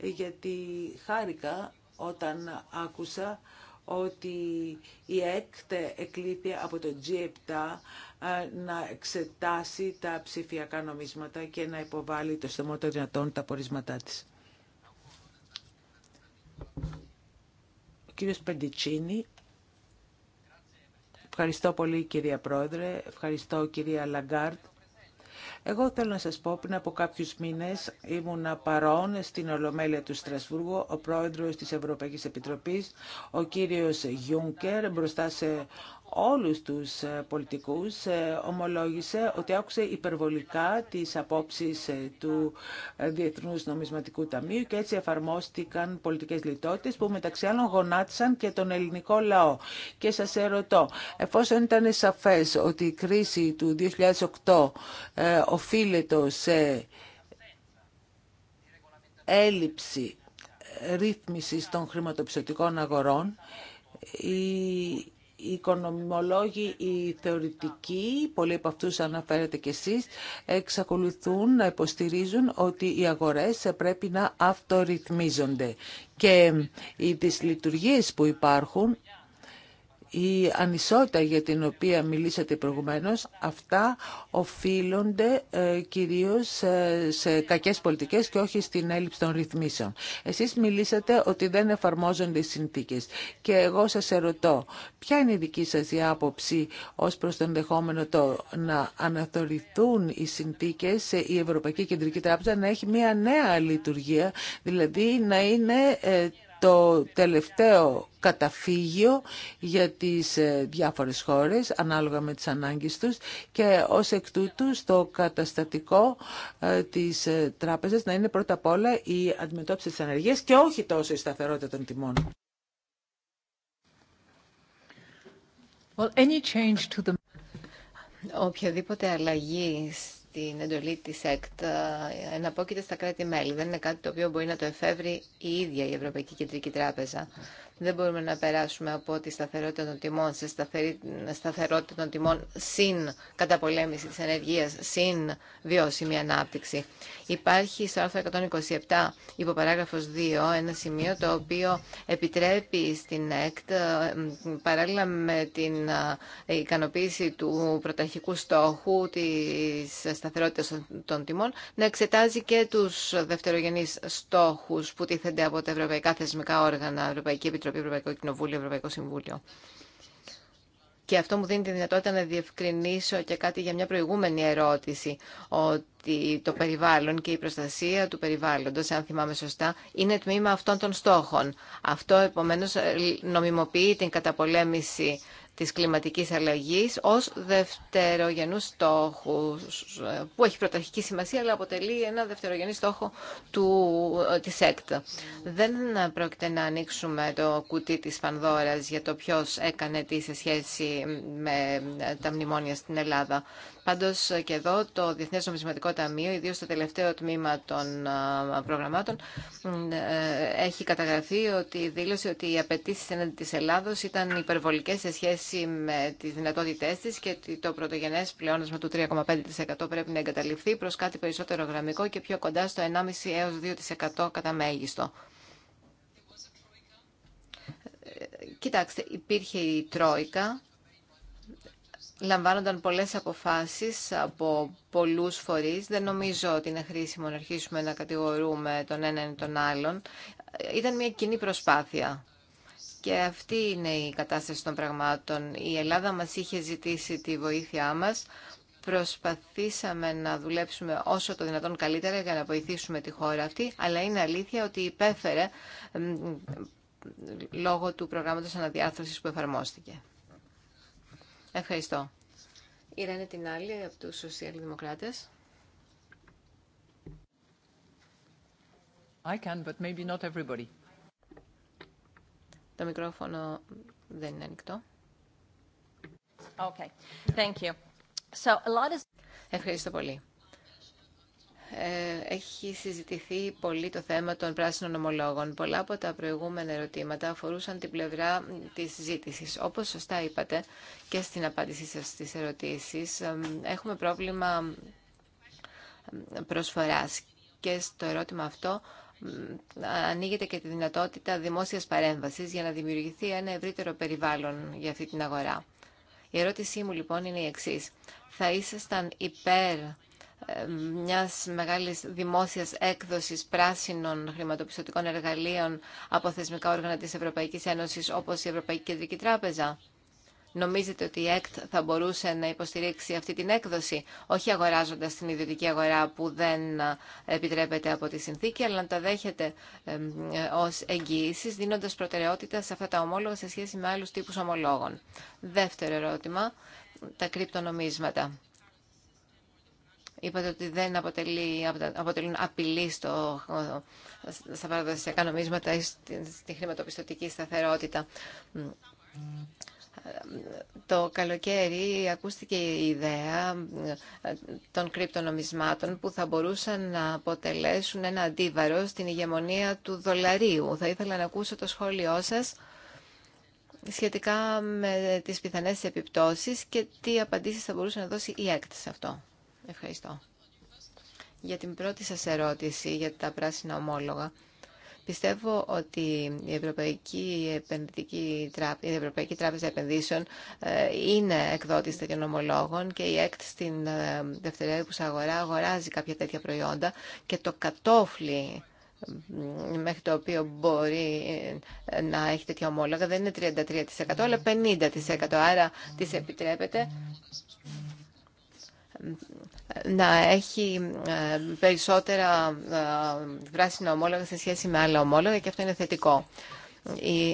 Γιατί χάρηκα όταν άκουσα ότι η ΕΚΤ εκλείπει από το G7 να εξετάσει τα ψηφιακά νομίσματα και να υποβάλει το στομό των δυνατών τα πορίσματά της. Ο κύριος Πεντιτσίνη. Ευχαριστώ πολύ κυρία Πρόεδρε, ευχαριστώ κυρία Λαγκάρτ εγώ θέλω να σας πω, πριν από κάποιους μήνες ήμουνα παρόν στην Ολομέλεια του Στρασβούργου, ο πρόεδρος της Ευρωπαϊκής Επιτροπής, ο κύριος Γιούνκερ, μπροστά σε όλους τους ε, πολιτικούς ε, ομολόγησε ότι άκουσε υπερβολικά τις απόψεις ε, του Διεθνούς Νομισματικού Ταμείου και έτσι εφαρμόστηκαν πολιτικές λιτότητες που μεταξύ άλλων γονάτισαν και τον ελληνικό λαό. Και σας ερωτώ, εφόσον ήταν σαφές ότι η κρίση του 2008 οφείλεται σε έλλειψη ρύθμισης των χρηματοπιστωτικών αγορών, η οι οικονομολόγοι, οι θεωρητικοί, πολλοί από αυτούς αναφέρετε κι εσείς, εξακολουθούν να υποστηρίζουν ότι οι αγορές πρέπει να αυτορυθμίζονται. Και οι δυσλειτουργίες που υπάρχουν η ανισότητα για την οποία μιλήσατε προηγουμένως, αυτά οφείλονται ε, κυρίως ε, σε κακές πολιτικές και όχι στην έλλειψη των ρυθμίσεων. Εσείς μιλήσατε ότι δεν εφαρμόζονται οι συνθήκες και εγώ σας ερωτώ, ποια είναι η δική σας η άποψη ως προς το δεχόμενο το να αναθωρηθούν οι συνθήκες ε, η Ευρωπαϊκή Κεντρική Τράπεζα να έχει μια νέα λειτουργία, δηλαδή να είναι το τελευταίο καταφύγιο για τις ε, διάφορες χώρες ανάλογα με τις ανάγκες τους και ως εκ τούτου στο καταστατικό ε, της ε, τράπεζας να είναι πρώτα απ' όλα η αντιμετώπιση της ανεργίας και όχι τόσο η σταθερότητα των τιμών.
Well, any change to the... Οποιαδήποτε αλλαγή την εντολή της ΕΚΤ ε, εναπόκειται στα κράτη-μέλη. Δεν είναι κάτι το οποίο μπορεί να το εφεύρει η ίδια η Ευρωπαϊκή Κεντρική Τράπεζα. Δεν μπορούμε να περάσουμε από τη σταθερότητα των τιμών σε σταθερότητα των τιμών συν καταπολέμηση της ενεργείας, συν βιώσιμη ανάπτυξη. Υπάρχει στο άρθρο 127 υποπαράγραφος 2 ένα σημείο το οποίο επιτρέπει στην ΕΚΤ ε, παράλληλα με την ε, ικανοποίηση του πρωταρχικού στόχου της σταθερότητας των τιμών να εξετάζει και τους δευτερογενείς στόχους που τίθενται από τα ευρωπαϊκά θεσμικά όργανα, Ευρωπαϊκή Επιτροπή Επιτροπή, Ευρωπαϊκό Κοινοβούλιο, Ευρωπαϊκό Συμβούλιο. Και αυτό μου δίνει τη δυνατότητα να διευκρινίσω και κάτι για μια προηγούμενη ερώτηση, ότι το περιβάλλον και η προστασία του περιβάλλοντος, αν θυμάμαι σωστά, είναι τμήμα αυτών των στόχων. Αυτό, επομένως, νομιμοποιεί την καταπολέμηση της κλιματικής αλλαγής ως δευτερογενούς στόχους που έχει πρωταρχική σημασία αλλά αποτελεί ένα δευτερογενή στόχο του, της ΕΚΤ. Δεν πρόκειται να ανοίξουμε το κουτί της Πανδώρας για το ποιος έκανε τι σε σχέση με τα μνημόνια στην Ελλάδα. Πάντως και εδώ το Διεθνές Νομισματικό Ταμείο, ιδίως στο τελευταίο τμήμα των προγραμμάτων, ε, έχει καταγραφεί ότι δήλωσε ότι οι απαιτήσει έναντι της Ελλάδος ήταν υπερβολικές σε σχέση σχέση με τις δυνατότητές και ότι το πρωτογενέ πλεόνασμα του 3,5% πρέπει να εγκαταληφθεί προ κάτι περισσότερο γραμμικό και πιο κοντά στο 1,5 έω 2% κατά μέγιστο. Ε, κοιτάξτε, υπήρχε η Τρόικα, λαμβάνονταν πολλές αποφάσεις από πολλούς φορείς. Δεν νομίζω ότι είναι χρήσιμο να αρχίσουμε να κατηγορούμε τον έναν ή τον άλλον. Ε, ήταν μια κοινή προσπάθεια. Και αυτή είναι η κατάσταση των πραγμάτων. Η Ελλάδα μας είχε ζητήσει τη βοήθειά μας. Προσπαθήσαμε να δουλέψουμε όσο το δυνατόν καλύτερα για να βοηθήσουμε τη χώρα αυτή, αλλά είναι αλήθεια ότι υπέφερε λόγω του προγράμματος αναδιάρθρωσης που εφαρμόστηκε. Ευχαριστώ. Η την άλλη από τους Σοσιαλδημοκράτες. I can, but maybe not everybody. Το μικρόφωνο δεν είναι ανοιχτό. Okay. Thank you. So, a lot is... Ευχαριστώ πολύ. Ε, έχει συζητηθεί πολύ το θέμα των πράσινων ομολόγων. Πολλά από τα προηγούμενα ερωτήματα αφορούσαν την πλευρά της συζήτηση. Όπως σωστά είπατε και στην απάντησή σας στις ερωτήσεις, ε, έχουμε πρόβλημα ε, προσφοράς. Και στο ερώτημα αυτό ανοίγεται και τη δυνατότητα δημόσιας παρέμβασης για να δημιουργηθεί ένα ευρύτερο περιβάλλον για αυτή την αγορά. Η ερώτησή μου λοιπόν είναι η εξής. Θα ήσασταν υπέρ ε, μιας μεγάλης δημόσιας έκδοσης πράσινων χρηματοπιστωτικών εργαλείων από θεσμικά όργανα της Ευρωπαϊκής Ένωσης όπως η Ευρωπαϊκή Κεντρική Τράπεζα. Νομίζετε ότι η ΕΚΤ θα μπορούσε να υποστηρίξει αυτή την έκδοση, όχι αγοράζοντα την ιδιωτική αγορά που δεν ε, επιτρέπεται από τη συνθήκη, αλλά να τα δέχεται ε, ω εγγυήσει, δίνοντα προτεραιότητα σε αυτά τα ομόλογα σε σχέση με άλλου τύπου ομολόγων. Δεύτερο ερώτημα, τα κρυπτονομίσματα. Είπατε ότι δεν αποτελεί, αποτελούν απειλή ε, στα παραδοσιακά νομίσματα ή στη χρηματοπιστωτική σταθερότητα το καλοκαίρι ακούστηκε η ιδέα ε, των κρυπτονομισμάτων που θα μπορούσαν να αποτελέσουν ένα αντίβαρο στην ηγεμονία του δολαρίου. Θα ήθελα να ακούσω το σχόλιο σας σχετικά με τις πιθανές επιπτώσεις και τι απαντήσεις θα μπορούσε να δώσει η ΕΚΤ σε αυτό. Ευχαριστώ. Για την πρώτη σας ερώτηση για τα πράσινα ομόλογα. Πιστεύω ότι η Ευρωπαϊκή, Επενδυτική Τράπεζα, η Ευρωπαϊκή Τράπεζα Επενδύσεων ε, είναι εκδότης τέτοιων ομολόγων και η ΕΚΤ στην ε, δευτερεύουσα αγορά αγοράζει κάποια τέτοια προϊόντα και το κατόφλι μέχρι το οποίο μπορεί ε, να έχει τέτοια ομόλογα δεν είναι 33% αλλά 50% ναι. άρα τις επιτρέπεται να έχει ε, περισσότερα βράσινα ε, ομόλογα σε σχέση με άλλα ομόλογα και αυτό είναι θετικό.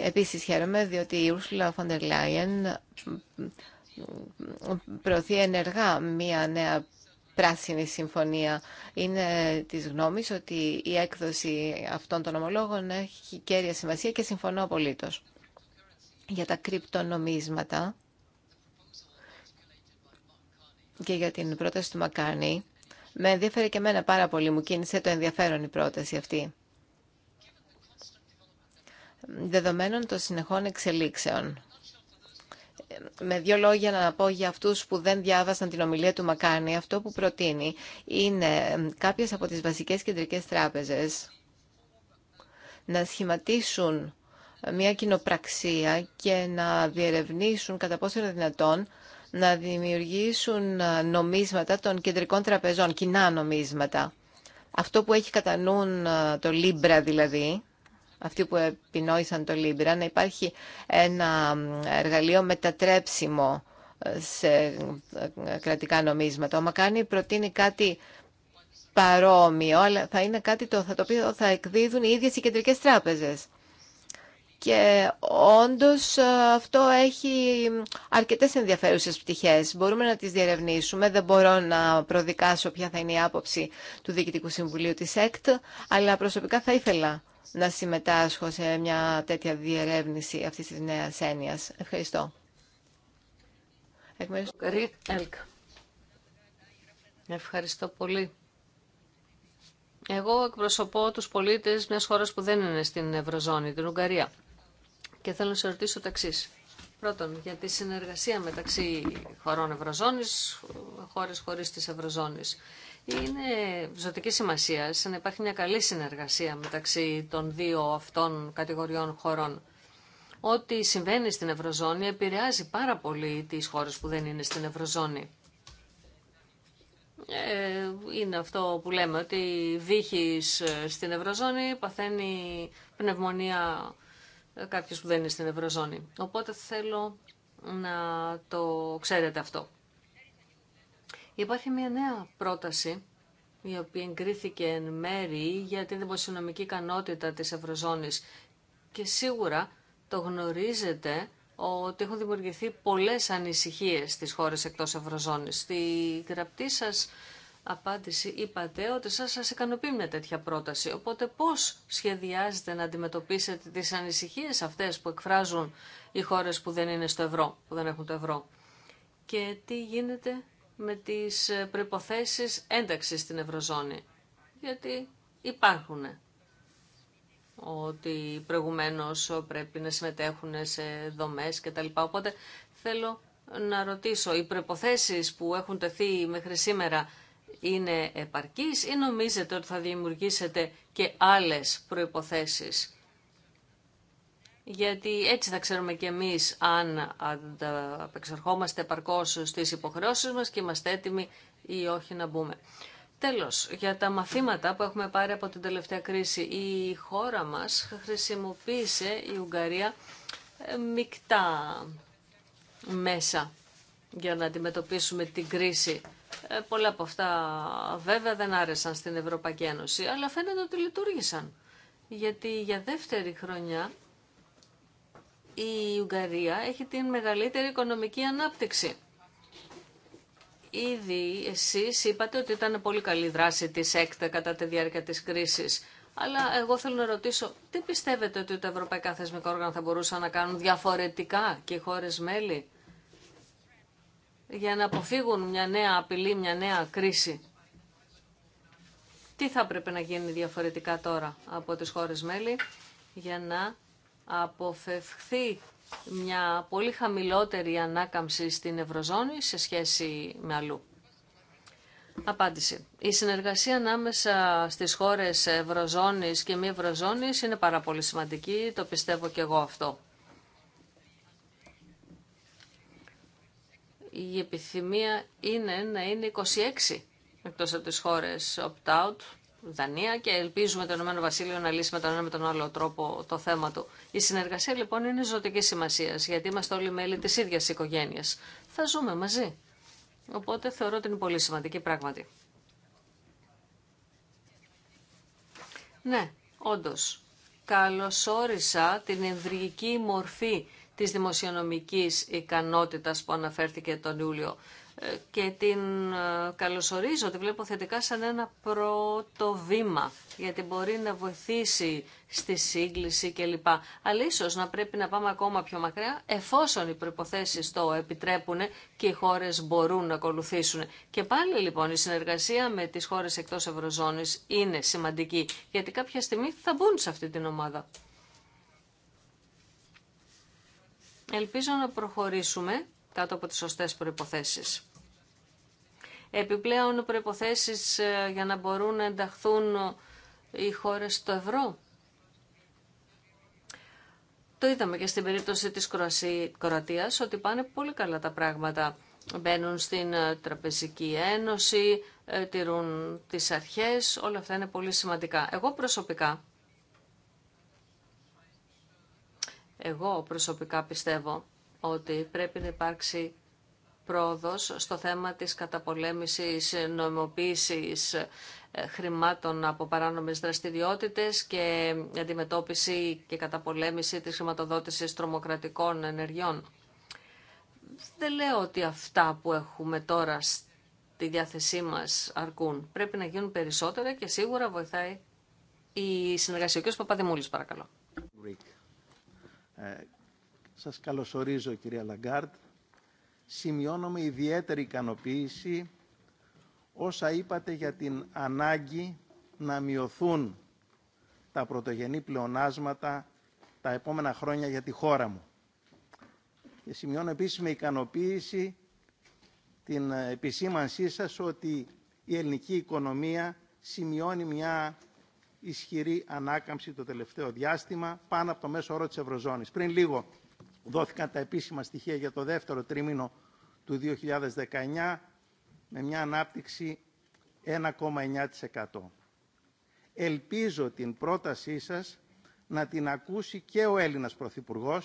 Επίσης χαίρομαι διότι η Ursula von der Leyen προωθεί ενεργά μία νέα πράσινη συμφωνία. Είναι της γνώμης ότι η έκδοση αυτών των ομολόγων έχει κέρια σημασία και συμφωνώ απολύτως. Για τα κρυπτονομίσματα και για την πρόταση του Μακάνη. Με ενδιαφέρει και εμένα πάρα πολύ. Μου κίνησε το ενδιαφέρον η πρόταση αυτή. Δεδομένων των συνεχών εξελίξεων. Με δύο λόγια να πω για αυτούς που δεν διάβασαν την ομιλία του Μακάνη, αυτό που προτείνει είναι κάποιες από τις βασικές κεντρικές τράπεζες να σχηματίσουν ε, μια κοινοπραξία και να διερευνήσουν κατά πόσο είναι δυνατόν να δημιουργήσουν ε, νομίσματα των κεντρικών τραπεζών, κοινά νομίσματα. Αυτό που έχει κατά νου ε, το Λίμπρα δηλαδή, αυτοί που επινόησαν το Λίμπρα, να υπάρχει ένα εργαλείο μετατρέψιμο ε, σε κρατικά νομίσματα. Ο Μακάνη προτείνει κάτι παρόμοιο, αλλά θα είναι κάτι το, θα το οποίο θα εκδίδουν οι ίδιες οι κεντρικές τράπεζες. Και όντως ε, αυτό έχει αρκετές ενδιαφέρουσες πτυχές. Μπορούμε να τις διερευνήσουμε. Δεν μπορώ να προδικάσω ποια θα είναι η άποψη του Διοικητικού Συμβουλίου της ΕΚΤ, αλλά προσωπικά θα ήθελα να συμμετάσχω σε μια τέτοια διερεύνηση αυτής της νέας έννοιας. Ευχαριστώ.
Ευχαριστώ πολύ. Εγώ εκπροσωπώ τους πολίτες μιας χώρας που δεν είναι στην Ευρωζώνη, την Ουγγαρία και θέλω να σε ρωτήσω το Πρώτον, για τη συνεργασία μεταξύ χωρών Ευρωζώνη, χώρε χωρίς τη Ευρωζώνη. Είναι ζωτική σημασία να υπάρχει μια καλή συνεργασία μεταξύ των δύο αυτών κατηγοριών χωρών. Ό,τι συμβαίνει στην Ευρωζώνη επηρεάζει πάρα πολύ τις χώρες που δεν είναι στην Ευρωζώνη. Ε, είναι αυτό που λέμε ότι βύχης ε, στην Ευρωζώνη παθαίνει πνευμονία ε, κάποιος που δεν είναι στην Ευρωζώνη. Οπότε θέλω να το ξέρετε αυτό. Υπάρχει μια νέα πρόταση η οποία εγκρίθηκε εν μέρη για την δημοσιονομική ικανότητα της Ευρωζώνης και σίγουρα το γνωρίζετε ότι έχουν δημιουργηθεί πολλές ανησυχίες στις χώρες εκτός Ευρωζώνης. Στη γραπτή σας απάντηση είπατε ότι σα σας ικανοποιεί μια τέτοια πρόταση. Οπότε πώς σχεδιάζετε να αντιμετωπίσετε τις ανησυχίες αυτές που εκφράζουν οι χώρες που δεν είναι στο ευρώ, που δεν έχουν το ευρώ. Και τι γίνεται με τις προποθέσει ένταξη στην Ευρωζώνη. Γιατί υπάρχουν ότι προηγουμένως πρέπει να συμμετέχουν σε δομές κτλ. Οπότε θέλω να ρωτήσω, οι προποθέσει που έχουν τεθεί μέχρι σήμερα είναι επαρκής ή νομίζετε ότι θα δημιουργήσετε και άλλες προϋποθέσεις. Γιατί έτσι θα ξέρουμε και εμείς αν απεξερχόμαστε επαρκώς στις υποχρεώσεις μας και είμαστε έτοιμοι ή όχι να μπούμε. Τέλος, για τα μαθήματα που έχουμε πάρει από την τελευταία κρίση, η χώρα μας χρησιμοποίησε η Ουγγαρία ε, μεικτά μέσα για να αντιμετωπίσουμε την κρίση ε, πολλά από αυτά βέβαια δεν άρεσαν στην Ευρωπαϊκή Ένωση, αλλά φαίνεται ότι λειτουργήσαν. Γιατί για δεύτερη χρονιά η Ουγγαρία έχει την μεγαλύτερη οικονομική ανάπτυξη. Ήδη εσείς είπατε ότι ήταν πολύ καλή δράση της ΕΚΤΑ κατά τη διάρκεια της κρίσης. Αλλά εγώ θέλω να ρωτήσω, τι πιστεύετε ότι τα ευρωπαϊκά θεσμικά όργανα θα μπορούσαν να κάνουν διαφορετικά και οι χώρες μέλη για να αποφύγουν μια νέα απειλή, μια νέα κρίση. Τι θα πρέπει να γίνει διαφορετικά τώρα από τις χώρες μέλη για να αποφευχθεί μια πολύ χαμηλότερη ανάκαμψη στην Ευρωζώνη σε σχέση με αλλού. Απάντηση. Η συνεργασία ανάμεσα στις χώρες Ευρωζώνης και μη Ευρωζώνης είναι πάρα πολύ σημαντική, το πιστεύω και εγώ αυτό. η επιθυμία είναι να είναι 26 εκτός από τις χώρες opt-out, Δανία και ελπίζουμε το Ηνωμένο Βασίλειο να λύσει με τον ένα με τον άλλο τρόπο το θέμα του. Η συνεργασία λοιπόν είναι ζωτική σημασία γιατί είμαστε όλοι μέλη τη ίδια οικογένεια. Θα ζούμε μαζί. Οπότε θεωρώ ότι είναι πολύ σημαντική πράγματι. Ναι, όντω. Καλωσόρισα την εμβρυγική μορφή της δημοσιονομικής ικανότητας που αναφέρθηκε τον Ιούλιο ε, και την ε, καλωσορίζω, τη βλέπω θετικά σαν ένα πρώτο βήμα, γιατί μπορεί να βοηθήσει στη σύγκληση κλπ. Αλλά ίσως να πρέπει να πάμε ακόμα πιο μακριά, εφόσον οι προϋποθέσεις το επιτρέπουν και οι χώρες μπορούν να ακολουθήσουν. Και πάλι λοιπόν η συνεργασία με τις χώρες εκτός Ευρωζώνης είναι σημαντική, γιατί κάποια στιγμή θα μπουν σε αυτή την ομάδα. Ελπίζω να προχωρήσουμε κάτω από τις σωστές προϋποθέσεις. Επιπλέον προϋποθέσεις ε, για να μπορούν να ενταχθούν ε, οι χώρες στο ευρώ. Το είδαμε και στην περίπτωση της Κροατίας ότι πάνε πολύ καλά τα πράγματα. Μπαίνουν στην ε, Τραπεζική Ένωση, τηρούν τις αρχές, όλα αυτά είναι πολύ σημαντικά. Εγώ προσωπικά Εγώ προσωπικά πιστεύω ότι πρέπει να υπάρξει πρόοδος στο θέμα της καταπολέμησης νομιμοποίησης ε, χρημάτων από παράνομες δραστηριότητες και αντιμετώπιση και καταπολέμηση της χρηματοδότησης τρομοκρατικών ενεργειών. Δεν λέω ότι αυτά που έχουμε τώρα στη διάθεσή μας αρκούν. Πρέπει να γίνουν περισσότερα και σίγουρα βοηθάει η συνεργασία. Ο κ. Παπαδημούλης, παρακαλώ.
Ε, σας καλωσορίζω κυρία Λαγκάρτ. Σημειώνω με ιδιαίτερη ικανοποίηση όσα είπατε για την ανάγκη να μειωθούν τα πρωτογενή πλεονάσματα τα επόμενα χρόνια για τη χώρα μου. Και σημειώνω επίσης με ικανοποίηση την επισήμανσή σας ότι η ελληνική οικονομία σημειώνει μια ισχυρή ανάκαμψη το τελευταίο διάστημα, πάνω από το μέσο όρο της Ευρωζώνης. Πριν λίγο δόθηκαν τα επίσημα στοιχεία για το δεύτερο τρίμηνο του 2019 με μια ανάπτυξη 1,9%. Ελπίζω την πρότασή σας να την ακούσει και ο Έλληνας Πρωθυπουργό,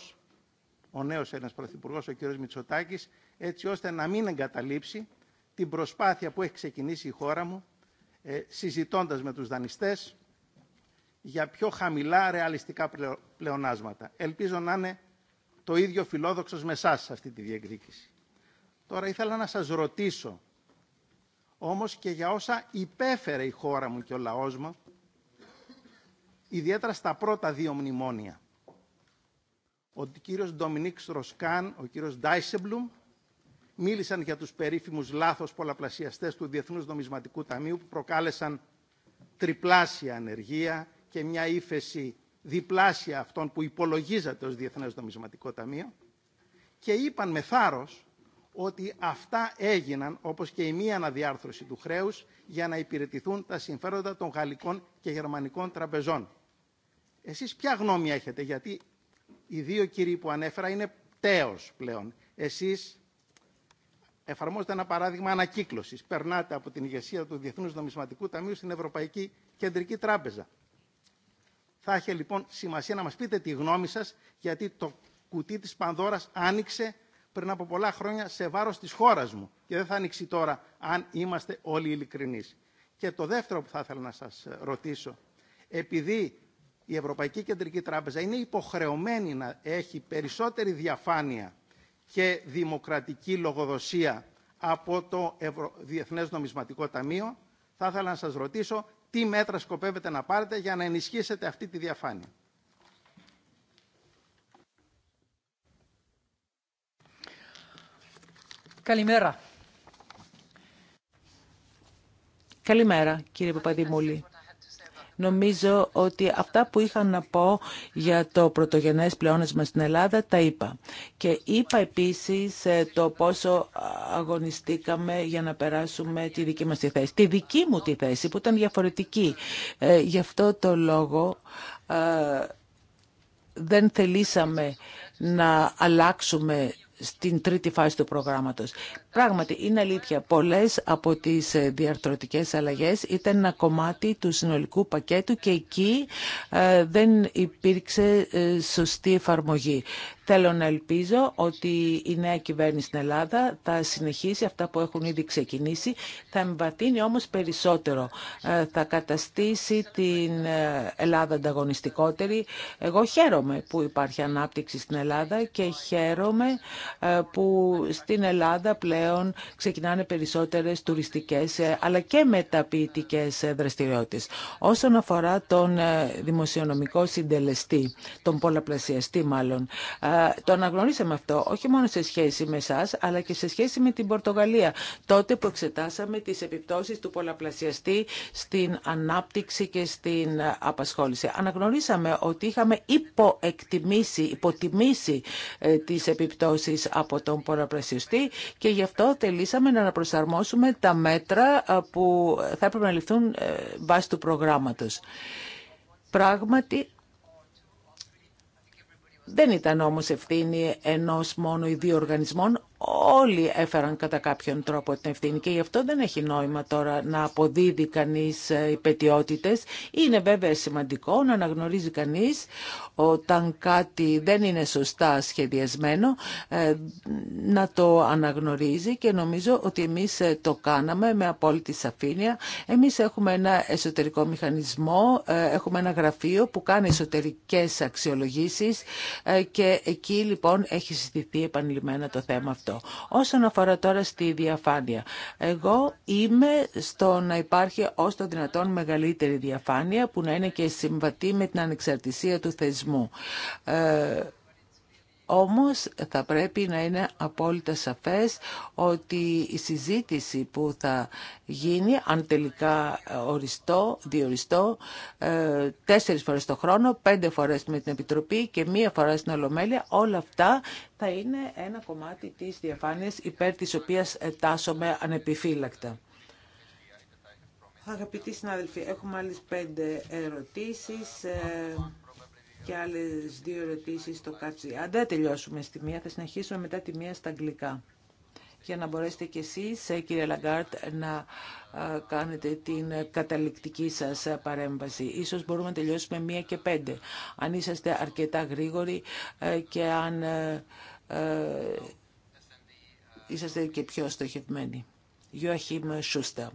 ο νέος Έλληνας Πρωθυπουργό, ο κ. Μητσοτάκης, έτσι ώστε να μην εγκαταλείψει την προσπάθεια που έχει ξεκινήσει η χώρα μου, ε, συζητώντας με τους δανειστές, για πιο χαμηλά ρεαλιστικά πλεονάσματα. Ελπίζω να είναι το ίδιο φιλόδοξος με εσά σε αυτή τη διεκδίκηση. Τώρα ήθελα να σας ρωτήσω, όμως και για όσα υπέφερε η χώρα μου και ο λαός μου, ιδιαίτερα στα πρώτα δύο μνημόνια. Ο κύριος Ντομινίκ Στροσκάν, ο κύριος Ντάισεμπλουμ, μίλησαν για τους περίφημους λάθος πολλαπλασιαστές του Διεθνούς Νομισματικού Ταμείου που προκάλεσαν τριπλάσια ανεργία, και μια ύφεση διπλάσια αυτών που υπολογίζατε ως Διεθνές Νομισματικό Ταμείο και είπαν με θάρρος ότι αυτά έγιναν, όπως και η μία αναδιάρθρωση του χρέους, για να υπηρετηθούν τα συμφέροντα των γαλλικών και γερμανικών τραπεζών. Εσείς ποια γνώμη έχετε, γιατί οι δύο κύριοι που ανέφερα είναι τέος πλέον. Εσείς εφαρμόζετε ένα παράδειγμα ανακύκλωσης. Περνάτε από την ηγεσία του Διεθνούς Νομισματικού Ταμείου στην Ευρωπαϊκή Κεντρική Τράπεζα. Θα είχε λοιπόν σημασία να μας πείτε τη γνώμη σας, γιατί το κουτί της Πανδώρας άνοιξε πριν από πολλά χρόνια σε βάρος της χώρας μου και δεν θα ανοίξει τώρα αν είμαστε όλοι ειλικρινείς. Και το δεύτερο που θα ήθελα να σας ε, ρωτήσω, επειδή η Ευρωπαϊκή Κεντρική Τράπεζα είναι υποχρεωμένη να έχει περισσότερη διαφάνεια και δημοκρατική λογοδοσία από το Ευρω... Διεθνές Νομισματικό Ταμείο, θα ήθελα να σας ρωτήσω τι μέτρα σκοπεύετε να πάρετε για να ενισχύσετε αυτή τη διαφάνεια.
Καλημέρα.
Καλημέρα, κύριε Παπαδημούλη. Νομίζω ότι αυτά που είχα να πω για το πρωτογενές πλεόνασμα στην Ελλάδα τα είπα. Και είπα επίσης ε, το πόσο αγωνιστήκαμε για να περάσουμε τη δική μας τη θέση. Τη δική μου τη θέση που ήταν διαφορετική. Ε, γι' αυτό το λόγο ε, δεν θελήσαμε να αλλάξουμε στην τρίτη φάση του προγράμματος. Πράγματι, είναι αλήθεια, πολλές από τις ε, διαρθρωτικές αλλαγές ήταν ένα κομμάτι του συνολικού πακέτου και εκεί ε, δεν υπήρξε ε, σωστή εφαρμογή. Θέλω να ελπίζω ότι η νέα κυβέρνηση στην Ελλάδα θα συνεχίσει αυτά που έχουν ήδη ξεκινήσει, θα εμβαθύνει όμως περισσότερο, ε, θα καταστήσει την ε, Ελλάδα ανταγωνιστικότερη. Εγώ χαίρομαι που υπάρχει ανάπτυξη στην Ελλάδα και χαίρομαι ε, που στην Ελλάδα πλέον ξεκινάνε περισσότερες τουριστικές αλλά και μεταποιητικές δραστηριότητες. Όσον αφορά τον δημοσιονομικό συντελεστή, τον πολλαπλασιαστή μάλλον, το αναγνωρίσαμε αυτό, όχι μόνο σε σχέση με εσά, αλλά και σε σχέση με την Πορτογαλία. Τότε που εξετάσαμε τι επιπτώσει του πολλαπλασιαστή στην ανάπτυξη και στην απασχόληση. Αναγνωρίσαμε ότι είχαμε υποεκτιμήσει, υποτιμήσει ε, τι επιπτώσεις από τον πολλαπλασιαστή και γι' αυτό θελήσαμε να προσαρμόσουμε τα μέτρα ε, που θα έπρεπε να ληφθούν ε, βάσει του προγράμματο. Πράγματι, δεν ήταν όμως ευθύνη ενός μόνο ή δύο οργανισμών, όλοι έφεραν κατά κάποιον τρόπο την ευθύνη και γι' αυτό δεν έχει νόημα τώρα να αποδίδει κανείς ε, υπετιότητες. Είναι βέβαια σημαντικό να αναγνωρίζει κανείς όταν κάτι δεν είναι σωστά σχεδιασμένο ε, να το αναγνωρίζει και νομίζω ότι εμείς ε, το κάναμε με απόλυτη σαφήνεια. Εμείς έχουμε ένα εσωτερικό μηχανισμό, έχουμε ένα γραφείο που κάνει εσωτερικές αξιολογήσεις και εκεί λοιπόν έχει συζητηθεί επανειλημμένα το θέμα αυτό. Όσον αφορά τώρα στη διαφάνεια, εγώ είμαι στο να υπάρχει όσο το δυνατόν μεγαλύτερη διαφάνεια που να είναι και συμβατή με την ανεξαρτησία του θεσμού. Ε, όμως θα πρέπει να είναι απόλυτα σαφές ότι η συζήτηση που θα γίνει, αν τελικά ε, οριστό, διοριστό, ε, τέσσερις φορές το χρόνο, πέντε φορές με την Επιτροπή και μία φορά στην Ολομέλεια, όλα αυτά θα είναι ένα κομμάτι της διαφάνειας υπέρ της οποίας ε, τάσσομαι ανεπιφύλακτα. Αγαπητοί συνάδελφοι, έχουμε άλλες πέντε ερωτήσεις και άλλε δύο ερωτήσει στο κάτσι. Αν δεν τελειώσουμε στη μία, θα συνεχίσουμε μετά τη μία στα αγγλικά για να μπορέσετε κι εσεί, ε, κύριε Λαγκάρτ, να ε, κάνετε την καταληκτική σα παρέμβαση. Ίσως μπορούμε να τελειώσουμε μία και πέντε, αν είσαστε αρκετά γρήγοροι ε, και αν είσαστε και πιο στοχευμένοι. Ιωαχήμ Σούστα.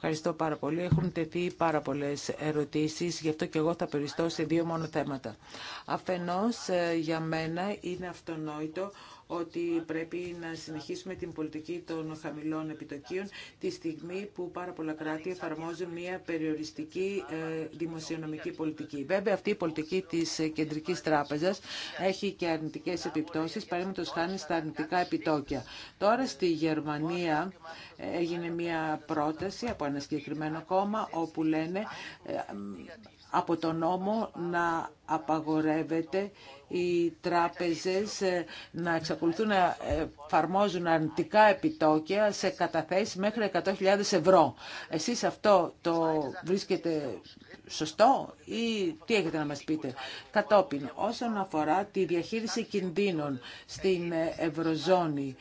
Ευχαριστώ πάρα πολύ. Έχουν τεθεί πάρα πολλέ ερωτήσει, γι' αυτό και εγώ θα περιστώ σε δύο μόνο θέματα. Αφενό, ε, για μένα είναι αυτονόητο ότι πρέπει να συνεχίσουμε την πολιτική των χαμηλών επιτοκίων τη στιγμή που πάρα πολλά κράτη εφαρμόζουν μια περιοριστική ε, δημοσιονομική πολιτική. Βέβαια, αυτή η πολιτική τη Κεντρική Τράπεζα έχει και αρνητικέ επιπτώσει, παραδείγματο χάνει στα αρνητικά επιτόκια. Τώρα στη Γερμανία ε, έγινε μια πρόταση από ένα συγκεκριμένο κόμμα όπου λένε ε, από τον νόμο να απαγορεύεται οι τράπεζες ε, να εξακολουθούν να εφαρμόζουν αρνητικά επιτόκια σε καταθέσεις μέχρι 100.000 ευρώ. Εσείς αυτό το βρίσκετε σωστό ή τι έχετε να μας πείτε. Κατόπιν, όσον αφορά τη διαχείριση κινδύνων στην ε, Ευρωζώνη,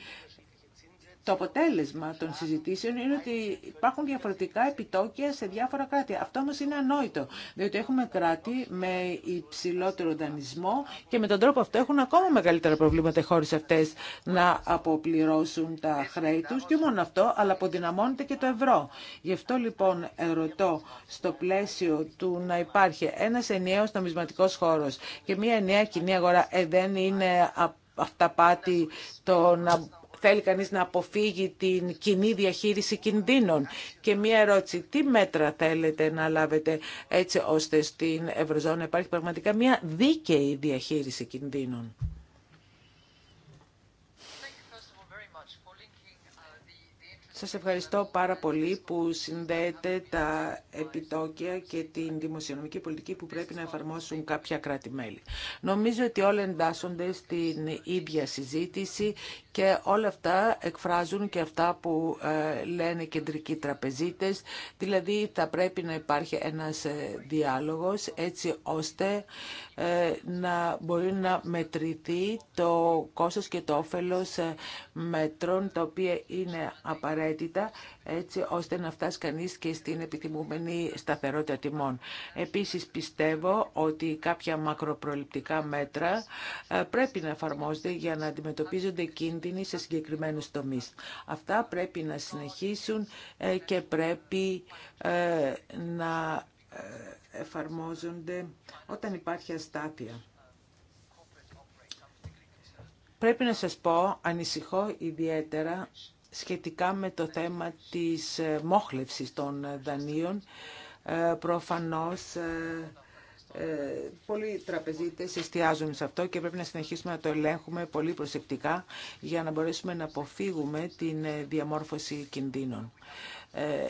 το αποτέλεσμα των συζητήσεων είναι ότι υπάρχουν διαφορετικά επιτόκια σε διάφορα κράτη. Αυτό όμω είναι ανόητο, διότι έχουμε κράτη με υψηλότερο δανεισμό και με τον τρόπο αυτό έχουν ακόμα μεγαλύτερα προβλήματα οι χώρε αυτέ να αποπληρώσουν τα χρέη του. Και μόνο αυτό, αλλά αποδυναμώνεται και το ευρώ. Γι' αυτό λοιπόν ερωτώ στο πλαίσιο του να υπάρχει ένα ενιαίο νομισματικό χώρο και μια ενιαία κοινή αγορά. Ε, δεν είναι αυταπάτη το να θέλει κανείς να αποφύγει την κοινή διαχείριση κινδύνων. Και μία ερώτηση, τι μέτρα θέλετε να λάβετε έτσι ώστε στην Ευρωζώνη υπάρχει πραγματικά μία δίκαιη διαχείριση κινδύνων. Σας ευχαριστώ πάρα πολύ που συνδέετε τα επιτόκια και την δημοσιονομική πολιτική που πρέπει να εφαρμόσουν κάποια κράτη-μέλη. Νομίζω ότι όλα εντάσσονται στην ίδια συζήτηση και όλα αυτά εκφράζουν και αυτά που ε, λένε κεντρικοί τραπεζίτες, δηλαδή θα πρέπει να υπάρχει ένας ε, διάλογος έτσι ώστε ε, να μπορεί να μετρηθεί το κόστος και το όφελος μέτρων τα οποία είναι απαραίτητα έτσι ώστε να φτάσει κανείς και στην επιθυμούμενη σταθερότητα τιμών. Επίσης πιστεύω ότι κάποια μακροπροληπτικά μέτρα πρέπει να εφαρμόζονται για να αντιμετωπίζονται κίνδυνοι είναι σε συγκεκριμένους τομείς. Αυτά πρέπει να συνεχίσουν ε, και πρέπει ε, να ε, εφαρμόζονται όταν υπάρχει αστάθεια. Πρέπει να σας πω, ανησυχώ ιδιαίτερα σχετικά με το θέμα της μόχλευσης των δανείων. Προφανώς ε, πολλοί τραπεζίτες εστιάζουν σε αυτό και πρέπει να συνεχίσουμε να το ελέγχουμε πολύ προσεκτικά για να μπορέσουμε να αποφύγουμε την ε, διαμόρφωση κινδύνων. Ε,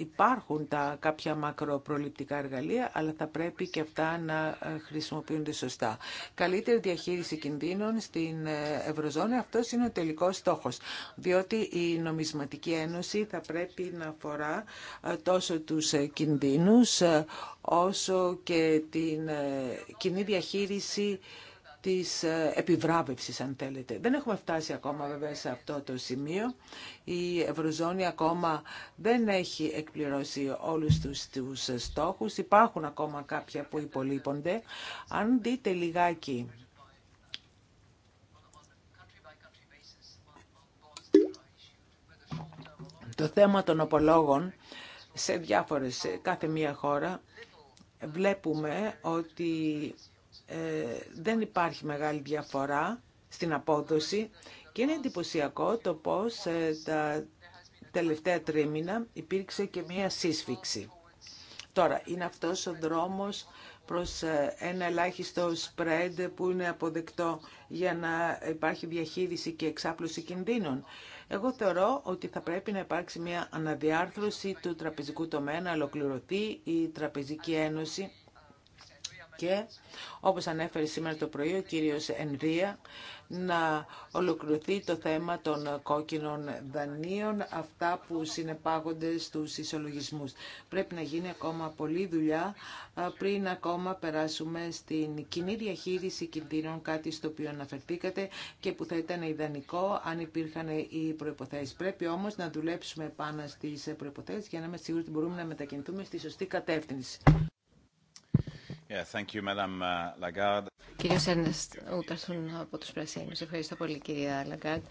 υπάρχουν τα κάποια μακροπροληπτικά εργαλεία, αλλά θα πρέπει και αυτά να ε, χρησιμοποιούνται σωστά. Καλύτερη διαχείριση κινδύνων στην ε, Ευρωζώνη, αυτός είναι ο τελικός στόχος, διότι η Νομισματική Ένωση θα πρέπει να αφορά ε, τόσο τους κινδύνους, όσο και την κοινή διαχείριση της ε, επιβράβευσης αν θέλετε. Δεν έχουμε φτάσει ακόμα βέβαια σε αυτό το σημείο. Η Ευρωζώνη ακόμα δεν έχει εκπληρώσει όλους τους, τους στόχους. Υπάρχουν ακόμα κάποια που υπολείπονται. Αν δείτε λιγάκι το θέμα των απολόγων σε διάφορες, κάθε μία χώρα, βλέπουμε ότι ε, δεν υπάρχει μεγάλη διαφορά στην απόδοση και είναι εντυπωσιακό το πώς ε, τα τελευταία τρίμηνα υπήρξε και μία σύσφυξη. Τώρα, είναι αυτός ο δρόμος προς ε, ένα ελάχιστο spread που είναι αποδεκτό για να υπάρχει διαχείριση και εξάπλωση κινδύνων. Εγώ θεωρώ ότι θα πρέπει να υπάρξει μια αναδιάρθρωση του τραπεζικού τομέα, να ολοκληρωθεί η Τραπεζική Ένωση και όπως ανέφερε σήμερα το πρωί ο κύριος Ενρία να ολοκληρωθεί το θέμα των κόκκινων δανείων, αυτά που συνεπάγονται στους ισολογισμούς. Πρέπει να γίνει ακόμα πολλή δουλειά πριν ακόμα περάσουμε στην κοινή διαχείριση κινδύνων, κάτι στο οποίο αναφερθήκατε και που θα ήταν ιδανικό αν υπήρχαν οι προϋποθέσεις. Πρέπει όμως να δουλέψουμε πάνω στις προϋποθέσεις για να είμαστε σίγουροι ότι μπορούμε να μετακινηθούμε στη σωστή κατεύθυνση.
Κύριο thank
uh, ούτε από τους Πρασίνους. Ευχαριστώ πολύ, κυρία Λαγκάρντ.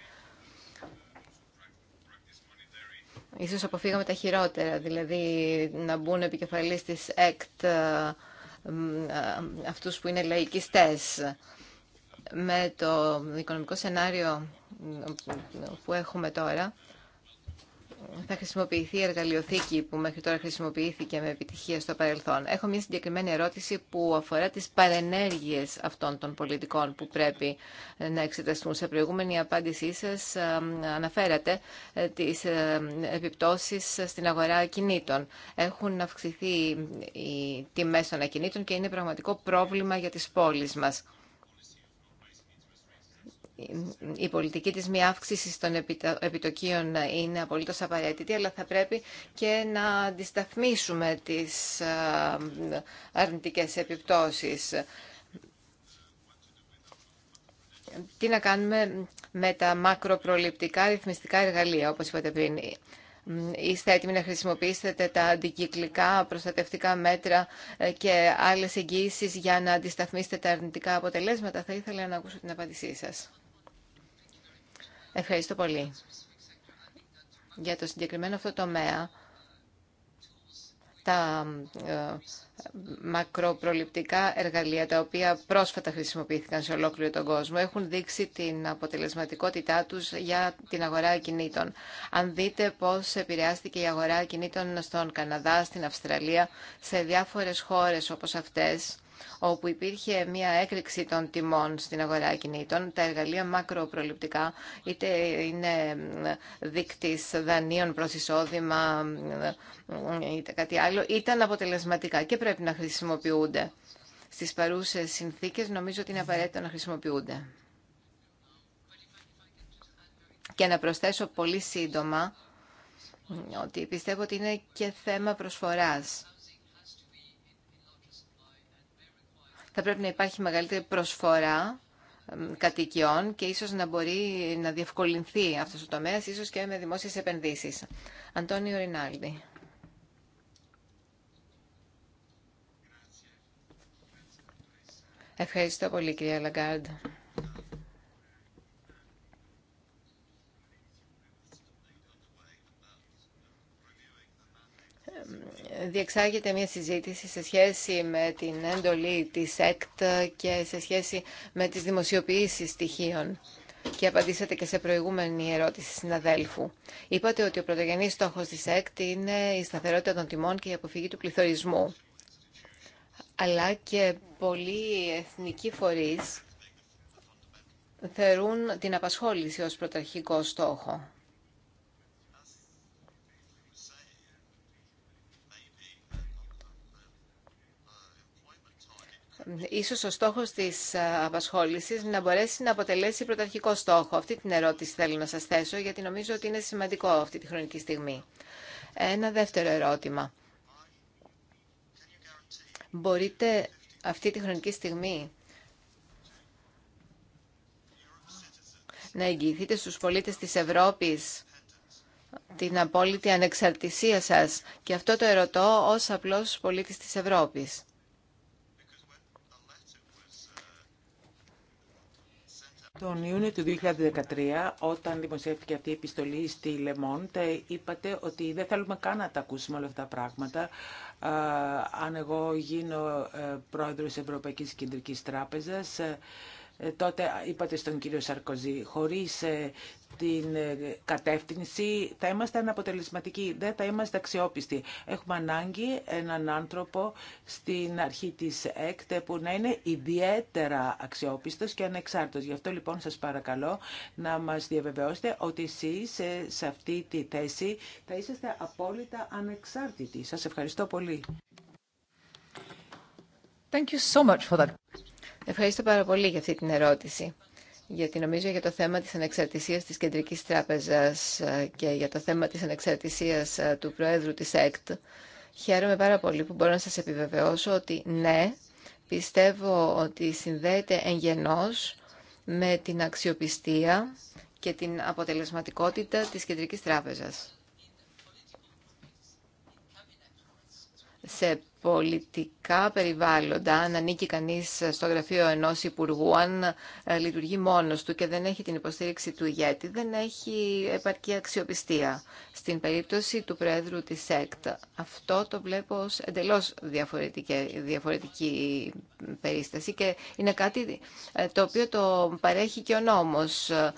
Ίσως αποφύγαμε τα χειρότερα, δηλαδή να μπουν επικεφαλής της ΕΚΤ ε, ε, αυτούς που είναι λαϊκιστές. Με το οικονομικό σενάριο ε, που έχουμε τώρα, θα χρησιμοποιηθεί η εργαλειοθήκη που μέχρι τώρα χρησιμοποιήθηκε με επιτυχία στο παρελθόν. Έχω μια συγκεκριμένη ερώτηση που αφορά τις παρενέργειες αυτών των πολιτικών που πρέπει να εξεταστούν. Σε προηγούμενη απάντησή σας ε, αναφέρατε ε, τις ε, επιπτώσεις στην αγορά κινήτων. Έχουν αυξηθεί οι τιμές των ακινήτων και είναι πραγματικό πρόβλημα για τις πόλεις μας η πολιτική της μη αύξησης των επιτοκίων είναι απολύτως απαραίτητη, αλλά θα πρέπει και να αντισταθμίσουμε τις αρνητικές επιπτώσεις. Τι να κάνουμε με τα μακροπροληπτικά ρυθμιστικά εργαλεία, όπως είπατε πριν. Είστε έτοιμοι να χρησιμοποιήσετε τα αντικυκλικά προστατευτικά μέτρα και άλλες εγγύησεις για να αντισταθμίσετε τα αρνητικά αποτελέσματα. Θα ήθελα να ακούσω την απάντησή σας. Ευχαριστώ πολύ. Για το συγκεκριμένο αυτό τομέα, τα ε, μακροπροληπτικά εργαλεία τα οποία πρόσφατα χρησιμοποιήθηκαν σε ολόκληρο τον κόσμο έχουν δείξει την αποτελεσματικότητά τους για την αγορά κινήτων. Αν δείτε πώς επηρεάστηκε η αγορά κινήτων στον Καναδά, στην Αυστραλία, σε διάφορες χώρες όπως αυτές, όπου υπήρχε μια έκρηξη των τιμών στην αγορά κινήτων, τα εργαλεία μακροπροληπτικά, είτε είναι δείκτης δανείων προς εισόδημα, είτε κάτι άλλο, ήταν αποτελεσματικά και πρέπει να χρησιμοποιούνται. Στις παρούσες συνθήκες νομίζω ότι είναι απαραίτητο να χρησιμοποιούνται. Και να προσθέσω πολύ σύντομα ότι πιστεύω ότι είναι και θέμα προσφοράς. θα πρέπει να υπάρχει μεγαλύτερη προσφορά κατοικιών και ίσως να μπορεί να διευκολυνθεί αυτός ο τομέας, ίσως και με δημόσιες επενδύσεις. Αντώνιο Ρινάλδη. Ευχαριστώ πολύ, κυρία Λαγκάρντ. διεξάγεται μια συζήτηση σε σχέση με την έντολη της ΕΚΤ και σε σχέση με τις δημοσιοποιήσεις στοιχείων. Και απαντήσατε και σε προηγούμενη ερώτηση συναδέλφου. Είπατε ότι ο πρωτογενής στόχος της ΕΚΤ είναι η σταθερότητα των τιμών και η αποφυγή του πληθωρισμού. Αλλά και πολλοί εθνικοί φορείς θεωρούν την απασχόληση ως πρωταρχικό στόχο. ίσως ο στόχος της ε, απασχόλησης να μπορέσει να αποτελέσει πρωταρχικό στόχο. Αυτή την ερώτηση θέλω να σας θέσω, γιατί νομίζω ότι είναι σημαντικό αυτή τη χρονική στιγμή. Ένα δεύτερο ερώτημα. Μπορείτε αυτή τη χρονική στιγμή να εγγυηθείτε στους πολίτες της Ευρώπης την απόλυτη ανεξαρτησία σας. Και αυτό το ερωτώ ως απλός πολίτης της Ευρώπης.
Τον Ιούνιο του 2013, όταν δημοσιεύτηκε αυτή η επιστολή στη Λεμόντ, είπατε ότι δεν θέλουμε καν να τα ακούσουμε όλα αυτά τα πράγματα. Αν εγώ γίνω ε, πρόεδρος Ευρωπαϊκής Κεντρικής Τράπεζας, ε, ε, τότε είπατε στον κύριο Σαρκοζή, χωρίς ε, την ε, κατεύθυνση θα είμαστε αναποτελεσματικοί, δεν θα είμαστε αξιόπιστοι. Έχουμε ανάγκη έναν άνθρωπο στην αρχή της ΕΚΤ που να είναι ιδιαίτερα αξιόπιστος και ανεξάρτητος. Γι' αυτό λοιπόν σας παρακαλώ να μας διαβεβαιώσετε ότι εσείς σε αυτή τη θέση θα είσαστε απόλυτα ανεξάρτητοι.
Σας ευχαριστώ πολύ. Ευχαριστώ πάρα πολύ για αυτή την ερώτηση. Γιατί νομίζω για το θέμα της ανεξαρτησίας της Κεντρικής Τράπεζας ε, και για το θέμα της ανεξαρτησίας ε, του Προέδρου της ΕΚΤ, χαίρομαι πάρα πολύ που μπορώ να σας επιβεβαιώσω ότι ναι, πιστεύω ότι συνδέεται εν με την αξιοπιστία και την αποτελεσματικότητα της Κεντρικής Τράπεζας. Σε πολιτικά περιβάλλοντα, αν ανήκει κανείς στο γραφείο ενός υπουργού, αν ε, λειτουργεί μόνος του και δεν έχει την υποστήριξη του ηγέτη, δεν έχει επαρκή αξιοπιστία. Στην περίπτωση του Προέδρου της ΕΚΤ, αυτό το βλέπω ως εντελώς διαφορετική, διαφορετική περίσταση και είναι κάτι ε, το οποίο το παρέχει και ο νόμος. Ε,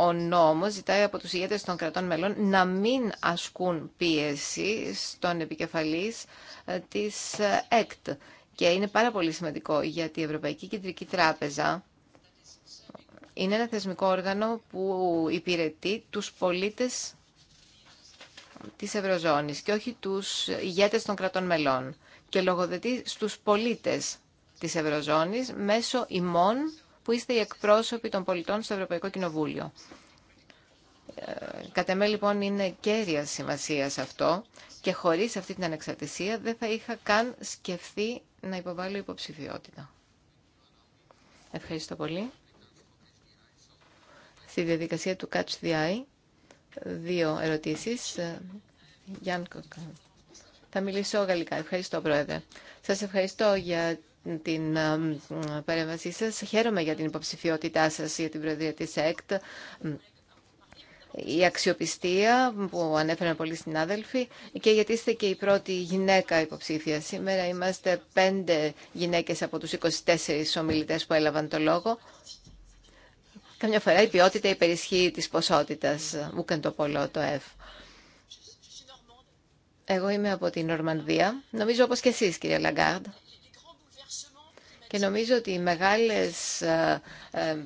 ο νόμος ζητάει από τους ηγέτες των κρατών μελών να μην ασκούν πίεση στον επικεφαλής της ΕΚΤ. Και είναι πάρα πολύ σημαντικό γιατί η Ευρωπαϊκή Κεντρική Τράπεζα είναι ένα θεσμικό όργανο που υπηρετεί τους πολίτες της Ευρωζώνης και όχι τους ηγέτες των κρατών μελών και λογοδετεί στους πολίτες της Ευρωζώνης μέσω ημών που είστε οι εκπρόσωποι των πολιτών στο Ευρωπαϊκό Κοινοβούλιο. Ε, κατ' εμέ λοιπόν είναι κέρια σημασία αυτό και χωρίς αυτή την ανεξαρτησία δεν θα είχα καν σκεφτεί να υποβάλω υποψηφιότητα. Ευχαριστώ πολύ. Στη διαδικασία του Catch the Eye, δύο ερωτήσεις. Θα μιλήσω γαλλικά. Ευχαριστώ, Πρόεδρε. Σας ευχαριστώ για την ε, παρέμβασή σας. Χαίρομαι για την υποψηφιότητά σας για την Προεδρία της ΕΚΤ η αξιοπιστία που ανέφεραν πολλοί συνάδελφοι και γιατί είστε και η πρώτη γυναίκα υποψήφια. Σήμερα είμαστε πέντε γυναίκες από τους 24 ομιλητές που έλαβαν το λόγο. Καμιά φορά η ποιότητα υπερισχύει της ποσότητας. Ούκεν το πολλό το εφ. Εγώ είμαι από την Νορμανδία νομίζω όπως και εσείς κυρία Λαγκάρντ. Και νομίζω ότι οι μεγάλες ε, ε,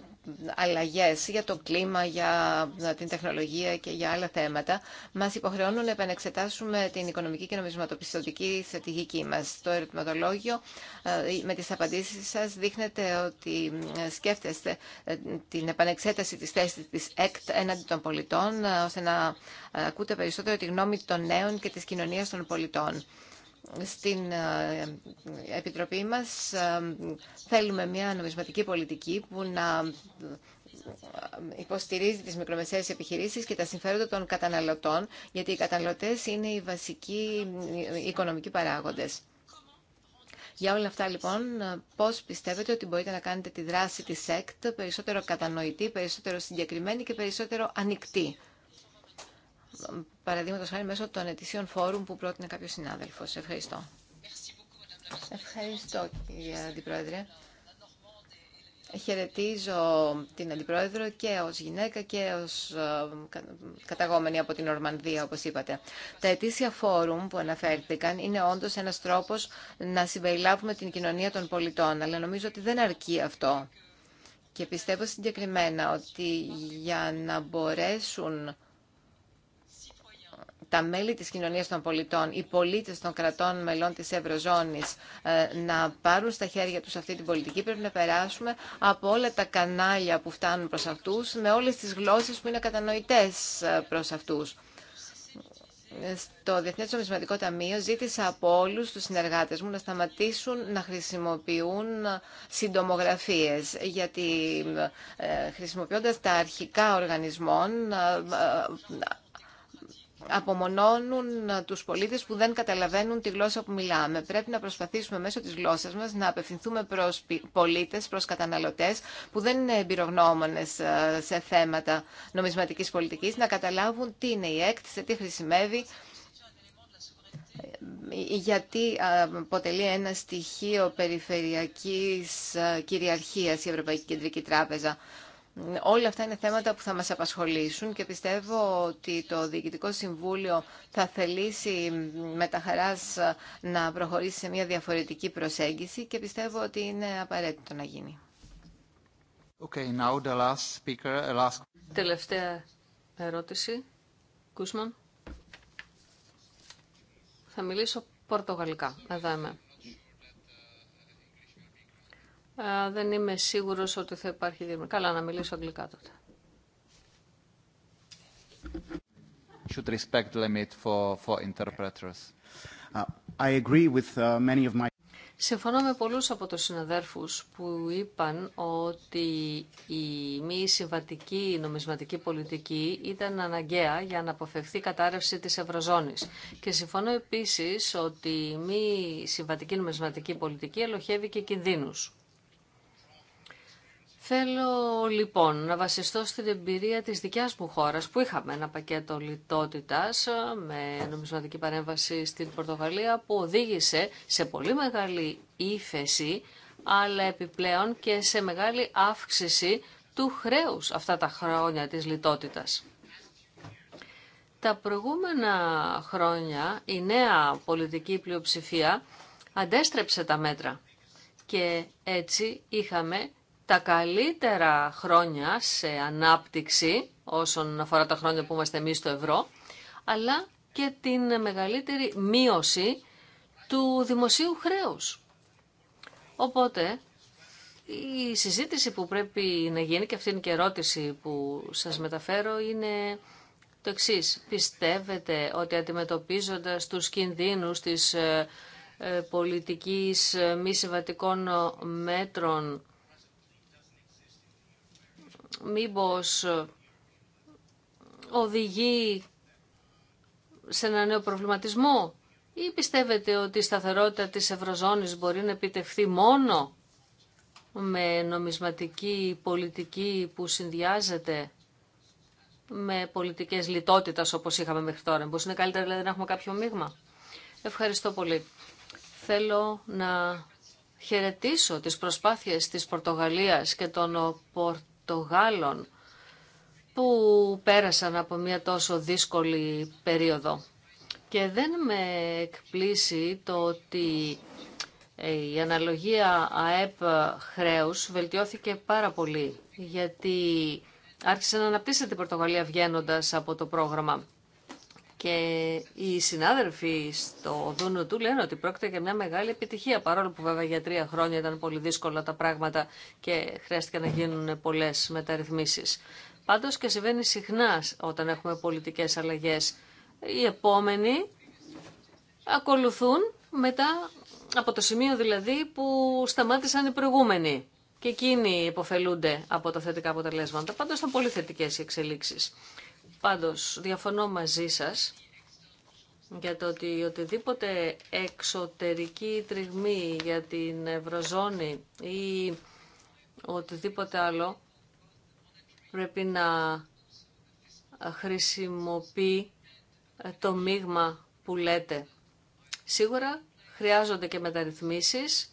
αλλαγές για το κλίμα, για την τεχνολογία και για άλλα θέματα, μας υποχρεώνουν να επανεξετάσουμε την οικονομική και νομισματοπιστωτική στρατηγική μας. Το ερωτηματολόγιο ε, με τις απαντήσεις σας δείχνετε ότι ε, σκέφτεστε ε, την επανεξέταση της θέσης της ΕΚΤ έναντι των πολιτών, ώστε να ακούτε περισσότερο τη γνώμη των νέων και της κοινωνίας των πολιτών στην ε, Επιτροπή μας ε, θέλουμε μια νομισματική πολιτική που να ε, υποστηρίζει τις μικρομεσαίες επιχειρήσεις και τα συμφέροντα των καταναλωτών, γιατί οι καταναλωτές είναι οι βασικοί οικονομικοί παράγοντες. Για όλα αυτά λοιπόν, πώς πιστεύετε ότι μπορείτε να κάνετε τη δράση της ΕΚΤ περισσότερο κατανοητή, περισσότερο συγκεκριμένη και περισσότερο ανοιχτή παραδείγματο χάρη μέσω των ετησίων φόρουμ που πρότεινε κάποιο συνάδελφο. Ευχαριστώ. Ευχαριστώ, κύριε Αντιπρόεδρε. Χαιρετίζω την Αντιπρόεδρο και ως γυναίκα και ως ε, καταγόμενη από την Ορμανδία, όπως είπατε. Τα ετήσια φόρουμ που αναφέρθηκαν είναι όντως ένας τρόπος να συμπεριλάβουμε την κοινωνία των πολιτών, αλλά νομίζω ότι δεν αρκεί αυτό. Και πιστεύω συγκεκριμένα ότι για να μπορέσουν τα μέλη της κοινωνίας των πολιτών, οι πολίτες των κρατών μελών της Ευρωζώνης ε, να πάρουν στα χέρια τους αυτή την πολιτική, πρέπει να περάσουμε από όλα τα κανάλια που φτάνουν προς αυτούς, με όλες τις γλώσσες που είναι κατανοητές ε, προς αυτούς στο Διεθνές Ομισματικό Ταμείο ζήτησα από όλους τους συνεργάτες μου να σταματήσουν να χρησιμοποιούν συντομογραφίες γιατί ε, χρησιμοποιώντας τα αρχικά οργανισμών απομονώνουν τους πολίτες που δεν καταλαβαίνουν τη γλώσσα που μιλάμε. Πρέπει να προσπαθήσουμε μέσω της γλώσσας μας να απευθυνθούμε προς πολίτες, προς καταναλωτές που δεν είναι εμπειρογνώμονες ε, σε θέματα νομισματικής πολιτικής, να καταλάβουν τι είναι η έκτηση, τι χρησιμεύει, ε, γιατί ε, αποτελεί ένα στοιχείο περιφερειακής κυριαρχίας η Ευρωπαϊκή Κεντρική Τράπεζα. Όλα αυτά είναι θέματα που θα μας απασχολήσουν και πιστεύω ότι το Διοικητικό Συμβούλιο θα θελήσει με τα χαράς να προχωρήσει σε μια διαφορετική προσέγγιση και πιστεύω ότι είναι απαραίτητο να γίνει.
Okay, now the last speaker, last...
Τελευταία ερώτηση. Κούσμαν. Θα μιλήσω πορτογαλικά. Εδώ είμαι δεν είμαι σίγουρος ότι θα υπάρχει δύναμη. Καλά να μιλήσω αγγλικά τότε.
Should respect limit for, for interpreters.
Uh, I agree with uh, many of my...
Συμφωνώ με πολλούς από τους συναδέρφους που είπαν ότι η μη συμβατική νομισματική πολιτική ήταν αναγκαία για να αποφευθεί η κατάρρευση της Ευρωζώνης. Και συμφωνώ επίσης ότι η μη συμβατική νομισματική πολιτική ελοχεύει και κινδύνους. Θέλω λοιπόν να βασιστώ στην εμπειρία της δικιάς μου χώρας που είχαμε ένα πακέτο λιτότητας ε, με νομισματική παρέμβαση στην Πορτογαλία που οδήγησε σε πολύ μεγάλη ύφεση αλλά επιπλέον και σε μεγάλη αύξηση του χρέους αυτά τα χρόνια της λιτότητας. Τα προηγούμενα χρόνια η νέα πολιτική πλειοψηφία αντέστρεψε τα μέτρα και έτσι είχαμε τα καλύτερα χρόνια σε ανάπτυξη όσον αφορά τα χρόνια που είμαστε εμείς στο ευρώ, αλλά και την μεγαλύτερη μείωση του δημοσίου χρέους. Οπότε, η συζήτηση που πρέπει να γίνει, και αυτή είναι και η ερώτηση που σας μεταφέρω, είναι το εξή. Πιστεύετε ότι αντιμετωπίζοντας τους κινδύνους της ε, ε, πολιτικής ε, μη συμβατικών μέτρων μήπως ε, οδηγεί σε ένα νέο προβληματισμό ή πιστεύετε ότι η σταθερότητα της Ευρωζώνης μπορεί να επιτευχθεί μόνο με νομισματική πολιτική που συνδυάζεται με πολιτικές λιτότητας όπως είχαμε μέχρι τώρα. Μπορεί είναι καλύτερα δηλαδή να έχουμε κάποιο μείγμα. Ευχαριστώ πολύ. Θέλω να χαιρετήσω τις προσπάθειες της Πορτογαλίας και των γάλλον που πέρασαν από μια τόσο δύσκολη περίοδο. Και δεν με εκπλήσει το ότι ε, η αναλογία ΑΕΠ χρέους βελτιώθηκε πάρα πολύ, γιατί άρχισε να αναπτύσσεται η Πορτογαλία βγαίνοντας από το πρόγραμμα. Και οι συνάδελφοι στο Δούνου του λένε ότι πρόκειται για μια μεγάλη επιτυχία, παρόλο που βέβαια για τρία χρόνια ήταν πολύ δύσκολα τα πράγματα και χρειάστηκε να γίνουν πολλές μεταρρυθμίσει. Πάντως και συμβαίνει συχνά όταν έχουμε πολιτικές αλλαγέ, Οι επόμενοι ακολουθούν μετά από το σημείο δηλαδή που σταμάτησαν οι προηγούμενοι. Και εκείνοι υποφελούνται από τα θετικά αποτελέσματα. Πάντως ήταν πολύ θετικέ οι εξελίξει. Πάντως, διαφωνώ μαζί σας για το ότι οτιδήποτε εξωτερική τριγμή για την Ευρωζώνη ή οτιδήποτε άλλο πρέπει να χρησιμοποιεί το μείγμα που λέτε. Σίγουρα χρειάζονται και μεταρρυθμίσεις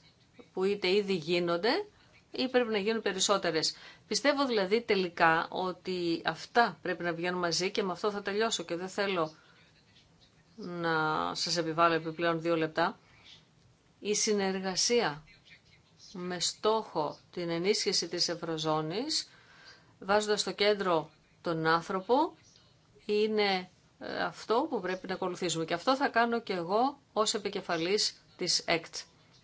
που είτε ήδη γίνονται ή πρέπει να γίνουν περισσότερες. Πιστεύω δηλαδή τελικά ότι αυτά πρέπει να βγαίνουν μαζί και με αυτό θα τελειώσω και δεν θέλω να σας επιβάλλω επιπλέον δύο λεπτά. Η συνεργασία με στόχο την ενίσχυση της Ευρωζώνης, βάζοντας στο κέντρο τον άνθρωπο, είναι ε, αυτό που πρέπει να ακολουθήσουμε. Και αυτό θα κάνω και εγώ ως επικεφαλής της ΕΚΤ.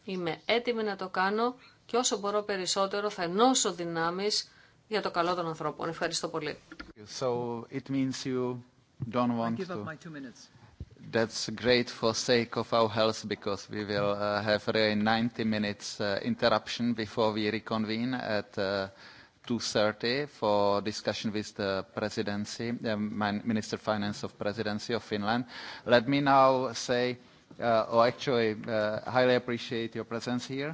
Είμαι έτοιμη να το κάνω και όσο μπορώ περισσότερο θα ενώσω δυνάμεις για το καλό των ανθρώπων. Ευχαριστώ πολύ.
So it means you don't want to... That's great for sake of our health because we will have a 90 minutes interruption before we reconvene at uh, 2.30 for discussion with the presidency, the Minister of Finance of Presidency of Finland. Let me now say, uh, or actually uh, highly appreciate your presence here